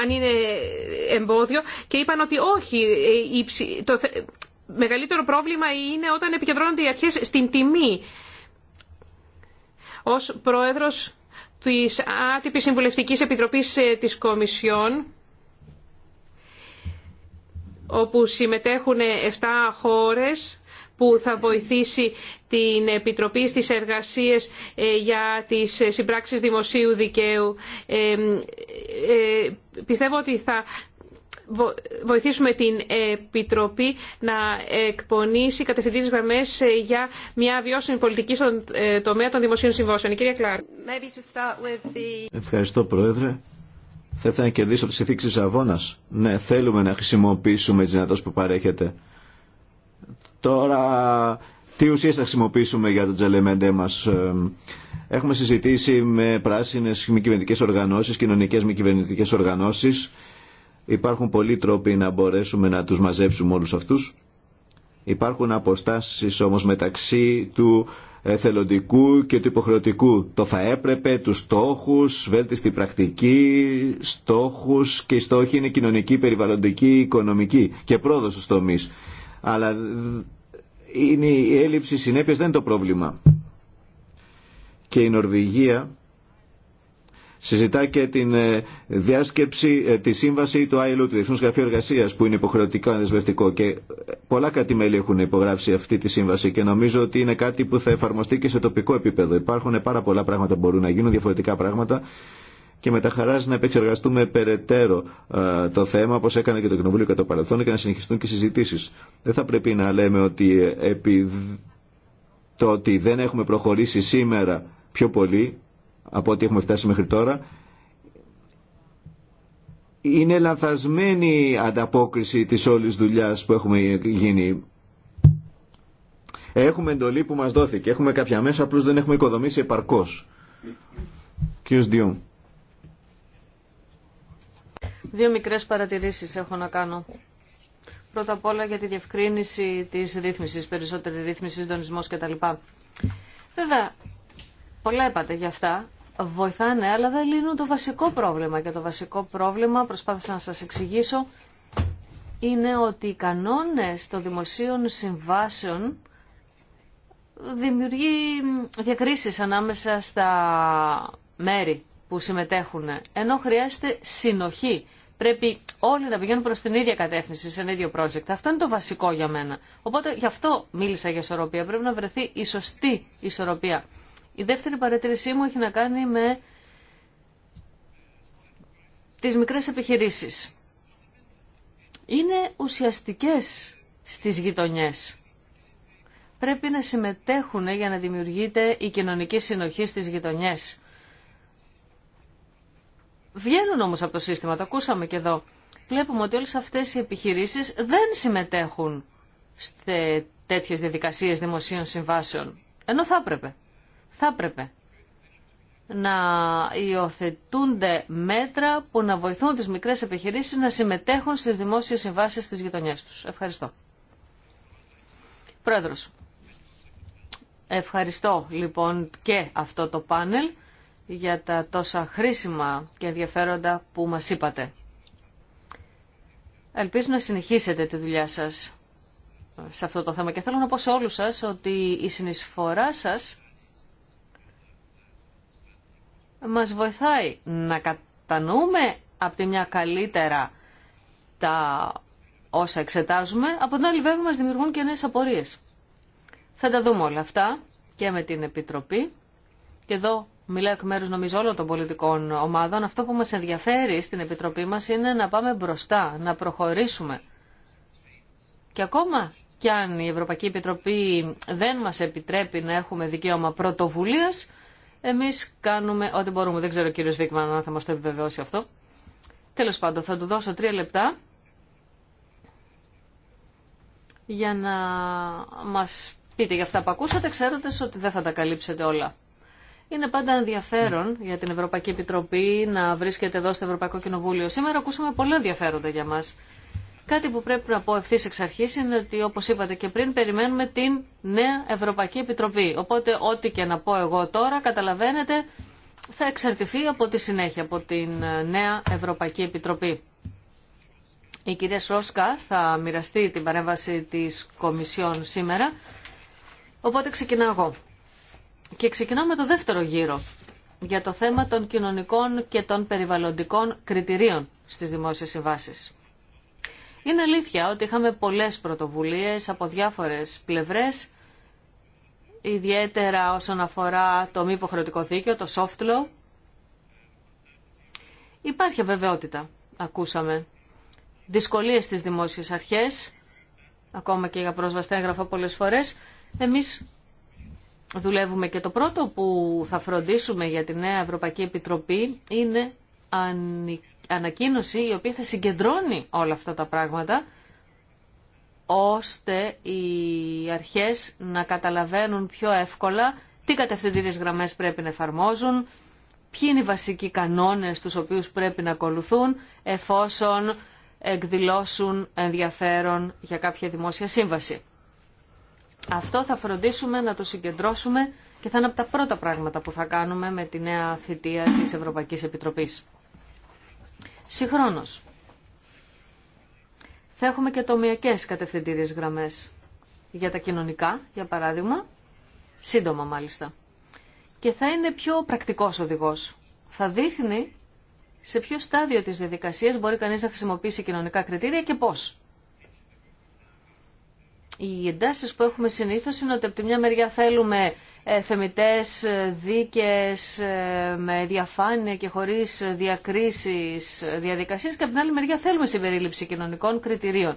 αν είναι εμπόδιο και είπαν ότι όχι. Ε, το μεγαλύτερο πρόβλημα είναι όταν επικεντρώνονται οι αρχές στην τιμή. Ως πρόεδρος της άτυπης συμβουλευτικής επιτροπής της Κομισιόν, όπου συμμετέχουν 7 χώρες, που θα βοηθήσει την Επιτροπή στις εργασίες ε, για τις συμπράξεις δημοσίου δικαίου. Ε, ε, πιστεύω ότι θα βοηθήσουμε την Επιτροπή να εκπονήσει κατευθυντήριες γραμμές για μια βιώσιμη πολιτική στον τομέα των δημοσίων συμβόσεων. κυρία Κλάρ. Ευχαριστώ Πρόεδρε. Θα ήθελα να κερδίσω τις συνθήκες αγώνας. Ναι, θέλουμε να χρησιμοποιήσουμε τις δυνατότητες που παρέχεται Τώρα, τι ουσίες θα χρησιμοποιήσουμε για το τζελεμεντέ μας. Ε, έχουμε συζητήσει με πράσινες μη κυβερνητικέ οργανώσεις, κοινωνικές μη κυβερνητικέ οργανώσεις. Υπάρχουν πολλοί τρόποι να μπορέσουμε να τους μαζέψουμε όλους αυτούς. Υπάρχουν αποστάσεις όμως μεταξύ του εθελοντικού και του υποχρεωτικού. Το θα έπρεπε, τους στόχους, βέλτιστη πρακτική, στόχους και οι στόχοι είναι κοινωνική, περιβαλλοντική, οικονομική και πρόοδος στους αλλά είναι η έλλειψη συνέπειας δεν είναι το πρόβλημα. Και η Νορβηγία συζητά και την ε, διάσκεψη, ε, τη σύμβαση του ILO, του Διεθνούς Γραφείου Εργασίας, που είναι υποχρεωτικό αντισβεστικό. και πολλα κάτι κράτη-μέλη έχουν υπογράψει αυτή τη σύμβαση και νομίζω ότι είναι κάτι που θα εφαρμοστεί και σε τοπικό επίπεδο. Υπάρχουν πάρα πολλά πράγματα που μπορούν να γίνουν, διαφορετικά πράγματα και με τα χαράς να επεξεργαστούμε περαιτέρω το θέμα, όπω έκανε και το Κοινοβούλιο κατά το παρελθόν, και να συνεχιστούν και συζητήσει. Δεν θα πρέπει να λέμε ότι ε, επί το ότι δεν έχουμε προχωρήσει σήμερα πιο πολύ από ό,τι έχουμε φτάσει μέχρι τώρα, είναι λανθασμένη ανταπόκριση της όλης δουλειάς που έχουμε γίνει. Έχουμε εντολή που μας δόθηκε, έχουμε κάποια μέσα, απλώς δεν έχουμε οικοδομήσει επαρκώς. Κύριος Διόμ. Δύο μικρές παρατηρήσεις έχω να κάνω. Πρώτα απ' όλα για τη διευκρίνηση της ρύθμισης, περισσότερη ρύθμιση, συντονισμός κτλ. Βέβαια, πολλά είπατε για αυτά. Βοηθάνε, αλλά δεν λύνουν το βασικό πρόβλημα. Και το βασικό πρόβλημα, προσπάθησα να σας εξηγήσω, είναι ότι οι κανόνες των δημοσίων συμβάσεων δημιουργεί διακρίσεις ανάμεσα στα μέρη που συμμετέχουν, ενώ χρειάζεται συνοχή Πρέπει όλοι να πηγαίνουν προς την ίδια κατεύθυνση, σε ένα ίδιο project. Αυτό είναι το βασικό για μένα. Οπότε γι' αυτό μίλησα για ισορροπία. Πρέπει να βρεθεί η σωστή ισορροπία. Η δεύτερη παρατήρησή μου έχει να κάνει με τις μικρές επιχειρήσεις. Είναι ουσιαστικές στις γειτονιές. Πρέπει να συμμετέχουν για να δημιουργείται η κοινωνική συνοχή στις γειτονιές. Βγαίνουν όμως από το σύστημα, το ακούσαμε και εδώ. Βλέπουμε ότι όλες αυτές οι επιχειρήσεις δεν συμμετέχουν σε τέτοιες διαδικασίες δημοσίων συμβάσεων. Ενώ θα έπρεπε. Θα έπρεπε να υιοθετούνται μέτρα που να βοηθούν τις μικρές επιχειρήσεις να συμμετέχουν στις δημόσιες συμβάσεις στις γειτονιές τους. Ευχαριστώ. Πρόεδρος, ευχαριστώ λοιπόν και αυτό το πάνελ για τα τόσα χρήσιμα και ενδιαφέροντα που μας είπατε. Ελπίζω να συνεχίσετε τη δουλειά σας σε αυτό το θέμα και θέλω να πω σε όλους σας ότι η συνεισφορά σας μας βοηθάει να κατανοούμε από τη μια καλύτερα τα όσα εξετάζουμε, από την άλλη βέβαια μας δημιουργούν και νέες απορίες. Θα τα δούμε όλα αυτά και με την Επιτροπή και εδώ μιλάω εκ μέρους νομίζω όλων των πολιτικών ομάδων, αυτό που μας ενδιαφέρει στην Επιτροπή μας είναι να πάμε μπροστά, να προχωρήσουμε. Και ακόμα κι αν η Ευρωπαϊκή Επιτροπή δεν μας επιτρέπει να έχουμε δικαίωμα πρωτοβουλίας, εμείς κάνουμε ό,τι μπορούμε. Δεν ξέρω ο κύριος Βίκμαν αν θα μας το επιβεβαιώσει αυτό. Τέλο πάντων, θα του δώσω τρία λεπτά για να μας πείτε για αυτά που ακούσατε, ξέρετε ότι δεν θα τα καλύψετε όλα. Είναι πάντα ενδιαφέρον για την Ευρωπαϊκή Επιτροπή να βρίσκεται εδώ στο Ευρωπαϊκό Κοινοβούλιο. Σήμερα ακούσαμε πολλά ενδιαφέροντα για μας. Κάτι που πρέπει να πω ευθύ εξ αρχή είναι ότι, όπω είπατε και πριν, περιμένουμε την νέα Ευρωπαϊκή Επιτροπή. Οπότε, ό,τι και να πω εγώ τώρα, καταλαβαίνετε, θα εξαρτηθεί από τη συνέχεια, από την ε, νέα Ευρωπαϊκή Επιτροπή. Η κυρία Σρόσκα θα μοιραστεί την παρέμβαση της Κομισιόν σήμερα, οπότε ξεκινάω εγώ. Και ξεκινάμε το δεύτερο γύρο για το θέμα των κοινωνικών και των περιβαλλοντικών κριτηρίων στις δημόσιες συμβάσεις. Είναι αλήθεια ότι είχαμε πολλές πρωτοβουλίες από διάφορες πλευρές, ιδιαίτερα όσον αφορά το μη υποχρεωτικό δίκαιο, το soft law. Υπάρχει βεβαιότητα, ακούσαμε. Δυσκολίες στις δημόσιες αρχές, ακόμα και για πρόσβαση έγγραφα πολλές φορές. Εμείς δουλεύουμε και το πρώτο που θα φροντίσουμε για τη νέα Ευρωπαϊκή Επιτροπή είναι ανακοίνωση η οποία θα συγκεντρώνει όλα αυτά τα πράγματα ώστε οι αρχές να καταλαβαίνουν πιο εύκολα τι κατευθυντήριες γραμμές πρέπει να εφαρμόζουν, ποιοι είναι οι βασικοί κανόνες τους οποίους πρέπει να ακολουθούν εφόσον εκδηλώσουν ενδιαφέρον για κάποια δημόσια σύμβαση. Αυτό θα φροντίσουμε να το συγκεντρώσουμε και θα είναι από τα πρώτα πράγματα που θα κάνουμε με τη νέα θητεία της Ευρωπαϊκής Επιτροπής. Συγχρόνως, θα έχουμε και τομιακές κατευθυντήριες γραμμές για τα κοινωνικά, για παράδειγμα, σύντομα μάλιστα. Και θα είναι πιο πρακτικός οδηγός. Θα δείχνει σε ποιο στάδιο της διαδικασίας μπορεί κανείς να χρησιμοποιήσει κοινωνικά κριτήρια και πώς οι εντάσεις που έχουμε συνήθως είναι ότι από τη μια μεριά θέλουμε ε, θεμητές ε, δίκες ε, με διαφάνεια και χωρίς διακρίσεις διαδικασίες και από την άλλη μεριά θέλουμε συμπερίληψη κοινωνικών κριτηρίων.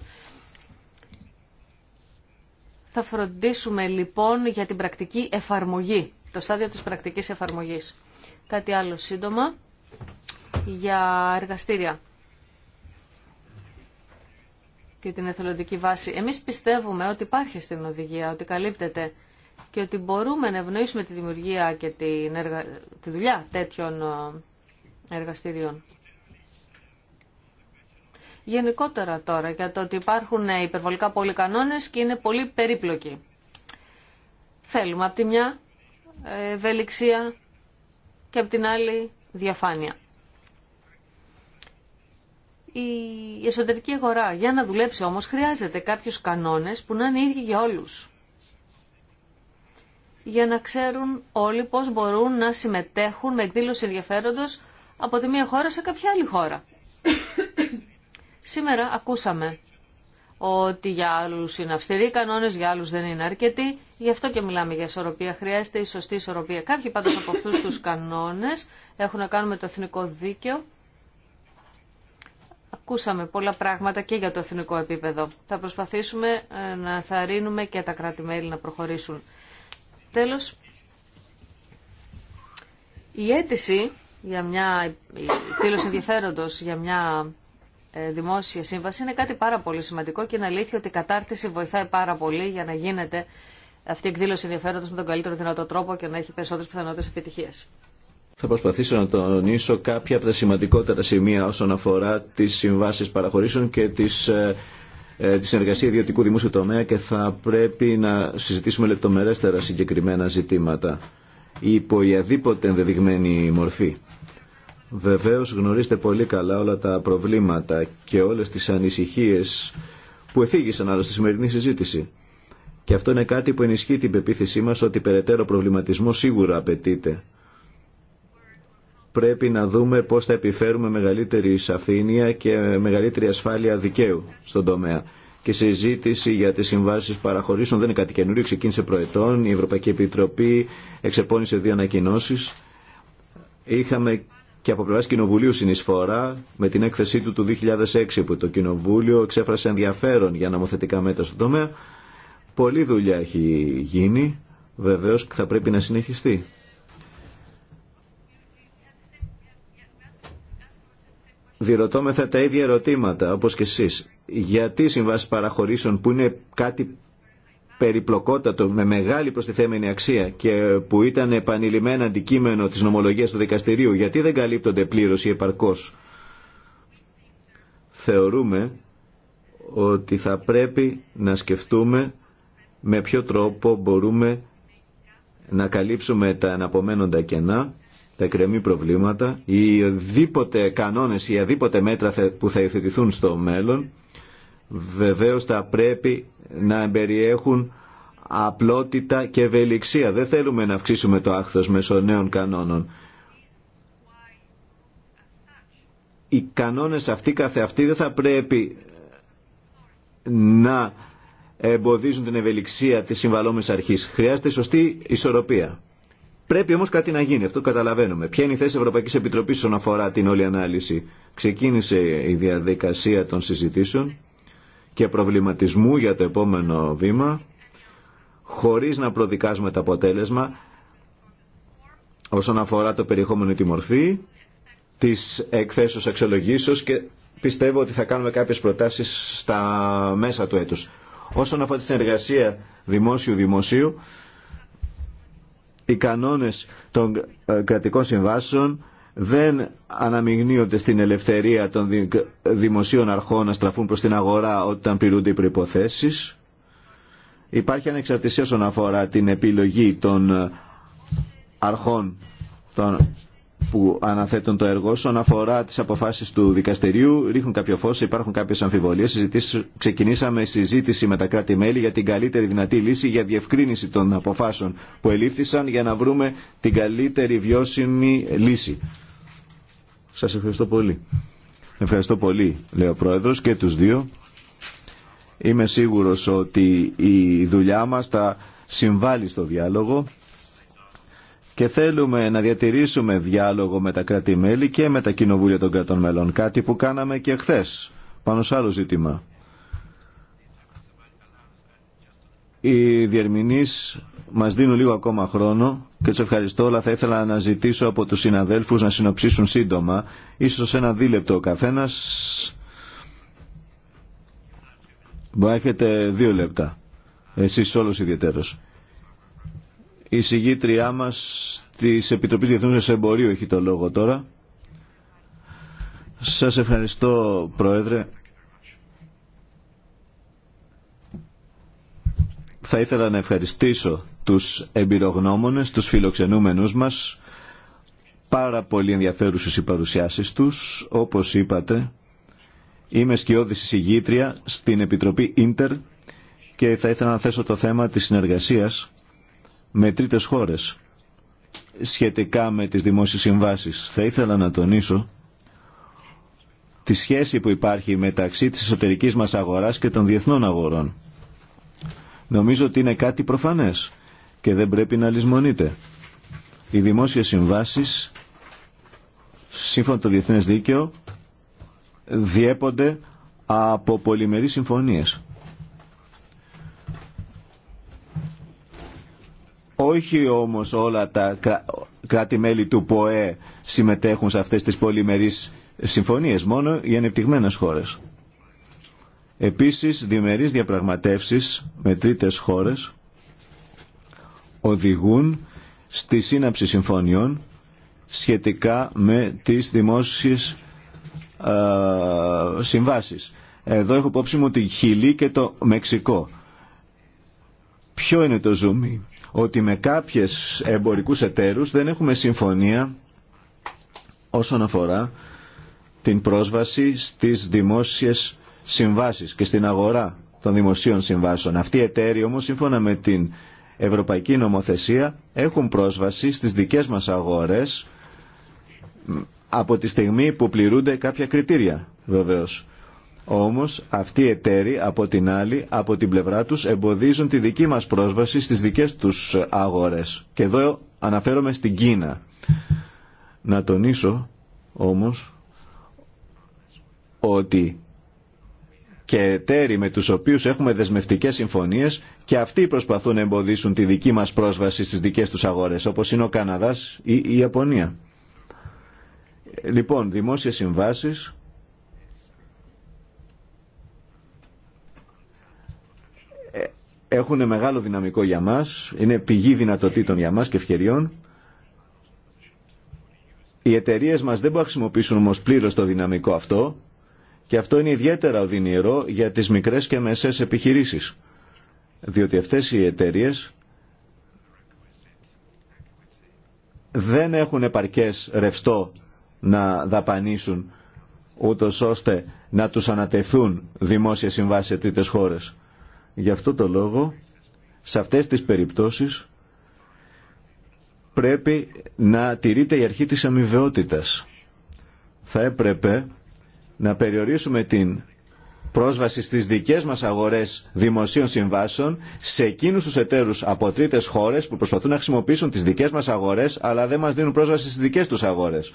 Θα φροντίσουμε λοιπόν για την πρακτική εφαρμογή, το στάδιο της πρακτικής εφαρμογής. Κάτι άλλο σύντομα για εργαστήρια και την εθελοντική βάση. Εμείς πιστεύουμε ότι υπάρχει στην οδηγία, ότι καλύπτεται και ότι μπορούμε να ευνοήσουμε τη δημιουργία και την εργα... τη δουλειά τέτοιων ε, εργαστηρίων. Γενικότερα τώρα για το ότι υπάρχουν ε, υπερβολικά πολλοί κανόνες και είναι πολύ περίπλοκοι. Θέλουμε από τη μια ε, ευελιξία και από την άλλη διαφάνεια η εσωτερική αγορά. Για να δουλέψει όμως χρειάζεται κάποιους κανόνες που να είναι ίδιοι για όλους. Για να ξέρουν όλοι πώς μπορούν να συμμετέχουν με εκδήλωση ενδιαφέροντος από τη μία χώρα σε κάποια άλλη χώρα. Σήμερα ακούσαμε ότι για άλλους είναι αυστηροί οι κανόνες, για άλλους δεν είναι αρκετοί. Γι' αυτό και μιλάμε για ισορροπία. Χρειάζεται η σωστή ισορροπία. Κάποιοι πάντως από αυτούς τους κανόνες έχουν να κάνουν με το εθνικό δίκαιο Ακούσαμε πολλά πράγματα και για το εθνικό επίπεδο. Θα προσπαθήσουμε ε, να θαρρύνουμε και τα κράτη-μέλη να προχωρήσουν. Τέλος, η αίτηση για μια τέλος ενδιαφέροντος για μια ε, δημόσια σύμβαση είναι κάτι πάρα πολύ σημαντικό και είναι αλήθεια ότι η κατάρτιση βοηθάει πάρα πολύ για να γίνεται αυτή η εκδήλωση ενδιαφέροντος με τον καλύτερο δυνατό τρόπο και να έχει περισσότερες πιθανότητες επιτυχίας. Θα προσπαθήσω να τονίσω κάποια από τα σημαντικότερα σημεία όσον αφορά τις συμβάσεις παραχωρήσεων και τις, ε, ε, τη συνεργασία ιδιωτικού δημόσιου τομέα και θα πρέπει να συζητήσουμε λεπτομερέστερα συγκεκριμένα ζητήματα υπό η αδίποτε ενδεδειγμένη μορφή. Βεβαίως γνωρίζετε πολύ καλά όλα τα προβλήματα και όλες τις ανησυχίες που εθίγησαν άλλο στη σημερινή συζήτηση. Και αυτό είναι κάτι που ενισχύει την πεποίθησή μας ότι περαιτέρω προβληματισμό σίγουρα απαιτείται πρέπει να δούμε πώς θα επιφέρουμε μεγαλύτερη σαφήνεια και μεγαλύτερη ασφάλεια δικαίου στον τομέα. Και συζήτηση για τις συμβάσει παραχωρήσεων δεν είναι κάτι καινούριο. Ξεκίνησε προετών. Η Ευρωπαϊκή Επιτροπή εξεπώνησε δύο ανακοινώσει. Είχαμε και από πλευρά Κοινοβουλίου συνεισφορά με την έκθεσή του του 2006 που το Κοινοβούλιο εξέφρασε ενδιαφέρον για νομοθετικά μέτρα στον τομέα. Πολλή δουλειά έχει γίνει. Βεβαίω θα πρέπει να συνεχιστεί. διερωτώμεθα τα ίδια ερωτήματα, όπως και εσείς. Γιατί συμβάσει παραχωρήσεων που είναι κάτι περιπλοκότατο, με μεγάλη προστιθέμενη αξία και που ήταν επανειλημμένα αντικείμενο της νομολογίας του δικαστηρίου, γιατί δεν καλύπτονται πλήρως ή επαρκώς. Θεωρούμε ότι θα πρέπει να σκεφτούμε με ποιο τρόπο μπορούμε να καλύψουμε τα αναπομένοντα κενά τα εκκρεμή προβλήματα, οι οδήποτε κανόνες ή οδήποτε μέτρα που θα υιοθετηθούν στο μέλλον, βεβαίως θα πρέπει να περιέχουν απλότητα και ευελιξία. Δεν θέλουμε να αυξήσουμε το άχθος μέσω νέων κανόνων. Οι κανόνες αυτοί καθεαυτοί δεν θα πρέπει να εμποδίζουν την ευελιξία της συμβαλόμενης αρχής. Χρειάζεται σωστή ισορροπία. Πρέπει όμω κάτι να γίνει, αυτό καταλαβαίνουμε. Ποια είναι η θέση τη Ευρωπαϊκή Επιτροπή όσον αφορά την όλη ανάλυση. Ξεκίνησε η διαδικασία των συζητήσεων και προβληματισμού για το επόμενο βήμα, χωρί να προδικάζουμε το αποτέλεσμα όσον αφορά το περιεχόμενο τη μορφή τη εκθέσεω αξιολογήσεω και πιστεύω ότι θα κάνουμε κάποιε προτάσει στα μέσα του έτου. Όσον αφορά τη συνεργασία δημόσιου-δημοσίου, οι κανόνες των ε, κρατικών συμβάσεων δεν αναμειγνύονται στην ελευθερία των δημοσίων αρχών να στραφούν προς την αγορά όταν πληρούνται οι προϋποθέσεις. Υπάρχει ανεξαρτησία όσον αφορά την επιλογή των ε, αρχών των που αναθέτουν το έργο όσον αφορά τις αποφάσεις του δικαστηριού. Ρίχνουν κάποιο φως, υπάρχουν κάποιε αμφιβολίε. Ξεκινήσαμε συζήτηση με τα κράτη-μέλη για την καλύτερη δυνατή λύση για διευκρίνηση των αποφάσεων που ελήφθησαν για να βρούμε την καλύτερη βιώσιμη λύση. Σας ευχαριστώ πολύ. Ευχαριστώ πολύ, λέει ο Πρόεδρο και τους δύο. Είμαι σίγουρος ότι η δουλειά μας θα συμβάλλει στο διάλογο και θέλουμε να διατηρήσουμε διάλογο με τα κράτη-μέλη και με τα κοινοβούλια των κρατών μελών. Κάτι που κάναμε και χθε πάνω σε άλλο ζήτημα. Οι διερμηνείς μας δίνουν λίγο ακόμα χρόνο και του ευχαριστώ, αλλά θα ήθελα να ζητήσω από τους συναδέλφου να συνοψίσουν σύντομα, ίσως ένα δίλεπτο ο καθένας. Μπορεί έχετε δύο λεπτά, εσείς όλου ιδιαίτερος. Η συγγήτριά μας της Επιτροπής Διεθνούς Εμπορίου έχει το λόγο τώρα. Σας ευχαριστώ Πρόεδρε. Θα ήθελα να ευχαριστήσω τους εμπειρογνώμονες, τους φιλοξενούμενους μας. Πάρα πολύ ενδιαφέρουσες οι παρουσιάσεις τους. Όπως είπατε, είμαι σκιώδης συγγήτρια στην Επιτροπή Ίντερ και θα ήθελα να θέσω το θέμα της συνεργασίας με τρίτες χώρες σχετικά με τις δημόσιες συμβάσεις. Θα ήθελα να τονίσω τη σχέση που υπάρχει μεταξύ της εσωτερικής μας αγοράς και των διεθνών αγορών. Νομίζω ότι είναι κάτι προφανές και δεν πρέπει να λησμονείται. Οι δημόσιες συμβάσεις, σύμφωνα το διεθνές δίκαιο, διέπονται από πολυμερείς συμφωνίες. Όχι όμως όλα τα κράτη-μέλη του ΠΟΕ συμμετέχουν σε αυτές τις πολυμερείς συμφωνίες, μόνο οι ανεπτυγμένες χώρες. Επίσης, διμερείς διαπραγματεύσεις με τρίτες χώρες οδηγούν στη σύναψη συμφωνιών σχετικά με τις δημόσιες συμβάσεις. Εδώ έχω υπόψη μου τη Χιλή και το Μεξικό. Ποιο είναι το ζουμί ότι με κάποιες εμπορικούς εταίρους δεν έχουμε συμφωνία όσον αφορά την πρόσβαση στις δημόσιες συμβάσεις και στην αγορά των δημοσίων συμβάσεων. Αυτοί οι εταίροι όμως σύμφωνα με την Ευρωπαϊκή Νομοθεσία έχουν πρόσβαση στις δικές μας αγορές από τη στιγμή που πληρούνται κάποια κριτήρια βεβαίως. Όμως αυτοί οι εταίροι από την άλλη, από την πλευρά τους εμποδίζουν τη δική μας πρόσβαση στις δικές τους αγορές. Και εδώ αναφέρομαι στην Κίνα. Να τονίσω όμως ότι και εταίροι με τους οποίους έχουμε δεσμευτικές συμφωνίες και αυτοί προσπαθούν να εμποδίσουν τη δική μας πρόσβαση στις δικές τους αγορές όπως είναι ο Καναδάς ή η Ιαπωνία. Λοιπόν, δημόσιες συμβάσεις έχουν μεγάλο δυναμικό για μας, είναι πηγή δυνατοτήτων για μας και ευκαιριών. Οι εταιρείε μας δεν μπορούν να χρησιμοποιήσουν όμως πλήρως το δυναμικό αυτό και αυτό είναι ιδιαίτερα οδυνηρό για τις μικρές και μεσές επιχειρήσεις. Διότι αυτές οι εταιρείε δεν έχουν επαρκές ρευστό να δαπανίσουν ούτως ώστε να τους ανατεθούν δημόσια συμβάσεις σε τρίτες χώρες. Γι' αυτό το λόγο, σε αυτές τις περιπτώσεις, πρέπει να τηρείται η αρχή της αμοιβαιότητας. Θα έπρεπε να περιορίσουμε την πρόσβαση στις δικές μας αγορές δημοσίων συμβάσεων σε εκείνους τους εταίρους από τρίτες χώρες που προσπαθούν να χρησιμοποιήσουν τις δικές μας αγορές αλλά δεν μας δίνουν πρόσβαση στις δικές τους αγορές.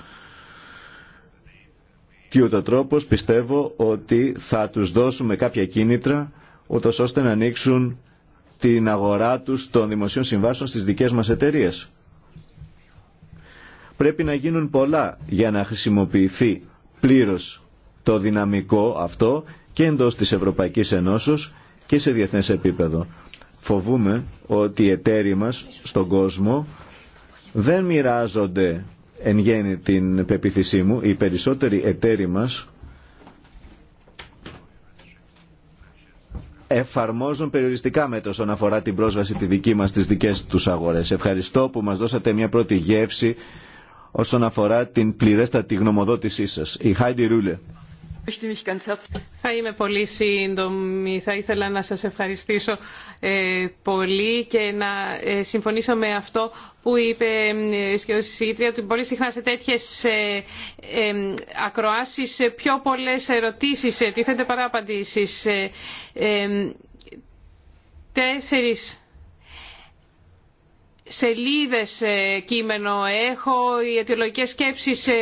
Τι ούτω τρόπος πιστεύω ότι θα τους δώσουμε κάποια κίνητρα ούτω ώστε να ανοίξουν την αγορά τους των δημοσίων συμβάσεων στις δικές μας εταιρείες. Πρέπει να γίνουν πολλά για να χρησιμοποιηθεί πλήρως το δυναμικό αυτό και εντός της Ευρωπαϊκής Ενώσεως και σε διεθνές επίπεδο. Φοβούμε ότι οι εταίροι μας στον κόσμο δεν μοιράζονται εν γέννη την πεποίθησή μου. Οι περισσότεροι εταίροι μας εφαρμόζουν περιοριστικά μέτρα όσον αφορά την πρόσβαση τη δική μα στις δικές τους αγορές. Ευχαριστώ που μας δώσατε μια πρώτη γεύση όσον αφορά την πληρέστατη γνωμοδότησή σας. Η Χάιντι Ρούλε. Θα είμαι πολύ σύντομη. Θα ήθελα να σας ευχαριστήσω ε, πολύ και να ε, συμφωνήσω με αυτό που είπε η Σίτρια ότι πολύ συχνά σε τέτοιες ε, ακροάσεις πιο πολλές ερωτήσεις τίθενται παρά απαντήσεις. Τέσσερις σελίδες ε, κείμενο έχω, οι αιτιολογικές σκέψεις ε,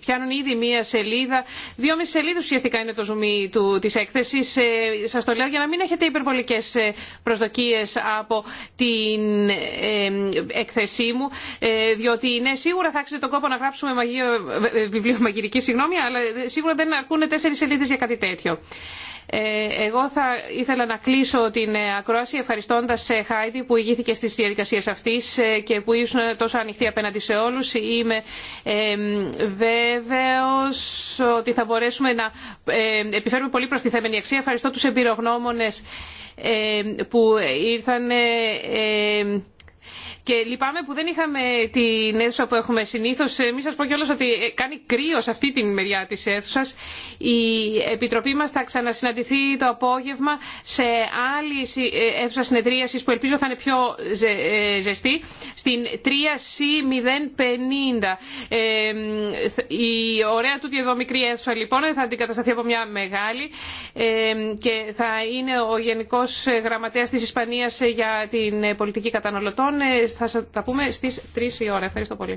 πιάνουν ήδη μία σελίδα. Δύο μισή σελίδες ουσιαστικά είναι το ζουμί του, της έκθεσης. Ε, σας το λέω για να μην έχετε υπερβολικές προσδοκίες από την έκθεσή μου, διότι ναι, σίγουρα θα άξιζε τον κόπο να γράψουμε μαγείο, βιβλίο μαγειρική, συγγνώμη, αλλά σίγουρα δεν αρκούν τέσσερις σελίδες για κάτι τέτοιο. Ε, εγώ θα ήθελα να κλείσω την ακρόαση ευχαριστώντας ε, Χάιντι που ηγήθηκε στις διαδικασίες αυτής ε, και που ήσουν τόσο ανοιχτή απέναντι σε όλους. Είμαι βέβαιος ότι θα μπορέσουμε να επιφέρουμε πολύ θεμένη αξία. Ευχαριστώ τους εμπειρογνώμονες που ήρθαν και λυπάμαι που δεν είχαμε την αίθουσα που έχουμε συνήθω. Ε, μην σα πω κιόλα ότι ε, κάνει κρύο σε αυτή τη μεριά τη αίθουσα. Η Επιτροπή μα θα ξανασυναντηθεί το απόγευμα σε άλλη ε, αίθουσα συνεδρίαση που ελπίζω θα είναι πιο ζεστή, στην 3C050. Η ωραία τούτη εδώ μικρή αίθουσα λοιπόν θα αντικατασταθεί από μια μεγάλη και θα είναι ο Γενικό Γραμματέα τη Ισπανία για την πολιτική καταναλωτών θα τα πούμε στις 3 η ώρα. Ευχαριστώ πολύ.